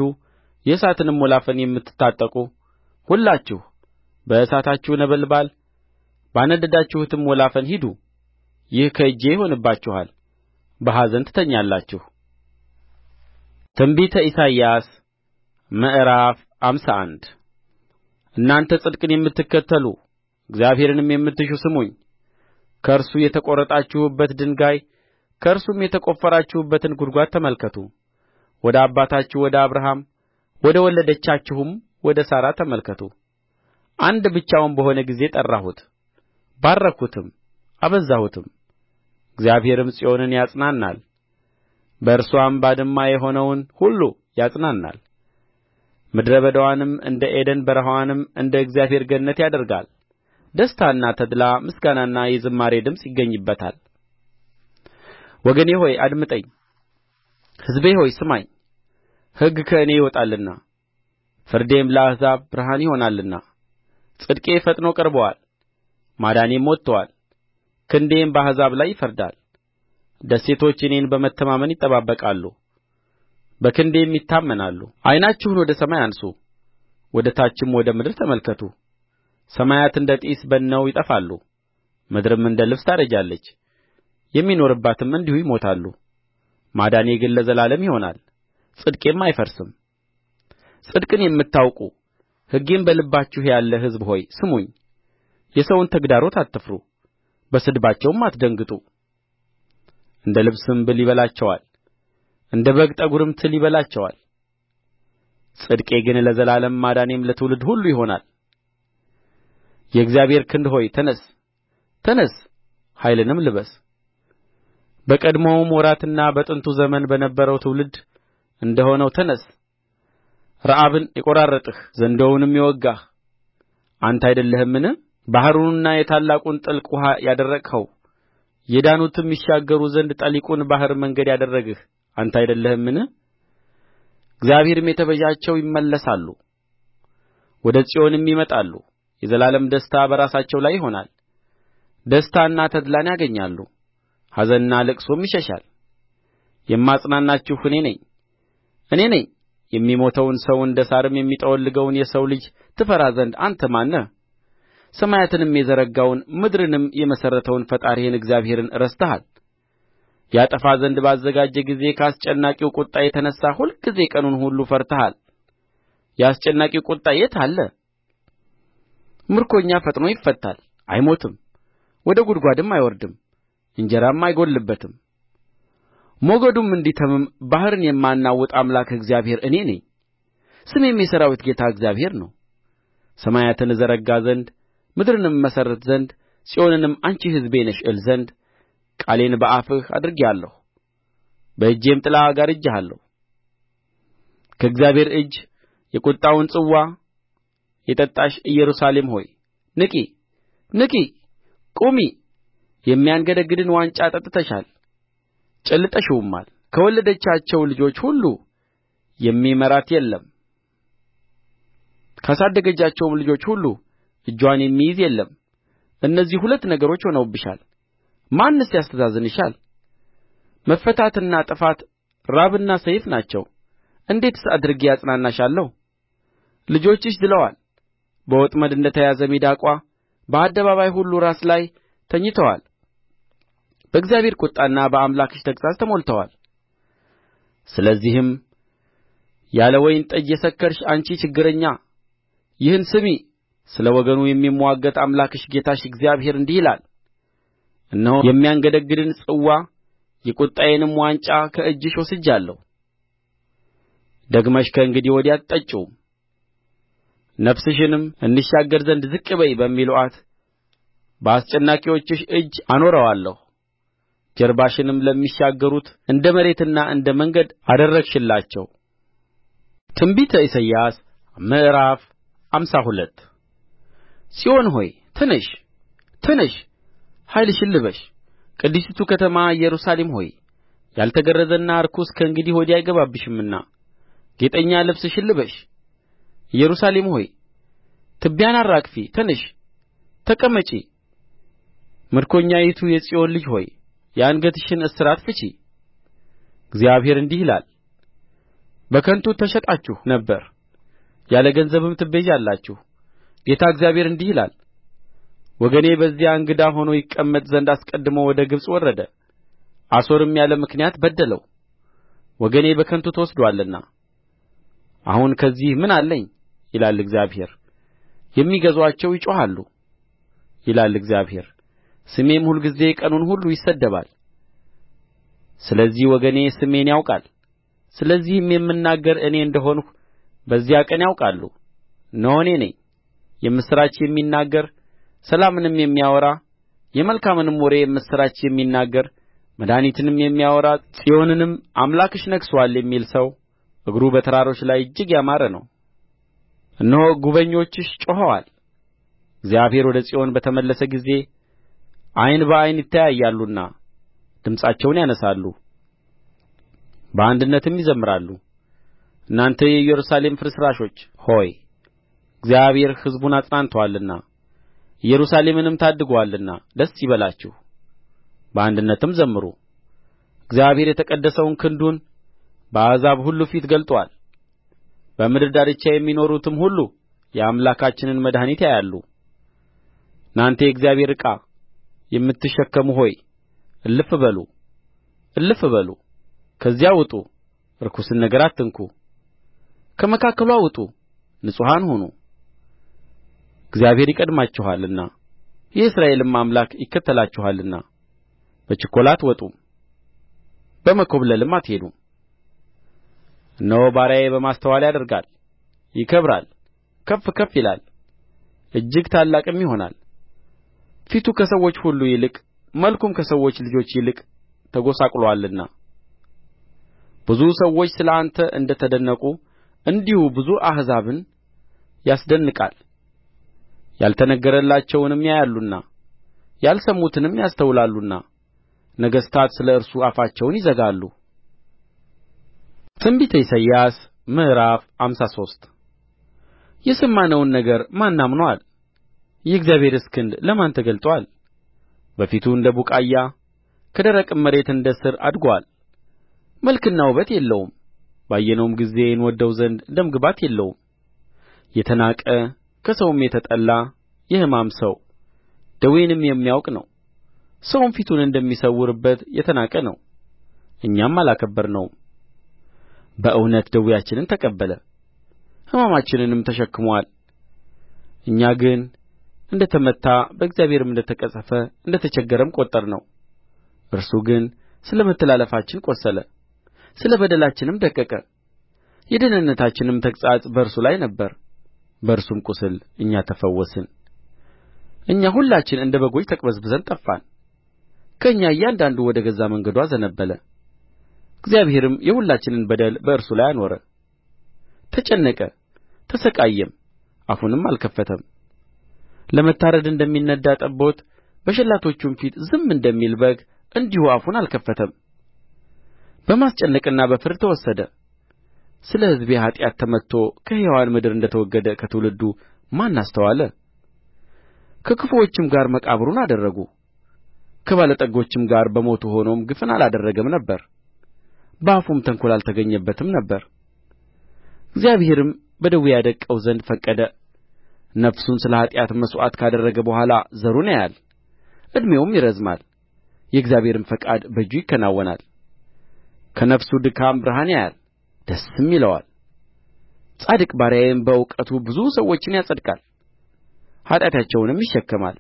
Speaker 1: የእሳትንም ወላፈን የምትታጠቁ ሁላችሁ በእሳታችሁ ነበልባል ባነደዳችሁትም ወላፈን ሂዱ ይህ ከእጄ ይሆንባችኋል በኀዘን ትተኛላችሁ ትንቢተ ኢሳይያስ ምዕራፍ ሃምሳ አንድ እናንተ ጽድቅን የምትከተሉ እግዚአብሔርንም የምትሹ ስሙኝ ከእርሱ የተቈረጣችሁበት ድንጋይ ከእርሱም የተቈፈራችሁበትን ጕድጓድ ተመልከቱ ወደ አባታችሁ ወደ አብርሃም ወደ ወለደቻችሁም ወደ ሣራ ተመልከቱ አንድ ብቻውን በሆነ ጊዜ ጠራሁት ባረክሁትም አበዛሁትም እግዚአብሔርም ጽዮንን ያጽናናል በእርስዋም ባድማ የሆነውን ሁሉ ያጽናናል ምድረ በዳዋንም እንደ ዔደን በረሀዋንም እንደ እግዚአብሔር ገነት ያደርጋል ደስታና ተድላ ምስጋናና የዝማሬ ድምፅ ይገኝበታል ወገኔ ሆይ አድምጠኝ ሕዝቤ ሆይ ስማኝ ሕግ ከእኔ ይወጣልና ፍርዴም ለአሕዛብ ብርሃን ይሆናልና ጽድቄ ፈጥኖ ቀርቦአል ማዳኔም ወጥቶአል ክንዴም በአሕዛብ ላይ ይፈርዳል ደሴቶች እኔን በመተማመን ይጠባበቃሉ በክንዴም ይታመናሉ ዓይናችሁን ወደ ሰማይ አንሡ ወደ ታችም ወደ ምድር ተመልከቱ ሰማያት እንደ ጢስ በንነው ይጠፋሉ ምድርም እንደ ልብስ ታረጃለች የሚኖሩባትም እንዲሁ ይሞታሉ ማዳኔ ግን ለዘላለም ይሆናል ጽድቄም አይፈርስም ጽድቅን የምታውቁ ሕጌም በልባችሁ ያለ ሕዝብ ሆይ ስሙኝ የሰውን ተግዳሮት አትፍሩ በስድባቸውም አትደንግጡ እንደ ልብስም ብል ይበላቸዋል እንደ በግ ጠጕርም ትል ይበላቸዋል ጽድቄ ግን ለዘላለም ማዳኔም ለትውልድ ሁሉ ይሆናል የእግዚአብሔር ክንድ ሆይ ተነሥ ተነሥ ኃይልንም ልበስ በቀድሞውም ወራትና በጥንቱ ዘመን በነበረው ትውልድ እንደ ሆነው ተነሥ ረዓብን የቈራረጥህ ዘንዶውንም የወጋህ አንተ አይደለህምን ባሕሩንና የታላቁን ጥልቅ ውኃ ያደረቅኸው የዳኑትም ይሻገሩ ዘንድ ጠሊቁን ባሕር መንገድ ያደረግህ አንተ አይደለህምን እግዚአብሔርም የተቤዣቸው ይመለሳሉ ወደ ጽዮንም ይመጣሉ የዘላለም ደስታ በራሳቸው ላይ ይሆናል ደስታና ተድላን ያገኛሉ ኀዘንና ልቅሶም ይሸሻል የማጽናናችሁ እኔ ነኝ እኔ ነኝ የሚሞተውን ሰው እንደ ሣርም የሚጠወልገውን የሰው ልጅ ትፈራ ዘንድ አንተ ማን ነህ ሰማያትንም የዘረጋውን ምድርንም የመሠረተውን ፈጣሪህን እግዚአብሔርን ረስተሃል ያጠፋ ዘንድ ባዘጋጀ ጊዜ ከአስጨናቂው ቍጣ የተነሣ ሁልጊዜ ቀኑን ሁሉ ፈርተሃል የአስጨናቂው ቍጣ የት አለ ምርኮኛ ፈጥኖ ይፈታል አይሞትም ወደ ጕድጓድም አይወርድም እንጀራም አይጐድልበትም ሞገዱም እንዲተምም ባሕርን የማናውጥ አምላክ እግዚአብሔር እኔ ነኝ ስሜም የሠራዊት ጌታ እግዚአብሔር ነው ሰማያትን እዘረጋ ዘንድ ምድርንም እመሠርት ዘንድ ጽዮንንም አንቺ ሕዝቤ ነሽ እል ዘንድ ቃሌን በአፍህ አድርጌአለሁ በእጄም ጥላ ጋርጄሃለሁ ከእግዚአብሔር እጅ የቍጣውን ጽዋ የጠጣሽ ኢየሩሳሌም ሆይ ንቂ ንቂ ቁሚ የሚያንገደግድን ዋንጫ ጠጥተሻል ጨልጠሽውማል ከወለደቻቸው ልጆች ሁሉ የሚመራት የለም ካሳደገቻቸውም ልጆች ሁሉ እጅዋን የሚይዝ የለም እነዚህ ሁለት ነገሮች ሆነውብሻል ማንስ ያስተዛዝንሻል መፈታትና ጥፋት ራብና ሰይፍ ናቸው እንዴትስ አድርጌ አጽናናሻለሁ ልጆችሽ ዝለዋል በወጥመድ እንደ ተያዘ ሚዳቋ በአደባባይ ሁሉ ራስ ላይ ተኝተዋል በእግዚአብሔር ቍጣና በአምላክሽ ተግሣጽ ተሞልተዋል ስለዚህም ያለ ወይን ጠጅ የሰከርሽ አንቺ ችግረኛ ይህን ስሚ ስለ ወገኑ የሚምዋገት አምላክሽ ጌታሽ እግዚአብሔር እንዲህ ይላል እነሆ የሚያንገደግድን ጽዋ የቍጣዬንም ዋንጫ ከእጅሽ ወስጃለሁ ደግመሽ ከእንግዲህ ወዲህ አትጠጪውም ነፍስሽንም እንሻገር ዘንድ ዝቅ በዪ በሚሉአት በአስጨናቂዎችሽ እጅ አኖረዋለሁ ጀርባሽንም ለሚሻገሩት እንደ መሬትና እንደ መንገድ አደረግሽላቸው ትንቢተ ኢሳይያስ ምዕራፍ ሃምሳ ሁለት ጽዮን ሆይ ተነሺ ተነሺ ኃይልሽን ልበሺ ቅድስቲቱ ከተማ ኢየሩሳሌም ሆይ ያልተገረዘና ርኩስ ከእንግዲህ ወዲህ አይገባብሽምና ጌጠኛ ልብስሽን ልበሺ ኢየሩሳሌም ሆይ ትቢያን አራግፊ ተነሺ ተቀመጪ ምርኮኛይቱ የጽዮን ልጅ ሆይ የአንገትሽን እስራት ፍቺ እግዚአብሔር እንዲህ ይላል በከንቱ ተሸጣችሁ ነበር ያለ ገንዘብም ትቤዣላችሁ ጌታ እግዚአብሔር እንዲህ ይላል ወገኔ በዚያ እንግዳ ሆኖ ይቀመጥ ዘንድ አስቀድሞ ወደ ግብጽ ወረደ አሦርም ያለ ምክንያት በደለው ወገኔ በከንቱ ተወስዶአልና አሁን ከዚህ ምን አለኝ ይላል እግዚአብሔር የሚገዙአቸው ይጮኻሉ ይላል እግዚአብሔር ስሜም ሁልጊዜ ቀኑን ሁሉ ይሰደባል ስለዚህ ወገኔ ስሜን ያውቃል ስለዚህም የምናገር እኔ እንደ ሆንሁ በዚያ ቀን ያውቃሉ እነሆ እኔ ነኝ የምሥራች የሚናገር ሰላምንም የሚያወራ የመልካምንም ወሬ የምስራች የሚናገር መድኃኒትንም የሚያወራ ጽዮንንም አምላክሽ ነግሦአል የሚል ሰው እግሩ በተራሮች ላይ እጅግ ያማረ ነው እነሆ ጕበኞችሽ ጮኸዋል እግዚአብሔር ወደ ጽዮን በተመለሰ ጊዜ ዓይን በዓይን ይተያያሉና ድምፃቸውን ያነሣሉ በአንድነትም ይዘምራሉ እናንተ የኢየሩሳሌም ፍርስራሾች ሆይ እግዚአብሔር ሕዝቡን አጽናንቶአልና ኢየሩሳሌምንም ታድጎአልና ደስ ይበላችሁ በአንድነትም ዘምሩ እግዚአብሔር የተቀደሰውን ክንዱን በአሕዛብ ሁሉ ፊት ገልጦአል በምድር ዳርቻ የሚኖሩትም ሁሉ የአምላካችንን መድኃኒት ያያሉ እናንተ የእግዚአብሔር ዕቃ የምትሸከሙ ሆይ እልፍ በሉ እልፍ በሉ ከዚያ ውጡ ርኩስን ነገር አትንኩ ከመካከልዋ ውጡ ንጹሐን ሁኑ እግዚአብሔር ይቀድማችኋልና የእስራኤልም አምላክ ይከተላችኋልና በችኰላ አትወጡም በመኰብለልም አትሄዱም እነሆ ባሪያዬ በማስተዋል ያደርጋል ይከብራል ከፍ ከፍ ይላል እጅግ ታላቅም ይሆናል ፊቱ ከሰዎች ሁሉ ይልቅ መልኩም ከሰዎች ልጆች ይልቅ ተጐሳቍሎአልና ብዙ ሰዎች ስለ አንተ እንደ ተደነቁ እንዲሁ ብዙ አሕዛብን ያስደንቃል ያልተነገረላቸውንም ያያሉና ያልሰሙትንም ያስተውላሉና ነገሥታት ስለ እርሱ አፋቸውን ይዘጋሉ ትንቢተ ኢሳይያስ ምዕራፍ ሃምሳ ሶስት የሰማነውን ነገር ማን አምኖአል የእግዚአብሔርስ ክንድ ለማን ተገልጦአል በፊቱ እንደ ቡቃያ ከደረቅም መሬት እንደ ሥር አድጎአል መልክና ውበት የለውም ባየነውም ጊዜ እንወድደው ዘንድ ግባት የለውም የተናቀ ከሰውም የተጠላ የሕማም ሰው ደዌንም የሚያውቅ ነው ሰውም ፊቱን እንደሚሰውርበት የተናቀ ነው እኛም አላከበርነውም በእውነት ደዌያችንን ተቀበለ ሕማማችንንም ተሸክሞአል እኛ ግን እንደ ተመታ በእግዚአብሔርም እንደ ተቀሠፈ እንደ ተቸገረም ቈጠርነው እርሱ ግን ስለ መተላለፋችን ቈሰለ ስለ በደላችንም ደቀቀ የደኅንነታችንም ተግሣጽ በእርሱ ላይ ነበረ በእርሱም ቍስል እኛ ተፈወስን እኛ ሁላችን እንደ በጎች ተቅበዝብዘን ጠፋን ከእኛ እያንዳንዱ ወደ ገዛ መንገዱ አዘነበለ እግዚአብሔርም የሁላችንን በደል በእርሱ ላይ አኖረ ተጨነቀ ተሰቃየም አፉንም አልከፈተም ለመታረድ እንደሚነዳ ጠቦት በሸላቶቹም ፊት ዝም እንደሚል በግ እንዲሁ አፉን አልከፈተም በማስጨነቅና በፍርድ ተወሰደ ስለ ሕዝቤ ኃጢአት ተመትቶ ከሕያዋን ምድር እንደ ተወገደ ከትውልዱ ማን አስተዋለ ከክፉዎችም ጋር መቃብሩን አደረጉ ከባለጠጎችም ጋር በሞቱ ሆኖም ግፍን አላደረገም ነበር በአፉም ተንኰል አልተገኘበትም ነበር እግዚአብሔርም በደዌ ያደቅቀው ዘንድ ፈቀደ ነፍሱን ስለ ኃጢአት መሥዋዕት ካደረገ በኋላ ዘሩን ያያል ዕድሜውም ይረዝማል የእግዚአብሔርም ፈቃድ በእጁ ይከናወናል ከነፍሱ ድካም ብርሃን ያያል ደስም ይለዋል ጻድቅ ባሪያዬም በእውቀቱ ብዙ ሰዎችን ያጸድቃል ኃጢአታቸውንም ይሸከማል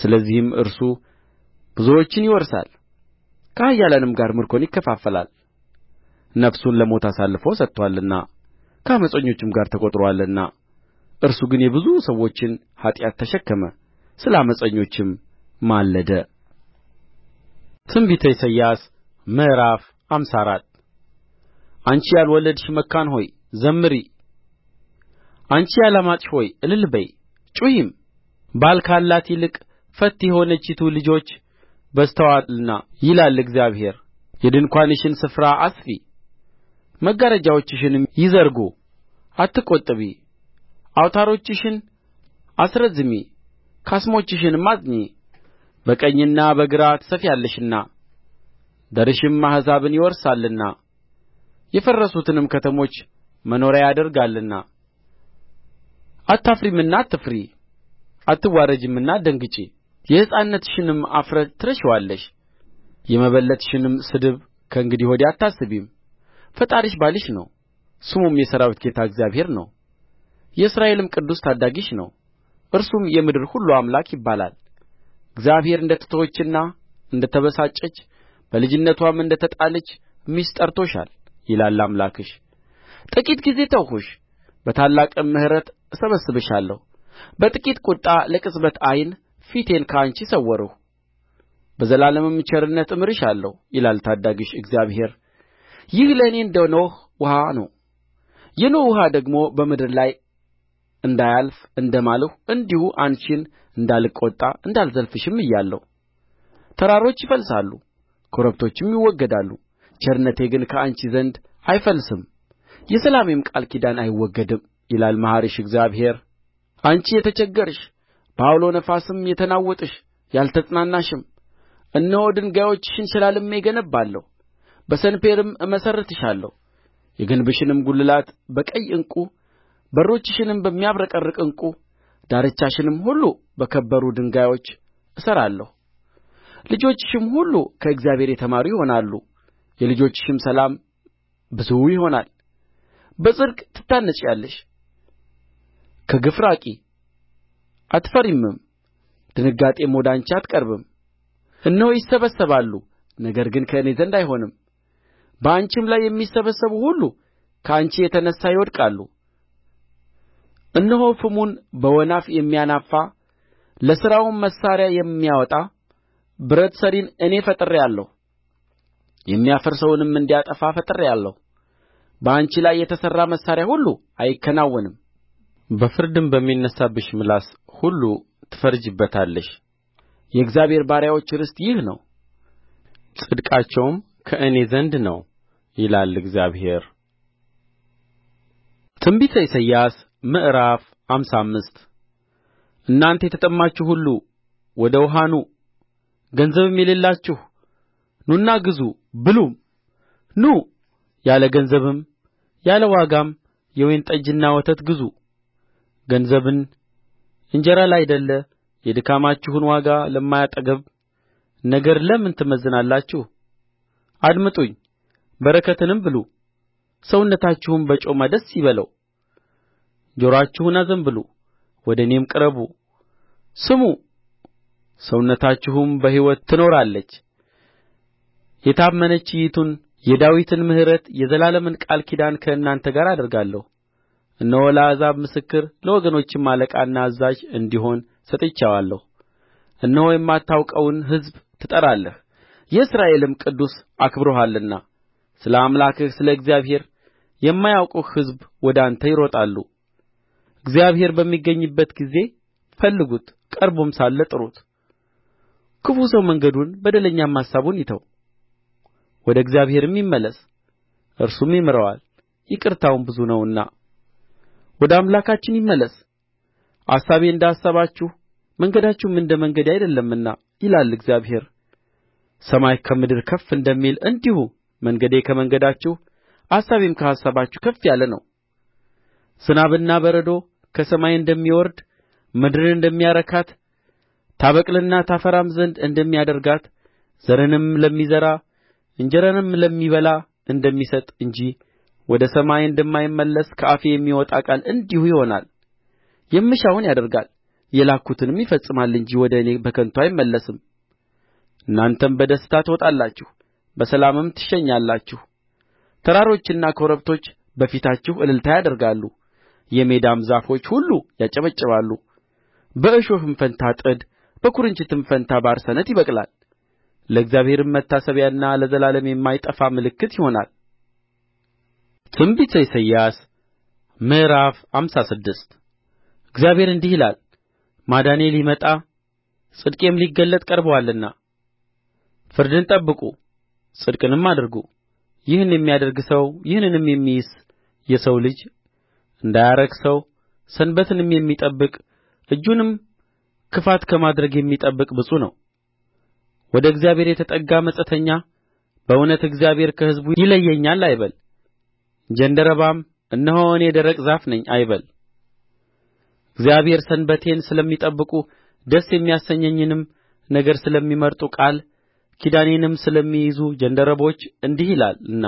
Speaker 1: ስለዚህም እርሱ ብዙዎችን ይወርሳል ከኃያላንም ጋር ምርኮን ይከፋፈላል ነፍሱን ለሞት አሳልፎ ሰጥቶአልና ከዓመፀኞችም ጋር ተቈጥሮአልና እርሱ ግን የብዙ ሰዎችን ኃጢአት ተሸከመ ስለ ዓመፀኞችም ማለደ ትንቢተ ኢሳይያስ ምዕራፍ ሃምሳ አራት አንቺ ያልወለድሽ መካን ሆይ ዘምሪ አንቺ ያላማጥሽ ሆይ እልል በዪ ጩኺም ባል ካላት ይልቅ ፈት የሆነቺቱ ልጆች በዝተዋልና ይላል እግዚአብሔር የድንኳንሽን ስፍራ አስፊ መጋረጃዎችሽንም ይዘርጉ አትቈጥቢ አውታሮችሽን አስረዝሚ ካስሞችሽንም አጽኚ በቀኝና በግራ ትሰፋፊያለሽና ዘርሽም አሕዛብን ይወርሳልና የፈረሱትንም ከተሞች መኖሪያ ያደርጋልና አታፍሪምና አትፍሪ አትዋረጂምና አትደንግጪ የሕፃንነትሽንም እፍረት ትረሺዋለሽ የመበለትነትሽንም ስድብ ከእንግዲህ ወዲህ አታስቢም ፈጣሪሽ ባልሽ ነው ስሙም የሠራዊት ጌታ እግዚአብሔር ነው የእስራኤልም ቅዱስ ታዳጊሽ ነው እርሱም የምድር ሁሉ አምላክ ይባላል እግዚአብሔር እንደ ተተወችና እንደ ተበሳጨች በልጅነትዋም እንደ ተጣለች ሚስት ጠርቶሻል ይላል አምላክሽ ጥቂት ጊዜ ተውሁሽ በታላቅም ምሕረት እሰበስብሻለሁ በጥቂት ቍጣ ለቅጽበት ዓይን ፊቴን ከአንቺ ሰወርሁ በዘላለምም ቸርነት እምርሻለሁ ይላል ታዳጊሽ እግዚአብሔር ይህ ለእኔ እንደ ኖኅ ውኃ ነው የኖኅ ውኃ ደግሞ በምድር ላይ እንዳያልፍ እንደ ማልሁ እንዲሁ አንቺን እንዳልቈጣ እንዳልዘልፍሽም ምያለሁ ተራሮች ይፈልሳሉ ኮረብቶችም ይወገዳሉ ቸርነቴ ግን ከአንቺ ዘንድ አይፈልስም የሰላሜም ቃል ኪዳን አይወገድም ይላል መሐሪሽ እግዚአብሔር አንቺ የተቸገርሽ በዐውሎ ነፋስም የተናወጥሽ ያልተጽናናሽም እነሆ ድንጋዮችሽን ሸላልሜ እገነባለሁ በሰንፔርም እመሠርትሻለሁ የግንብሽንም ጕልላት በቀይ ዕንቍ በሮችሽንም በሚያብረቀርቅ ዕንቍ ዳርቻሽንም ሁሉ በከበሩ ድንጋዮች እሠራለሁ ልጆችሽም ሁሉ ከእግዚአብሔር የተማሩ ይሆናሉ የልጆችሽም ሰላም ብዙ ይሆናል በጽድቅ ትታነጺያለሽ ከግፍ ራቂ አትፈሪምም ድንጋጤም ወደ አንቺ አትቀርብም እነሆ ይሰበሰባሉ ነገር ግን ከእኔ ዘንድ አይሆንም በአንቺም ላይ የሚሰበሰቡ ሁሉ ከአንቺ የተነሣ ይወድቃሉ እነሆ ፍሙን በወናፍ የሚያናፋ ለሥራውም መሣሪያ የሚያወጣ ብረት ሠሪን እኔ ፈጥሬአለሁ የሚያፈርሰውንም እንዲያጠፋ ፈጥሬአለሁ በአንቺ ላይ የተሠራ መሣሪያ ሁሉ አይከናወንም በፍርድም በሚነሣብሽ ምላስ ሁሉ ትፈርጂበታለሽ የእግዚአብሔር ባሪያዎች ርስት ይህ ነው ጽድቃቸውም ከእኔ ዘንድ ነው ይላል እግዚአብሔር ትንቢተ ኢሳይያስ ምዕራፍ ሃምሳ አምስት እናንተ የተጠማችሁ ሁሉ ወደ ውኃ ኑ ገንዘብም የሌላችሁ ኑና ግዙ ብሉም ኑ ያለ ገንዘብም ያለ ዋጋም የወይን ጠጅና ወተት ግዙ ገንዘብን እንጀራ ላይደለ የድካማችሁን ዋጋ ለማያጠግብ ነገር ለምን ትመዝናላችሁ አድምጡኝ በረከትንም ብሉ ሰውነታችሁም በጮማ ደስ ይበለው ጆሮአችሁን አዘንብሉ ወደ እኔም ቅረቡ ስሙ ሰውነታችሁም በሕይወት ትኖራለች የታመነችይቱን የዳዊትን ምሕረት የዘላለምን ቃል ኪዳን ከእናንተ ጋር አደርጋለሁ እነሆ ለአሕዛብ ምስክር ለወገኖችም አለቃና አዛዥ እንዲሆን ሰጥቼዋለሁ እነሆ የማታውቀውን ሕዝብ ትጠራለህ የእስራኤልም ቅዱስ አክብሮሃልና ስለ አምላክህ ስለ እግዚአብሔር የማያውቁህ ሕዝብ ወደ አንተ ይሮጣሉ እግዚአብሔር በሚገኝበት ጊዜ ፈልጉት ቀርቦም ሳለ ጥሩት ክፉ ሰው መንገዱን በደለኛም አሳቡን ይተው ወደ እግዚአብሔርም ይመለስ እርሱም ይምረዋል ይቅርታውም ብዙ ነውና ወደ አምላካችን ይመለስ አሳቤ እንደ አሳባችሁ መንገዳችሁም እንደ መንገዴ አይደለምና ይላል እግዚአብሔር ሰማይ ከምድር ከፍ እንደሚል እንዲሁ መንገዴ ከመንገዳችሁ አሳቤም ከአሳባችሁ ከፍ ያለ ነው ዝናብና በረዶ ከሰማይ እንደሚወርድ ምድርን እንደሚያረካት ታበቅልና ታፈራም ዘንድ እንደሚያደርጋት ዘርንም ለሚዘራ እንጀራንም ለሚበላ እንደሚሰጥ እንጂ ወደ ሰማይ እንደማይመለስ ከአፌ የሚወጣ ቃል እንዲሁ ይሆናል የምሻውን ያደርጋል የላክሁትንም ይፈጽማል እንጂ ወደ እኔ በከንቱ አይመለስም እናንተም በደስታ ትወጣላችሁ በሰላምም ትሸኛላችሁ ተራሮችና ኮረብቶች በፊታችሁ እልልታ ያደርጋሉ የሜዳም ዛፎች ሁሉ ያጨበጭባሉ በእሾህም ፋንታ ጥድ በኵርንችትም ፋንታ ባርሰነት ይበቅላል ለእግዚአብሔርም መታሰቢያና ለዘላለም የማይጠፋ ምልክት ይሆናል ትንቢተ ኢሳይያስ ምዕራፍ ሃምሳ ስድስት እግዚአብሔር እንዲህ ይላል ማዳኔ ሊመጣ ጽድቄም ሊገለጥ ቀርቦአልና ፍርድን ጠብቁ ጽድቅንም አድርጉ ይህን የሚያደርግ ሰው ይህንንም የሚይዝ የሰው ልጅ እንዳያረክሰው ሰንበትንም የሚጠብቅ እጁንም ክፋት ከማድረግ የሚጠብቅ ብፁዕ ነው ወደ እግዚአብሔር የተጠጋ መጻተኛ በእውነት እግዚአብሔር ከሕዝቡ ይለየኛል አይበል ጃንደረባም እነሆ እኔ ደረቅ ዛፍ ነኝ አይበል እግዚአብሔር ሰንበቴን ስለሚጠብቁ ደስ የሚያሰኘኝንም ነገር ስለሚመርጡ ቃል ኪዳኔንም ስለሚይዙ ጃንደረቦች እንዲህ ይላልና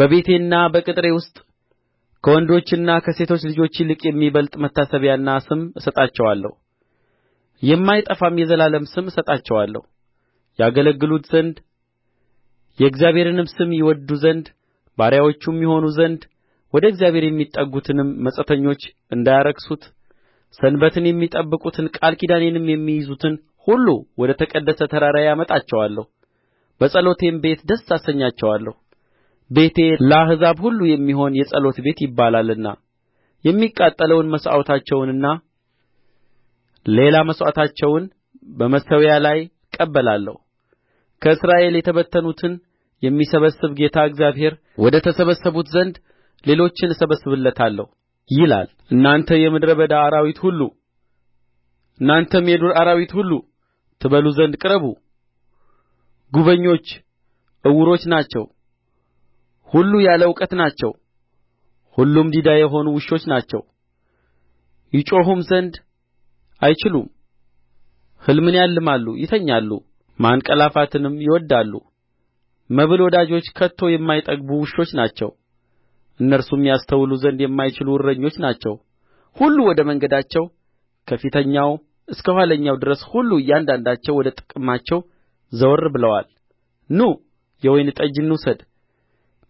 Speaker 1: በቤቴና በቅጥሬ ውስጥ ከወንዶችና ከሴቶች ልጆች ይልቅ የሚበልጥ መታሰቢያና ስም እሰጣቸዋለሁ የማይጠፋም የዘላለም ስም እሰጣቸዋለሁ ያገለግሉት ዘንድ የእግዚአብሔርንም ስም ይወድዱ ዘንድ ባሪያዎቹም ይሆኑ ዘንድ ወደ እግዚአብሔር የሚጠጉትንም መጻተኞች እንዳያረክሱት ሰንበትን የሚጠብቁትን ቃል ኪዳኔንም የሚይዙትን ሁሉ ወደ ተቀደሰ ተራራዬ አመጣቸዋለሁ በጸሎቴም ቤት ደስ አሰኛቸዋለሁ ቤቴ ለአሕዛብ ሁሉ የሚሆን የጸሎት ቤት ይባላልና የሚቃጠለውን መሥዋዕታቸውንና ሌላ መሥዋዕታቸውን በመሠዊያዬ ላይ እቀበላለሁ ከእስራኤል የተበተኑትን የሚሰበስብ ጌታ እግዚአብሔር ወደ ተሰበሰቡት ዘንድ ሌሎችን እሰበስብለታለሁ ይላል እናንተ የምድረ በዳ አራዊት ሁሉ እናንተም የዱር አራዊት ሁሉ ትበሉ ዘንድ ቅረቡ ጉበኞች ዕውሮች ናቸው ሁሉ ያለ እውቀት ናቸው ሁሉም ዲዳ የሆኑ ውሾች ናቸው ይጮኹም ዘንድ አይችሉም ሕልምን ያልማሉ ይተኛሉ ማንቀላፋትንም ይወድዳሉ መብል ወዳጆች ከቶ የማይጠግቡ ውሾች ናቸው እነርሱም ያስተውሉ ዘንድ የማይችሉ እረኞች ናቸው ሁሉ ወደ መንገዳቸው ከፊተኛው እስከ ኋለኛው ድረስ ሁሉ እያንዳንዳቸው ወደ ጥቅማቸው ዘወር ብለዋል ኑ የወይን ጠጅ እንውሰድ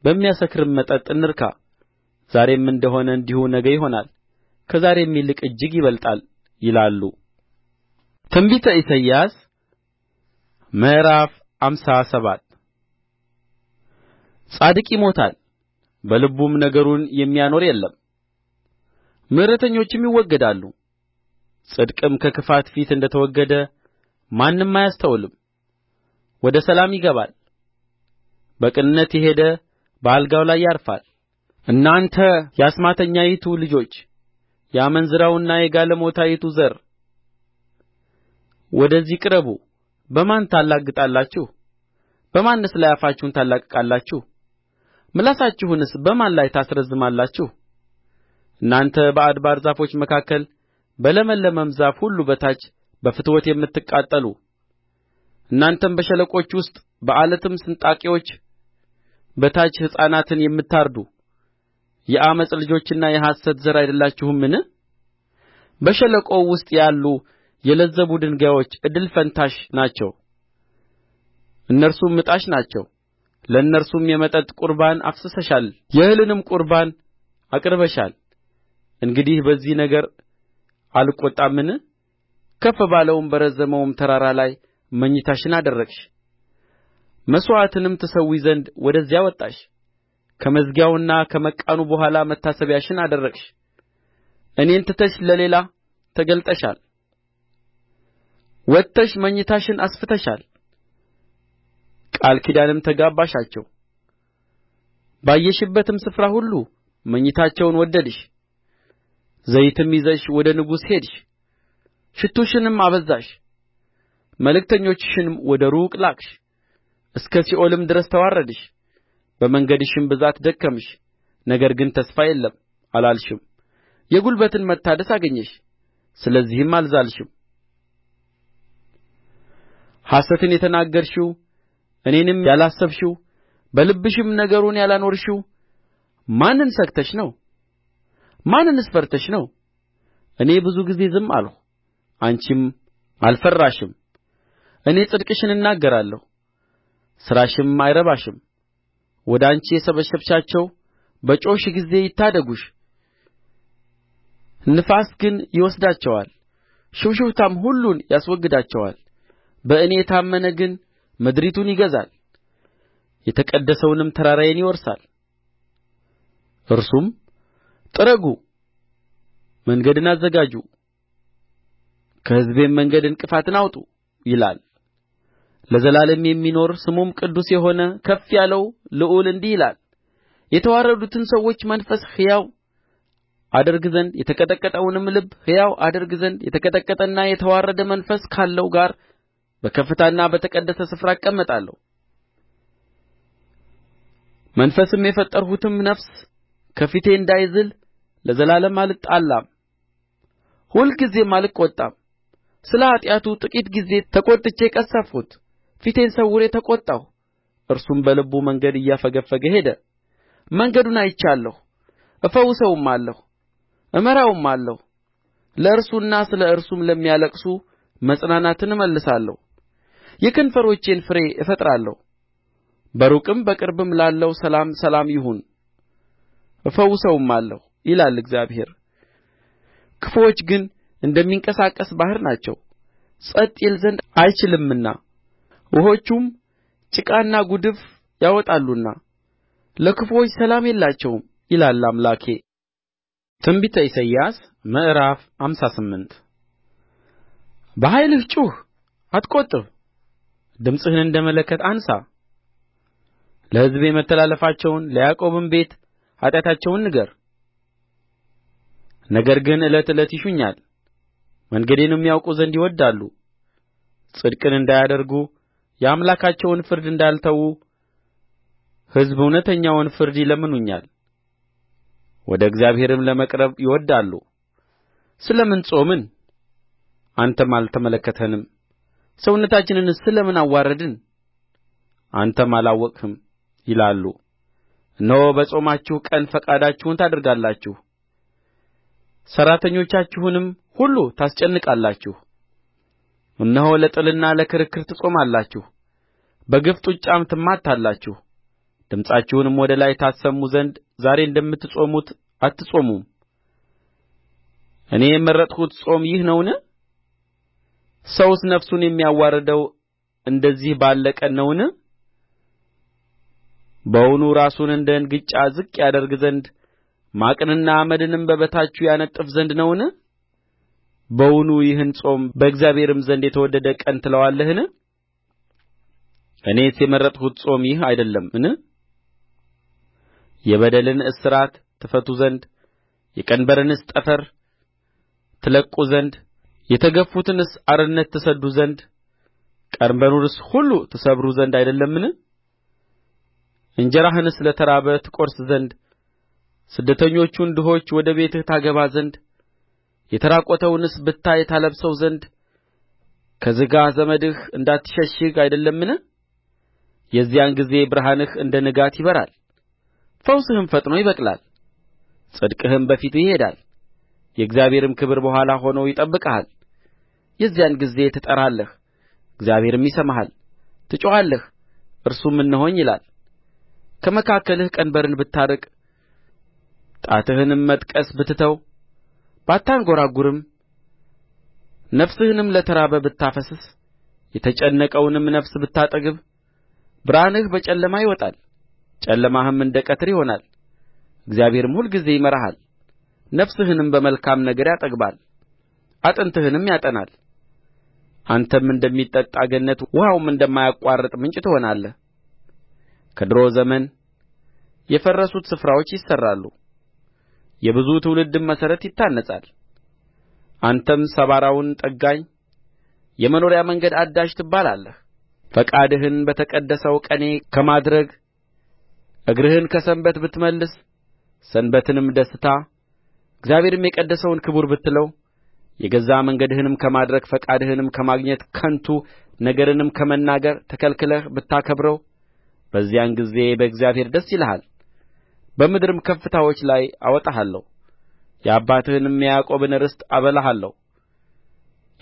Speaker 1: በሚያሰክርም መጠጥ እንርካ ዛሬም እንደ ሆነ እንዲሁ ነገ ይሆናል ከዛሬም ይልቅ እጅግ ይበልጣል ይላሉ ትንቢተ ኢሳይያስ ምዕራፍ ሃምሳ ሰባት ጻድቅ ይሞታል በልቡም ነገሩን የሚያኖር የለም ምሕረተኞችም ይወገዳሉ ጽድቅም ከክፋት ፊት እንደ ተወገደ ማንም አያስተውልም ወደ ሰላም ይገባል በቅንነት የሄደ በአልጋው ላይ ያርፋል እናንተ የአስማተኛይቱ ልጆች የአመንዝራውና የጋለሞታይቱ ዘር ወደዚህ ቅረቡ በማን ታላግጣላችሁ በማንስ ላይ አፋችሁን ታላቅቃላችሁ ምላሳችሁንስ በማን ላይ ታስረዝማላችሁ እናንተ በአድባር ዛፎች መካከል በለመለመም ዛፍ ሁሉ በታች በፍትወት የምትቃጠሉ እናንተም በሸለቆች ውስጥ በዓለትም ስንጣቂዎች በታች ሕፃናትን የምታርዱ የዓመፅ ልጆችና የሐሰት ዘር አይደላችሁምን በሸለቆው ውስጥ ያሉ የለዘቡ ድንጋዮች እድል ፈንታሽ ናቸው እነርሱም ዕጣሽ ናቸው ለእነርሱም የመጠጥ ቍርባን አፍስሰሻል የእህልንም ቍርባን አቅርበሻል እንግዲህ በዚህ ነገር አልቈጣምን ከፍ ባለውም በረዘመውም ተራራ ላይ መኝታሽን አደረግሽ መሥዋዕትንም ትሠዊ ዘንድ ወደዚያ ወጣሽ ከመዝጊያውና ከመቃኑ በኋላ መታሰቢያሽን አደረግሽ እኔን ትተሽ ለሌላ ተገልጠሻል ወጥተሽ መኝታሽን አስፍተሻል ቃል ኪዳንም ተጋባሻቸው ባየሽበትም ስፍራ ሁሉ መኝታቸውን ወደድሽ ዘይትም ይዘሽ ወደ ንጉሡ ሄድሽ ሽቱሽንም አበዛሽ መልእክተኞችሽንም ወደ ሩቅ ላክሽ እስከ ሲኦልም ድረስ ተዋረድሽ በመንገድሽም ብዛት ደከምሽ ነገር ግን ተስፋ የለም አላልሽም የጕልበትን መታደስ አገኘሽ ስለዚህም አልዛልሽም ሐሰትን የተናገርሺው እኔንም ያላሰብሺው በልብሽም ነገሩን ያላኖርሺው ማንን ሰግተሽ ነው ማንንስ ፈርተሽ ነው እኔ ብዙ ጊዜ ዝም አልሁ አንቺም አልፈራሽም እኔ ጽድቅሽን እናገራለሁ ሥራሽም አይረባሽም ወደ አንቺ የሰበሰብሻቸው በጮኽሽ ጊዜ ይታደጉሽ ንፋስ ግን ይወስዳቸዋል ሽውሽውታም ሁሉን ያስወግዳቸዋል በእኔ የታመነ ግን ምድሪቱን ይገዛል የተቀደሰውንም ተራራዬን ይወርሳል እርሱም ጥረጉ መንገድን አዘጋጁ ከሕዝቤም መንገድ ዕንቅፋትን አውጡ ይላል ለዘላለም የሚኖር ስሙም ቅዱስ የሆነ ከፍ ያለው ልዑል እንዲህ ይላል የተዋረዱትን ሰዎች መንፈስ ሕያው አደርግ ዘንድ የተቀጠቀጠውንም ልብ ሕያው አደርግ ዘንድ የተቀጠቀጠና የተዋረደ መንፈስ ካለው ጋር በከፍታና በተቀደሰ ስፍራ እቀመጣለሁ መንፈስም የፈጠርሁትም ነፍስ ከፊቴ እንዳይዝል ለዘላለም አልጣላም ሁልጊዜም አልቈጣም ስለ ኃጢአቱ ጥቂት ጊዜ ተቈጥቼ ቀሠፍሁት ፊቴን ሰውሬ ተቈጣሁ እርሱም በልቡ መንገድ እያፈገፈገ ሄደ መንገዱን አይቻለሁ እፈውሰውማለሁ እመራውማለሁ ለእርሱና ስለ እርሱም ለሚያለቅሱ መጽናናትን እመልሳለሁ የከንፈሮቼን ፍሬ እፈጥራለሁ በሩቅም በቅርብም ላለው ሰላም ሰላም ይሁን እፈውሰውማለሁ ይላል እግዚአብሔር ክፉዎች ግን እንደሚንቀሳቀስ ባሕር ናቸው ጸጥ ይል ዘንድ አይችልምና ውኆቹም ጭቃና ጕድፍ ያወጣሉና ለክፉዎች ሰላም የላቸውም ይላል አምላኬ ትንቢተ ኢሳይያስ ምዕራፍ ሃምሳ ስምንት በኃይልህ ጩኽ አትቈጥብ ድምፅህን እንደ መለከት አንሣ ለሕዝቤ መተላለፋቸውን ለያዕቆብም ቤት ኃጢአታቸውን ንገር ነገር ግን ዕለት ዕለት ይሹኛል መንገዴንም ያውቁ ዘንድ ይወድዳሉ ጽድቅን እንዳያደርጉ የአምላካቸውን ፍርድ እንዳልተዉ ሕዝብ እውነተኛውን ፍርድ ይለምኑኛል ወደ እግዚአብሔርም ለመቅረብ ይወድዳሉ ስለ ምን ጾምን አንተም አልተመለከተንም ሰውነታችንንስ ስለ ምን አዋረድን አንተም አላወቅህም ይላሉ እነሆ በጾማችሁ ቀን ፈቃዳችሁን ታደርጋላችሁ ሠራተኞቻችሁንም ሁሉ ታስጨንቃላችሁ እነሆ ለጥልና ለክርክር ትጾማላችሁ በግፍ ጡጫም ትማታላችሁ ድምፃችሁንም ወደ ላይ ታሰሙ ዘንድ ዛሬ እንደምትጾሙት አትጾሙም እኔ የመረጥሁት ጾም ይህ ነውን ሰውስ ነፍሱን የሚያዋርደው እንደዚህ ባለ ቀን ነውን በውኑ ራሱን እንደ እንግጫ ዝቅ ያደርግ ዘንድ ማቅንና አመድንም በበታቹ ያነጥፍ ዘንድ ነውን በውኑ ይህን ጾም በእግዚአብሔርም ዘንድ የተወደደ ቀን ትለዋለህን እኔስ የመረጥሁት ጾም ይህ አይደለምን የበደልን እስራት ትፈቱ ዘንድ የቀንበርንስ ጠፍር ትለቅቁ ዘንድ የተገፉትንስ አርነት ትሰድዱ ዘንድ ቀንበሩንስ ሁሉ ትሰብሩ ዘንድ አይደለምን እንጀራህንስ ለተራበ ትቈርስ ዘንድ ስደተኞቹን ድሆች ወደ ቤትህ ታገባ ዘንድ የተራቈተውንስ ብታይ ታለብሰው ዘንድ ከሥጋ ዘምድህ እንዳትሸሽግ አይደለምን የዚያን ጊዜ ብርሃንህ እንደ ንጋት ይበራል ፈውስህም ፈጥኖ ይበቅላል ጽድቅህም በፊትህ ይሄዳል የእግዚአብሔርም ክብር በኋላ ሆኖ ይጠብቅሃል የዚያን ጊዜ ትጠራለህ እግዚአብሔርም ይሰማሃል ትጮኻለህ እርሱም እነሆኝ ይላል ከመካከልህ ቀንበርን ብታርቅ ጣትህንም መጥቀስ ብትተው ባታንጐራጕርም ነፍስህንም ለተራበ ብታፈስስ የተጨነቀውንም ነፍስ ብታጠግብ ብርሃንህ በጨለማ ይወጣል ጨለማህም እንደ ቀትር ይሆናል እግዚአብሔርም ሁልጊዜ ይመራሃል ነፍስህንም በመልካም ነገር ያጠግባል አጥንትህንም ያጠናል አንተም እንደሚጠጣ ገነት ውኃውም እንደማያቋርጥ ምንጭ ትሆናለህ ከዱሮ ዘመን የፈረሱት ስፍራዎች ይሠራሉ የብዙ ትውልድም መሠረት ይታነጻል አንተም ሰባራውን ጠጋኝ የመኖሪያ መንገድ አዳሽ ትባላለህ ፈቃድህን በተቀደሰው ቀኔ ከማድረግ እግርህን ከሰንበት ብትመልስ ሰንበትንም ደስታ እግዚአብሔርም የቀደሰውን ክቡር ብትለው የገዛ መንገድህንም ከማድረግ ፈቃድህንም ከማግኘት ከንቱ ነገርንም ከመናገር ተከልክለህ ብታከብረው በዚያን ጊዜ በእግዚአብሔር ደስ ይልሃል በምድርም ከፍታዎች ላይ አወጣሃለሁ የአባትህንም የያዕቆብን ርስት አበላሃለሁ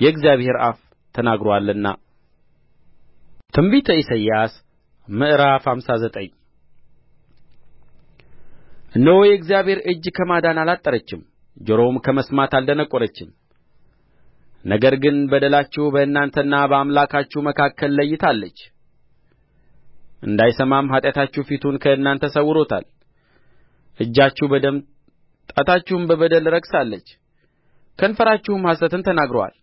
Speaker 1: የእግዚአብሔር አፍ ተናግሮአልና ትንቢተ ኢሳይያስ ምዕራፍ ሃምሳ ዘጠኝ እነሆ የእግዚአብሔር እጅ ከማዳን አላጠረችም ጆሮውም ከመስማት አልደነቈረችም ነገር ግን በደላችሁ በእናንተና በአምላካችሁ መካከል ለይታለች እንዳይሰማም ኃጢአታችሁ ፊቱን ከእናንተ ሰውሮታል እጃችሁ በደም ጣታችሁም በበደል ረክሳለች ከንፈራችሁም ሐሰትን ተናግሮአል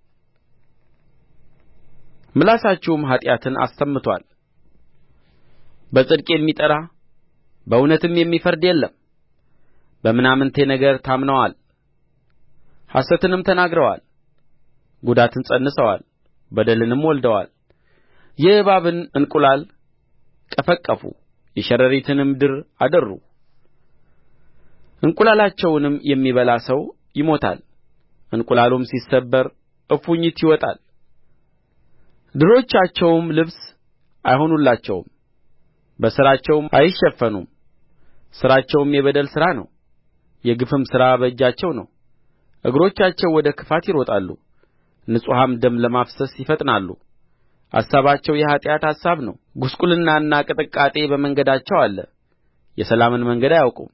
Speaker 1: ምላሳችሁም ኃጢአትን አሰምቶአል በጽድቅ የሚጠራ በእውነትም የሚፈርድ የለም በምናምንቴ ነገር ታምነዋል ሐሰትንም ተናግረዋል ጉዳትን ፀንሰዋል በደልንም ወልደዋል የእባብን እንቍላል ቀፈቀፉ የሸረሪትንም ድር አደሩ እንቍላላቸውንም የሚበላ ሰው ይሞታል እንቍላሉም ሲሰበር እፉኝት ይወጣል ድሮቻቸውም ልብስ አይሆኑላቸውም በሥራቸውም አይሸፈኑም ሥራቸውም የበደል ሥራ ነው የግፍም ሥራ በእጃቸው ነው እግሮቻቸው ወደ ክፋት ይሮጣሉ ንጹሐም ደም ለማፍሰስ ይፈጥናሉ አሳባቸው የኃጢአት አሳብ ነው ጕስቍልናና ቅጥቃጤ በመንገዳቸው አለ የሰላምን መንገድ አያውቁም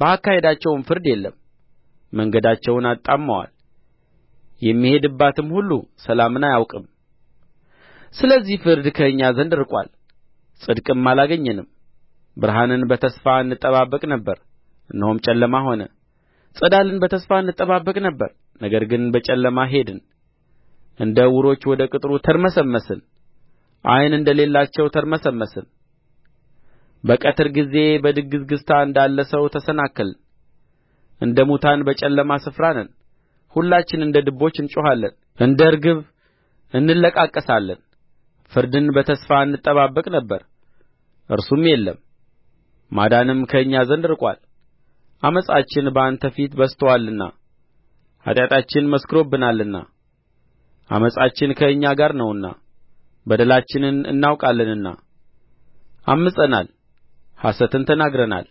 Speaker 1: በአካሄዳቸውም ፍርድ የለም መንገዳቸውን አጣምመዋል የሚሄድባትም ሁሉ ሰላምን አያውቅም ስለዚህ ፍርድ ከእኛ ዘንድ ርቆአል ጽድቅም አላገኘንም ብርሃንን በተስፋ እንጠባበቅ ነበር እነሆም ጨለማ ሆነ ፀዳልን በተስፋ እንጠባበቅ ነበር ነገር ግን በጨለማ ሄድን እንደ ዕውሮች ወደ ቅጥሩ ተርመሰመስን ዓይን እንደሌላቸው ተርመሰመስን በቀትር ጊዜ በድግዝግዝታ እንዳለ ሰው ተሰናከልን እንደ ሙታን በጨለማ ስፍራ ነን ሁላችን እንደ ድቦች እንጮኻለን እንደ ርግብ እንለቃቀሳለን ፍርድን በተስፋ እንጠባበቅ ነበር እርሱም የለም ማዳንም ከእኛ ዘንድ ርቆአል ዓመፃችን በአንተ ፊት በዝቶአልና ኃጢአታችን መስክሮብናልና ዓመፃችን ከእኛ ጋር ነውና በደላችንን እናውቃለንና ዐምፀናል ሐሰትን ተናግረናል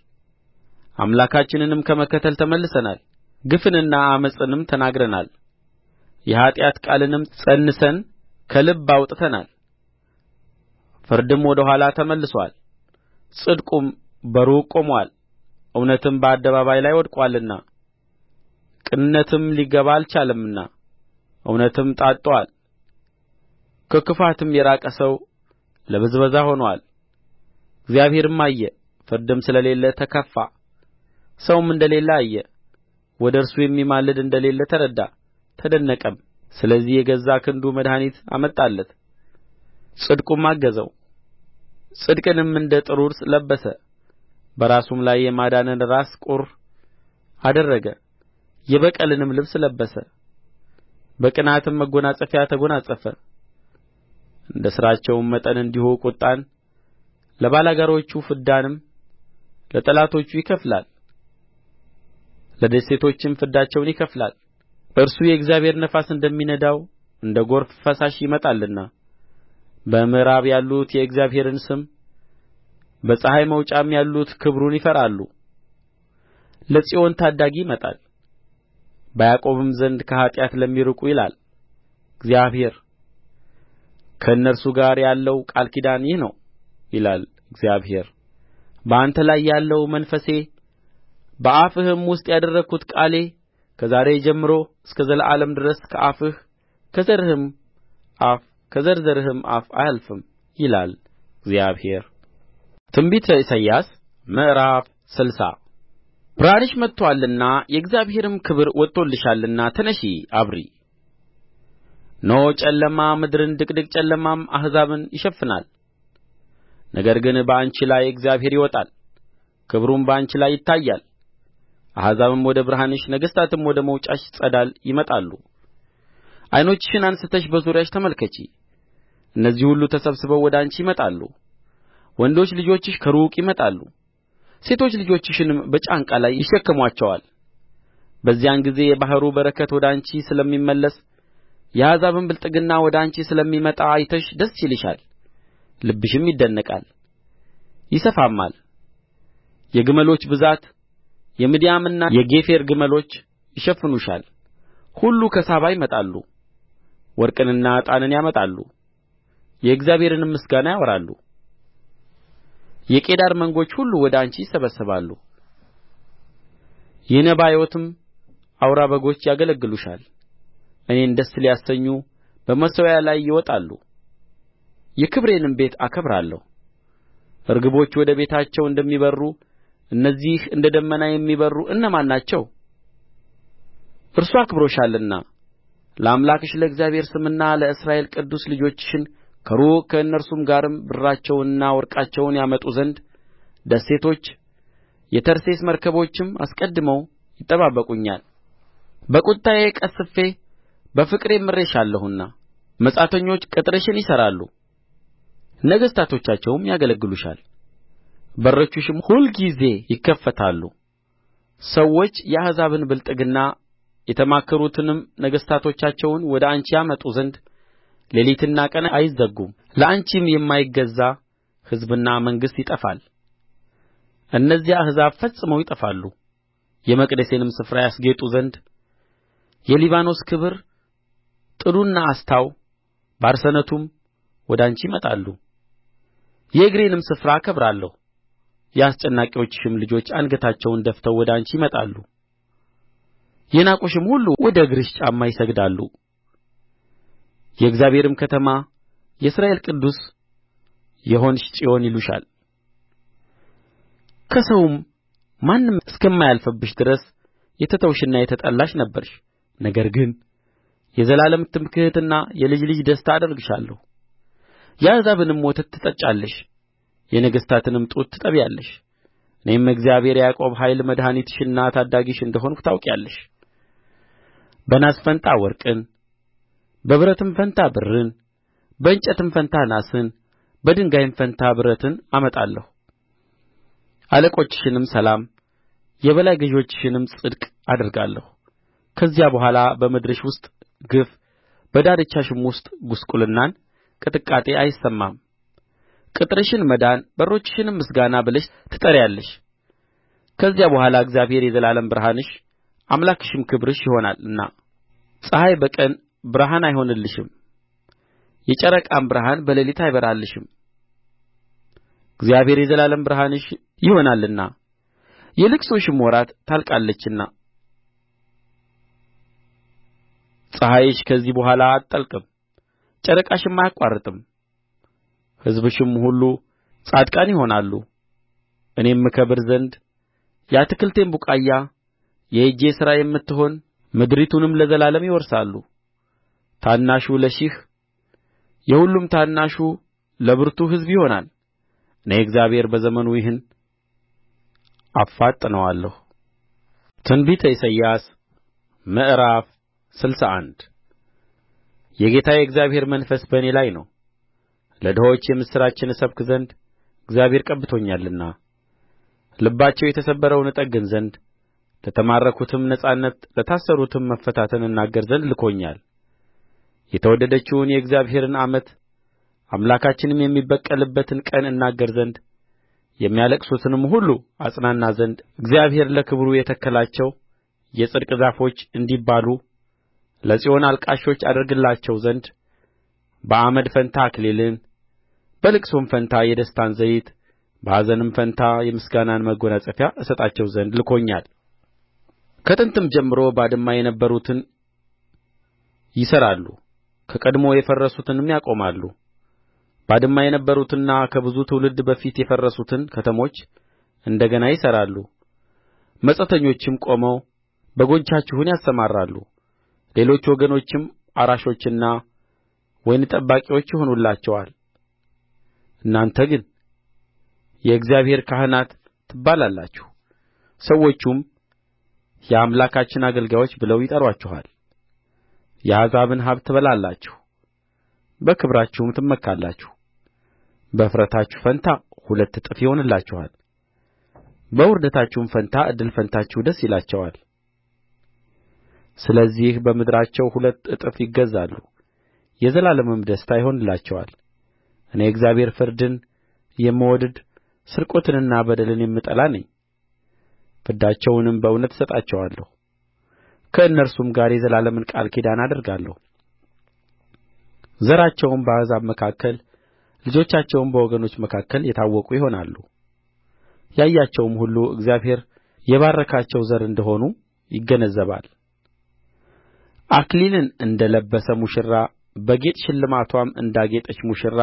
Speaker 1: አምላካችንንም ከመከተል ተመልሰናል ግፍንና ዓመፅንም ተናግረናል የኃጢአት ቃልንም ፀንሰን ከልብ አውጥተናል ፍርድም ወደ ኋላ ተመልሶአል ጽድቁም በሩቅ ቆሞአል እውነትም በአደባባይ ላይ ወድቆአልና ቅንነትም ሊገባ አልቻለምና እውነትም ታጥቶአል ከክፋትም የራቀ ሰው ለብዝበዛ ሆኖአል እግዚአብሔርም አየ ፍርድም ስለሌለ ተከፋ ሰውም እንደሌለ አየ ወደ እርሱ የሚማልድ እንደሌለ ተረዳ ተደነቀም ስለዚህ የገዛ ክንዱ መድኃኒት አመጣለት ጽድቁም አገዘው ጽድቅንም እንደ ጥሩር ለበሰ በራሱም ላይ የማዳንን ራስ ቍር አደረገ የበቀልንም ልብስ ለበሰ በቅንዓትም መጐናጸፊያ ተጐናጸፈ እንደ ሥራቸውም መጠን እንዲሁ ቍጣን ለባላጋራዎቹ ፍዳንም ለጠላቶቹ ይከፍላል ለደሴቶችም ፍዳቸውን ይከፍላል እርሱ የእግዚአብሔር ነፋስ እንደሚነዳው እንደ ጐርፍ ፈሳሽ ይመጣልና በምዕራብ ያሉት የእግዚአብሔርን ስም በፀሐይ መውጫም ያሉት ክብሩን ይፈራሉ ለጽዮን ታዳጊ ይመጣል በያዕቆብም ዘንድ ከኃጢአት ለሚርቁ ይላል እግዚአብሔር ከእነርሱ ጋር ያለው ቃል ኪዳን ይህ ነው ይላል እግዚአብሔር በአንተ ላይ ያለው መንፈሴ በአፍህም ውስጥ ያደረግሁት ቃሌ ከዛሬ ጀምሮ እስከ ዘላለም ድረስ ከአፍህ ከዘርህም አፍ ዘርህም አፍ አያልፍም ይላል እግዚአብሔር ትንቢተ ኢሳይያስ ምዕራፍ ስልሳ ብርሃንሽ መጥቶአልና የእግዚአብሔርም ክብር ወጥቶልሻልና ተነሺ አብሪ እነሆ ጨለማ ምድርን ድቅድቅ ጨለማም አሕዛብን ይሸፍናል ነገር ግን በአንቺ ላይ እግዚአብሔር ይወጣል ክብሩም በአንቺ ላይ ይታያል አሕዛብም ወደ ብርሃንሽ ነገሥታትም ወደ መውጫሽ ፀዳል ይመጣሉ ዓይኖችሽን አንሥተሽ በዙሪያሽ ተመልከቺ እነዚህ ሁሉ ተሰብስበው ወደ አንቺ ይመጣሉ ወንዶች ልጆችሽ ከሩቅ ይመጣሉ ሴቶች ልጆችሽንም በጫንቃ ላይ ይሸከሙአቸዋል በዚያን ጊዜ የባሕሩ በረከት ወደ አንቺ ስለሚመለስ የአሕዛብም ብልጥግና ወደ አንቺ ስለሚመጣ አይተሽ ደስ ይልሻል ልብሽም ይደነቃል ይሰፋማል የግመሎች ብዛት የምድያምና የጌፌር ግመሎች ይሸፍኑሻል ሁሉ ከሳባ ይመጣሉ ወርቅንና ዕጣንን ያመጣሉ የእግዚአብሔርንም ምስጋና ያወራሉ የቄዳር መንጎች ሁሉ ወደ አንቺ ይሰበሰባሉ የነባዮትም አውራ በጎች ያገለግሉሻል እኔን ደስ ሊያሰኙ በመሠዊያዬ ላይ ይወጣሉ የክብሬንም ቤት አከብራለሁ ርግቦች ወደ ቤታቸው እንደሚበርሩ እነዚህ እንደ ደመና የሚበርሩ እነማን ናቸው እርሱ አክብሮሻልና ለአምላክሽ ለእግዚአብሔር ስምና ለእስራኤል ቅዱስ ልጆችሽን ከሩቅ ከእነርሱም ጋርም ብራቸውንና ወርቃቸውን ያመጡ ዘንድ ደሴቶች የተርሴስ መርከቦችም አስቀድመው ይጠባበቁኛል በቍጣዬ ቀሥፌ በፍቅሬም ምሬሻለሁና መጻተኞች ቅጥርሽን ይሠራሉ ነገሥታቶቻቸውም ያገለግሉሻል በሮችሽም ሁልጊዜ ይከፈታሉ ሰዎች የአሕዛብን ብልጥግና የተማረኩትንም ነገሥታቶቻቸውን ወደ አንቺ ያመጡ ዘንድ ሌሊትና ቀን አይዘጉም ለአንቺም የማይገዛ ሕዝብና መንግሥት ይጠፋል እነዚያ አሕዛብ ፈጽመው ይጠፋሉ የመቅደሴንም ስፍራ ያስጌጡ ዘንድ የሊባኖስ ክብር ጥዱና አስታው ባርሰነቱም ወደ አንቺ ይመጣሉ የእግሬንም ስፍራ አከብራለሁ የአስጨናቂዎችሽም ልጆች አንገታቸውን ደፍተው ወደ አንቺ ይመጣሉ የናቁሽም ሁሉ ወደ እግርሽ ጫማ ይሰግዳሉ የእግዚአብሔርም ከተማ የእስራኤል ቅዱስ የሆንሽ ጽዮን ይሉሻል ከሰውም ማንም እስከማያልፍብሽ ድረስ የተተውሽና የተጠላሽ ነበርሽ ነገር ግን የዘላለም ትምክሕትና የልጅ ልጅ ደስታ አደርግሻለሁ የአሕዛብንም ወተት ትጠጫለሽ የነገሥታትንም ጡት ትጠቢያለሽ እኔም እግዚአብሔር የያዕቆብ ኃይል መድኃኒትሽና ታዳጊሽ እንደ ሆንሁ ታውቂያለሽ። በናስ ፋንታ ወርቅን በብረትም ፋንታ ብርን በእንጨትም ፋንታ ናስን በድንጋይም ፋንታ ብረትን አመጣለሁ አለቆችሽንም ሰላም የበላይ ገዦችሽንም ጽድቅ አደርጋለሁ ከዚያ በኋላ በምድርሽ ውስጥ ግፍ በዳርቻሽም ውስጥ ጕስቍልናና ቅጥቃጤ አይሰማም ቅጥርሽን መዳን በሮችሽንም ምስጋና ብለሽ ትጠሪያለሽ ከዚያ በኋላ እግዚአብሔር የዘላለም ብርሃንሽ አምላክሽም ክብርሽ ይሆናልና ፀሐይ በቀን ብርሃን አይሆንልሽም የጨረቃም ብርሃን በሌሊት አይበራልሽም እግዚአብሔር የዘላለም ብርሃንሽ ይሆናልና የልቅሶሽም ወራት ታልቃለችና ፀሐይሽ ከዚህ በኋላ አትጠልቅም ጨረቃሽም አያቋርጥም ሕዝብሽም ሁሉ ጻድቃን ይሆናሉ እኔም እከብር ዘንድ የአትክልቴም ቡቃያ የእጄ ሥራ የምትሆን ምድሪቱንም ለዘላለም ይወርሳሉ ታናሹ ለሺህ የሁሉም ታናሹ ለብርቱ ሕዝብ ይሆናል እኔ እግዚአብሔር በዘመኑ ይህን አፋጥነዋለሁ ትንቢተ ኢሳይያስ ምዕራፍ ስልሳ አንድ የጌታ የእግዚአብሔር መንፈስ በእኔ ላይ ነው ለድሆች የምሥራችን እሰብክ ዘንድ እግዚአብሔር ቀብቶኛልና ልባቸው የተሰበረውን እጠግን ዘንድ ለተማረኩትም ነጻነት ለታሰሩትም መፈታትን እናገር ዘንድ ልኮኛል የተወደደችውን የእግዚአብሔርን ዓመት አምላካችንም የሚበቀልበትን ቀን እናገር ዘንድ የሚያለቅሱትንም ሁሉ አጽናና ዘንድ እግዚአብሔር ለክብሩ የተከላቸው የጽድቅ ዛፎች እንዲባሉ ለጽዮን አልቃሾች አደርግላቸው ዘንድ በአመድ ፋንታ አክሊልን በልቅሶም ፋንታ የደስታን ዘይት በኀዘንም ፋንታ የምስጋናን መጐናጸፊያ እሰጣቸው ዘንድ ልኮኛል ከጥንትም ጀምሮ ባድማ የነበሩትን ይሠራሉ ከቀድሞ የፈረሱትንም ያቆማሉ ባድማ የነበሩትና ከብዙ ትውልድ በፊት የፈረሱትን ከተሞች እንደ ገና ይሠራሉ መጻተኞችም ቆመው በጎቻችሁን ያሰማራሉ ሌሎች ወገኖችም አራሾችና ወይን ጠባቂዎች ይሆኑላችኋል እናንተ ግን የእግዚአብሔር ካህናት ትባላላችሁ ሰዎቹም የአምላካችን አገልጋዮች ብለው ይጠሩአችኋል የአሕዛብን ሀብት ትበላላችሁ በክብራችሁም ትመካላችሁ በእፍረታችሁ ፋንታ ሁለት እጥፍ ይሆንላችኋል በውርደታችሁም ፋንታ እድል ፈንታችሁ ደስ ይላቸዋል ስለዚህ በምድራቸው ሁለት እጥፍ ይገዛሉ የዘላለምም ደስታ ይሆንላቸዋል እኔ እግዚአብሔር ፍርድን የምወድድ ስርቆትንና በደልን የምጠላ ነኝ ፍዳቸውንም በእውነት እሰጣቸዋለሁ ከእነርሱም ጋር የዘላለምን ቃል ኪዳን አደርጋለሁ ዘራቸውም በአሕዛብ መካከል ልጆቻቸውም በወገኖች መካከል የታወቁ ይሆናሉ ያያቸውም ሁሉ እግዚአብሔር የባረካቸው ዘር እንደ ሆኑ ይገነዘባል አክሊልን እንደ ለበሰ ሙሽራ በጌጥ ሽልማትዋም እንዳጌጠች ሙሽራ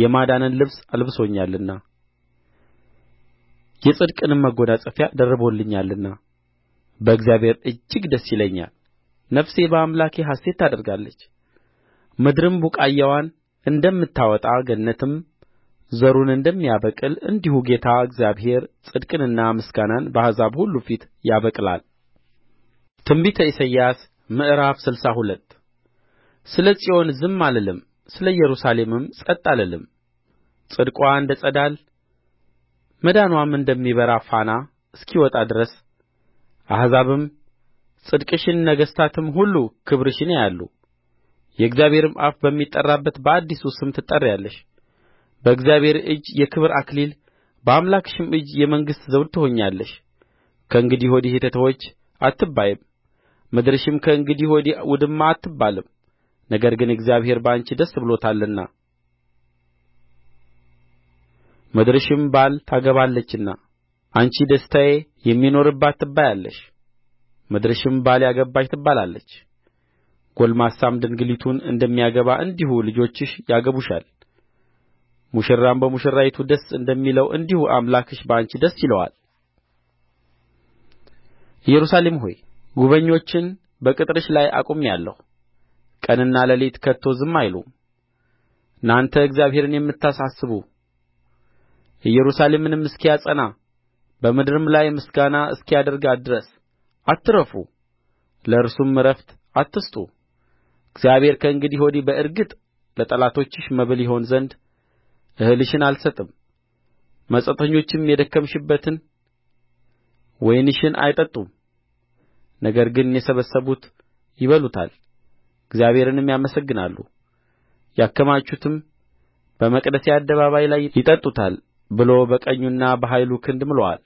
Speaker 1: የማዳንን ልብስ አልብሶኛልና የጽድቅንም መጐናጸፊያ ደርቦልኛልና በእግዚአብሔር እጅግ ደስ ይለኛል ነፍሴ በአምላኬ ሐሤት ታደርጋለች ምድርም ቡቃያዋን እንደምታወጣ ገነትም ዘሩን እንደሚያበቅል እንዲሁ ጌታ እግዚአብሔር ጽድቅንና ምስጋናን በአሕዛብ ሁሉ ፊት ያበቅላል። ትንቢተ ኢሳይያስ ምዕራፍ ስልሳ ሁለት ስለ ጽዮን ዝም አልልም፣ ስለ ኢየሩሳሌምም ጸጥ አልልም። ጽድቋ እንደ ጸዳል፣ መዳንዋም እንደሚበራ ፋና እስኪወጣ ድረስ አሕዛብም ጽድቅሽን ነገሥታትም ሁሉ ክብርሽን ያያሉ የእግዚአብሔርም አፍ በሚጠራበት በአዲሱ ስም ትጠሪያለሽ በእግዚአብሔር እጅ የክብር አክሊል በአምላክሽም እጅ የመንግሥት ዘውድ ትሆኛለሽ ከእንግዲህ ወዲህ የተተወች አትባይም ምድርሽም ከእንግዲህ ወዲህ ውድማ አትባልም ነገር ግን እግዚአብሔር በአንቺ ደስ ብሎታልና ምድርሽም ባል ታገባለችና አንቺ ደስታዬ የሚኖርባት ትባያለሽ ምድርሽም ባል ያገባች ትባላለች ጕልማሳም ድንግሊቱን እንደሚያገባ እንዲሁ ልጆችሽ ያገቡሻል ሙሽራም በሙሽራይቱ ደስ እንደሚለው እንዲሁ አምላክሽ በአንቺ ደስ ይለዋል ኢየሩሳሌም ሆይ ጕበኞችን በቅጥርሽ ላይ አቁሜአለሁ ቀንና ሌሊት ከቶ ዝም አይሉም እናንተ እግዚአብሔርን የምታሳስቡ ኢየሩሳሌምንም እስኪያጸና በምድርም ላይ ምስጋና እስኪያደርጋት ድረስ አትረፉ ለእርሱም ዕረፍት አትስጡ እግዚአብሔር ከእንግዲህ ወዲህ በእርግጥ ለጠላቶችሽ መብል ይሆን ዘንድ እህልሽን አልሰጥም መጻተኞችም የደከምሽበትን ወይንሽን አይጠጡም ነገር ግን የሰበሰቡት ይበሉታል እግዚአብሔርንም ያመሰግናሉ ያከማቹትም በመቅደሴ አደባባይ ላይ ይጠጡታል ብሎ በቀኙና በኃይሉ ክንድ ምሎአል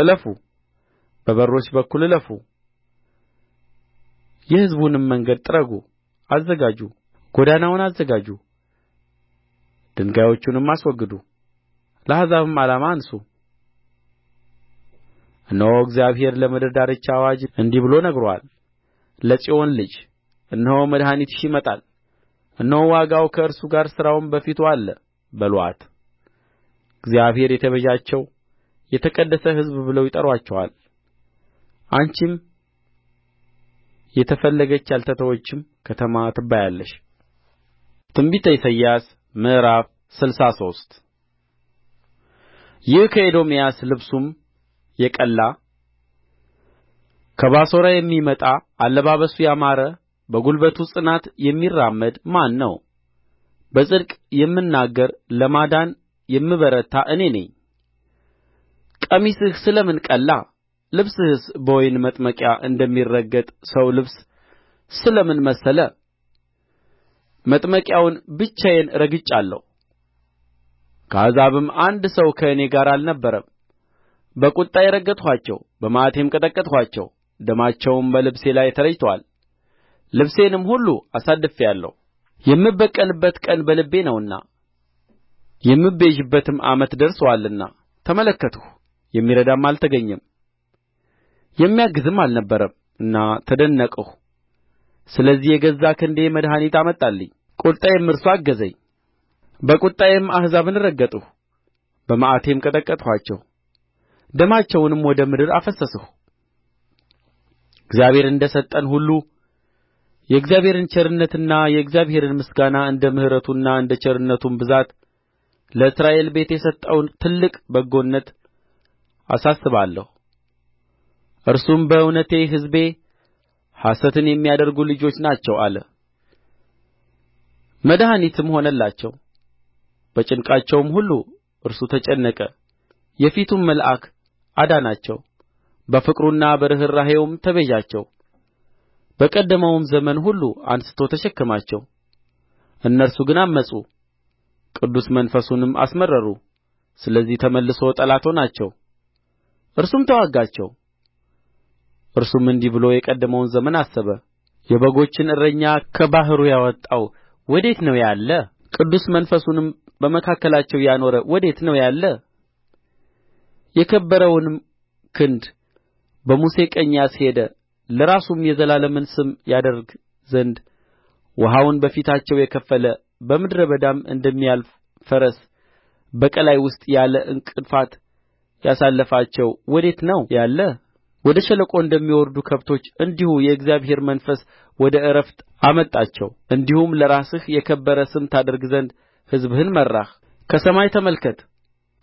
Speaker 1: እለፉ በበሮች በኩል እለፉ የሕዝቡንም መንገድ ጥረጉ አዘጋጁ ጐዳናውን አዘጋጁ ድንጋዮቹንም አስወግዱ ለአሕዛብም ዓላማ አንሡ እነሆ እግዚአብሔር ለምድር ዳርቻ አዋጅ እንዲህ ብሎ ነግሮአል ለጽዮን ልጅ እነሆ መድኃኒትሽ ይመጣል እነሆ ዋጋው ከእርሱ ጋር ሥራውም በፊቱ አለ በሉአት እግዚአብሔር የተቤዣቸው የተቀደሰ ሕዝብ ብለው ይጠሩአቸዋል። አንቺም የተፈለገች ያልተተወችም ከተማ ትባያለሽ ትንቢተ ኢሳይያስ ምዕራፍ ስልሳ ሶስት ይህ ከኤዶምያስ ልብሱም የቀላ ከባሶራ የሚመጣ አለባበሱ ያማረ በጕልበቱ ጽናት የሚራመድ ማን ነው በጽድቅ የምናገር ለማዳን የምበረታ እኔ ነኝ ቀሚስህ ስለ ምን ቀላ ልብስህስ በወይን መጥመቂያ እንደሚረገጥ ሰው ልብስ ስለ ምን መሰለ መጥመቂያውን ብቻዬን ረግጫለሁ ከአሕዛብም አንድ ሰው ከእኔ ጋር አልነበረም በቍጣዬ ረገጥኋቸው በመዓቴም ቀጠቀጥኋቸው ደማቸውም በልብሴ ላይ ተረጭቶአል ልብሴንም ሁሉ አሳድፌአለሁ የምበቀልበት ቀን በልቤ ነውና የምቤዥበትም ዓመት ደርሶአልና ተመለከትሁ የሚረዳም አልተገኘም የሚያግዝም አልነበረምና ተደነቅሁ ስለዚህ የገዛ ክንዴ መድኃኒት አመጣልኝ ቍጣዬም እርሱ አገዘኝ በቍጣዬም አሕዛብን ረገጥሁ በመዓቴም ቀጠቀጥኋቸው ደማቸውንም ወደ ምድር አፈሰስሁ እግዚአብሔር እንደ ሰጠን ሁሉ የእግዚአብሔርን ቸርነትና የእግዚአብሔርን ምስጋና እንደ ምሕረቱና እንደ ቸርነቱም ብዛት ለእስራኤል ቤት የሰጠውን ትልቅ በጎነት አሳስባለሁ እርሱም በእውነቴ ሕዝቤ ሐሰትን የሚያደርጉ ልጆች ናቸው አለ መድኃኒትም ሆነላቸው በጭንቃቸውም ሁሉ እርሱ ተጨነቀ የፊቱም መልአክ አዳናቸው በፍቅሩና በርኅራኄውም ተቤዣቸው በቀደመውም ዘመን ሁሉ አንሥቶ ተሸከማቸው እነርሱ ግን ዐመፁ ቅዱስ መንፈሱንም አስመረሩ ስለዚህ ተመልሶ ጠላት ሆናቸው እርሱም ተዋጋቸው እርሱም እንዲህ ብሎ የቀደመውን ዘመን አሰበ የበጎችን እረኛ ከባሕሩ ያወጣው ወዴት ነው ያለ ቅዱስ መንፈሱንም በመካከላቸው ያኖረ ወዴት ነው ያለ የከበረውንም ክንድ በሙሴ ቀኝ ያስሄደ ለራሱም የዘላለምን ስም ያደርግ ዘንድ ውኃውን በፊታቸው የከፈለ በምድረ በዳም እንደሚያልፍ ፈረስ በቀላይ ውስጥ ያለ ዕንቅፋት ያሳለፋቸው ወዴት ነው ያለ ወደ ሸለቆ እንደሚወርዱ ከብቶች እንዲሁ የእግዚአብሔር መንፈስ ወደ ዕረፍት አመጣቸው እንዲሁም ለራስህ የከበረ ስም ታደርግ ዘንድ ሕዝብህን መራህ ከሰማይ ተመልከት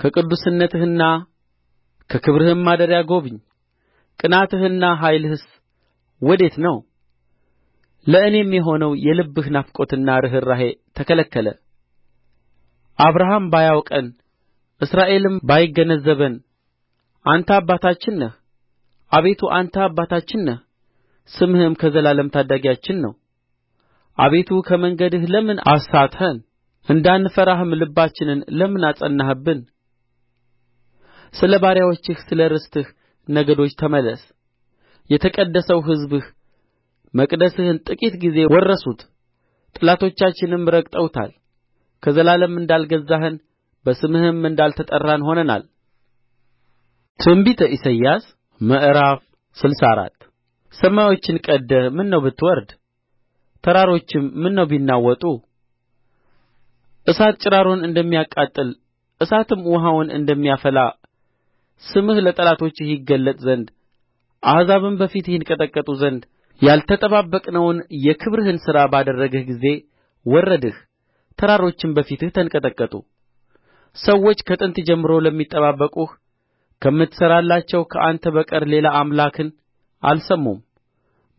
Speaker 1: ከቅዱስነትህና ከክብርህም ማደሪያ ጐብኝ ቅንዓትህና ኃይልህስ ወዴት ነው ለእኔም የሆነው የልብህ ናፍቆትና ርኅራኄ ተከለከለ አብርሃም ባያውቀን እስራኤልም ባይገነዘበን አንተ አባታችን ነህ አቤቱ አንተ አባታችን ነህ ስምህም ከዘላለም ታዳጊያችን ነው አቤቱ ከመንገድህ ለምን አሳትኸን እንዳንፈራህም ልባችንን ለምን አጸናህብን ስለ ባሪያዎችህ ስለ ርስትህ ነገዶች ተመለስ የተቀደሰው ሕዝብህ መቅደስህን ጥቂት ጊዜ ወረሱት ጠላቶቻችንም ረግጠውታል ከዘላለም እንዳልገዛኸን በስምህም እንዳልተጠራን ሆነናል ትንቢተ ኢሳይያስ ምዕራፍ ስልሳ አራት ሰማዮችን ቀድደህ ምነው ብትወርድ ተራሮችም ምነው ቢናወጡ እሳት ጭራሮን እንደሚያቃጥል እሳትም ውኃውን እንደሚያፈላ ስምህ ለጠላቶችህ ይገለጥ ዘንድ አሕዛብም በፊትህ ይንቀጠቀጡ ዘንድ ያልተጠባበቅነውን የክብርህን ሥራ ባደረግህ ጊዜ ወረድህ፣ ተራሮችም በፊትህ ተንቀጠቀጡ። ሰዎች ከጥንት ጀምሮ ለሚጠባበቁህ ከምትሠራላቸው ከአንተ በቀር ሌላ አምላክን አልሰሙም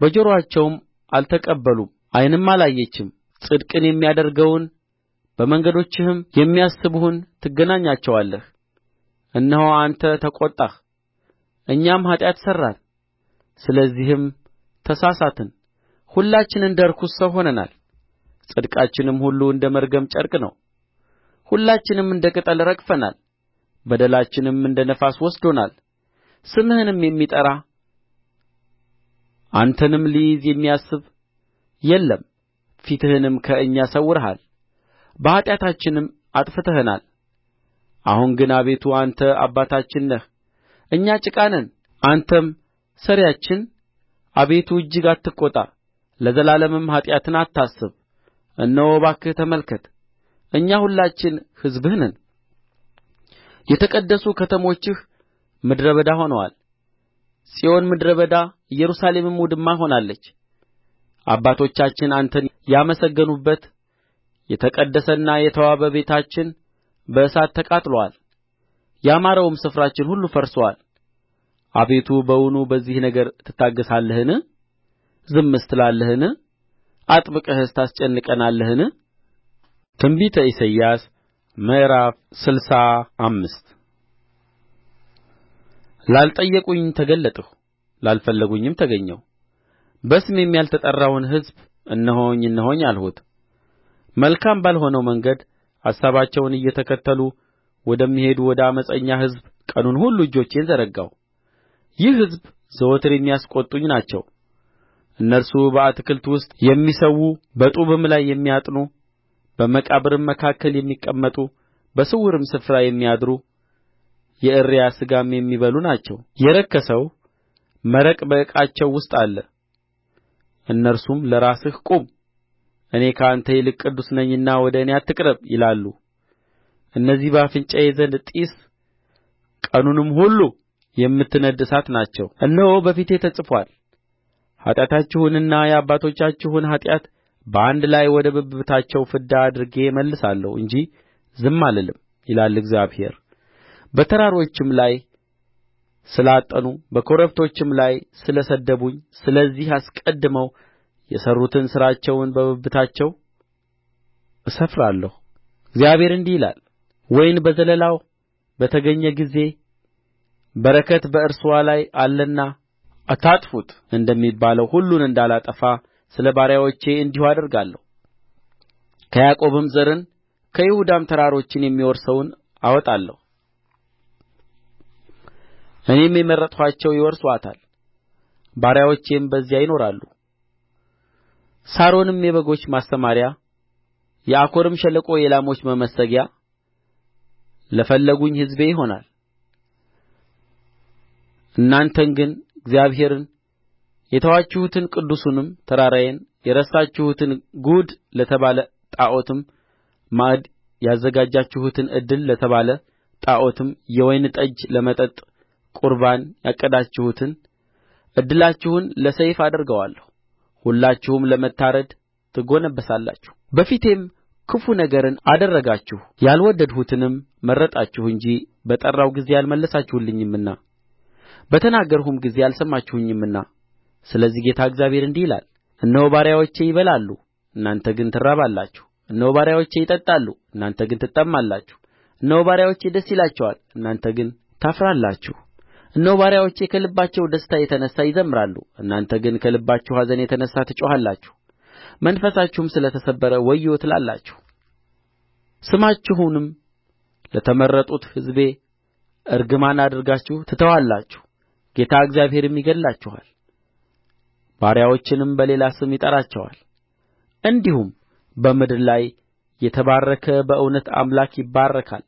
Speaker 1: በጆሮአቸውም አልተቀበሉም ዓይንም አላየችም ጽድቅን የሚያደርገውን በመንገዶችህም የሚያስቡህን ትገናኛቸዋለህ እነሆ አንተ ተቈጣህ እኛም ኃጢአት ሠራን ስለዚህም ተሳሳትን ሁላችን እንደ ርኩስ ሰው ሆነናል ጽድቃችንም ሁሉ እንደ መርገም ጨርቅ ነው ሁላችንም እንደ ቅጠል ረግፈናል በደላችንም እንደ ነፋስ ወስዶናል ስምህንም የሚጠራ አንተንም ሊይዝ የሚያስብ የለም ፊትህንም ከእኛ ሰውረሃል በኃጢአታችንም አጥፍተኸናል አሁን ግን አቤቱ አንተ አባታችን ነህ እኛ ጭቃ ነን አንተም ሠሪያችን አቤቱ እጅግ አትቈጣ ለዘላለምም ኃጢአትን አታስብ እነሆ እባክህ ተመልከት እኛ ሁላችን ሕዝብህ ነን የተቀደሱ ከተሞችህ ምድረ በዳ ሆነዋል ጽዮን ምድረ በዳ ኢየሩሳሌምም ውድማ ሆናለች አባቶቻችን አንተን ያመሰገኑበት የተቀደሰና የተዋበ ቤታችን በእሳት ተቃጥሎአል ያማረውም ስፍራችን ሁሉ ፈርሶአል አቤቱ በውኑ በዚህ ነገር ትታገሣለህን ዝምስ ትላለህን አጥብቀህስ ታስጨንቀናለህን ትንቢተ ኢሳይያስ ምዕራፍ ስልሳ አምስት ላልጠየቁኝ ተገለጥሁ ላልፈለጉኝም ተገኘሁ በስሜም ያልተጠራውን ሕዝብ እነሆኝ እነሆኝ አልሁት መልካም ባልሆነው መንገድ አሳባቸውን እየተከተሉ ወደሚሄዱ ወደ ዓመፀኛ ሕዝብ ቀኑን ሁሉ እጆቼን ዘረጋሁ ይህ ሕዝብ ዘወትር የሚያስቈጡኝ ናቸው እነርሱ በአትክልት ውስጥ የሚሠዉ በጡብም ላይ የሚያጥኑ በመቃብርም መካከል የሚቀመጡ በስውርም ስፍራ የሚያድሩ የእሪያ ሥጋም የሚበሉ ናቸው የረከሰው መረቅ በዕቃቸው ውስጥ አለ እነርሱም ለራስህ ቁም እኔ ከአንተ ይልቅ ቅዱስ ነኝና ወደ እኔ አትቅረብ ይላሉ እነዚህ በአፍንጫዬ ዘንድ ጢስ ቀኑንም ሁሉ የምትነድድ እሳት ናቸው እነሆ በፊቴ ተጽፎአል ኃጢአታችሁንና የአባቶቻችሁን ኃጢአት በአንድ ላይ ወደ ብብታቸው ፍዳ አድርጌ እመልሳለሁ እንጂ ዝም አልልም ይላል እግዚአብሔር በተራሮችም ላይ ስላጠኑ በኮረብቶችም ላይ ስለ ሰደቡኝ ስለዚህ አስቀድመው የሠሩትን ሥራቸውን በብብታቸው እሰፍራለሁ እግዚአብሔር እንዲህ ይላል ወይን በዘለላው በተገኘ ጊዜ በረከት በእርስዋ ላይ አለና አታጥፉት እንደሚባለው ሁሉን እንዳላጠፋ ስለ ባሪያዎቼ እንዲሁ አደርጋለሁ ከያዕቆብም ዘርን ከይሁዳም ተራሮችን የሚወርሰውን አወጣለሁ እኔም የመረጥኋቸው ይወርሱአታል ባሪያዎቼም በዚያ ይኖራሉ ሳሮንም የበጎች ማሰማርያ የአኮርም ሸለቆ የላሞች መመሰጊያ ለፈለጉኝ ሕዝቤ ይሆናል እናንተን ግን እግዚአብሔርን የተዋችሁትን ቅዱሱንም ተራራዬን የረሳችሁትን ጉድ ለተባለ ጣዖትም ማዕድ ያዘጋጃችሁትን እድል ለተባለ ጣዖትም የወይን ጠጅ ለመጠጥ ቍርባን ያቀዳችሁትን እድላችሁን ለሰይፍ አደርገዋለሁ ሁላችሁም ለመታረድ ትጐነበሳላችሁ በፊቴም ክፉ ነገርን አደረጋችሁ ያልወደድሁትንም መረጣችሁ እንጂ በጠራሁ ጊዜ አልመለሳችሁልኝምና በተናገርሁም ጊዜ አልሰማችሁኝምና ስለዚህ ጌታ እግዚአብሔር እንዲህ ይላል እነሆ ባሪያዎቼ ይበላሉ እናንተ ግን ትራባላችሁ እነሆ ባሪያዎቼ ይጠጣሉ እናንተ ግን ትጠማላችሁ እነሆ ባሪያዎቼ ደስ ይላቸዋል እናንተ ግን ታፍራላችሁ እነሆ ባሪያዎቼ ከልባቸው ደስታ የተነሣ ይዘምራሉ እናንተ ግን ከልባችሁ ኀዘን የተነሣ ትጮኻላችሁ መንፈሳችሁም ስለ ተሰበረ ወዮ ትላላችሁ ስማችሁንም ለተመረጡት ሕዝቤ እርግማን አድርጋችሁ ትተዋላችሁ ጌታ እግዚአብሔርም ይገድላችኋል ባሪያዎችንም በሌላ ስም ይጠራቸዋል እንዲሁም በምድር ላይ የተባረከ በእውነት አምላክ ይባረካል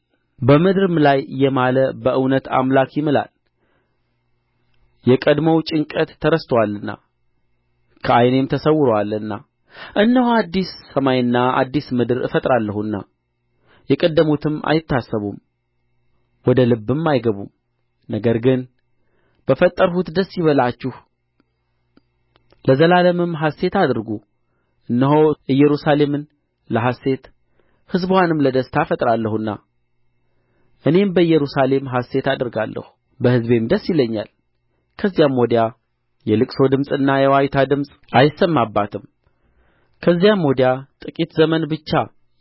Speaker 1: በምድርም ላይ የማለ በእውነት አምላክ ይምላል የቀድሞው ጭንቀት ተረስቶአልና ከዓይኔም ተሰውሮአልና እነሆ አዲስ ሰማይና አዲስ ምድር እፈጥራለሁና የቀደሙትም አይታሰቡም ወደ ልብም አይገቡም ነገር ግን በፈጠርሁት ደስ ይበላችሁ ለዘላለምም ሐሤት አድርጉ እነሆ ኢየሩሳሌምን ለሐሤት ሕዝብዋንም ለደስታ እፈጥራለሁና እኔም በኢየሩሳሌም ሐሤት አደርጋለሁ በሕዝቤም ደስ ይለኛል ከዚያም ወዲያ የልቅሶ ድምፅና የዋይታ ድምፅ አይሰማባትም ከዚያም ወዲያ ጥቂት ዘመን ብቻ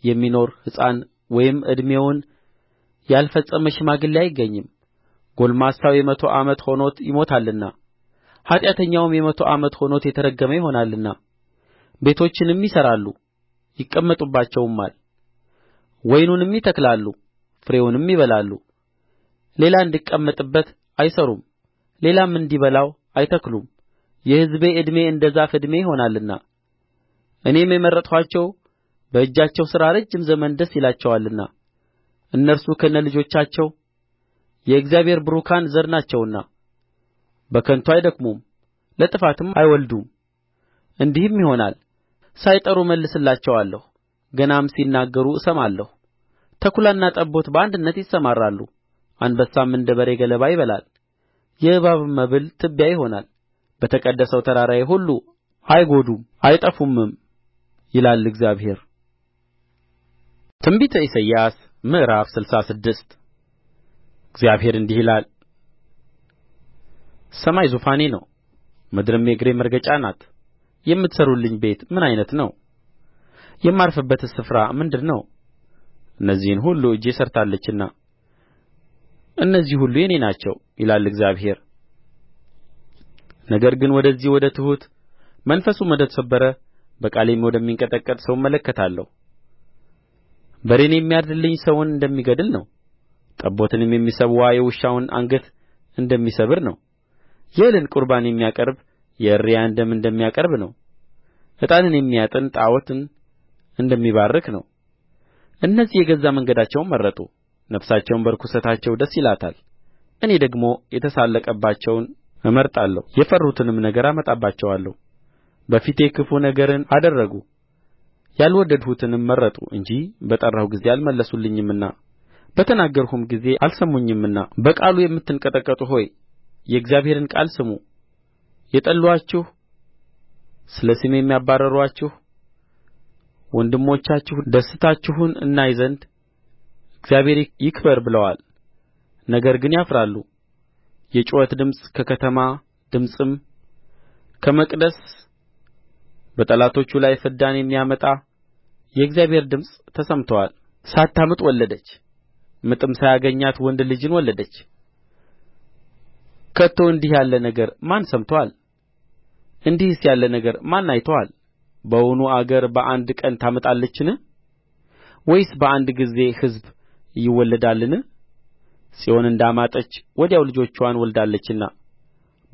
Speaker 1: የሚኖር ሕፃን ወይም ዕድሜውን ያልፈጸመ ሽማግሌ አይገኝም ጕልማሳው የመቶ ዓመት ሆኖት ይሞታልና ኃጢአተኛውም የመቶ ዓመት ሆኖት የተረገመ ይሆናልና ቤቶችንም ይሠራሉ ይቀመጡባቸውማል ወይኑንም ይተክላሉ ፍሬውንም ይበላሉ ሌላ እንዲቀመጥበት አይሠሩም ሌላም እንዲበላው አይተክሉም የሕዝቤ ዕድሜ እንደ ዛፍ ዕድሜ ይሆናልና እኔም የመረጥኋቸው በእጃቸው ሥራ ረጅም ዘመን ደስ ይላቸዋልና እነርሱ ከነልጆቻቸው የእግዚአብሔር ቡሩካን ዘር ናቸውና በከንቱ አይደክሙም ለጥፋትም አይወልዱም እንዲህም ይሆናል ሳይጠሩ እመልስላቸዋለሁ ገናም ሲናገሩ እሰማለሁ ተኵላና ጠቦት በአንድነት ይሰማራሉ አንበሳም እንደ በሬ ገለባ ይበላል የእባብም መብል ትቢያ ይሆናል በተቀደሰው ተራራዬ ሁሉ አይጐዱም አይጠፉምም ይላል እግዚአብሔር ትንቢተ ኢሳይያስ ምዕራፍ ስልሳ ስድስት እግዚአብሔር እንዲህ ይላል ሰማይ ዙፋኔ ነው ምድርም የእግሬ መረገጫ ናት የምትሠሩልኝ ቤት ምን ዓይነት ነው የማርፍበትስ ስፍራ ምንድር ነው እነዚህን ሁሉ እጄ ሠርታለችና እነዚህ ሁሉ የእኔ ናቸው ይላል እግዚአብሔር ነገር ግን ወደዚህ ወደ ትሑት መንፈሱም ወደ ተሰበረ በቃሌም ወደሚንቀጠቀጥ ሰው እመለከታለሁ በሬን የሚያርድልኝ ሰውን እንደሚገድል ነው ጠቦትንም የሚሠዋ የውሻውን አንገት እንደሚሰብር ነው የእህልን ቍርባን የሚያቀርብ የእሪያን ደም እንደሚያቀርብ ነው ዕጣንን የሚያጥን ጣዖትን እንደሚባርክ ነው እነዚህ የገዛ መንገዳቸውን መረጡ ነፍሳቸውም በርኵሰታቸው ደስ ይላታል እኔ ደግሞ የተሳለቀባቸውን እመርጣለሁ የፈሩትንም ነገር አመጣባቸዋለሁ በፊቴ ክፉ ነገርን አደረጉ ያልወደድሁትንም መረጡ እንጂ በጠራሁ ጊዜ አልመለሱልኝምና በተናገርሁም ጊዜ አልሰሙኝምና በቃሉ የምትንቀጠቀጡ ሆይ የእግዚአብሔርን ቃል ስሙ የጠሉአችሁ ስለ ስሜም ያባረሩአችሁ ወንድሞቻችሁ ደስታችሁን እናይ ዘንድ እግዚአብሔር ይክበር ብለዋል ነገር ግን ያፍራሉ የጩኸት ድምፅ ከከተማ ድምፅም ከመቅደስ በጠላቶቹ ላይ ፍዳን የሚያመጣ የእግዚአብሔር ድምፅ ተሰምቶአል ሳታምጥ ወለደች ምጥም ሳያገኛት ወንድ ልጅን ወለደች ከቶ እንዲህ ያለ ነገር ማን ሰምቶአል እንዲህስ ያለ ነገር ማን አይቶአል በውኑ አገር በአንድ ቀን ታምጣለችን ወይስ በአንድ ጊዜ ሕዝብ ይወለዳልን ጽዮን እንዳማጠች ወዲያው ልጆችዋን ወልዳለችና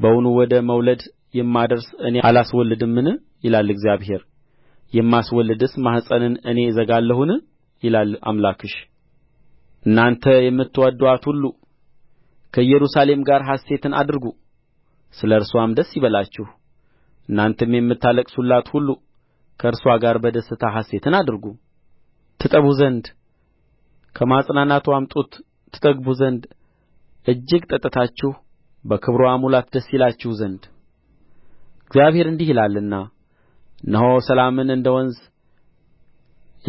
Speaker 1: በውኑ ወደ መውለድ የማደርስ እኔ አላስወልድምን ይላል እግዚአብሔር የማስወልድስ ማኅፀንን እኔ እዘጋለሁን ይላል አምላክሽ እናንተ የምትወድዱአት ሁሉ ከኢየሩሳሌም ጋር ሐሤትን አድርጉ ስለ እርስዋም ደስ ይበላችሁ እናንተም የምታለቅሱላት ሁሉ ከእርስዋ ጋር በደስታ ሐሤትን አድርጉ ትጠቡ ዘንድ ከማጽናናትዋም ጡት ትጠግቡ ዘንድ እጅግ ጠጥታችሁ በክብርዋ ሙላት ደስ ይላችሁ ዘንድ እግዚአብሔር እንዲህ ይላልና እነሆ ሰላምን እንደ ወንዝ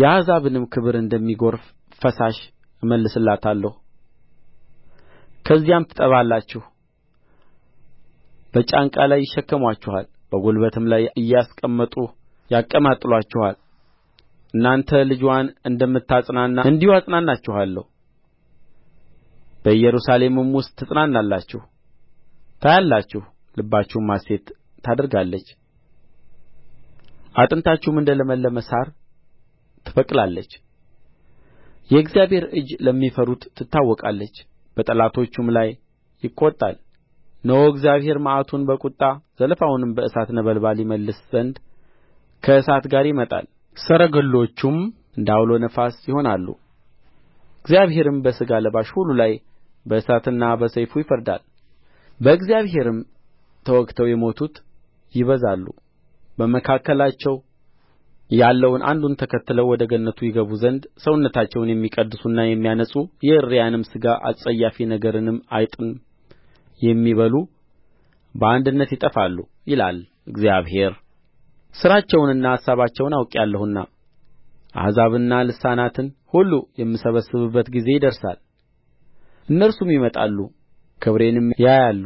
Speaker 1: የአሕዛብንም ክብር እንደሚጐርፍ ፈሳሽ እመልስላታለሁ ከዚያም ትጠባላችሁ በጫንቃ ላይ ይሸከሙአችኋል በጕልበትም ላይ እያስቀመጡ ያቀማጥሉአችኋል እናንተ ልጅዋን እንደምታጽናና እንዲሁ አጽናናችኋለሁ በኢየሩሳሌምም ውስጥ ትጽናናላችሁ ታያላችሁ ልባችሁም ሐሤት ታደርጋለች አጥንታችሁም እንደ ለመለመ ሣር ትበቅላለች የእግዚአብሔር እጅ ለሚፈሩት ትታወቃለች በጠላቶቹም ላይ ይቈጣል እነሆ እግዚአብሔር መዓቱን በቍጣ ዘለፋውንም በእሳት ነበልባል ይመልስ ዘንድ ከእሳት ጋር ይመጣል ሰረገሎቹም እንደ ዐውሎ ነፋስ ይሆናሉ እግዚአብሔርም በሥጋ ለባሽ ሁሉ ላይ በእሳትና በሰይፉ ይፈርዳል በእግዚአብሔርም ተወግተው የሞቱት ይበዛሉ በመካከላቸው ያለውን አንዱን ተከትለው ወደ ገነቱ ይገቡ ዘንድ ሰውነታቸውን የሚቀድሱና የሚያነጹ የእሪያንም ሥጋ አስጸያፊ ነገርንም አይጥን የሚበሉ በአንድነት ይጠፋሉ ይላል እግዚአብሔር ሥራቸውንና አሳባቸውን አውቄአለሁና አሕዛብንና ልሳናትን ሁሉ የምሰበስብበት ጊዜ ይደርሳል እነርሱም ይመጣሉ ክብሬንም ያያሉ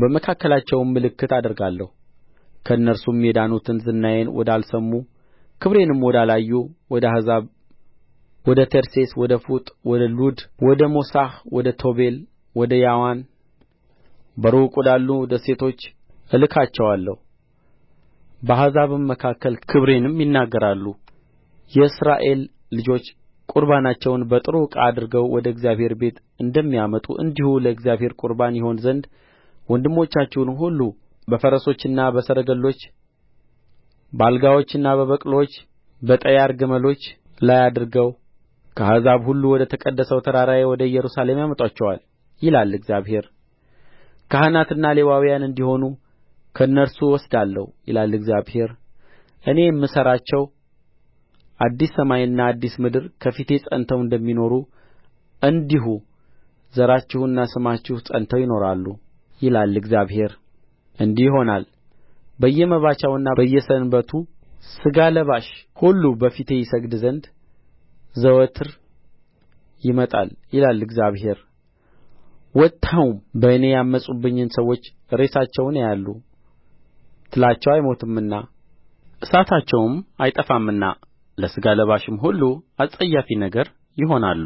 Speaker 1: በመካከላቸውም ምልክት አደርጋለሁ ከእነርሱም የዳኑትን ዝናዬን ወዳልሰሙ ክብሬንም ወዳላዩ ወደ አሕዛብ ወደ ተርሴስ ወደ ፉጥ ወደ ሉድ ወደ ሞሳሕ ወደ ቶቤል ወደ ያዋን በሩቅ ወዳሉ ደሴቶች እልካቸዋለሁ በአሕዛብም መካከል ክብሬንም ይናገራሉ የእስራኤል ልጆች ቍርባናቸውን በጥሩ ዕቃ አድርገው ወደ እግዚአብሔር ቤት እንደሚያመጡ እንዲሁ ለእግዚአብሔር ቍርባን ይሆን ዘንድ ወንድሞቻችሁን ሁሉ በፈረሶችና በሰረገሎች በአልጋዎችና በበቅሎች በጠያር ግመሎች ላይ አድርገው ከአሕዛብ ሁሉ ወደ ተቀደሰው ተራራዬ ወደ ኢየሩሳሌም ያመጡአቸዋል ይላል እግዚአብሔር ካህናትና ሌዋውያን እንዲሆኑ ከእነርሱ እወስዳለሁ ይላል እግዚአብሔር እኔ የምሠራቸው አዲስ ሰማይና አዲስ ምድር ከፊቴ ጸንተው እንደሚኖሩ እንዲሁ ዘራችሁና ስማችሁ ጸንተው ይኖራሉ ይላል እግዚአብሔር እንዲህ ይሆናል በየመባቻውና በየሰንበቱ ሥጋ ለባሽ ሁሉ በፊቴ ይሰግድ ዘንድ ዘወትር ይመጣል ይላል እግዚአብሔር ወጥተውም በእኔ ያመፁብኝን ሰዎች ሬሳቸውን ያያሉ ትላቸው አይሞትምና እሳታቸውም አይጠፋምና ለሥጋ ለባሽም ሁሉ አስጸያፊ ነገር ይሆናሉ